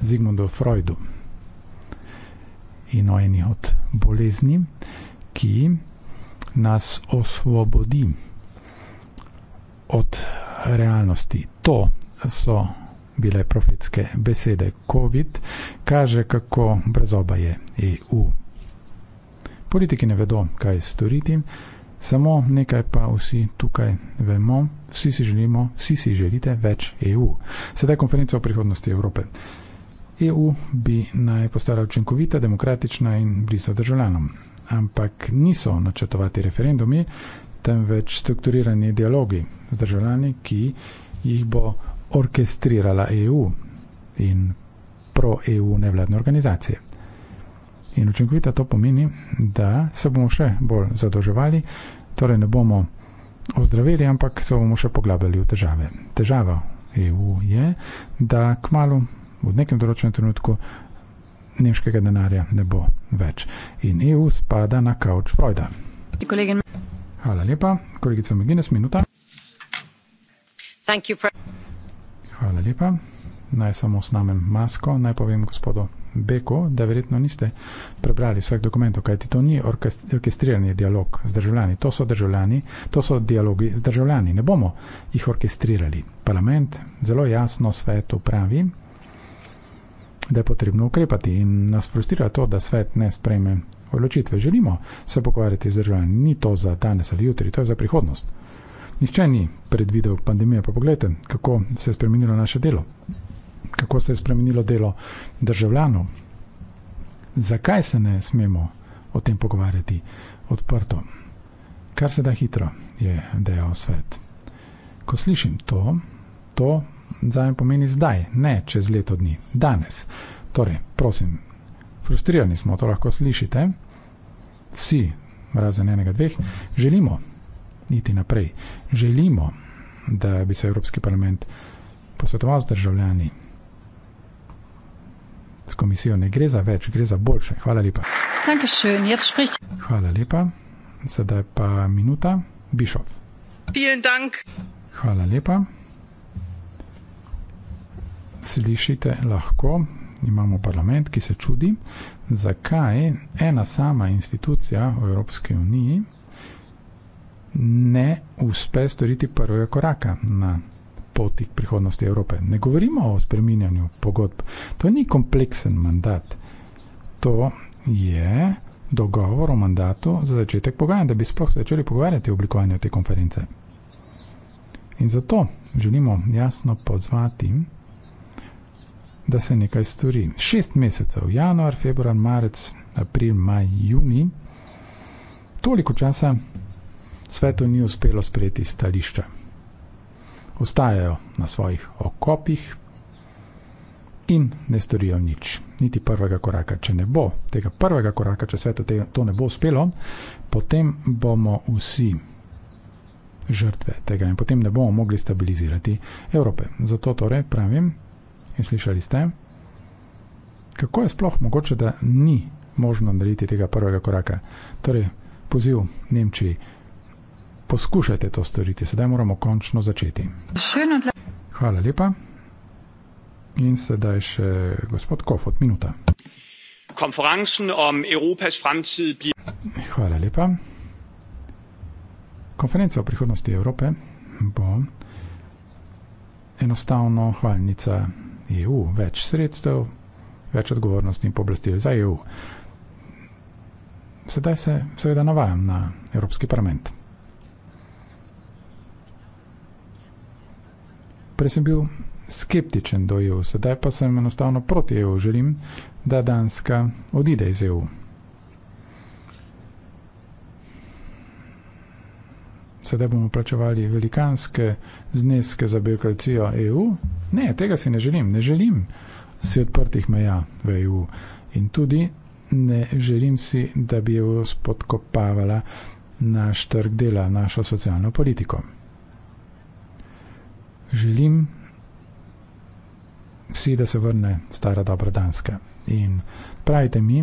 Zigmundu Freudu in o eni od bolezni, ki nas osvobodi od realnosti. To so bile profetske besede COVID, kaže, kako brezoba je EU. Politiki ne vedo, kaj storiti, samo nekaj pa vsi tukaj vemo, vsi si želimo, vsi si želite več EU. Sedaj konferenca o prihodnosti Evrope. EU bi naj postala učinkovita, demokratična in blizu državljanom. Ampak niso načrtovati referendumi, temveč strukturirani dialogi z državljani, ki jih bo orkestrirala EU in pro-EU nevladne organizacije. In učinkovita to pomeni, da se bomo še bolj zadolževali, torej ne bomo ozdravili, ampak se bomo še poglabljali v težave. Težava EU je, da kmalo v nekem določenem trenutku nemškega denarja ne bo več. In EU spada na kavč Freuda. Hvala lepa, kolegica Meginas, minuta. Hvala lepa. Naj samo snamem masko, naj povem gospodu Beko, da verjetno niste prebrali vseh dokumentov, kajti to ni orkestrirani dialog z državljani. To so državljani, to so dialogi z državljani. Ne bomo jih orkestrirali. Parlament zelo jasno svetu pravi, da je potrebno ukrepati in nas frustrira to, da svet ne sprejme odločitve. Želimo se pogovarjati z državami, ni to za danes ali jutri, to je za prihodnost. Nihče ni predvidel pandemije, pa pogledajte, kako se je spremenilo naše delo, kako se je spremenilo delo državljanov. Zakaj se ne smemo o tem pogovarjati odprto? Kar se da hitro, je dejal svet. Ko slišim to, to Zame pomeni zdaj, ne čez leto dni, danes. Torej, prosim, frustrirani smo, to lahko slišite, vsi, razen enega, dveh, želimo iti naprej. Želimo, da bi se Evropski parlament posvetoval z državljani, s komisijo. Ne gre za več, gre za boljše. Hvala lepa. Hvala lepa. Sedaj pa minuta, Bišov. Hvala lepa slišite lahko, imamo parlament, ki se čudi, zakaj ena sama institucija v Evropski uniji ne uspe storiti prvega koraka na poti k prihodnosti Evrope. Ne govorimo o spreminjanju pogodb. To ni kompleksen mandat. To je dogovor o mandatu za začetek pogajanja, da bi sploh začeli pogovarjati o oblikovanju te konference. In zato želimo jasno pozvati da se nekaj stori. Šest mesecev, januar, februar, marec, april, maj, juni, toliko časa svetu ni uspelo sprejeti stališča. Ostajajo na svojih okopih in ne storijo nič, niti prvega koraka. Če ne bo tega prvega koraka, če svetu to ne bo uspelo, potem bomo vsi žrtve tega in potem ne bomo mogli stabilizirati Evrope. Zato torej pravim, In slišali ste, kako je sploh mogoče, da ni možno narediti tega prvega koraka. Torej, poziv Nemčiji, poskušajte to storiti, sedaj moramo končno začeti. Hvala lepa. In sedaj še gospod Kofot, minuta. Hvala lepa. Konferenca o prihodnosti Evrope bo enostavno hvalnica EU, več sredstev, več odgovornosti in pooblastil za EU. Sedaj se seveda navajam na Evropski parlament. Prej sem bil skeptičen do EU, sedaj pa sem enostavno proti EU. Želim, da Danska odide iz EU. Sedaj bomo plačevali velikanske zneske za birokracijo EU, Ne, tega si ne želim. Ne želim si odprtih meja v EU in tudi ne želim si, da bi EU spodkopavala naš trg dela, našo socialno politiko. Želim si, da se vrne stara dobra Danska. In pravite mi,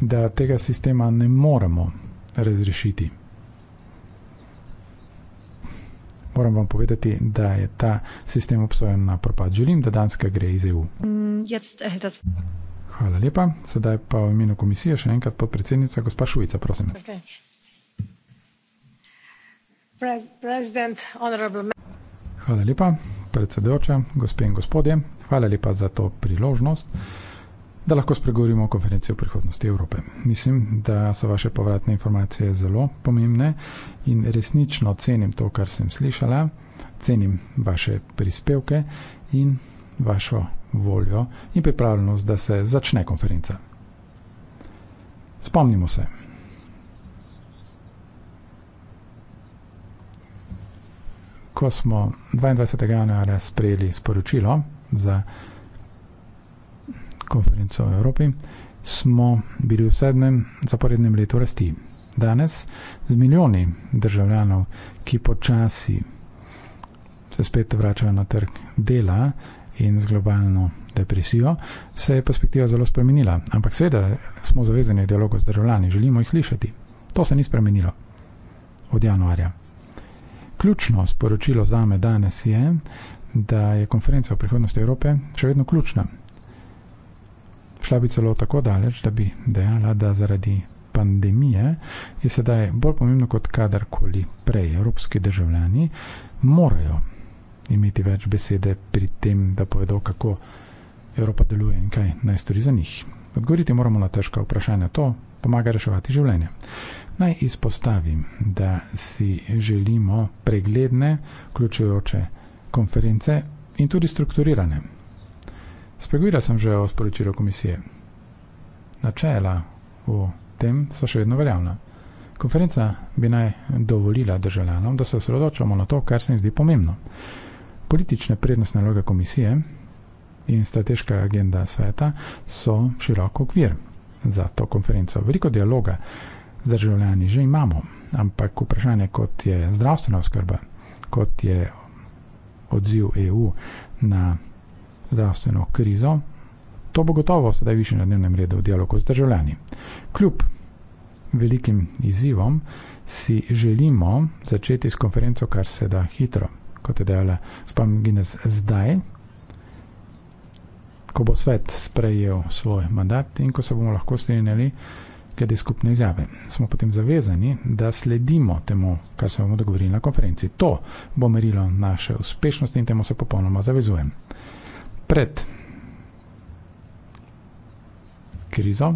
da tega sistema ne moremo razrešiti. moram vam povedati, da je ta sistem obsojen na propad. Želim, da Danska gre iz EU. Mm, eh, Hvala lepa. Sedaj pa v imenu komisije še enkrat podpredsednica, gospa Šujica, prosim. Hvala lepa, predsedujoča, gospe in gospodje. Hvala lepa za to priložnost da lahko spregovorimo o konferenci o prihodnosti Evrope. Mislim, da so vaše povratne informacije zelo pomembne in resnično cenim to, kar sem slišala, cenim vaše prispevke in vašo voljo in pripravljenost, da se začne konferenca. Spomnimo se. Ko smo 22. januarja sprejeli sporočilo za konferenco, konferenco o Evropi, smo bili v sedmem zaporednem letu rasti. Danes z milijoni državljanov, ki počasi se spet vračajo na trg dela in z globalno depresijo, se je perspektiva zelo spremenila. Ampak seveda smo zavezani v dialogu z državljani, želimo jih slišati. To se ni spremenilo od januarja. Ključno sporočilo za me danes je, da je konferenca o prihodnosti Evrope še vedno ključna. Šla bi celo tako daleč, da bi dejala, da zaradi pandemije je sedaj bolj pomembno kot kadarkoli prej. Evropski državljani morajo imeti več besede pri tem, da povedo, kako Evropa deluje in kaj naj stori za njih. Odgovoriti moramo na težka vprašanja. To pomaga reševati življenje. Naj izpostavim, da si želimo pregledne, vključujoče konference in tudi strukturirane. Spregovila sem že o sporočilu komisije. Načela v tem so še vedno veljavna. Konferenca bi naj dovolila državljanom, da se osredotočamo na to, kar se jim zdi pomembno. Politične prednostne naloge komisije in strateška agenda sveta so širok okvir za to konferenco. Veliko dialoga z državljani že imamo, ampak vprašanje, kot je zdravstvena oskrba, kot je odziv EU na zdravstveno krizo. To bo gotovo sedaj više na dnevnem redu v dialogu z državljani. Kljub velikim izzivom si želimo začeti s konferenco kar se da hitro, kot je dejala spam Guinness zdaj, ko bo svet sprejel svoj mandat in ko se bomo lahko strinjali glede skupne izjave. Smo potem zavezani, da sledimo temu, kar se bomo dogovorili na konferenci. To bo merilo naše uspešnosti in temu se popolnoma zavezujem pred krizo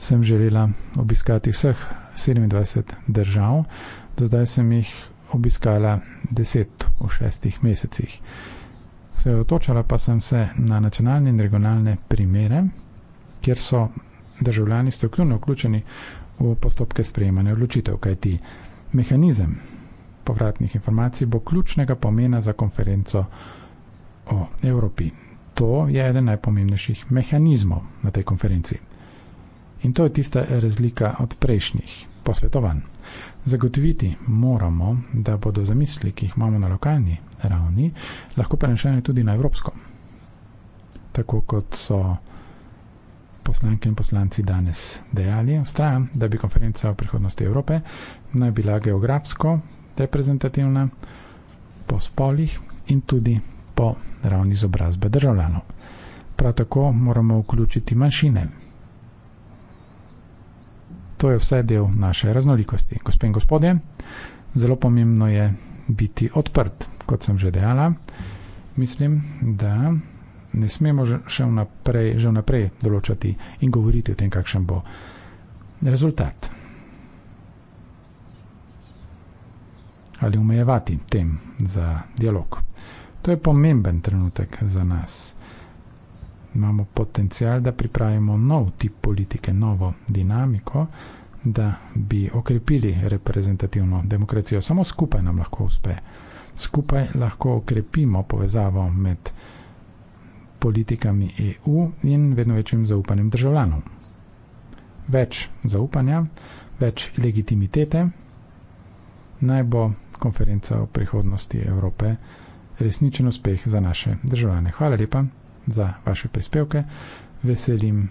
sem želela obiskati vseh 27 držav. Do zdaj sem jih obiskala 10 v 6 mesecih. Sredotočala pa sem se na nacionalne in regionalne primere, kjer so državljani strukturno vključeni v postopke sprejemanja odločitev, kajti mehanizem povratnih informacij bo ključnega pomena za konferenco o Evropi. To je eden najpomembnejših mehanizmov na tej konferenci. In to je tista razlika od prejšnjih posvetovanj. Zagotoviti moramo, da bodo zamisli, ki jih imamo na lokalni ravni, lahko prenešene tudi na evropsko. Tako kot so poslanke in poslanci danes dejali, ustrajam, da bi konferenca o prihodnosti Evrope naj bila geografsko reprezentativna, po spolih in tudi po ravni izobrazbe državljanov. Prav tako moramo vključiti manjšine. To je vse del naše raznolikosti. Gospe in gospodje, zelo pomembno je biti odprt, kot sem že dejala. Mislim, da ne smemo že vnaprej, že vnaprej določati in govoriti o tem, kakšen bo rezultat. Ali omejevati tem za dialog. To je pomemben trenutek za nas. Imamo potencial, da pripravimo nov tip politike, novo dinamiko, da bi okrepili reprezentativno demokracijo. Samo skupaj nam lahko uspe. Skupaj lahko okrepimo povezavo med politikami EU in vedno večjim zaupanjem državljanov. Več zaupanja, več legitimitete, naj bo konferenca o prihodnosti Evrope resničen uspeh za naše državljane. Hvala lepa za vaše prispevke. Veselim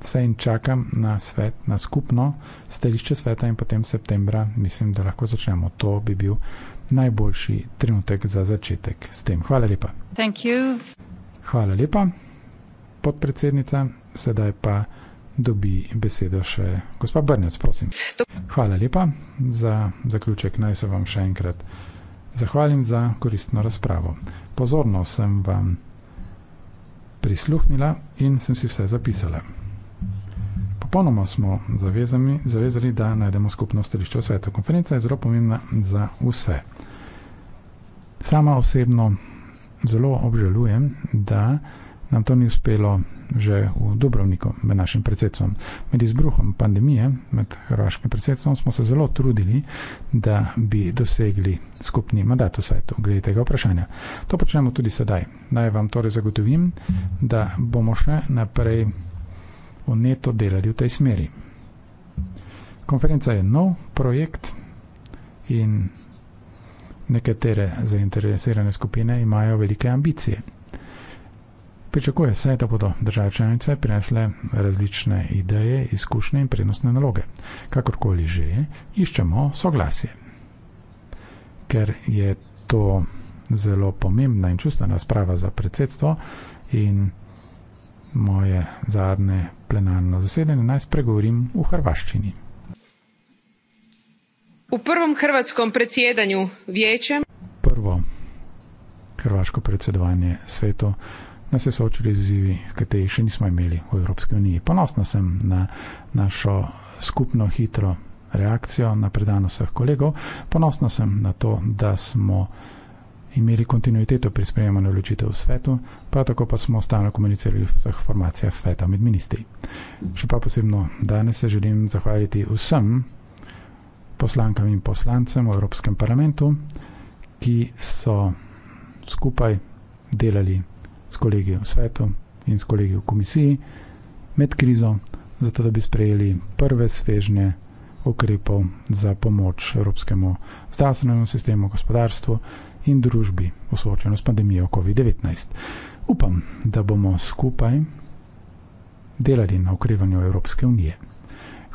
se in čakam na svet, na skupno stališče sveta in potem septembra mislim, da lahko začnemo. To bi bil najboljši trenutek za začetek s tem. Hvala lepa. Thank you. Hvala lepa, podpredsednica. Sedaj pa dobi besedo še gospa Brnec, prosim. Hvala lepa za zaključek. Naj se vam še enkrat. Zahvaljujem za koristno razpravo. Pozorno sem vam prisluhnila in sem si vse zapisala. Popolnoma smo zavezani, zavezali, da najdemo skupno stališče o svetu. Konferenca je zelo pomembna za vse. Sama osebno zelo obžalujem, da nam to ni uspelo že v Dubrovniku med našim predsedstvom. Med izbruhom pandemije, med hrvaškim predsedstvom, smo se zelo trudili, da bi dosegli skupni mandat v svetu glede tega vprašanja. To počnemo tudi sedaj. Naj vam torej zagotovim, da bomo še naprej vneto delali v tej smeri. Konferenca je nov projekt in nekatere zainteresirane skupine imajo velike ambicije. Pričakuje se, da bodo države članice prinesle različne ideje, izkušnje in prednostne naloge. Kakorkoli že, iščemo soglasje. Ker je to zelo pomembna in čustvena sprava za predsedstvo in moje zadnje plenarno zasedanje, naj spregovorim v hrvaščini. V prvem hrvatskom predsedanju vječem. Prvo hrvaško predsedovanje svetu da se soočili z izzivi, ki te še nismo imeli v Evropski uniji. Ponosna sem na našo skupno hitro reakcijo na predano vseh kolegov, ponosna sem na to, da smo imeli kontinuiteto pri sprejemanju odločitev v svetu, prav tako pa smo stalno komunicirali v vseh formacijah sveta med ministri. Še pa posebno danes se želim zahvaliti vsem poslankam in poslancem v Evropskem parlamentu, ki so skupaj delali s kolegijem svetom in s kolegijem komisiji med krizo, zato da bi sprejeli prve svežnje ukrepov za pomoč evropskemu zdravstvenemu sistemu, gospodarstvu in družbi v soočenju s pandemijo COVID-19. Upam, da bomo skupaj delali na ukrevanju Evropske unije.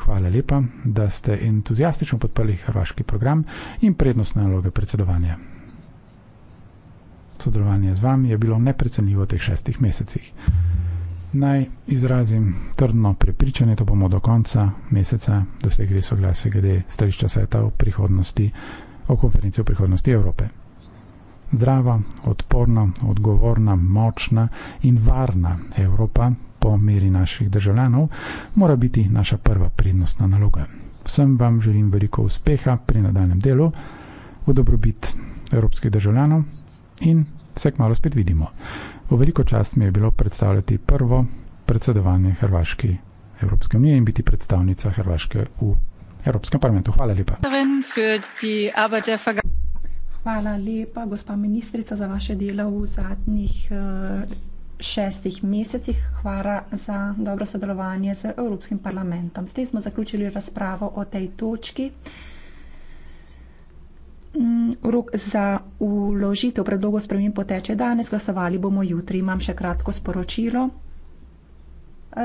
Hvala lepa, da ste entuzijastično podprli hrvaški program in prednostne naloge predsedovanja sodelovanje z vami je bilo neprecenljivo v teh šestih mesecih. Naj izrazim trdno prepričanje, da bomo do konca meseca dosegli soglasje glede stališča sveta o prihodnosti, o konferenci o prihodnosti Evrope. Zdrava, odporna, odgovorna, močna in varna Evropa po meri naših državljanov mora biti naša prva prednostna naloga. Vsem vam želim veliko uspeha pri nadaljem delu, v dobrobit evropskih državljanov in se kmalo spet vidimo. V veliko čast mi je bilo predstavljati prvo predsedovanje Hrvaški Evropske unije in biti predstavnica Hrvaške v Evropskem parlamentu. Hvala lepa. Hvala lepa, gospa ministrica, za vaše delo v zadnjih eh, šestih mesecih. Hvala za dobro sodelovanje z Evropskim parlamentom. S tem smo zaključili razpravo o tej točki. Mm, rok za uložitev predlogov spremen poteče danes, glasovali bomo jutri. Imam še kratko sporočilo.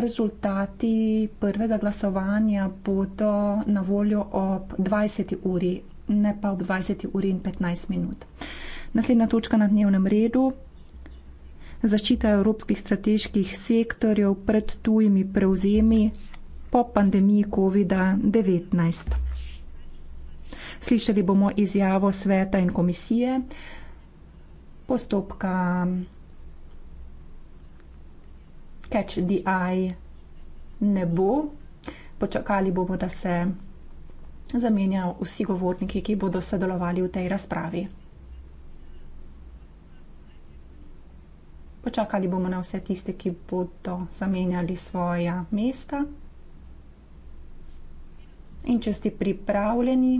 Rezultati prvega glasovanja bodo na voljo ob 20. uri, ne pa ob 20. uri in 15 minut. Naslednja točka na dnevnem redu. Zaščita evropskih strateških sektorjev pred tujimi prevzemi po pandemiji COVID-19. Slišali bomo izjavo sveta in komisije postopka Catch the Eye ne bo. Počakali bomo, da se zamenjajo vsi govorniki, ki bodo sodelovali v tej razpravi. Počakali bomo na vse tiste, ki bodo zamenjali svoja mesta. In če ste pripravljeni,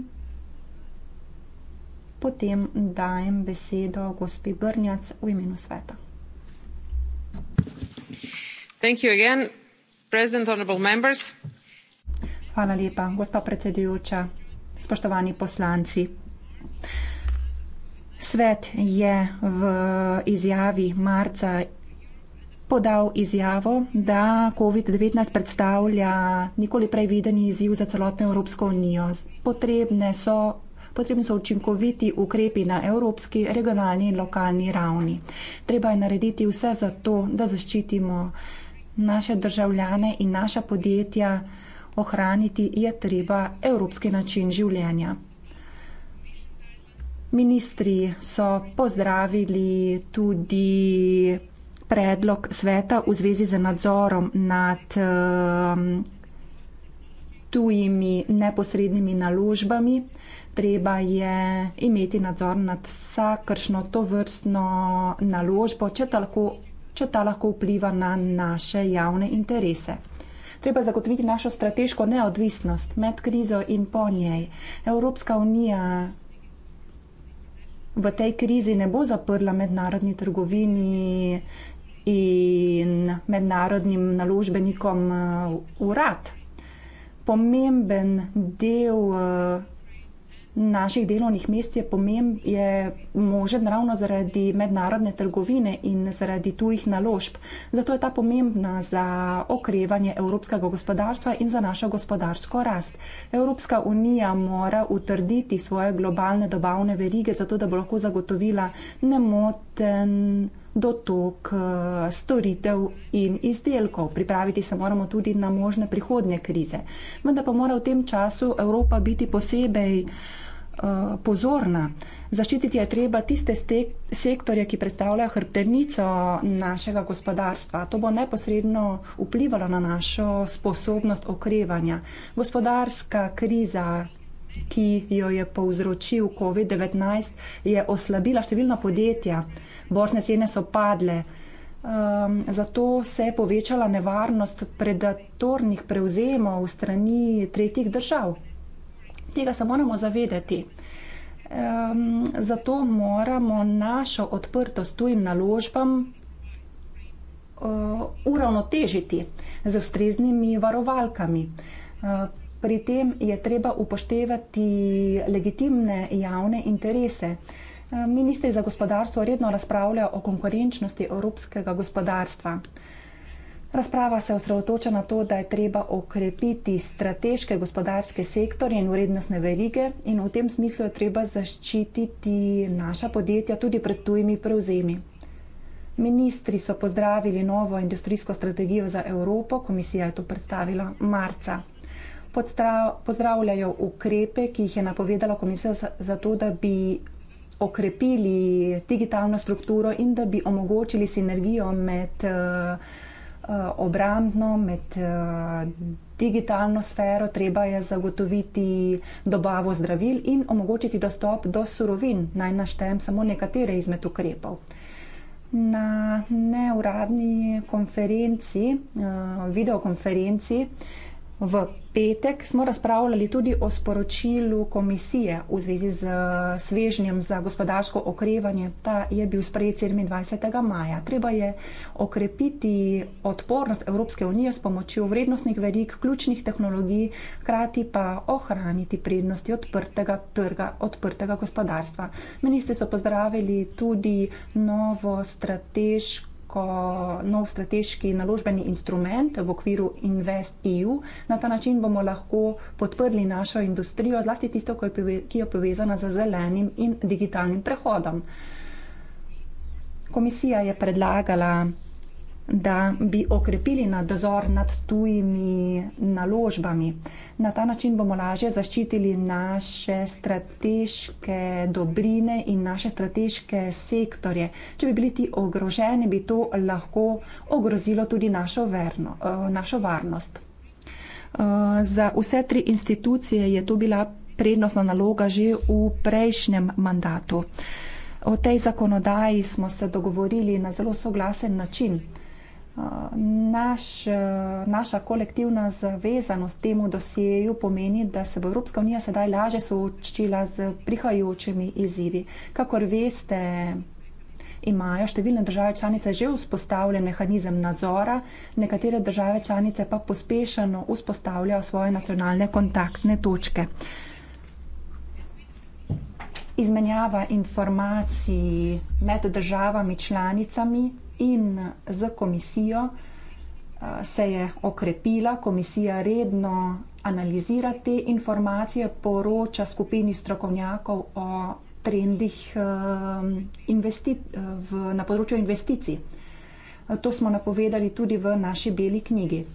potem dajem besedo gospe Brnjac v imenu sveta. Thank you again, President, honorable members. Hvala lepa, gospa predsedujoča, spoštovani poslanci. Svet je v izjavi marca podal izjavo, da COVID-19 predstavlja nikoli prej videni izziv za celotno Evropsko unijo. Potrebne so potrebni so učinkoviti ukrepi na evropski, regionalni in lokalni ravni. Treba je narediti vse za to, da zaščitimo naše državljane in naša podjetja. Ohraniti je treba evropski način življenja. Ministri so pozdravili tudi predlog sveta v zvezi z nadzorom nad eh, tujimi neposrednimi naložbami treba je imeti nadzor nad vsakršno to vrstno naložbo, če ta lahko, če ta lahko vpliva na naše javne interese. Treba zagotoviti našo strateško neodvisnost med krizo in po njej. Evropska unija v tej krizi ne bo zaprla mednarodni trgovini in mednarodnim naložbenikom uh, urad. Pomemben del uh, naših delovnih mest je pomemben, je možen ravno zaradi mednarodne trgovine in zaradi tujih naložb. Zato je ta pomembna za okrevanje evropskega gospodarstva in za našo gospodarsko rast. Evropska unija mora utrditi svoje globalne dobavne verige, zato da bo lahko zagotovila nemoten dotok eh, storitev in izdelkov. Pripraviti se moramo tudi na možne prihodnje krize. Vendar pa mora v tem času Evropa biti posebej Eh, pozorna. Zaščititi je treba tiste sektorje, ki predstavljajo hrbtenico našega gospodarstva. To bo neposredno vplivalo na našo sposobnost okrevanja. Gospodarska kriza, ki jo je povzročil COVID-19, je oslabila številna podjetja, borzne cene so padle. Um, zato se je povečala nevarnost predatornih prevzemov strani tretjih držav tega se moramo zavedati. Um, zato moramo našo odprtost tujim naložbam uh, uravnotežiti z ustreznimi varovalkami. Uh, pri tem je treba upoštevati legitimne javne interese. E, ministri za gospodarstvo redno razpravljajo o konkurenčnosti evropskega gospodarstva. Uh, Razprava se osredotoča na to, da je treba okrepiti strateške gospodarske sektorje in vrednostne verige in v tem smislu je treba zaščititi naša podjetja tudi pred tujimi prevzemi. Ministri so pozdravili novo industrijsko strategijo za Evropo, komisija je to predstavila marca. Pozdravljajo ukrepe, ki jih je napovedala komisija za to, da bi okrepili digitalno strukturo in da bi omogočili sinergijo med uh, Eh, obrambno, med eh, digitalno sfero, treba je zagotoviti dobavo zdravil in omogočiti dostop do surovin. Naj naštem samo nekatere izmed ukrepov. Na neuradni konferenci, eh, videokonferenci, V petek smo razpravljali tudi o sporočilu komisije v zvezi z svežnjem za gospodarsko okrevanje. Ta je bil sprejet 27. maja. Treba je okrepiti odpornost Evropske unije s pomočjo vrednostnih verik, ključnih tehnologij, hkrati pa ohraniti prednosti odprtega trga, odprtega gospodarstva. Ministri so pozdravili tudi novo strateško neko nov strateški naložbeni instrument v okviru Invest EU. Na ta način bomo lahko podprli našo industrijo, zlasti tisto, ki je povezana z zelenim in digitalnim prehodom. Komisija je predlagala da bi okrepili nadzor nad tujimi naložbami. Na ta način bomo lažje zaščitili naše strateške dobrine in naše strateške sektorje. Če bi bili ti ogroženi, bi to lahko ogrozilo tudi našo, verno, eh, našo varnost. Eh, za vse tri institucije je to bila prednostna naloga že v prejšnjem mandatu. O tej zakonodaji smo se dogovorili na zelo soglasen način. Naš, naša kolektivna zavezanost temu dosjeju pomeni, da se bo Evropska unija sedaj laže soočila z prihajajočimi izzivi. Kakor veste, imajo številne države članice že vzpostavljen mehanizem nadzora, nekatere države članice pa pospešeno vzpostavljajo svoje nacionalne kontaktne točke. Izmenjava informacij med državami članicami in z komisijo eh, se je okrepila. Komisija redno analizira te informacije, poroča skupini strokovnjakov o trendih eh, v, na področju investicij. Eh, to smo napovedali tudi v naši beli knjigi.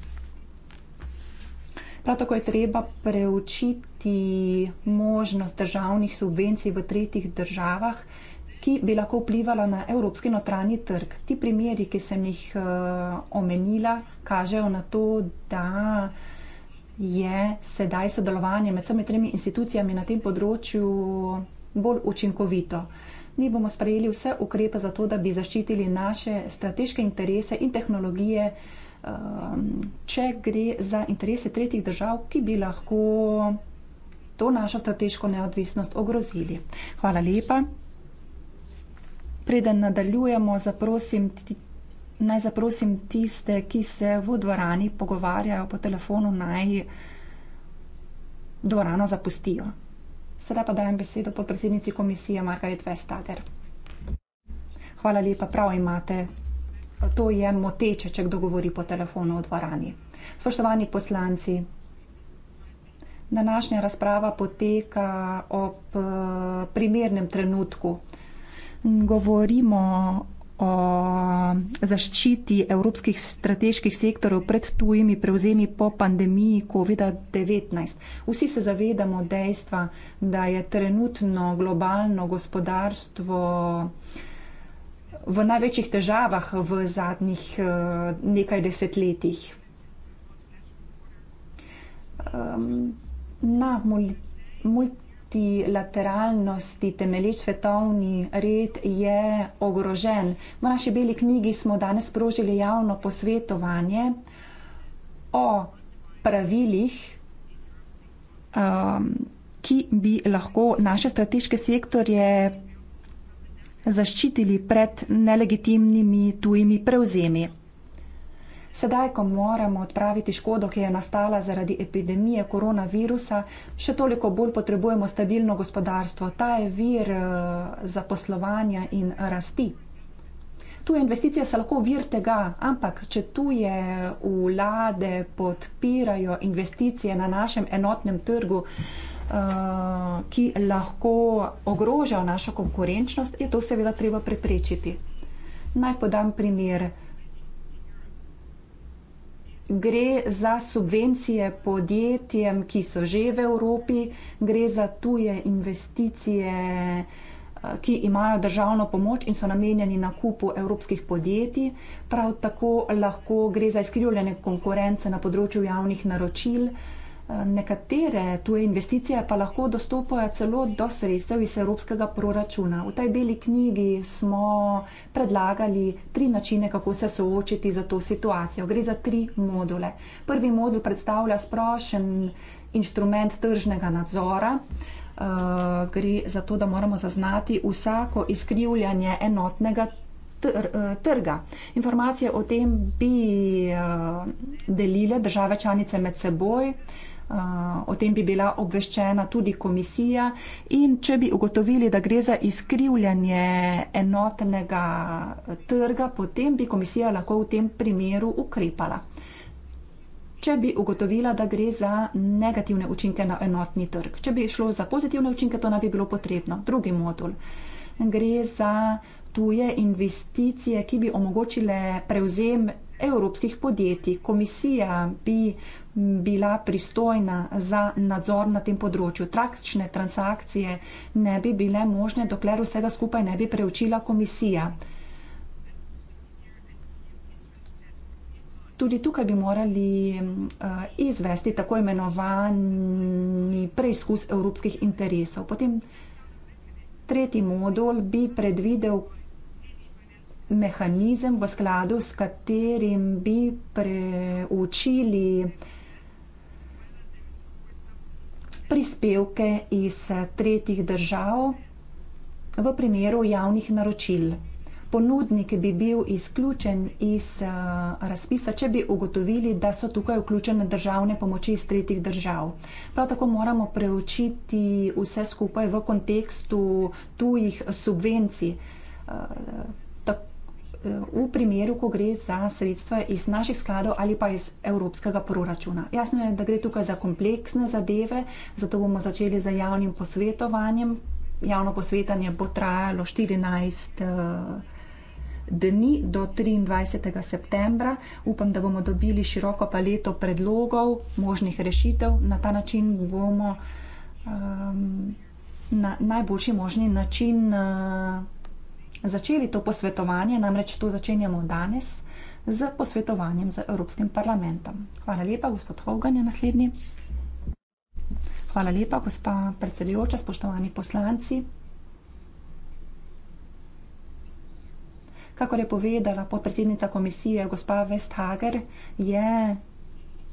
Prav tako je treba preučiti možnost državnih subvencij v tretjih državah, ki bi lahko vplivala na evropski notranji trg. Ti primeri, ki sem jih eh, omenila, kažejo na to, da je sedaj sodelovanje med vsemi tremi institucijami na tem področju bolj učinkovito. Mi bomo sprejeli vse ukrepe za to, da bi zaščitili naše strateške interese in tehnologije, ehm, če gre za interese tretjih držav, ki bi lahko to našo strateško neodvisnost ogrozili. Hvala lepa preden nadaljujemo, zaprosim ti, naj zaprosim tiste, ki se v dvorani pogovarjajo po telefonu, naj dvorano zapustijo. Sedaj pa dajem besedo podpredsednici komisije Margaret Vestager. Hvala lepa, prav imate. To je moteče, če kdo govori po telefonu v dvorani. Spoštovani poslanci, današnja razprava poteka ob eh, primernem trenutku. Govorimo o zaščiti evropskih strateških sektorov pred tujimi prevzemi po pandemiji COVID-19. Vsi se zavedamo dejstva, da je trenutno globalno gospodarstvo v največjih težavah v zadnjih eh, nekaj desetletjih. Ehm, na mul, mul, ti lateralnosti, temeleč svetovni red je ogrožen. V naši beli knjigi smo danes sprožili javno posvetovanje o pravilih, um, ki bi lahko naše strateške sektorje zaščitili pred nelegitimnimi tujimi prevzemi. Sedaj, ko moramo odpraviti škodo, ki je nastala zaradi epidemije koronavirusa, še toliko bolj potrebujemo stabilno gospodarstvo. Ta je vir eh, zaposlovanja in rasti. Tu je investicija, se lahko vir tega, ampak če tu je vlade podpirajo investicije na našem enotnem trgu, eh, ki lahko ogrožajo našo konkurenčnost, je to seveda treba preprečiti. Naj podam primer gre za subvencije podjetjem, ki so že v Evropi, gre za tuje investicije, eh, ki imajo državno pomoč in so namenjeni nakupu evropskih podjetij. Prav tako lahko gre za izkrivljanje konkurence na področju javnih naročil. Eh, nekatere tuje investicije pa lahko dostopajo celo do sredstev iz evropskega proračuna. V tej beli knjigi smo predlagali tri načine, kako se soočiti za to situacijo. Gre za tri module. Prvi modul predstavlja sprošen inštrument tržnega nadzora. Eh, gre za to, da moramo zaznati vsako izkrivljanje enotnega eh, trga. Informacije o tem bi delile države članice med seboj. Eh, o tem bi bila obveščena tudi komisija in če bi ugotovili, da gre za izkrivljanje enotnega eh, trga, potem bi komisija lahko v tem primeru ukrepala. Če bi ugotovila, da gre za negativne učinke na enotni trg. Če bi šlo za pozitivne učinke, to ne bi bilo potrebno. Drugi modul. Gre za tuje investicije, ki bi omogočile prevzem evropskih podjetij. Komisija bi bila pristojna za nadzor na tem področju. Trakčne transakcije ne bi bile možne, dokler vsega skupaj ne bi preučila komisija. Tudi tukaj bi morali izvesti tako imenovani preizkus evropskih interesov. Potem tretji modul bi predvidel mehanizem, v skladu s katerim bi preučili mehanizem, prispevke iz eh, tretjih držav v primeru javnih naročil. Ponudnik bi bil izključen iz eh, razpisa, če bi ugotovili, da so tukaj vključene državne pomoči iz tretjih držav. Prav tako moramo preučiti vse skupaj v kontekstu tujih subvencij. Eh, Eh, v primeru, ko gre za sredstva iz naših skladov ali pa iz evropskega proračuna. Jasno je, da gre tukaj za kompleksne zadeve, zato bomo začeli z javnim posvetovanjem. Javno posvetanje bo trajalo 14 eh, dni do 23. septembra. Upam, da bomo dobili široko paleto predlogov, možnih rešitev. Na ta način bomo um, na najboljši možni način. Uh, začeli to posvetovanje, namreč to začenjamo danes z posvetovanjem z Evropskim parlamentom. Hvala lepa, gospod Hogan je naslednji. Hvala lepa, gospa predsedujoča, spoštovani poslanci. Kakor je povedala podpredsednica komisije, gospa Westhager, je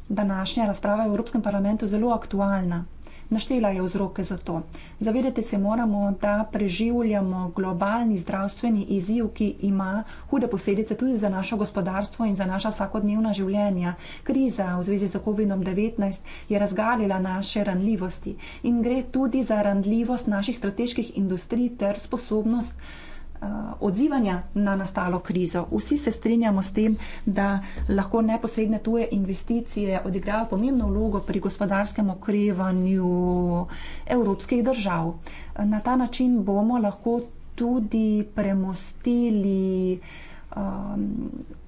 današnja razprava v Evropskem parlamentu zelo aktualna. Naštela je vzroke za to. Zavedati se moramo, da preživljamo globalni zdravstveni izziv, ki ima hude posledice tudi za naše gospodarstvo in za naša vsakodnevna življenja. Kriza v zvezi z COVID-19 je razgalila naše ranljivosti in gre tudi za ranljivost naših strateških industrij ter sposobnost Eh, odzivanja na nastalo krizo. Vsi se strinjamo s tem, da lahko neposredne tuje investicije odigrajo pomembno vlogo pri gospodarskem okrevanju evropskih držav. Na ta način bomo lahko tudi premostili ehm,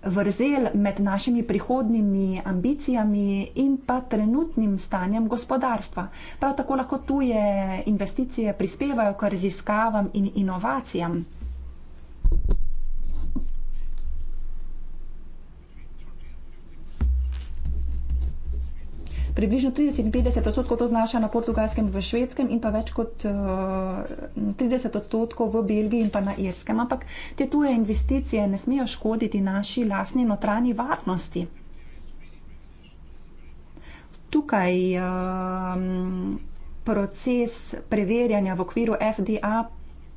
vrzel med našimi prihodnimi ambicijami in pa trenutnim stanjem gospodarstva. Prav tako lahko tuje investicije prispevajo k raziskavam in inovacijam. Približno 30 in 50 odstotkov to znaša na portugalskem, v švedskem in pa več kot uh, eh, 30 odstotkov v Belgiji in pa na irskem. Ampak te tuje investicije ne smejo škoditi naši lasni notranji varnosti. Tukaj uh, proces preverjanja v okviru FDA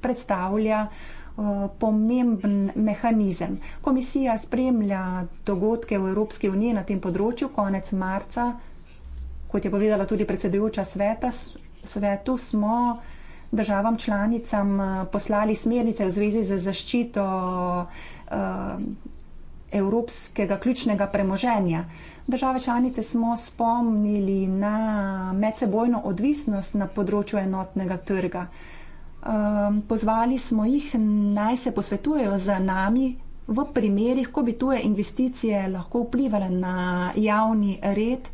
predstavlja uh, Eh, pomemben mehanizem. Komisija spremlja dogodke v Evropski uniji na tem področju. Konec marca, kot je povedala tudi predsedujoča sveta, svetu, smo državam članicam eh, poslali smernice v zvezi z zaščito uh, evropskega ključnega premoženja. Države članice smo spomnili na medsebojno odvisnost na področju enotnega trga. Uh, Um, pozvali smo jih naj se posvetujejo z nami v primerih, ko bi tuje investicije lahko vplivali na javni red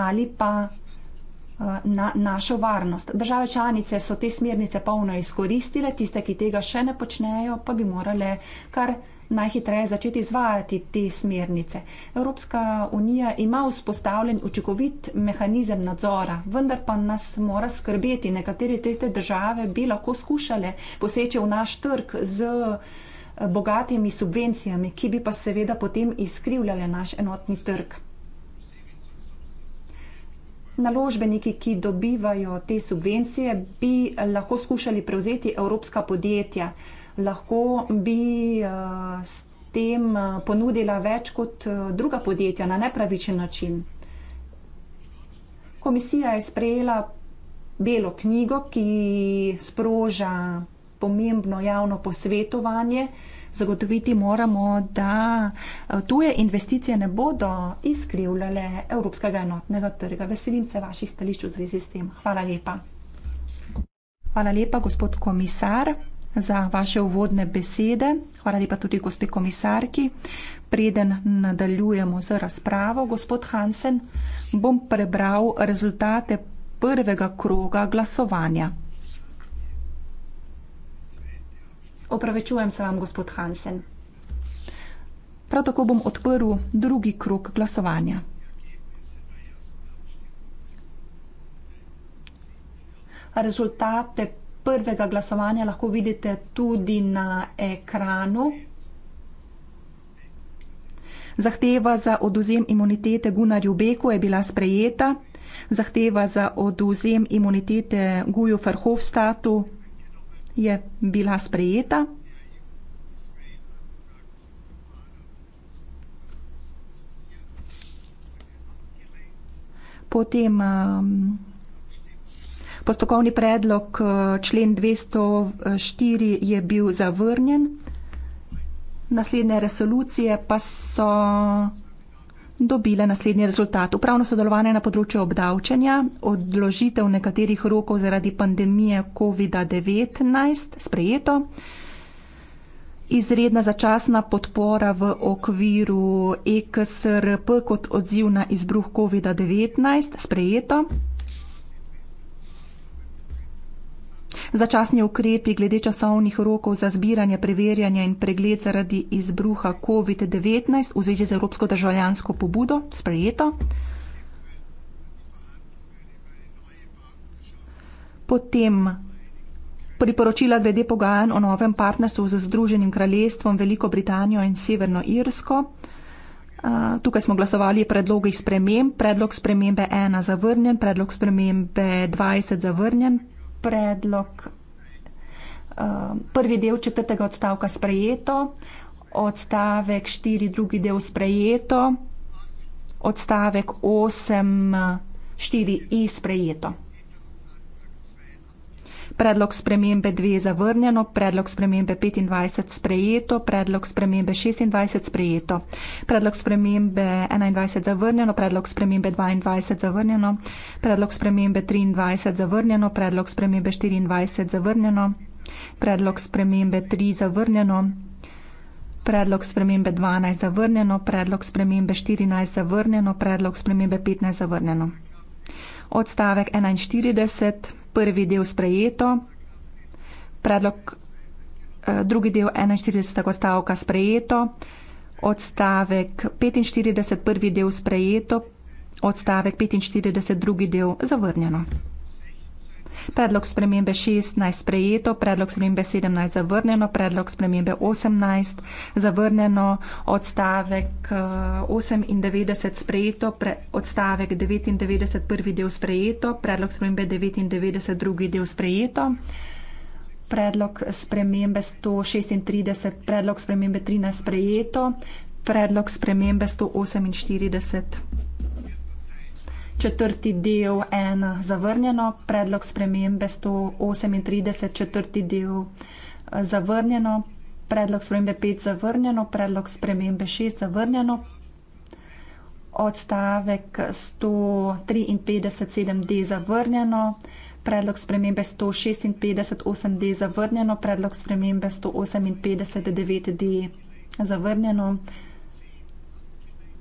ali pa uh, na našo varnost. Države članice so te smernice polno izkoristile, tiste, ki tega še ne počnejo, pa bi morale kar najhitreje začeti izvajati te smernice. Evropska unija ima vzpostavljen učinkovit mehanizem nadzora, vendar pa nas mora skrbeti. Nekatere tretje države bi lahko skušale poseči v naš trg z eh, bogatimi subvencijami, ki bi pa seveda potem izkrivljale naš enotni trg. Naložbeniki, ki dobivajo te subvencije, bi lahko skušali prevzeti evropska podjetja lahko bi eh, s tem eh, ponudila več kot eh, druga podjetja na nepravičen način. Komisija je sprejela belo knjigo, ki sproža pomembno javno posvetovanje. Zagotoviti moramo, da tuje investicije ne bodo izkrivljale Evropskega enotnega trga. Veselim se vaših stališč v zvezi s tem. Hvala lepa. Hvala lepa, gospod komisar za vaše uvodne besede. Hvala lepa tudi gospe komisarki. Preden nadaljujemo z razpravo, gospod Hansen, bom prebral rezultate prvega kroga glasovanja. Opravičujem se vam, gospod Hansen. Prav tako bom odprl drugi krok glasovanja. Rezultate prvega glasovanja lahko vidite tudi na ekranu. Zahteva za oduzem imunitete Gunarju Beku je bila sprejeta, zahteva za oduzem imunitete Guju Ferhofstatu je bila sprejeta. Potem um, Postokovni predlog eh, člen 204 je bil zavrnjen. Naslednje resolucije pa so dobile naslednji rezultat. Upravno sodelovanje na področju obdavčanja, odložitev nekaterih rokov zaradi pandemije COVID-19 sprejeto, izredna začasna podpora v okviru EKSRP kot odziv na izbruh COVID-19 sprejeto. Začasni ukrepi glede časovnih rokov za zbiranje, preverjanje in pregled zaradi izbruha COVID-19 v zvezi z Evropsko državljansko pobudo sprejeto. Potem priporočila glede pogajanj o novem partnerstvu z Združenim kraljestvom, Veliko Britanijo in Severno Irsko. Tukaj smo glasovali predloge sprememb. Predlog spremembe 1 zavrnjen, predlog spremembe 20 zavrnjen, predlog um, prvi del četrtega odstavka sprejeto, odstavek štiri drugi del sprejeto, odstavek osem štiri i sprejeto predlog spremembe 2 zavrnjeno, predlog spremembe 25 sprejeto, predlog spremembe 26 sprejeto, predlog spremembe 21 zavrnjeno, predlog spremembe 22 zavrnjeno, predlog spremembe 23 zavrnjeno, predlog spremembe 24 zavrnjeno, predlog spremembe 3 zavrnjeno, predlog spremembe 12 zavrnjeno, predlog spremembe 14 zavrnjeno, predlog spremembe 15 zavrnjeno. Odstavek 41 prvi del sprejeto, predlog eh, drugi del 41. stavka sprejeto, odstavek 45. prvi del sprejeto, odstavek 45. drugi del zavrnjeno predlog spremembe 16 sprejeto, predlog spremembe 17 zavrnjeno, predlog spremembe 18 zavrnjeno, odstavek 98 eh, sprejeto, pre, odstavek 99 prvi del sprejeto, predlog spremembe 99 drugi del sprejeto. Predlog spremembe 136, predlog spremembe 13 sprejeto, predlog spremembe 148 četrti del ena zavrnjeno, predlog spremembe 138 četrti del eh, zavrnjeno, predlog spremembe 5 zavrnjeno, predlog spremembe 6 zavrnjeno, odstavek 153.7d zavrnjeno, predlog spremembe 156.8d zavrnjeno, predlog spremembe 158.9d zavrnjeno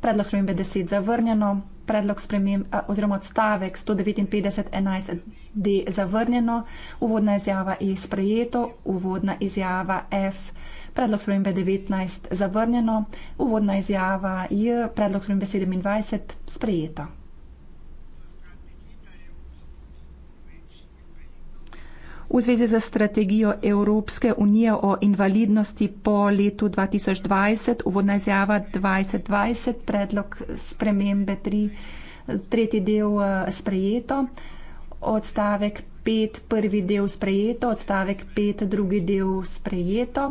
predlog spremembe 10 zavrnjeno, predlog spremem oziroma odstavek 159.11d zavrnjeno, uvodna izjava E sprejeto, uvodna izjava F, predlog spremembe 19 zavrnjeno, uvodna izjava J, predlog spremembe 27 sprejeto. v zvezi z strategijo Evropske unije o invalidnosti po letu 2020, uvodna izjava 2020, predlog spremembe 3, tretji del eh, sprejeto, odstavek 5, prvi del sprejeto, odstavek 5, drugi del sprejeto.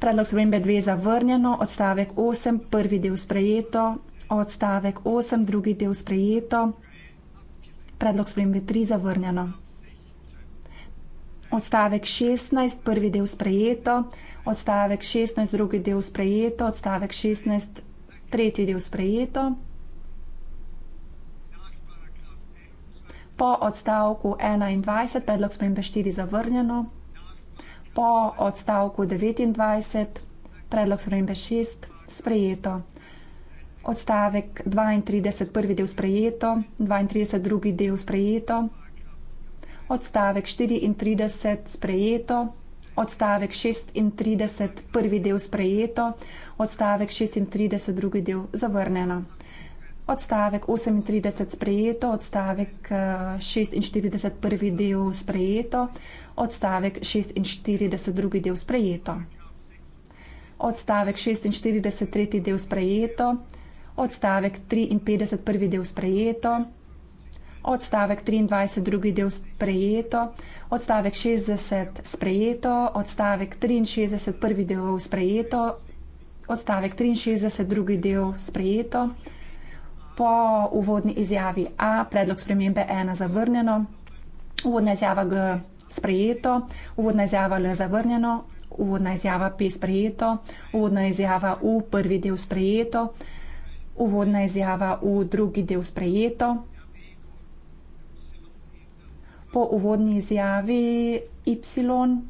Predlog spremembe 2 zavrnjeno, odstavek 8, prvi del sprejeto, odstavek 8, drugi del sprejeto, predlog spremembe 3 zavrnjeno. Odstavek 16, prvi del sprejeto, odstavek 16, drugi del sprejeto, odstavek 16, tretji del sprejeto. Po odstavku 21, predlog spremembe 4 zavrnjeno. Po odstavku 29, predlog spremembe 6 sprejeto. Odstavek 32, prvi del sprejeto, 32, drugi del sprejeto odstavek 34 sprejeto, odstavek 36 prvi del sprejeto, odstavek 36 drugi del zavrnjeno. Odstavek 38 sprejeto, odstavek 46 eh, prvi del sprejeto, odstavek 46 drugi del sprejeto. Odstavek 46 tretji del sprejeto, odstavek 53 prvi del sprejeto, odstavek 23, drugi del sprejeto, odstavek 60 sprejeto, odstavek 63, prvi del sprejeto, odstavek 63, drugi del sprejeto, po uvodni izjavi A, predlog spremembe 1 zavrnjeno, uvodna izjava G sprejeto, uvodna izjava L zavrnjeno, uvodna izjava P sprejeto, uvodna izjava U, prvi del sprejeto, uvodna izjava U, drugi del sprejeto po uvodni izjavi Y,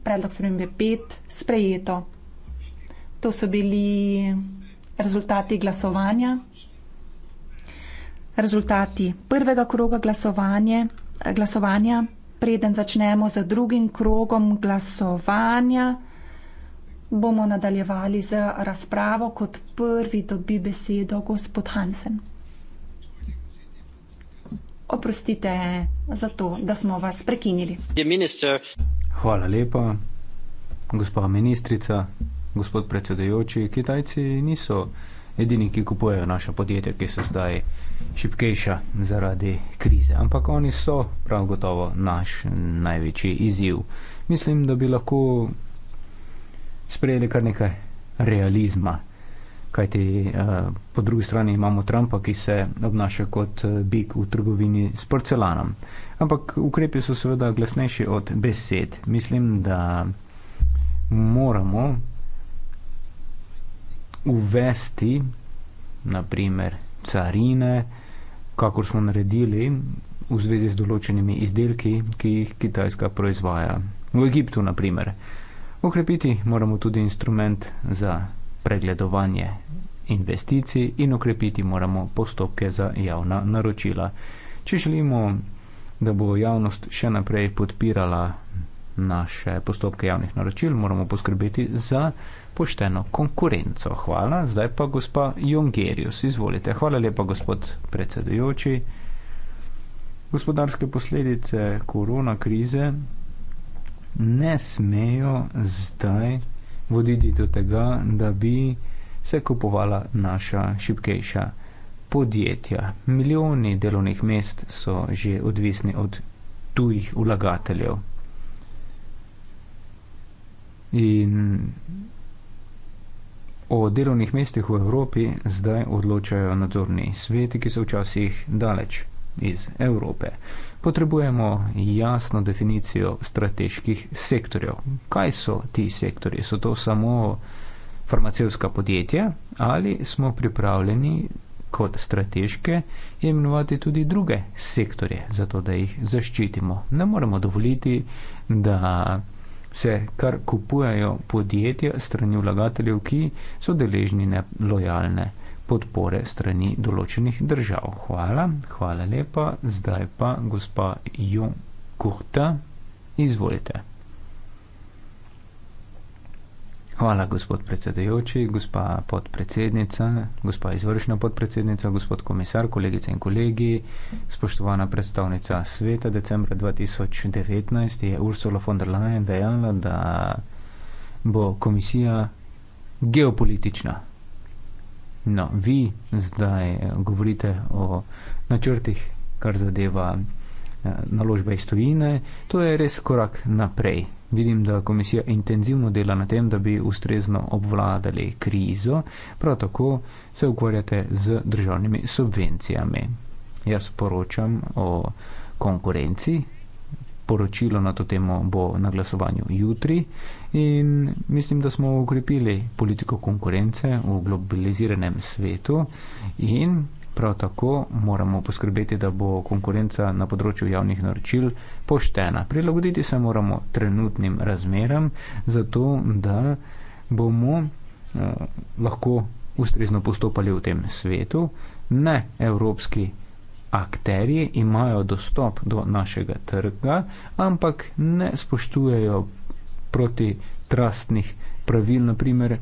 predlog spremembe 5, sprejeto. To so bili rezultati glasovanja. Rezultati prvega kroga glasovanja, preden začnemo z drugim krogom glasovanja, bomo nadaljevali z razpravo, kot prvi dobi besedo gospod Hansen oprostite za to, da smo vas prekinili. Hvala lepa, gospa ministrica, gospod predsedujoči. Kitajci niso edini, ki kupujejo naše podjetje, ki so zdaj šipkejša zaradi krize, ampak oni so prav gotovo naš največji izziv. Mislim, da bi lahko sprejeli kar nekaj realizma kajti eh, po drugi strani imamo Trumpa, ki se obnaša kot eh, bik v trgovini s porcelanom. Ampak ukrepi so seveda glasnejši od besed. Mislim, da moramo uvesti naprimer carine, kakor smo naredili v zvezi z določenimi izdelki, ki jih Kitajska proizvaja. V Egiptu, naprimer. Okrepiti moramo tudi instrument za pregledovanje investicij in ukrepiti moramo postopke za javna naročila. Če želimo, da bo javnost še naprej podpirala naše postopke javnih naročil, moramo poskrbeti za pošteno konkurenco. Hvala. Zdaj pa gospa Jongerius, izvolite. Hvala lepa, gospod predsedujoči. Gospodarske posledice korona krize ne smejo zdaj voditi do tega, da bi se kupovala naša šipkejša podjetja. Milijoni delovnih mest so že odvisni od tujih vlagateljev. In o delovnih mestih v Evropi zdaj odločajo nadzorni sveti, ki so včasih daleč iz Evrope potrebujemo jasno definicijo strateških sektorjev. Kaj so ti sektorji? So to samo farmacevska podjetja ali smo pripravljeni kot strateške imenovati tudi druge sektorje, zato da jih zaščitimo? Ne moremo dovoliti, da se kar kupujajo podjetja strani vlagateljev, ki so deležni nelojalne podpore strani določenih držav. Hvala, hvala lepa. Zdaj pa gospa Jung Kurta, izvolite. Hvala, gospod predsedajoči, gospa podpredsednica, gospa izvršna podpredsednica, gospod komisar, kolegice in kolegi, spoštovana predstavnica sveta. Decembra 2019 je Ursula von der Leyen dejala, da bo komisija geopolitična. No, vi zdaj eh, govorite o načrtih, kar zadeva eh, naložbe iz tujine. To je res korak naprej. Vidim, da komisija intenzivno dela na tem, da bi ustrezno obvladali krizo, prav tako se ukvarjate z državnimi subvencijami. Jaz poročam o konkurenci, poročilo na to temo bo na glasovanju jutri. In mislim, da smo ukrepili politiko konkurence v globaliziranem svetu in prav tako moramo poskrbeti, da bo konkurenca na področju javnih naročil poštena. Prilagoditi se moramo trenutnim razmeram, zato da bomo eh, lahko ustrezno postopali v tem svetu. Ne evropski akterji imajo dostop do našega trga, ampak ne spoštujejo protitrastnih pravil, naprimer,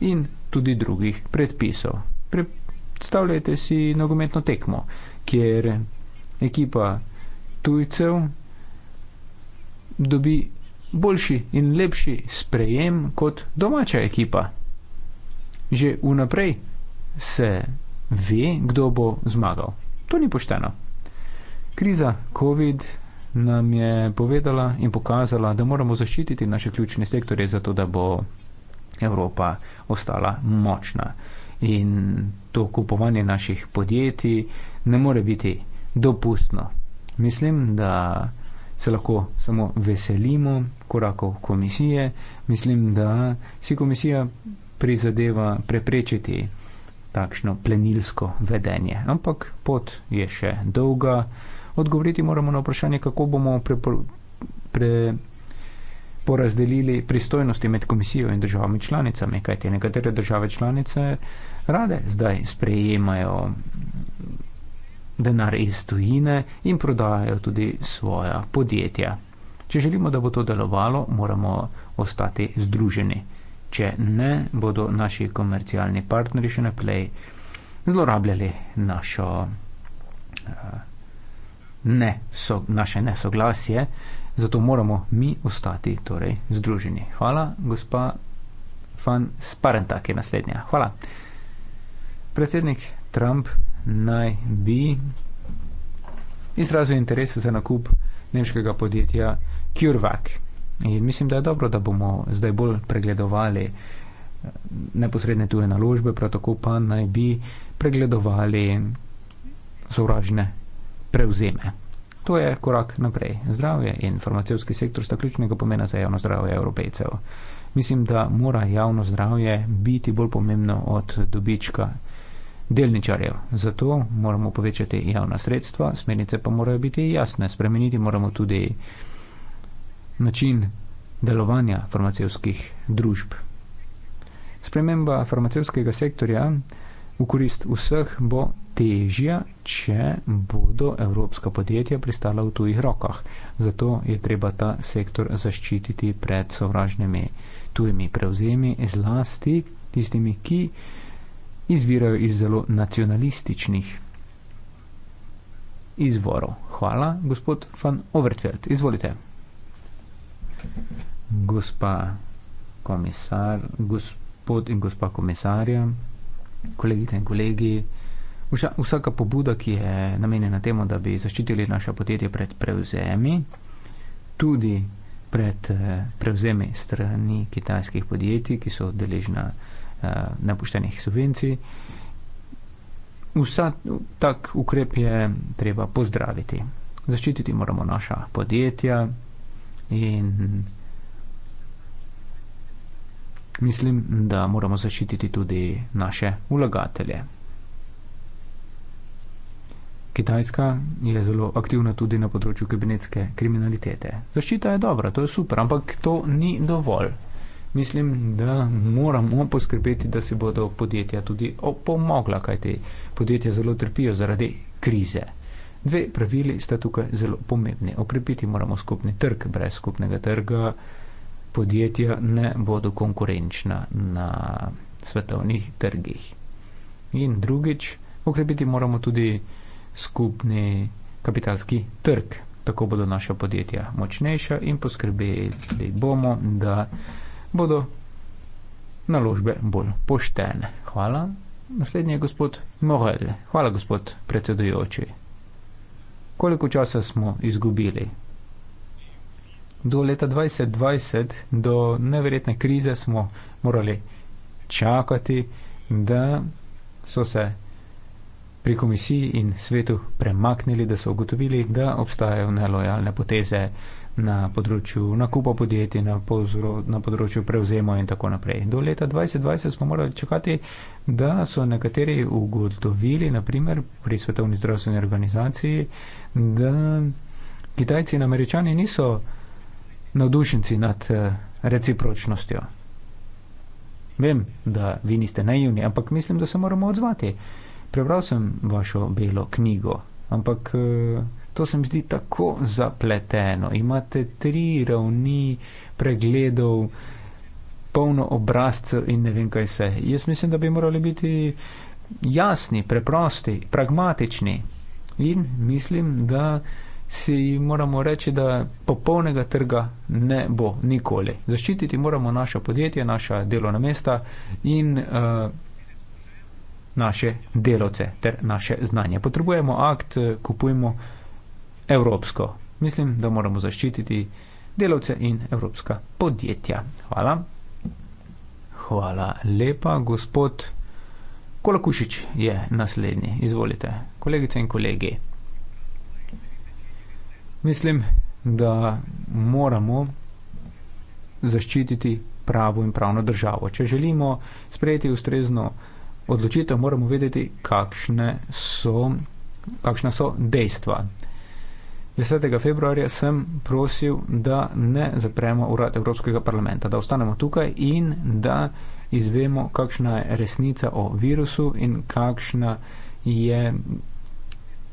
in tudi drugih predpisov. Predstavljajte si nogometno tekmo, kjer ekipa tujcev dobi boljši in lepši sprejem kot domača ekipa. Že vnaprej se ve, kdo bo zmagal. To ni pošteno. Kriza COVID-19 nam je povedala in pokazala, da moramo zaščititi naše ključne sektorje, zato da bo Evropa ostala močna. In to kupovanje naših podjetij ne more biti dopustno. Mislim, da se lahko samo veselimo korakov komisije. Mislim, da si komisija prizadeva preprečiti takšno plenilsko vedenje. Ampak pot je še dolga odgovoriti moramo na vprašanje, kako bomo porazdelili pre, pristojnosti med komisijo in državami članicami, kaj te nekatere države članice rade zdaj sprejemajo denar iz tujine in prodajajo tudi svoja podjetja. Če želimo, da bo to delovalo, moramo ostati združeni. Če ne, bodo naši komercialni partnerji še naprej zlorabljali našo. Uh, ne, so, naše nesoglasje, zato moramo mi ostati torej, združeni. Hvala, gospa Van Sparentak je naslednja. Hvala. Predsednik Trump naj bi izrazil interes za nakup nemškega podjetja CureVac. In mislim, da je dobro, da bomo zdaj bolj pregledovali eh, neposredne tuje naložbe, prav tako pa naj bi pregledovali sovražne prevzeme. To je korak naprej. Zdravje in farmacevski sektor sta ključnega pomena za javno zdravje evropejcev. Mislim, da mora javno zdravje biti bolj pomembno od dobička delničarjev. Zato moramo povečati javna sredstva, smernice pa morajo biti jasne. Spremeniti moramo tudi način delovanja farmacevskih družb. Sprememba farmacevskega sektorja v korist vseh bo težja, če bodo evropska podjetja pristala v tujih rokah. Zato je treba ta sektor zaščititi pred sovražnimi tujimi prevzemi, zlasti tistimi, ki izvirajo iz zelo nacionalističnih izvorov. Hvala, gospod van Overtveld. Izvolite. Gospa komisar, gospod in gospa komisarja, kolegice in kolegi, vsa, vsaka pobuda, ki je namenjena temu, da bi zaščitili naša podjetja pred prevzemi, tudi pred eh, prevzemi strani kitajskih podjetij, ki so deležna eh, napuštenih subvencij, vsa tak ukrep je treba pozdraviti. Zaščititi moramo naša podjetja in mislim, da moramo zaščititi tudi naše vlagatelje. Kitajska je zelo aktivna tudi na področju kibernetske kriminalitete. Zaščita je dobra, to je super, ampak to ni dovolj. Mislim, da moramo poskrbeti, da se bodo podjetja tudi opomogla, kajti podjetja zelo trpijo zaradi krize. Dve pravili sta tukaj zelo pomembni. Okrepiti moramo skupni trg, brez skupnega trga podjetja ne bodo konkurenčna na svetovnih trgih. In drugič, okrepiti moramo tudi skupni kapitalski trg. Tako bodo naša podjetja močnejša in poskrbeli bomo, da bodo naložbe bolj poštene. Hvala. Naslednji je gospod Morel. Hvala, gospod predsedujoči. Koliko časa smo izgubili? do leta 2020, do neverjetne krize, smo morali čakati, da so se pri komisiji in svetu premaknili, da so ugotovili, da obstajajo nelojalne poteze na področju nakupa podjetij, na, pozro, na področju prevzema in tako naprej. Do leta 2020 smo morali čakati, da so nekateri ugotovili, naprimer pri Svetovni zdravstveni organizaciji, da Kitajci in Američani niso navdušenci nad eh, recipročnostjo. Vem, da vi niste naivni, ampak mislim, da se moramo odzvati. Prebral sem vašo belo knjigo, ampak eh, to se mi zdi tako zapleteno. Imate tri ravni pregledov, polno obrazcev in ne vem kaj vse. Jaz mislim, da bi morali biti jasni, preprosti, pragmatični. In mislim, da si moramo reči, da popolnega trga ne bo nikoli. Zaščititi moramo naša podjetja, naša delovna mesta in uh, naše delovce ter naše znanje. Potrebujemo akt, eh, kupujemo evropsko. Mislim, da moramo zaščititi delovce in evropska podjetja. Hvala. Hvala lepa, gospod Kolakušič je naslednji. Izvolite, kolegice in kolegi. Mislim, da moramo zaščititi pravo in pravno državo. Če želimo sprejeti ustrezno odločitev, moramo vedeti, kakšne so, kakšna so dejstva. 10. februarja sem prosil, da ne zapremo urad Evropskega parlamenta, da ostanemo tukaj in da izvemo, kakšna je resnica o virusu in kakšna je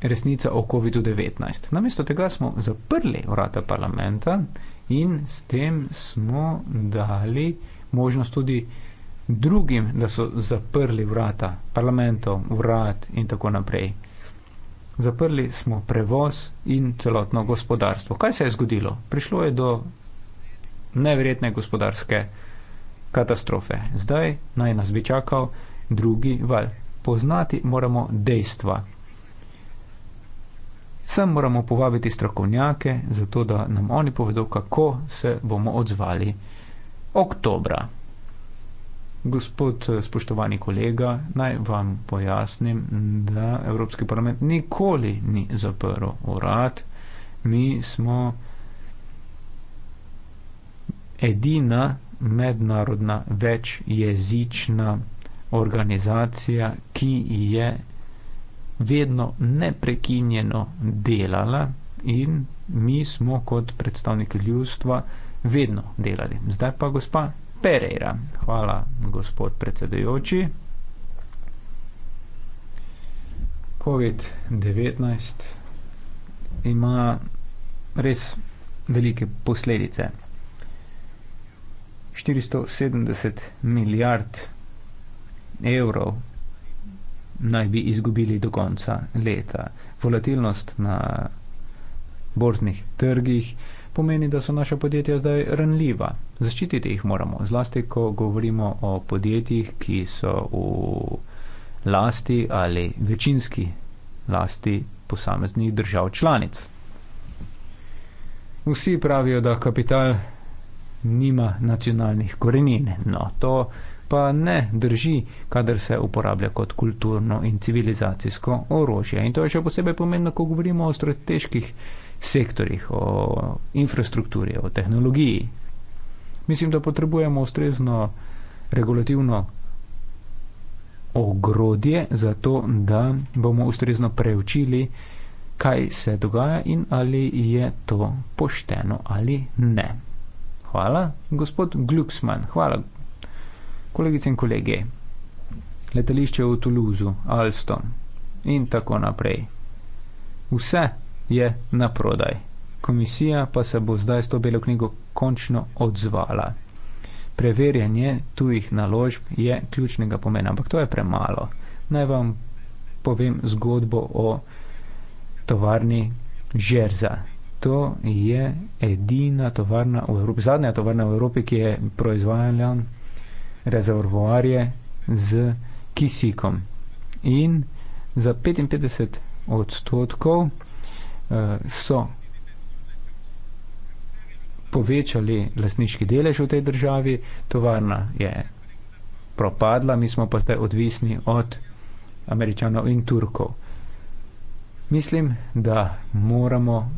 resnica o COVID-19. Namesto tega smo zaprli vrata parlamenta in s tem smo dali možnost tudi drugim, da so zaprli vrata parlamentov, vrat in tako naprej. Zaprli smo prevoz in celotno gospodarstvo. Kaj se je zgodilo? Prišlo je do neverjetne gospodarske katastrofe. Zdaj naj nas bi čakal drugi val. Poznati moramo dejstva. Sem moramo povabiti strokovnjake, zato da nam oni povedo, kako se bomo odzvali oktobra. Gospod eh, spoštovani kolega, naj vam pojasnim, da Evropski parlament nikoli ni zaprl urad. Mi smo edina mednarodna večjezična organizacija, ki je vedno neprekinjeno delala in mi smo kot predstavniki ljudstva vedno delali. Zdaj pa gospa Pereira. Hvala, gospod predsedujoči. COVID-19 ima res velike posledice. 470 milijard evrov naj bi izgubili do konca leta. Volatilnost na borznih trgih pomeni, da so naša podjetja zdaj ranljiva. Zaščititi jih moramo, zlasti ko govorimo o podjetjih, ki so v lasti ali večinski lasti posameznih držav članic. Vsi pravijo, da kapital nima nacionalnih korenine. No, to je pa ne drži, kadar se uporablja kot kulturno in civilizacijsko orožje. In to je še posebej pomembno, ko govorimo o strateških sektorjih, o infrastrukturi, o tehnologiji. Mislim, da potrebujemo ustrezno regulativno ogrodje za to, da bomo ustrezno preučili, kaj se dogaja in ali je to pošteno ali ne. Hvala, gospod Glucksmann. Hvala kolegice in kolege, letališče v Toulouse, Alstom in tako naprej. Vse je na prodaj. Komisija pa se bo zdaj s to belo knjigo končno odzvala. Preverjanje tujih naložb je ključnega pomena, ampak to je premalo. Naj vam povem zgodbo o tovarni Žerza. To je edina tovarna v Evropi, zadnja tovarna v Evropi, ki je proizvajala rezervoarje z kisikom. In za 55 odstotkov eh, so povečali lasniški delež v tej državi, tovarna je propadla, mi smo pa zdaj odvisni od američanov in turkov. Mislim, da moramo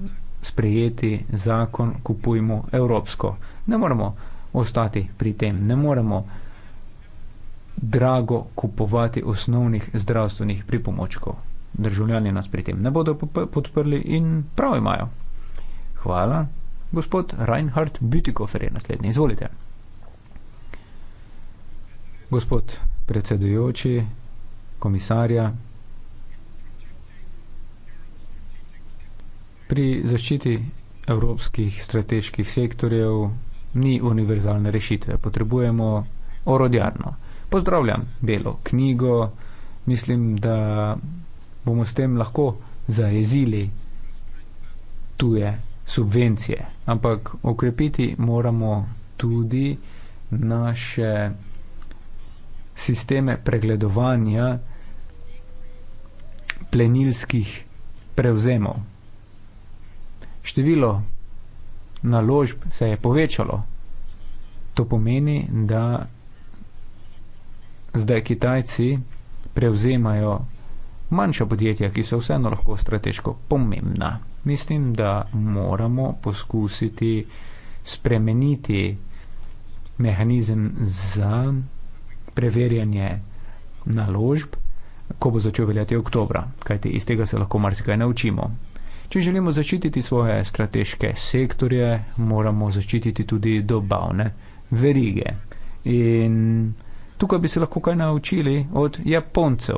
sprejeti zakon, kupujmo evropsko. Ne moramo ostati pri tem, ne moramo uh, drago kupovati osnovnih zdravstvenih pripomočkov. Državljani nas pri tem ne bodo podprli in prav imajo. Hvala. Gospod Reinhard Bütikofer je naslednji. Izvolite. Gospod predsedujoči, komisarja, pri zaščiti evropskih strateških sektorjev ni univerzalne rešitve. Potrebujemo orodjarno pozdravljam belo knjigo, mislim, da bomo s tem lahko zaezili tuje subvencije, ampak okrepiti moramo tudi naše sisteme pregledovanja plenilskih prevzemov. Število naložb se je povečalo. To pomeni, da zdaj Kitajci prevzemajo manjša podjetja, ki so vseeno lahko strateško pomembna. Mislim, da moramo poskusiti spremeniti mehanizem za preverjanje naložb, ko bo začel veljati oktobra, kajti iz tega se lahko marsikaj naučimo. Če želimo zaščititi svoje strateške sektorje, moramo zaščititi tudi dobavne verige. In Tukaj bi se lahko kaj naučili od Japoncev.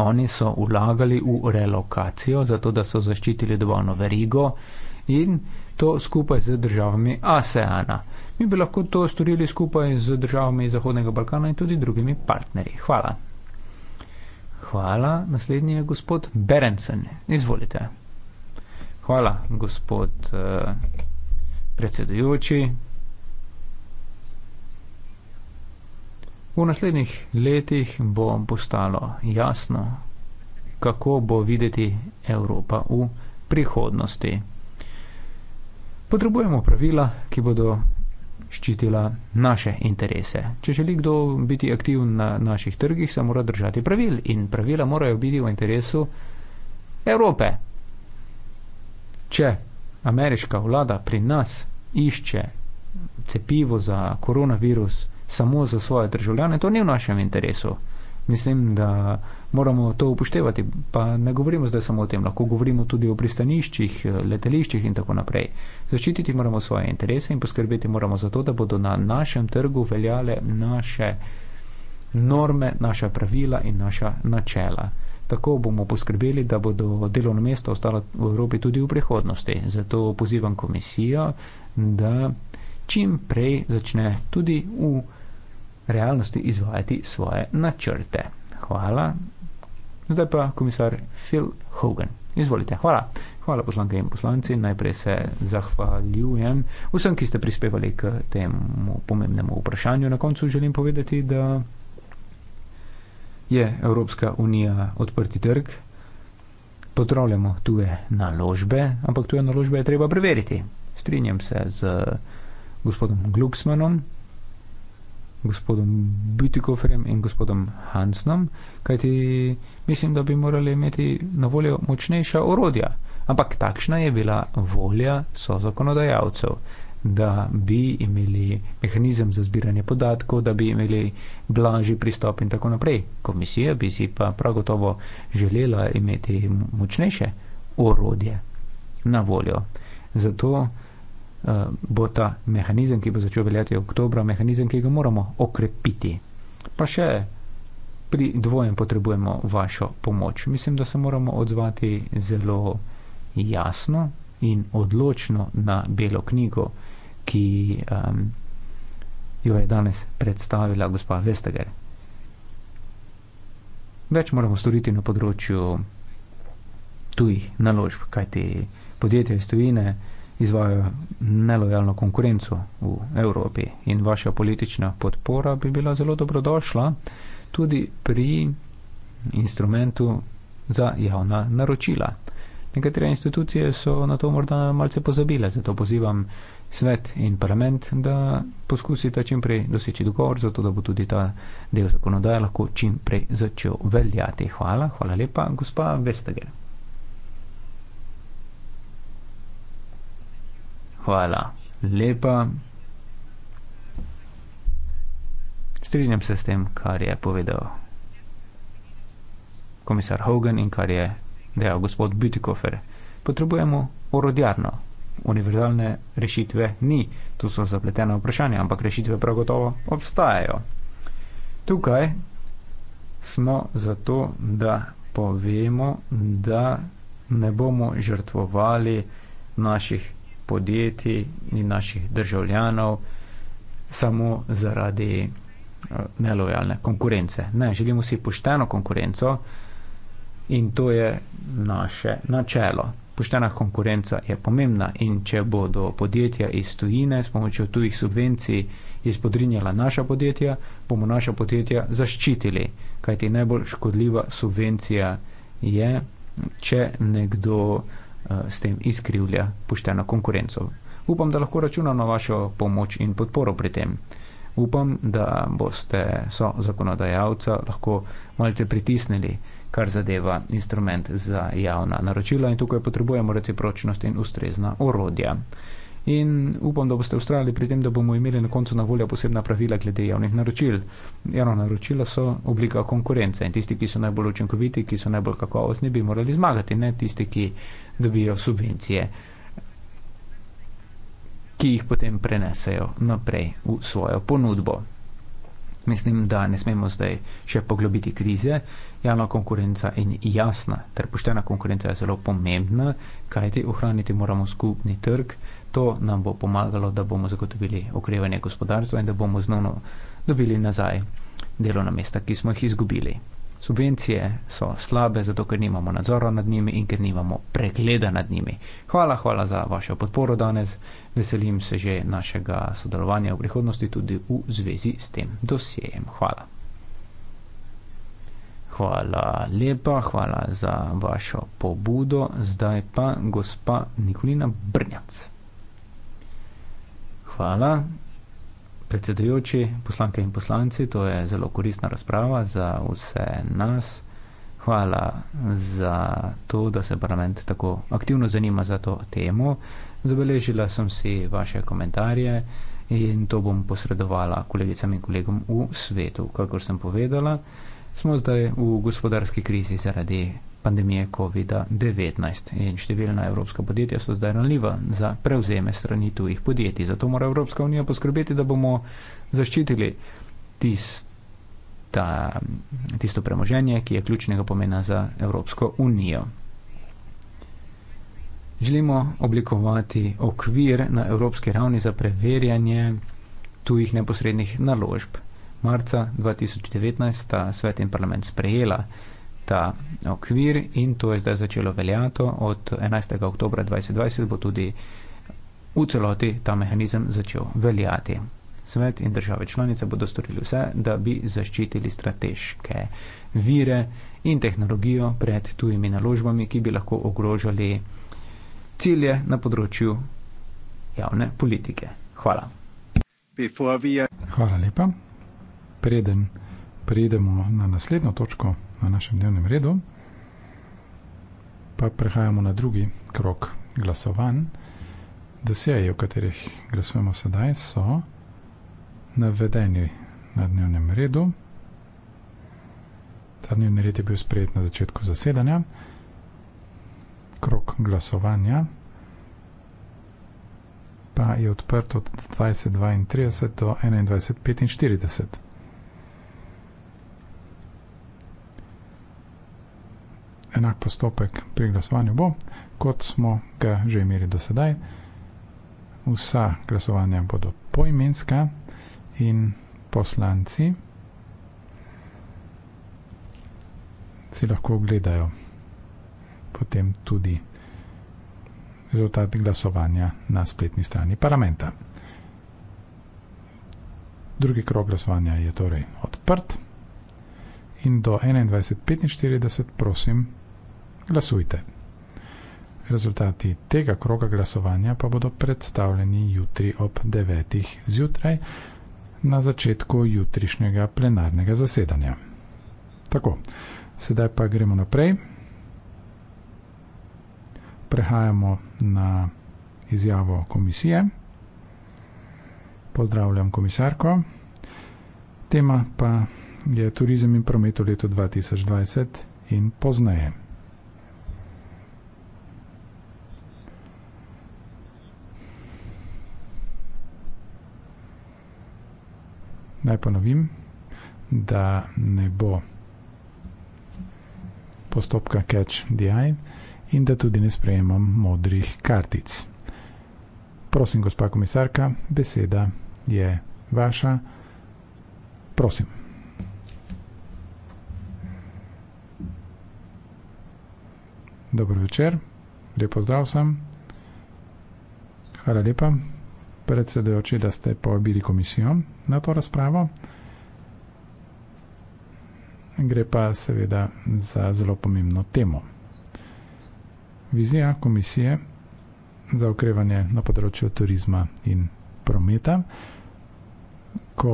Oni so vlagali v relokacijo, zato da so zaščitili dovoljno verigo in to skupaj z državami ASEANA. Mi bi lahko to storili skupaj z državami Zahodnega Balkana in tudi drugimi partnerji. Hvala. Hvala. Naslednji je gospod Berensen. Izvolite. Hvala, gospod uh, predsedujoči. V naslednjih letih bo postalo jasno, kako bo videti Evropa v prihodnosti. Potrebujemo pravila, ki bodo ščitila naše interese. Če želi kdo biti aktiv na naših trgih, se mora držati pravil in pravila morajo biti v interesu Evrope. Če ameriška vlada pri nas išče cepivo za koronavirus, samo za svoje državljane, to ni v našem interesu. Mislim, da moramo to upoštevati. Pa ne govorimo zdaj samo o tem, lahko govorimo tudi o pristaniščih, letališčih in tako naprej. Zaščititi moramo svoje interese in poskrbeti moramo za to, da bodo na našem trgu veljale naše norme, naša pravila in naša načela. Tako bomo poskrbeli, da bodo delovno mesto ostalo v Evropi tudi v prihodnosti. Zato pozivam komisijo, da čim prej začne tudi v Evropi realnosti izvajati svoje načrte. Hvala. Zdaj pa komisar Phil Hogan. Izvolite. Hvala. Hvala poslanke in poslanci. Najprej se zahvaljujem vsem, ki ste prispevali k temu pomembnemu vprašanju. Na koncu želim povedati, da je Evropska unija odprti trg. Pozdravljamo tuje naložbe, ampak tuje naložbe je treba preveriti. Strinjam se z gospodom Glucksmanom gospodom Bütikoferjem in gospodom Hansnom, kajti mislim, da bi morali imeti na voljo močnejša orodja. Ampak takšna je bila volja so zakonodajalcev, da bi imeli mehanizem za zbiranje podatkov, da bi imeli blažji pristop in tako naprej. Komisija bi si pa prav gotovo želela imeti močnejše orodje na voljo. Zato uh, bo ta mehanizem, ki bo začel veljati oktober, mehanizem, ki ga moramo okrepiti. Pa še pri dvojem potrebujemo vašo pomoč. Mislim, da se moramo odzvati zelo jasno in odločno na belo knjigo, ki um, jo je danes predstavila gospa Vesteger. Več moramo storiti na področju tujih naložb, kajti podjetja iz tujine izvajajo nelojalno konkurenco v Evropi in vaša politična podpora bi bila zelo dobrodošla tudi pri instrumentu za javna naročila. Nekatere institucije so na to morda malce pozabile, zato pozivam svet in parlament, da poskusite čimprej doseči dogovor, zato da bo tudi ta del zakonodaje lahko čimprej začel veljati. Hvala, hvala lepa, gospa Vestager. Hvala. Lepa. Strinjam se s tem, kar je povedal komisar Hogan in kar je dejal gospod Bütikofer. Potrebujemo orodjarno. Univerzalne rešitve ni. Tu so zapletena vprašanja, ampak rešitve prav gotovo obstajajo. Tukaj smo zato, da povemo, da ne bomo žrtvovali naših podjetij in naših državljanov samo zaradi eh, nelojalne konkurence. Ne, želimo si pošteno konkurenco in to je naše načelo. Poštena konkurenca je pomembna in če bodo podjetja iz tujine s pomočjo tujih subvencij izpodrinjala naša podjetja, bomo naša podjetja zaščitili, kajti najbolj škodljiva subvencija je, če nekdo Eh, s tem izkrivlja pošteno konkurenco. Upam, da lahko računam na vašo pomoč in podporo pri tem. Upam, da boste so zakonodajalca lahko malce pritisnili, kar zadeva instrument za javna naročila in tukaj potrebujemo recipročnost in ustrezna orodja in upam, da boste ustrajali pri tem, da bomo imeli na koncu na voljo posebna pravila glede javnih naročil. Javna naročila so oblika konkurence in tisti, ki so najbolj učinkoviti, ki so najbolj kakovostni, bi morali zmagati, ne tisti, ki dobijo subvencije, ki jih potem prenesejo naprej v svojo ponudbo. Mislim, da ne smemo zdaj še poglobiti krize. Javna konkurenca in jasna ter poštena konkurenca je zelo pomembna, kajti ohraniti moramo skupni trg, to nam bo pomagalo, da bomo zagotovili okrevanje gospodarstva in da bomo znovno dobili nazaj delovna mesta, ki smo jih izgubili. Subvencije so slabe, zato ker nimamo nadzora nad njimi in ker nimamo pregleda nad njimi. Hvala, hvala za vašo podporo danes. Veselim se že našega sodelovanja v prihodnosti tudi v zvezi s tem dosjejem. Hvala. Hvala lepa, hvala za vašo pobudo. Zdaj pa gospa Nikolina Brnjac. Hvala. Predsedujoči, poslanke in poslanci, to je zelo koristna razprava za vse nas. Hvala za to, da se parlament tako aktivno zanima za to temo. Zabeležila sem si vaše komentarje in to bom posredovala kolegicam in kolegom v svetu. Kakor sem povedala, smo zdaj v gospodarski krizi zaradi pandemije COVID-19 in številna evropska podjetja so zdaj ranljiva za prevzeme strani tujih podjetij. Zato mora Evropska unija poskrbeti, da bomo zaščitili tista, tisto premoženje, ki je ključnega pomena za Evropsko unijo. Želimo oblikovati okvir na evropski ravni za preverjanje tujih neposrednih naložb. Marca 2019 sta svet in parlament sprejela ta okvir in to je zdaj začelo veljato. Od 11. oktober 2020 bo tudi v celoti ta mehanizem začel veljati. Svet in države članice bodo storili vse, da bi zaščitili strateške vire in tehnologijo pred tujimi naložbami, ki bi lahko ogrožali cilje na področju javne politike. Hvala. Uh, Hvala lepa. Preden pridemo na naslednjo točko, na našem dnevnem redu. Pa prehajamo na drugi krok glasovanj. Deseji, o katerih glasujemo sedaj, so navedeni na dnevnem redu. Ta dnevni red je bil sprejet na začetku zasedanja. Krok glasovanja pa je odprt od 20.32 do 21.45. enak postopek pri glasovanju bo, kot smo ga že imeli do sedaj. Vsa glasovanja bodo poimenska in poslanci si lahko ogledajo potem tudi rezultat glasovanja na spletni strani parlamenta. Drugi krog glasovanja je torej odprt in do 21.45 prosim glasujte. Rezultati tega kroga glasovanja pa bodo predstavljeni jutri ob 9. zjutraj na začetku jutrišnjega plenarnega zasedanja. Tako, sedaj pa gremo naprej. Prehajamo na izjavo komisije. Pozdravljam komisarko. Tema pa je turizem in promet v letu 2020 in poznajem. Naj ponovim, da ne bo postopka catch the eye in da tudi ne sprejemam modrih kartic. Prosim, gospa komisarka, beseda je vaša. Prosim. Dobro večer, lepo zdrav sem. Hvala lepa, predsedajoči, da ste povabili komisijo na to razpravo. Gre pa seveda za zelo pomembno temo. Vizija komisije za okrevanje na področju turizma in prometa, ko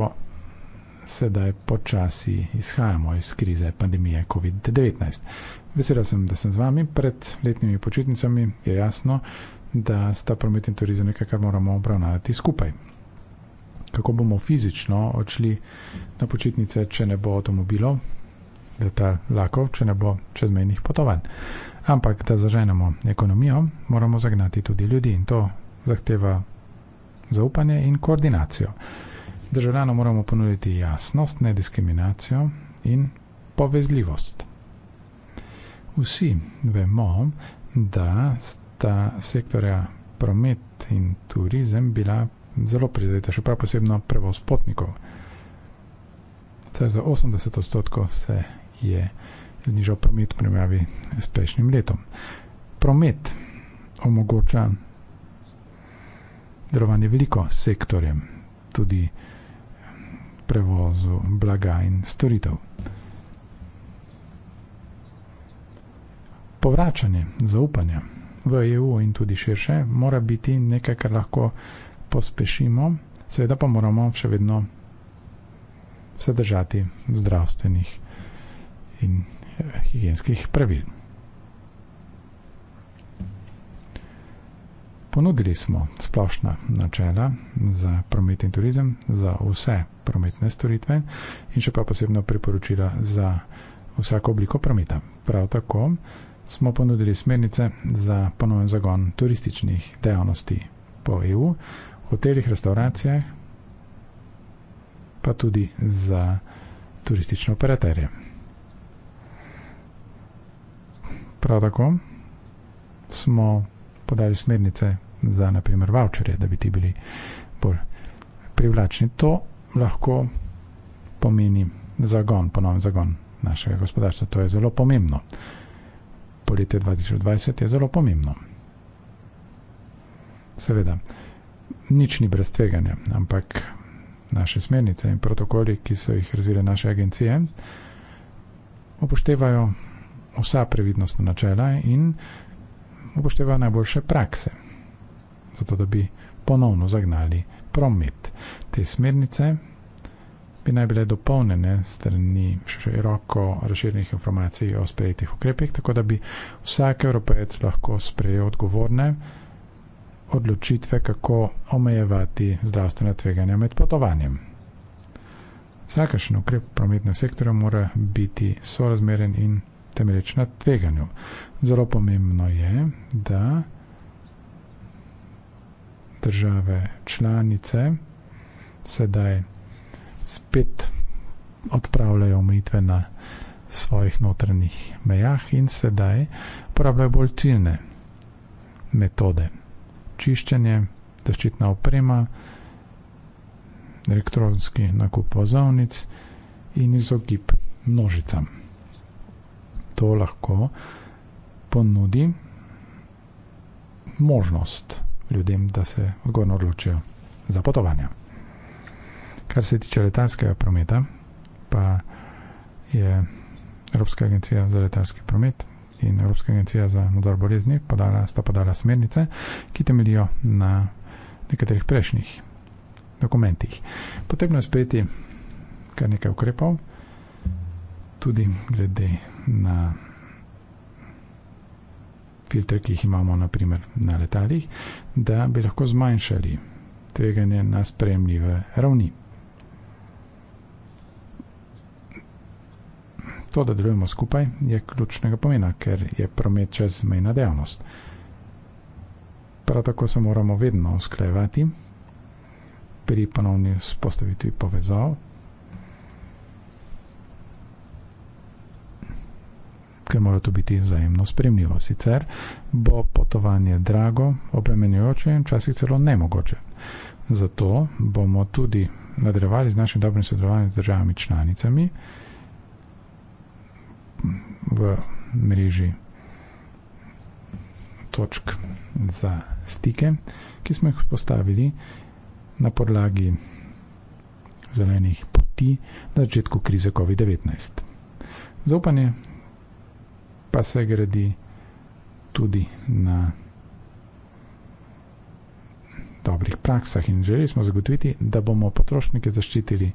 sedaj počasi izhajamo iz krize pandemije COVID-19. Vesela sem, da sem z vami. Pred letnimi počitnicami je jasno, da sta promet in turizem nekaj, kar moramo obravnavati skupaj kako bomo fizično odšli na počitnice, če ne bo avtomobilov, da ta lahko, če ne bo čezmejnih potovanj. Ampak, da zaženemo ekonomijo, moramo zagnati tudi ljudi in to zahteva zaupanje in koordinacijo. Državljanom moramo ponuditi jasnost, ne diskriminacijo in povezljivost. Vsi vemo, da sta sektorja promet in turizem bila zelo prizadeta, še prav posebno prevoz potnikov. Saj za 80 odstotkov se je znižal promet v primerjavi s prejšnjim letom. Promet omogoča delovanje veliko sektorjem, tudi prevozu blaga in storitev. Povračanje zaupanja v EU in tudi širše mora biti nekaj, kar lahko pospešimo, seveda pa moramo še vedno se držati zdravstvenih in eh, higijenskih pravil. Ponudili smo splošna načela za promet in turizem, za vse prometne storitve in še pa posebno priporočila za vsako obliko prometa. Prav tako smo ponudili smernice za ponoven zagon turističnih dejavnosti po EU hotelih, restauracijah, pa tudi za turistične operaterje. Prav tako smo podali smernice za naprimer voucherje, da bi ti bili bolj privlačni. To lahko pomeni zagon, ponovni zagon našega gospodarstva. To je zelo pomembno. Poletje 2020 je zelo pomembno. Seveda nič ni brez tveganja, ampak naše smernice in protokoli, ki so jih razvile naše agencije, upoštevajo vsa previdnostna načela in upoštevajo najboljše prakse, zato da bi ponovno zagnali promet. Te smernice bi naj bile dopolnjene strani široko razširjenih informacij o sprejetih ukrepih, tako da bi vsak evropejec lahko sprejel odgovorne odločitve, kako omejevati zdravstvene tveganja med potovanjem. Vsakašen ukrep v prometnem sektorju mora biti sorazmeren in temeljč na tveganju. Zelo pomembno je, da države članice sedaj spet odpravljajo omejitve na svojih notranjih mejah in sedaj uporabljajo bolj ciljne metode čiščenje, zaščitna oprema, elektronski nakup pozavnic in izogib nožicam. To lahko ponudi možnost ljudem, da se odgovorno odločijo za potovanja. Kar se tiče letalskega prometa, pa je Evropska agencija za letalski promet in Evropska agencija za nadzor bolezni podala, sta podala smernice, ki temeljijo na nekaterih prejšnjih dokumentih. Potrebno je sprejeti kar nekaj ukrepov, tudi glede na filtre, ki jih imamo naprimer na letalih, da bi lahko zmanjšali tveganje na spremljive ravni. to, da delujemo skupaj, je ključnega pomena, ker je promet čezmejna dejavnost. Prav tako se moramo vedno usklajevati pri ponovni vzpostavitvi povezav, ker mora to biti vzajemno spremljivo. Sicer bo potovanje drago, obremenjujoče in včasih celo nemogoče. Zato bomo tudi nadrevali z našim dobrim sodelovanjem z državami članicami, v mreži točk za stike, ki smo jih postavili na podlagi zelenih poti na začetku krize COVID-19. Zaupanje pa se gradi tudi na dobrih praksah in želeli smo zagotoviti, da bomo potrošnike zaščitili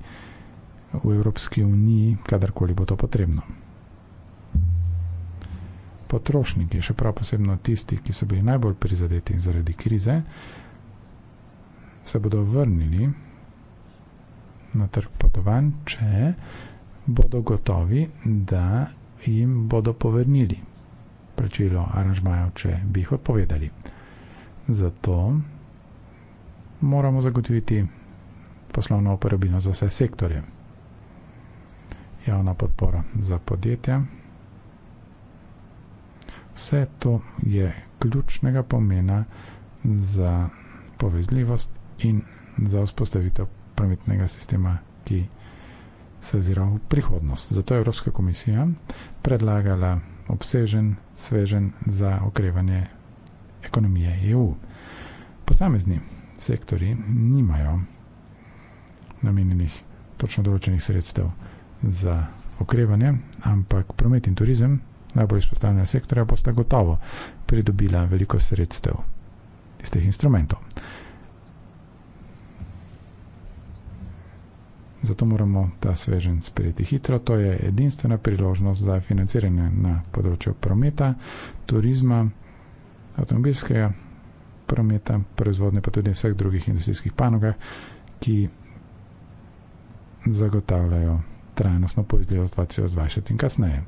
v Evropski uniji, kadarkoli bo to potrebno potrošniki, še prav posebno tisti, ki so bili najbolj prizadeti zaradi krize, se bodo vrnili na trg potovanj, če bodo gotovi, da jim bodo povrnili plačilo aranžmajev, če bi jih odpovedali. Zato moramo zagotoviti poslovno uporabino za vse sektorje. Javna podpora za podjetja. Vse to je ključnega pomena za povezljivost in za vzpostavitev prometnega sistema, ki se ozira v prihodnost. Zato je Evropska komisija predlagala obsežen, svežen za okrevanje ekonomije EU. Posamezni sektori nimajo namenjenih točno določenih sredstev za okrevanje, ampak promet in turizem najbolj izpostavljena sektorja, bosta gotovo pridobila veliko sredstev iz teh instrumentov. Zato moramo ta svežen sprejeti hitro. To je edinstvena priložnost za financiranje na področju prometa, turizma, avtomobilskega prometa, proizvodne pa tudi vseh drugih industrijskih panogah, ki zagotavljajo trajnostno povezljivost 2020 in kasneje.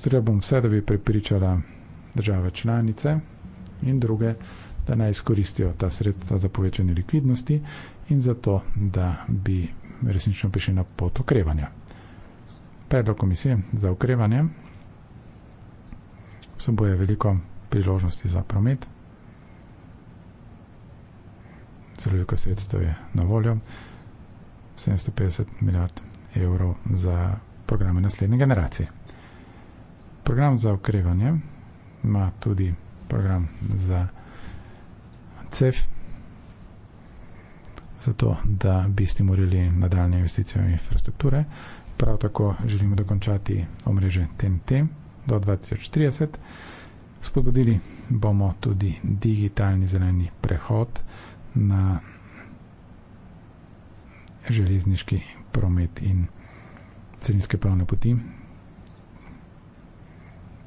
Storila bom vse, da bi prepričala države članice in druge, da naj izkoristijo ta sredstva za povečanje likvidnosti in zato, da bi resnično prišli na pot okrevanja. Predlog komisije za okrevanje vsebuje veliko priložnosti za promet. Zelo veliko sredstev je na voljo. 750 milijard evrov za programe naslednje generacije program za okrevanje, ima tudi program za CEF, zato da bi stimulirali nadaljne investicije v infrastrukture. Prav tako želimo dokončati omreže TNT do 2030. Spodbudili bomo tudi digitalni zeleni prehod na železniški promet in celinske plavne poti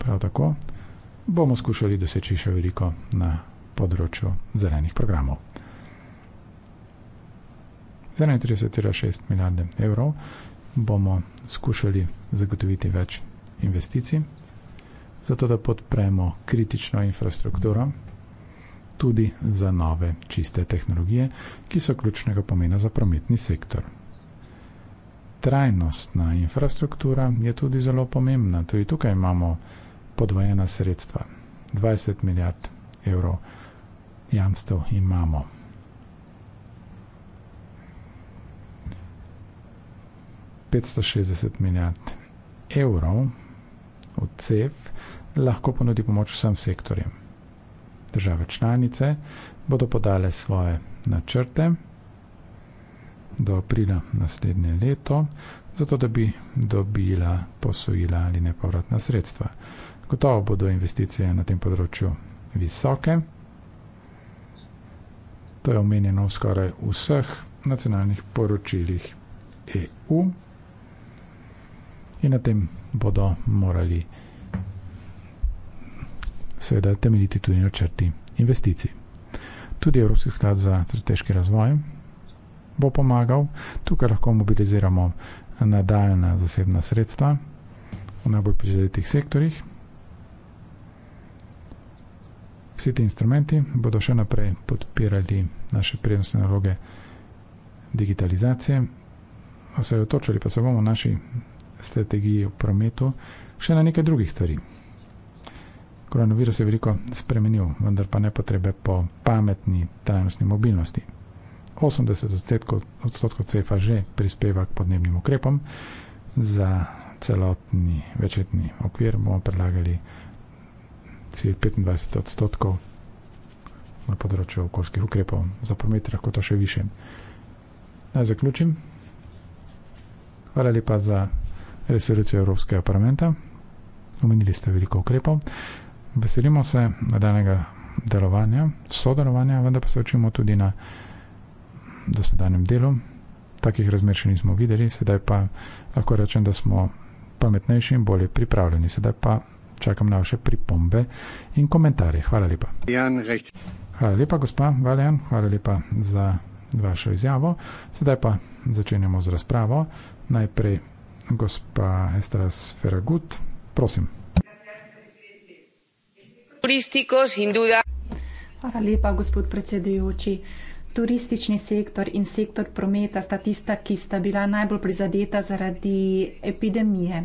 Prav tako bomo skušali doseči še veliko na področju zelenih programov. Za 31,6 milijarde evrov bomo skušali zagotoviti več investicij, zato da podpremo kritično infrastrukturo tudi za nove čiste tehnologije, ki so ključnega pomena za prometni sektor. Trajnostna infrastruktura je tudi zelo pomembna. Tudi tukaj imamo podvojena sredstva. 20 milijard evrov jamstev imamo. petsto šestdeset milijard evrov v CEF lahko ponudi pomoč vsem sektorjem. Države članice bodo podale svoje načrte do aprila naslednje leto, zato da bi dobila posojila ali nepovratna sredstva. Gotovo bodo investicije na tem področju visoke. To je omenjeno v skoraj vseh nacionalnih poročilih EU. In na tem bodo morali seveda temeljiti tudi načrti investicij. Tudi Evropski sklad za strateški razvoj bo pomagal. Tukaj lahko mobiliziramo nadaljna zasebna sredstva v najbolj prizadetih sektorjih. Vsi ti instrumenti bodo še naprej podpirali naše prednostne naloge digitalizacije, osredotočili pa se bomo v naši strategiji v prometu še na nekaj drugih stvari. Koronavirus je veliko spremenil, vendar pa ne potrebe po pametni trajnostni mobilnosti. 80 odstotkov CEFA že prispeva k podnebnim ukrepom, za celotni večletni okvir bomo predlagali cilj 25 odstotkov na področju okoljskih ukrepov. Za promet lahko to še više. Naj zaključim. Hvala lepa za resolucijo Evropskega parlamenta. Omenili ste veliko ukrepov. Veselimo se nadaljnega delovanja, sodelovanja, vendar pa se učimo tudi na dosedanjem delu. Takih razmer še nismo videli, sedaj pa lahko rečem, da smo pametnejši in bolje pripravljeni. Sedaj pa čakam na vaše pripombe in komentarje. Hvala lepa. Jan, hvala lepa, gospa Valjan, hvala lepa za vašo izjavo. Sedaj pa začenjamo z razpravo. Najprej gospa Estras Feragut, prosim. Hvala lepa, gospod predsedujoči. Turistični sektor in sektor prometa sta tista, ki sta bila najbolj prizadeta zaradi epidemije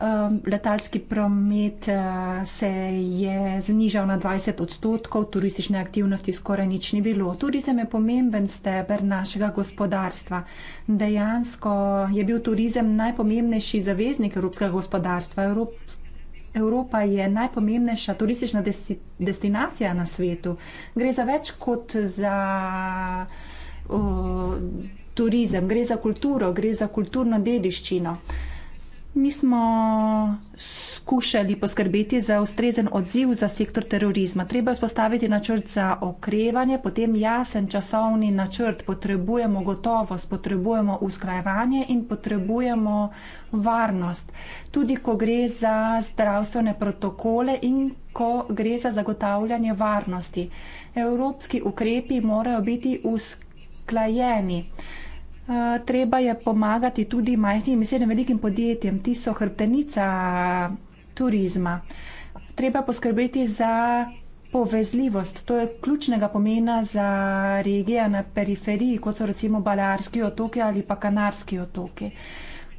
um, letalski promet uh, se je znižal na 20 odstotkov, turistične aktivnosti skoraj nič ni bilo. Turizem je pomemben steber našega gospodarstva. Dejansko je bil turizem najpomembnejši zaveznik evropskega gospodarstva. Evrops Evropa je najpomembnejša turistična desti destinacija na svetu. Gre za več kot za. Uh, Turizem, gre za kulturo, gre za kulturno dediščino. Uh, Mi smo skušali poskrbeti za ustrezen odziv za sektor terorizma. Treba je vzpostaviti načrt za okrevanje, potem jasen časovni načrt. Potrebujemo gotovost, potrebujemo usklajevanje in potrebujemo varnost. Tudi, ko gre za zdravstvene protokole in ko gre za zagotavljanje varnosti. Evropski ukrepi morajo biti usklajeni. Eh, treba je pomagati tudi majhnim in srednjim velikim podjetjem, ti so hrbtenica turizma. Treba poskrbeti za povezljivost, to je ključnega pomena za regije na periferiji, kot so recimo Balearski otoki ali pa Kanarski otoki.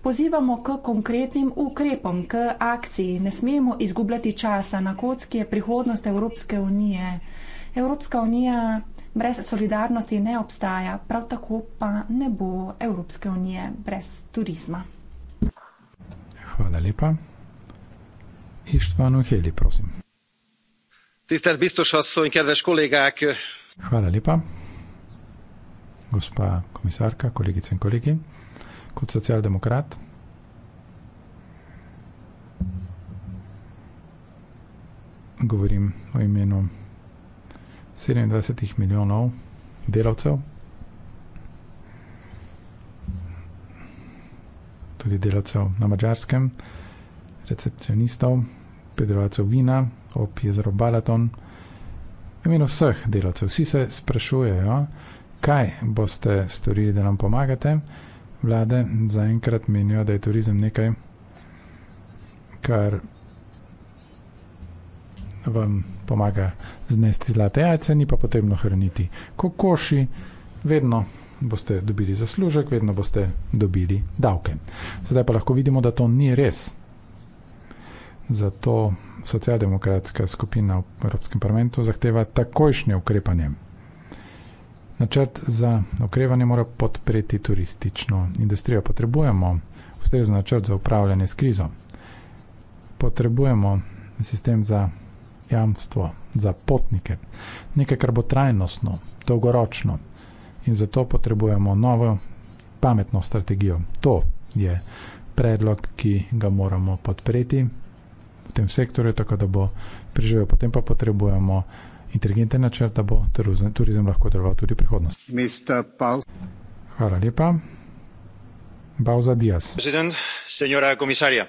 Pozivamo k konkretnim ukrepom, k akciji. Ne smemo izgubljati časa. Na kocki je prihodnost Evropske unije. Evropska unija Brez solidarnosti ne obstaja, prav tako pa ne bo Evropske unije brez turizma. Hvala lepa. Ištvanu Heli, prosim. Tistelj bistošasov in kedveš kolegak. Hvala lepa. Gospa komisarka, kolegice in kolegi, kot socialdemokrat. Govorim o imenu 27 milijonov delavcev. Tudi delavcev na mačarskem, recepcionistov, predelovalcev vina ob jezeru Balaton, v imenu vseh delavcev. Vsi se sprašujejo, kaj boste storili, da nam pomagate. Vlade zaenkrat menijo, da je turizem nekaj, kar vam pomaga znesti zlate jajce, ni pa potrebno hraniti kokoši, vedno boste dobili zaslužek, vedno boste dobili davke. Sedaj pa lahko vidimo, da to ni res. Zato socialdemokratska skupina v Evropskem parlamentu zahteva takojšnje ukrepanje. Načrt za okrevanje mora podpreti turistično industrijo. Potrebujemo ustrezen načrt za upravljanje s krizo. Potrebujemo sistem za jamstvo za potnike, nekaj, kar bo trajnostno, dolgoročno in zato potrebujemo novo pametno strategijo. To je predlog, ki ga moramo podpreti v tem sektorju, tako da bo preživel. Potem pa potrebujemo inteligente načrte, da bo turizem lahko deloval tudi v prihodnosti. Hvala lepa. Bauza Díaz. Presidente, señora comisaria.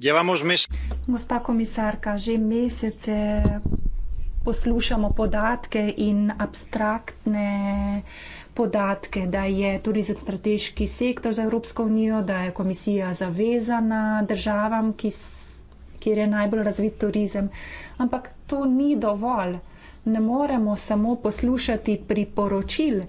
Llevamos mes... Gospa komisarka, že mesece poslušamo podatke in abstraktne podatke, da je turizem strateški sektor za Evropsko unijo, da je komisija zavezana državam, ki, kjer je najbolj razvit turizem. Ampak to ni dovolj. Ne moremo samo poslušati priporočil,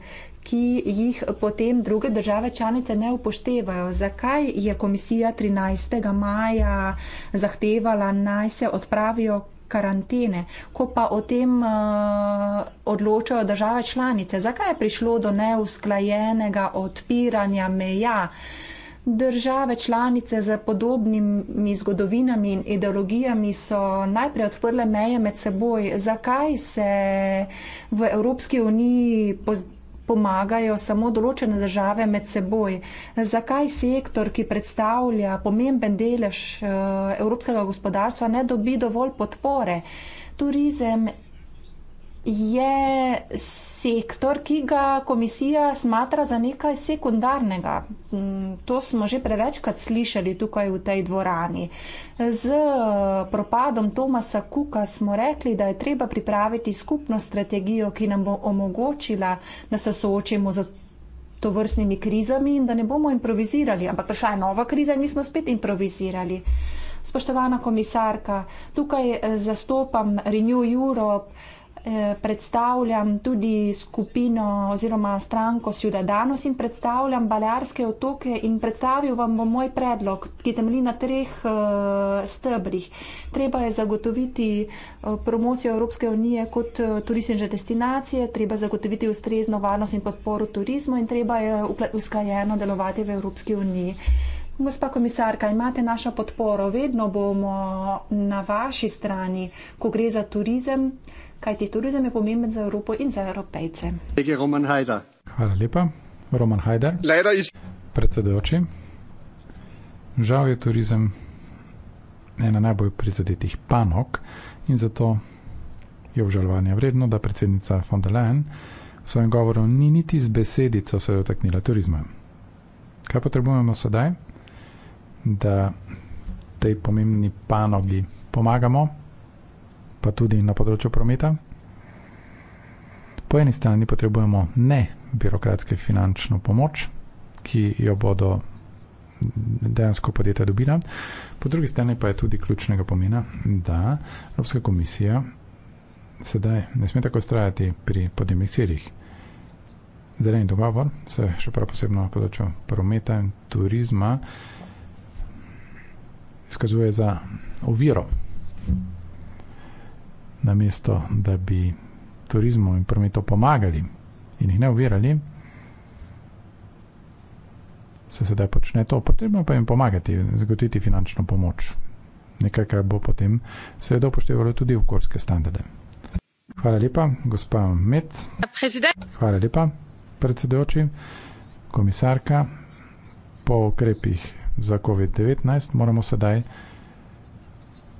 ki jih potem druge države članice ne upoštevajo. Zakaj je komisija 13. maja zahtevala naj se odpravijo karantene, ko pa o tem uh, odločajo države članice? Zakaj je prišlo do neusklajenega odpiranja meja? Države članice z podobnimi zgodovinami in ideologijami so najprej odprle meje med seboj. Zakaj se v Evropski uniji pozdravljajo? pomagajo samo določene države med seboj. Zakaj sektor, ki predstavlja pomemben delež eh, evropskega gospodarstva, ne dobi dovolj podpore? Turizem je sektor, ki ga komisija smatra za nekaj sekundarnega. Mm, to smo že prevečkrat slišali tukaj v tej dvorani. Z propadom Tomasa Kuka smo rekli, da je treba pripraviti skupno strategijo, ki nam bo omogočila, da se soočimo z to vrstnimi krizami in da ne bomo improvizirali. Ampak prišla je nova kriza in mi smo spet improvizirali. Spoštovana komisarka, tukaj eh, zastopam Renew Europe, Eh, predstavljam tudi skupino oziroma stranko Sjudadanos in predstavljam Balearske otoke in predstavil vam bo moj predlog, ki temelji na treh eh, stebrih. Treba je zagotoviti eh, promocijo Evropske unije kot turistične destinacije, treba zagotoviti ustrezno varnost in podporo turizmu in treba je usklajeno delovati v Evropski uniji. Gospa komisarka, imate našo podporo. Vedno bomo na vaši strani, ko gre za turizem kajti turizem je pomemben za Evropo in za Evropejce. Hvala lepa, Roman Hajder. Iz... Predsedujoči, žal je turizem ena najbolj prizadetih panok in zato je obžalovanja vredno, da predsednica von der Leyen v svojem govoru ni niti z besedico se dotaknila turizma. Kaj potrebujemo sedaj, da tej pomembni panogi pomagamo? pa tudi na področju prometa. Po eni strani potrebujemo ne birokratske finančno pomoč, ki jo bodo dejansko podjetja dobila, po drugi strani pa je tudi ključnega pomena, da Evropska komisija sedaj ne sme tako ustrajati pri podnebnih ciljih. Zeleni dogovor se še prav posebno na področju prometa in turizma izkazuje za oviro namesto da bi turizmu in prometu pomagali in jih ne uvirali, se sedaj počne to. Potrebno pa jim pomagati, zagotoviti finančno pomoč. Nekaj, kar bo potem seveda upoštevalo tudi okoljske standarde. Hvala lepa, gospa Mec. Hvala lepa, predsedujoči, komisarka. Po ukrepih za COVID-19 moramo sedaj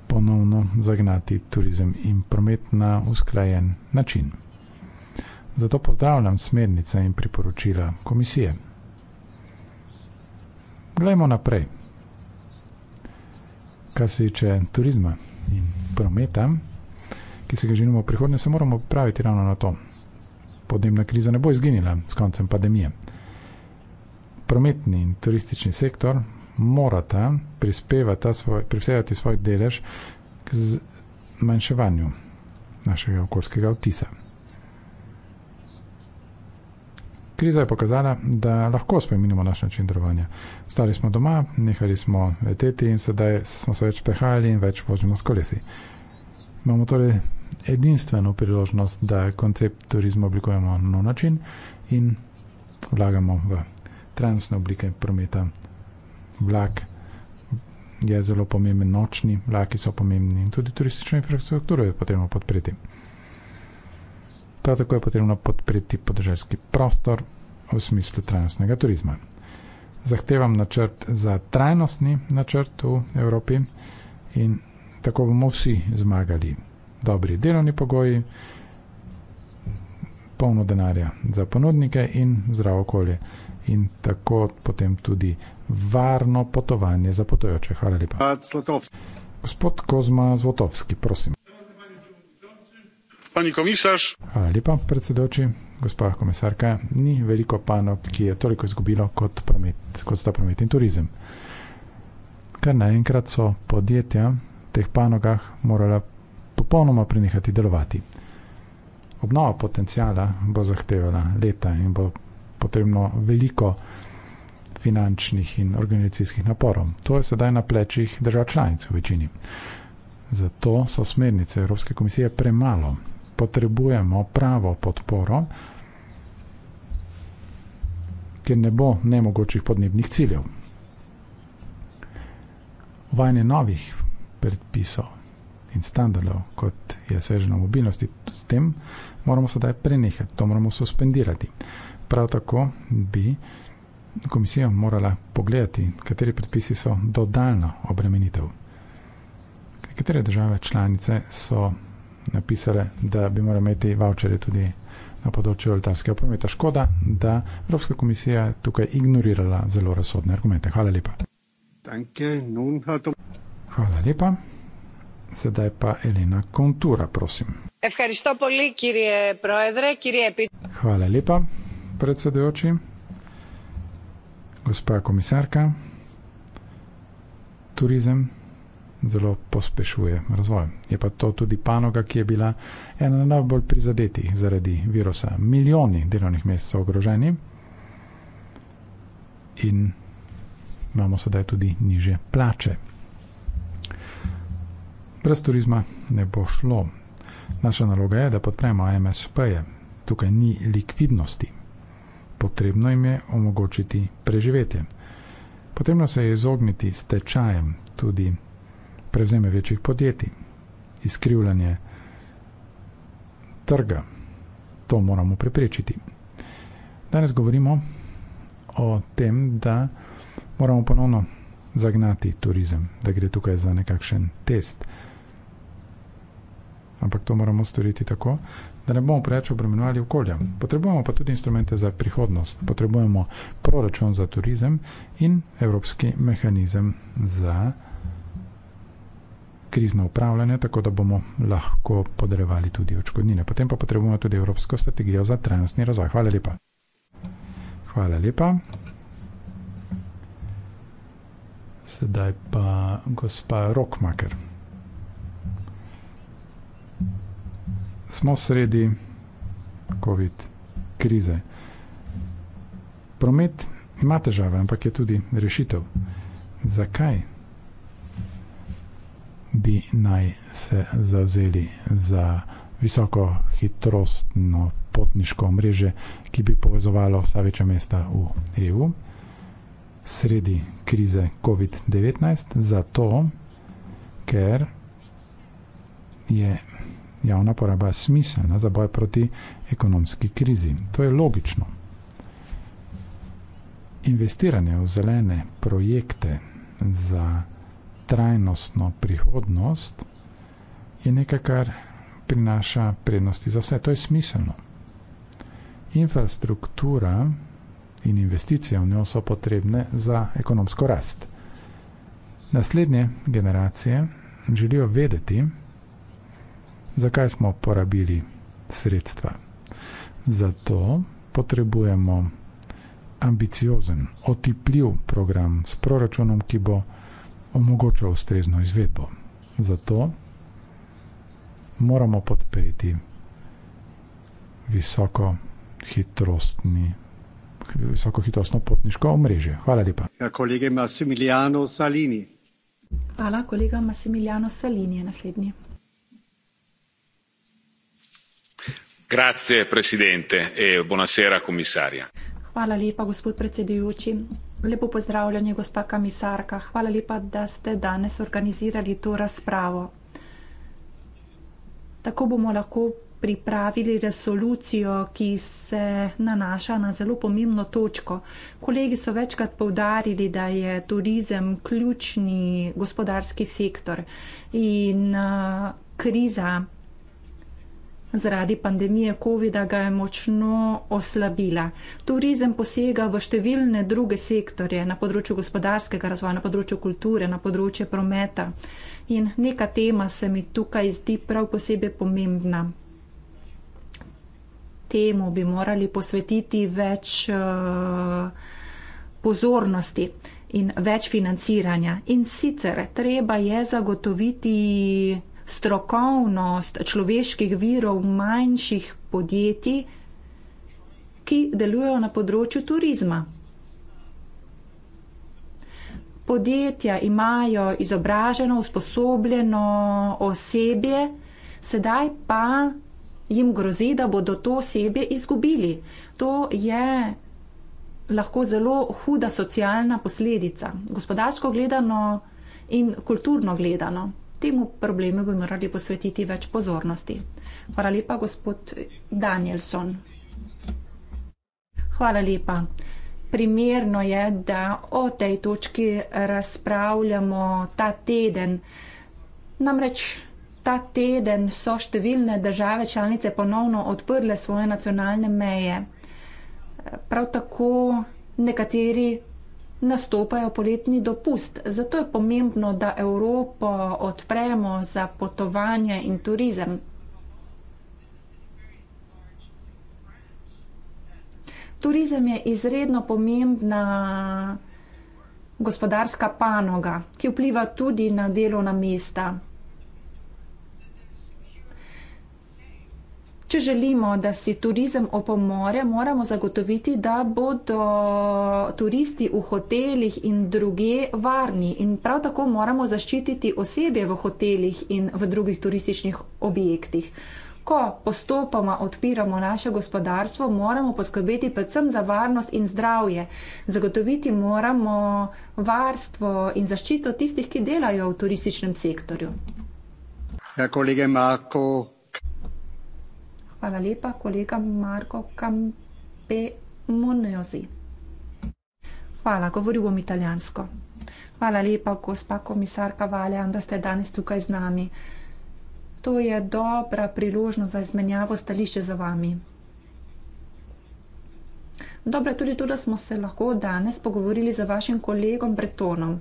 ponovno zagnati turizem in promet na usklajen način. Zato pozdravljam smernice in priporočila komisije. Glejmo naprej. Kar se tiče turizma in prometa, ki se ga želimo v prihodnje, se moramo praviti ravno na to. Podnebna kriza ne bo izginila s koncem pandemije. Prometni in turistični sektor morata prispevati svoj, prispevati svoj delež k zmanjševanju našega okoljskega vtisa. Kriza je pokazala, da lahko spremenimo naš način delovanja. Stali smo doma, nehali smo leteti in sedaj smo se več prehajali in več vozimo s kolesi. Imamo torej edinstveno priložnost, da koncept turizma oblikujemo na nov način in vlagamo v trajnostne oblike prometa vlak je zelo pomemben, nočni vlaki so pomembni in tudi turistično infrastrukturo je potrebno podpreti. Prav tako je potrebno podpreti podržavski prostor v smislu trajnostnega turizma. Zahtevam načrt za trajnostni načrt v Evropi in tako bomo vsi zmagali. Dobri delovni pogoji, polno denarja za ponudnike in zdravo okolje in tako potem tudi varno potovanje za potujoče. Hvala lepa. Gospod Kozma Zlotovski, prosim. Pani komisarš. Hvala lepa, predsedoči, gospod komisarka. Ni veliko panog, ki je toliko izgubilo kot, promet, kot sta promet in turizem. Ker naenkrat so podjetja v teh panogah morala popolnoma prenehati delovati. Obnova potencijala bo zahtevala leta in bo potrebno veliko finančnih in organizacijskih naporov. To je sedaj na plečih držav članic v večini. Zato so smernice Evropske komisije premalo. Potrebujemo pravo podporo, ker ne bo nemogočih podnebnih ciljev. Uvajanje novih predpisov in standardov, kot je sežena mobilnosti, s tem moramo sedaj prenehati, to moramo suspendirati. Prav tako bi komisija morala pogledati, kateri predpisi so dodaljno obremenitev. Katere države članice so napisale, da bi morali imeti voucherje tudi na področju oltarske opreme. Ta škoda, da Evropska komisija tukaj ignorirala zelo razsodne argumente. Hvala lepa. Er- Hvala lepa. Sedaj pa Elena Kontura, prosim. Hvala lepa predsedujoči, gospa komisarka, turizem zelo pospešuje razvoj. Je pa to tudi panoga, ki je bila ena najbolj prizadetih zaradi virusa. Milijoni delovnih mest so ogroženi in imamo sedaj tudi niže plače. Brez turizma ne bo šlo. Naša naloga je, da podpremo MSP-je. Tukaj ni likvidnosti potrebno jim je omogočiti preživetje. Potrebno se je izogniti stečajem, tudi prevzeme večjih podjetij, izkrivljanje trga. To moramo preprečiti. Danes govorimo o tem, da moramo ponovno zagnati turizem, da gre tukaj za nekakšen test. Ampak to moramo storiti tako, da ne bomo preveč obremenjevali okolja. Potrebujemo pa tudi instrumente za prihodnost. Potrebujemo proračun za turizem in evropski mehanizem za krizno upravljanje, tako da bomo lahko podrevali tudi očkodnine. Potem pa potrebujemo tudi evropsko strategijo za trajnostni razvoj. Hvala lepa. Hvala lepa. Sedaj pa gospa Rokmaker. smo sredi COVID krize. Promet ima težave, ampak je tudi rešitev. Zakaj bi naj se zavzeli za visoko hitrostno potniško mreže, ki bi povezovalo vsa večja mesta v EU sredi krize COVID-19? Zato, ker je javna poraba smiselna za boj proti ekonomski krizi. To je logično. Investiranje v zelene projekte za trajnostno prihodnost je nekaj, kar prinaša prednosti za vse. To je smiselno. Infrastruktura in investicije v njo so potrebne za ekonomsko rast. Naslednje generacije želijo vedeti, Zakaj smo porabili sredstva? Zato potrebujemo ambiciozen, otipljiv program s proračunom, ki bo omogočal ustrezno izvedbo. Zato moramo podpreti visoko hitrostni visoko hitrostno potniško omrežje. Hvala lepa. Ja, kolega Massimiliano Salini. Hvala, kolega Massimiliano Salini je naslednji. Grazie presidente e buonasera commissaria. Hvala lepa, gospod predsedujoči. Lepo pozdravljanje, gospa komisarka. Hvala lepa, da ste danes organizirali to razpravo. Tako bomo lahko pripravili resolucijo, ki se nanaša na zelo pomembno točko. Kolegi so večkrat povdarili, da je turizem ključni gospodarski sektor in eh, kriza zaradi pandemije COVID-a ga je močno oslabila. Turizem posega v številne druge sektorje na področju gospodarskega razvoja, na področju kulture, na področju prometa. In neka tema se mi tukaj zdi prav posebej pomembna. Temu bi morali posvetiti več uh, pozornosti in več financiranja. In sicer treba je zagotoviti strokovnost človeških virov manjših podjetij, ki delujejo na področju turizma. Podjetja imajo izobraženo, usposobljeno osebje, sedaj pa jim grozi, da bodo to osebje izgubili. To je lahko zelo huda socialna posledica, gospodarsko gledano in kulturno gledano temu problemu bi morali posvetiti več pozornosti. Hvala lepa, gospod Danielson. Hvala lepa. Primerno je, da o tej točki razpravljamo ta teden. Namreč ta teden so številne države članice ponovno odprle svoje nacionalne meje. Prav tako nekateri nastopajo poletni dopust. Zato je pomembno, da Evropo odpremo za potovanje in turizem. Turizem je izredno pomembna gospodarska panoga, ki vpliva tudi na delovna mesta. Če želimo, da si turizem opomore, moramo zagotoviti, da bodo turisti v hotelih in druge varni in prav tako moramo zaščititi osebje v hotelih in v drugih turističnih objektih. Ko postopoma odpiramo naše gospodarstvo, moramo poskrbeti predvsem za varnost in zdravje. Zagotoviti moramo varstvo in zaščito tistih, ki delajo v turističnem sektorju. Ja, kolega Marko, Hvala lepa, kolega Marko Kampemoneozi. Hvala, govoril bom italijansko. Hvala lepa, gospa komisarka Valean, da ste danes tukaj z nami. To je dobra priložnost za izmenjavo stališče za vami. Dobro je tudi to, da smo se lahko danes pogovorili z vašim kolegom Bretonom.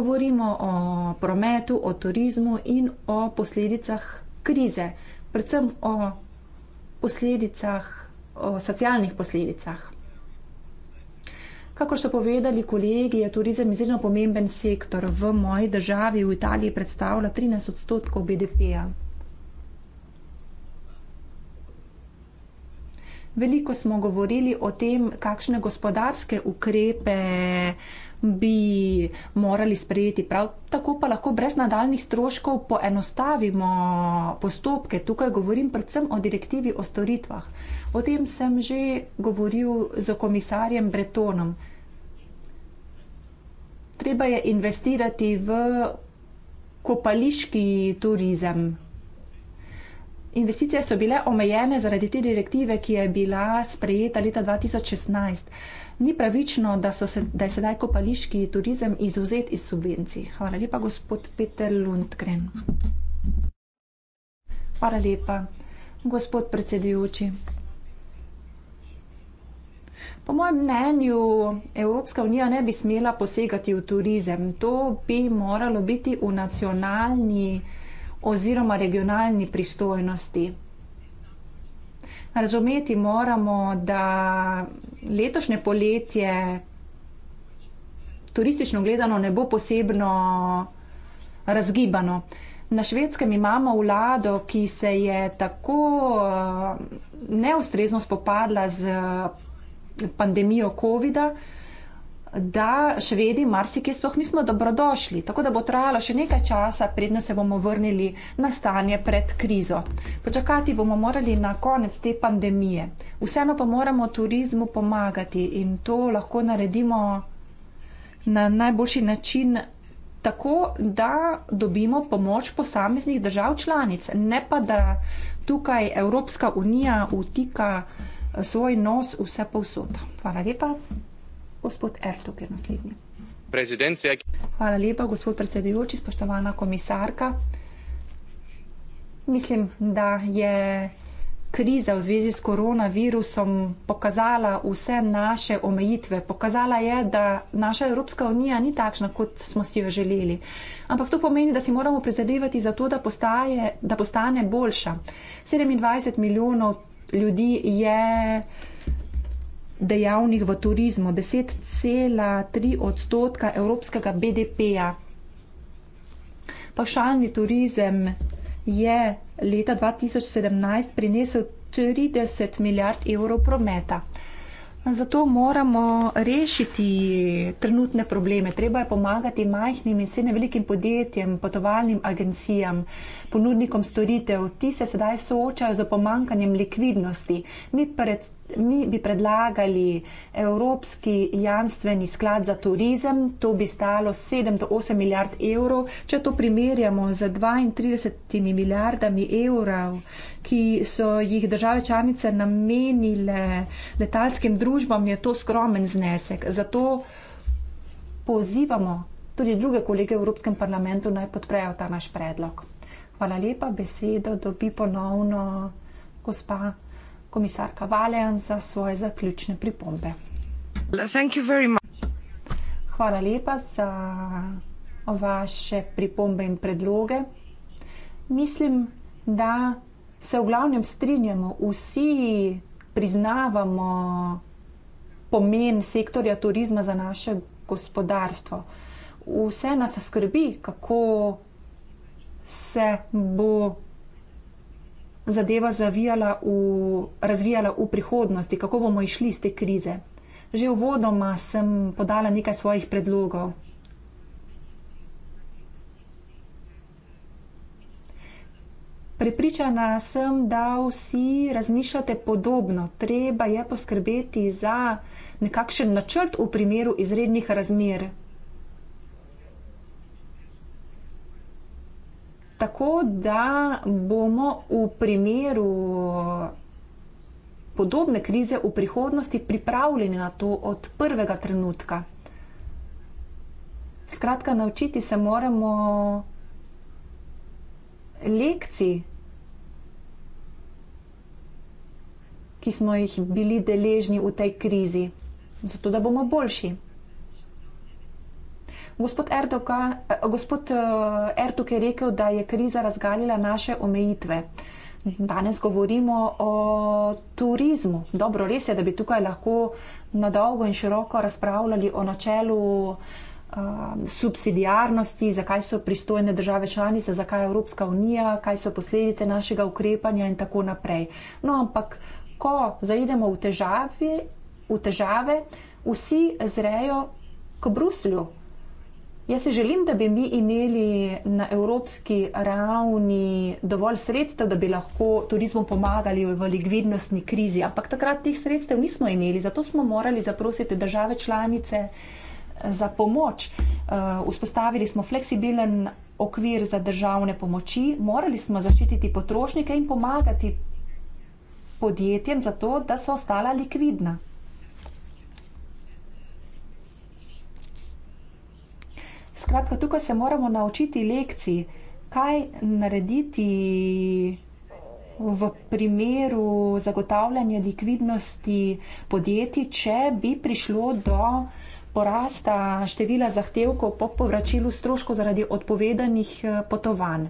Govorimo o prometu, o turizmu in o posledicah krize, predvsem o posledicah, o socialnih posledicah. Kako so povedali kolegi, je turizem izredno pomemben sektor. V moji državi, v Italiji, predstavlja 13 odstotkov BDP-ja. Veliko smo govorili o tem, kakšne gospodarske ukrepe bi morali sprejeti. Prav tako pa lahko brez nadaljnih stroškov poenostavimo postopke. Tukaj govorim predvsem o direktivi o storitvah. O tem sem že govoril z komisarjem Bretonom. Treba je investirati v kopališki turizem. Investicije so bile omejene zaradi te direktive, ki je bila sprejeta leta 2016 ni pravično, da, se, da je sedaj kopališki turizem izuzet iz subvencij. Hvala lepa, gospod Peter Lundgren. Hvala lepa, gospod predsedujoči. Po mojem mnenju Evropska unija ne bi smela posegati v turizem. To bi moralo biti v nacionalni oziroma regionalni pristojnosti razumeti moramo, da letošnje poletje turistično gledano ne bo posebno razgibano. Na švedskem imamo vlado, ki se je tako eh, neustrezno spopadla z eh, pandemijo COVID-a, da švedi marsikaj sploh nismo dobrodošli, tako da bo trajalo še nekaj časa, predno se bomo vrnili na stanje pred krizo. Počakati bomo morali na konec te pandemije. Vseeno pa moramo turizmu pomagati in to lahko naredimo na najboljši način, tako da dobimo pomoč posameznih držav članic, ne pa da tukaj Evropska unija utika svoj nos vse povsod. Hvala lepa. Gospod Ertug je naslednji. Hvala lepa, gospod predsedujoči, spoštovana komisarka. Mislim, da je kriza v zvezi s koronavirusom pokazala vse naše omejitve. Pokazala je, da naša Evropska unija ni takšna, kot smo si jo želeli. Ampak to pomeni, da si moramo prizadevati za to, da, postaje, da postane boljša. 27 milijonov ljudi je dejavnih v turizmu, 10,3 odstotka evropskega BDP-ja. Pašalni turizem je leta 2017 prinesel 30 milijard evrov prometa. Zato moramo rešiti trenutne probleme. Treba je pomagati majhnim in srednje velikim podjetjem, potovalnim agencijam, ponudnikom storitev. Ti se sedaj soočajo z pomankanjem likvidnosti. Mi pred Mi bi predlagali Evropski jamstveni sklad za turizem, to bi stalo 7 do 8 milijard evrov. Če to primerjamo z 32 milijardami evrov, ki so jih države članice namenile letalskim družbam, je to skromen znesek. Zato pozivamo tudi druge kolege v Evropskem parlamentu naj podprejo ta naš predlog. Hvala lepa, besedo dobi ponovno gospa komisarka Valejan za svoje zaključne pripombe. Hvala lepa za vaše pripombe in predloge. Mislim, da se v glavnem strinjamo, vsi priznavamo pomen sektorja turizma za naše gospodarstvo. Vse nas skrbi, kako se bo zadeva zavijala v, razvijala v prihodnosti, kako bomo išli iz te krize. Že v vodoma sem podala nekaj svojih predlogov. Pripričana sem, da vsi razmišljate podobno. Treba je poskrbeti za nekakšen načrt v primeru izrednih razmer. Tako da bomo v primeru podobne krize v prihodnosti pripravljeni na to od prvega trenutka. Skratka, naučiti se moramo lekcij, ki smo jih bili deležni v tej krizi, zato da bomo boljši. Gospod, Erdoga, eh, gospod eh, Ertuk je rekel, da je kriza razgalila naše omejitve. Danes govorimo o turizmu. Dobro, res je, da bi tukaj lahko nadolgo in široko razpravljali o načelu eh, subsidijarnosti, zakaj so pristojne države članice, zakaj je Evropska unija, kaj so posledice našega ukrepanja in tako naprej. No, ampak, ko zaidemo v težave, v težave vsi zrejo k Bruslju, Jaz si želim, da bi mi imeli na evropski ravni dovolj sredstev, da bi lahko turizmu pomagali v likvidnostni krizi, ampak takrat teh sredstev nismo imeli, zato smo morali zaprositi države članice eh, za pomoč. Eh, vzpostavili smo fleksibilen okvir za državne pomoči, morali smo zaščititi potrošnike in pomagati podjetjem za to, da so ostala likvidna. Skratka, tukaj se moramo naučiti lekcij, kaj narediti v primeru zagotavljanja likvidnosti podjetij, če bi prišlo do porasta števila zahtevkov po povračilu stroškov zaradi odpovedanih eh, potovanj.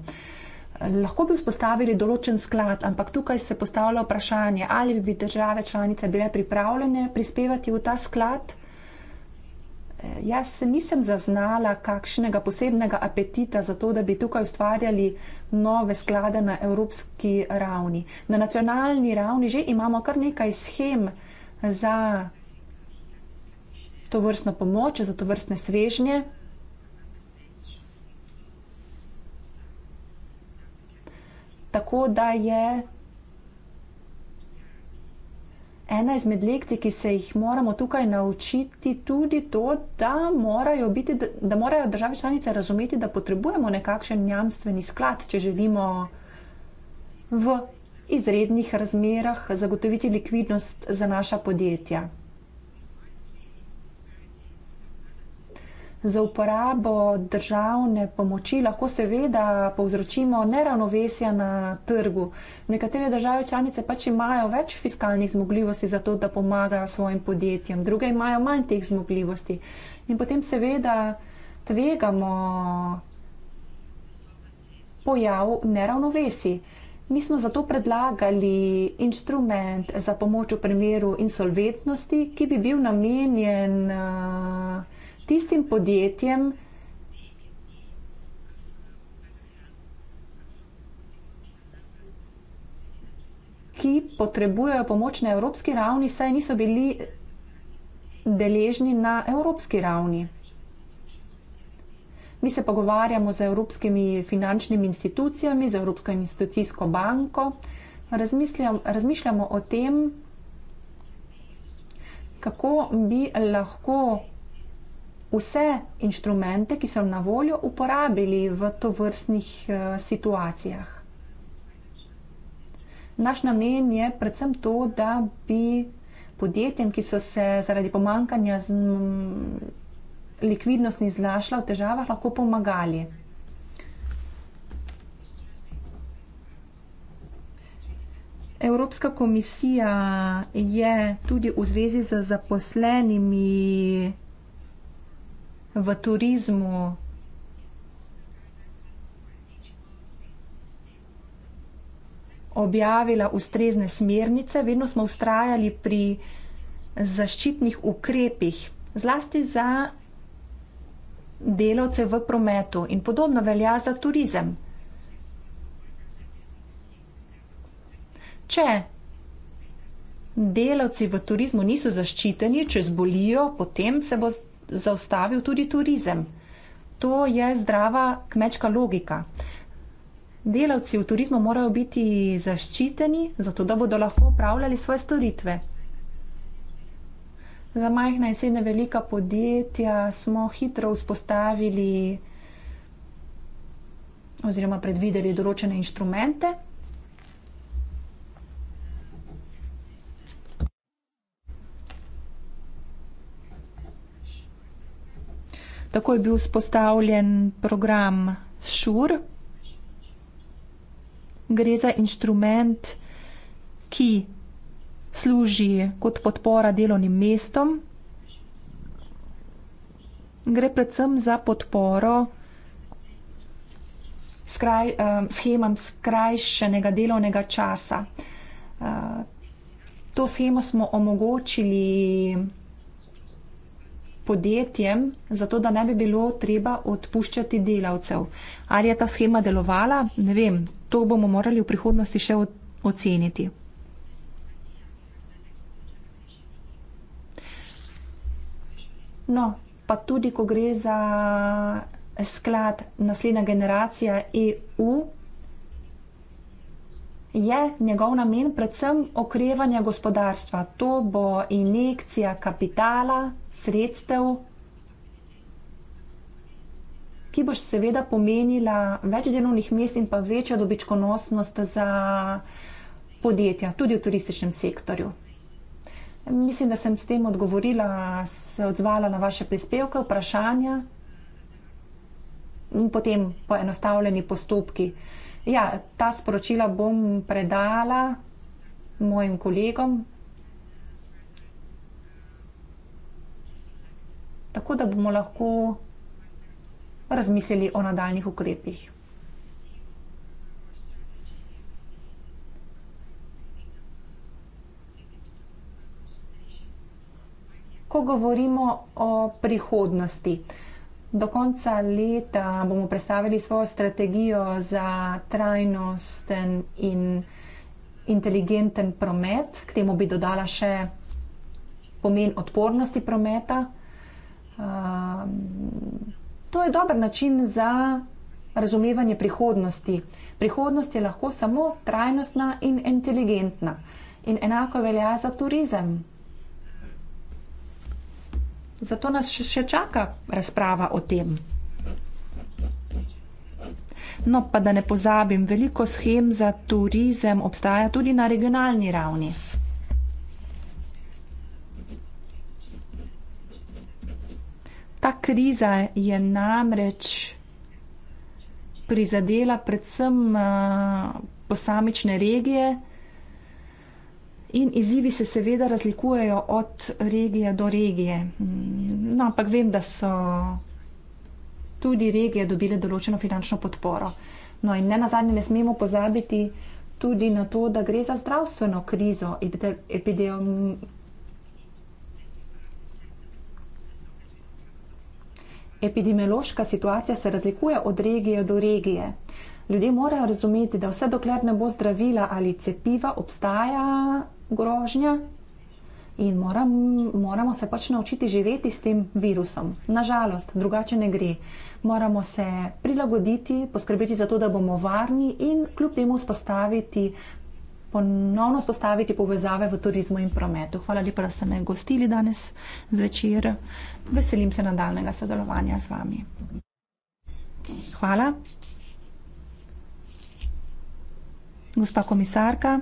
Lahko bi vzpostavili določen sklad, ampak tukaj se postavlja vprašanje, ali bi države članice bile pripravljene prispevati v ta sklad. Jaz nisem zaznala kakšnega posebnega apetita za to, da bi tukaj ustvarjali nove sklade na evropski ravni. Na nacionalni ravni že imamo kar nekaj schem za to vrstno pomoč, za to vrstne svežnje. Tako da je ena izmed lekcij, ki se jih moramo tukaj naučiti, tudi to, da morajo, biti, da morajo države članice razumeti, da potrebujemo nekakšen jamstveni sklad, če želimo v izrednih razmerah zagotoviti likvidnost za naša podjetja. za uporabo državne pomoči lahko seveda povzročimo neravnovesja na trgu. Nekatere države članice pač imajo več fiskalnih zmogljivosti za to, da pomagajo svojim podjetjem, druge imajo manj teh zmogljivosti. In potem seveda tvegamo pojav neravnovesi. Mi smo zato predlagali instrument za pomoč v primeru insolventnosti, ki bi bil namenjen uh, tistim podjetjem, ki potrebujejo pomoč na evropski ravni, saj niso bili deležni na evropski ravni. Mi se pogovarjamo z evropskimi finančnimi institucijami, z Evropsko institucijsko banko, razmišljamo, razmišljamo o tem, kako bi lahko vse inštrumente, ki so na voljo, uporabili v tovrstnih eh, situacijah. Naš namen je predvsem to, da bi podjetjem, ki so se zaradi pomankanja likvidnosti znašla v težavah, lahko pomagali. Evropska komisija je tudi v zvezi z zaposlenimi v turizmu objavila ustrezne smernice, vedno smo ustrajali pri zaščitnih ukrepih, zlasti za delavce v prometu in podobno velja za turizem. Če delavci v turizmu niso zaščiteni, če zbolijo, potem se bo zdaj zaustavil tudi turizem. To je zdrava kmečka logika. Delavci v turizmu morajo biti zaščiteni, zato da bodo lahko upravljali svoje storitve. Za majhna in srednja velika podjetja smo hitro vzpostavili oziroma predvideli določene inštrumente. Tako je bil spostavljen program ŠUR. Gre za inštrument, ki služi kot podpora delovnim mestom. Gre predvsem za podporo skraj, eh, schemam skrajšenega delovnega časa. Eh, to shemo smo omogočili podjetjem, zato da ne bi bilo treba odpuščati delavcev. Ali je ta schema delovala, ne vem, to bomo morali v prihodnosti še oceniti. No, pa tudi, ko gre za sklad naslednja generacija EU, je njegov namen predvsem okrevanje gospodarstva. To bo injekcija kapitala, sredstev, ki boš seveda pomenila več delovnih mest in pa večjo dobičkonosnost za podjetja, tudi v turističnem sektorju. Mislim, da sem s tem odgovorila, se odzvala na vaše prispevke, vprašanja in potem poenostavljeni postopki. Ja, ta sporočila bom predala mojim kolegom, tako da bomo lahko razmislili o nadaljnih ukrepih. Ko govorimo o prihodnosti, do konca leta bomo predstavili svojo strategijo za trajnosten in inteligenten promet, k temu bi dodala še pomen odpornosti prometa. Ehm, to je dober način za razumevanje prihodnosti. Prihodnost je lahko samo trajnostna in inteligentna. In enako velja za turizem. Zato nas še čaka razprava o tem. No, pa da ne pozabim, veliko schem za turizem obstaja tudi na regionalni ravni. Ta kriza je namreč prizadela predvsem eh, posamične regije in izzivi se seveda razlikujejo od regije do regije. Mm, no, ampak vem, da so tudi regije dobile določeno finančno podporo. No in ne nazadnje ne smemo pozabiti tudi na to, da gre za zdravstveno krizo, epidemijo. Epidemiološka situacija se razlikuje od regije do regije. Ljudje morajo razumeti, da vse dokler ne bo zdravila ali cepiva, obstaja grožnja in moram, moramo se pač naučiti živeti s tem virusom. Nažalost, drugače ne gre. Moramo se prilagoditi, poskrbeti za to, da bomo varni in kljub temu spostaviti ponovno spostaviti povezave v turizmu in prometu. Hvala lepa, da ste me gostili danes zvečer. Veselim se nadaljnega sodelovanja z vami. Hvala. Gospa komisarka,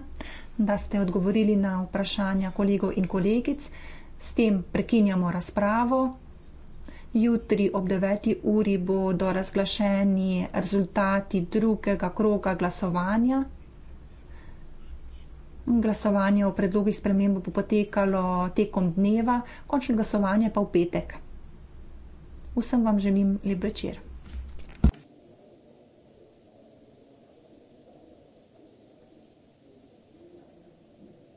da ste odgovorili na vprašanja kolegov in kolegic. S tem prekinjamo razpravo. Jutri ob 9. uri bodo razglašeni rezultati drugega kroga glasovanja glasovanje o predlogih sprememb bo potekalo tekom dneva, končno glasovanje pa v petek. Vsem vam želim lep večer.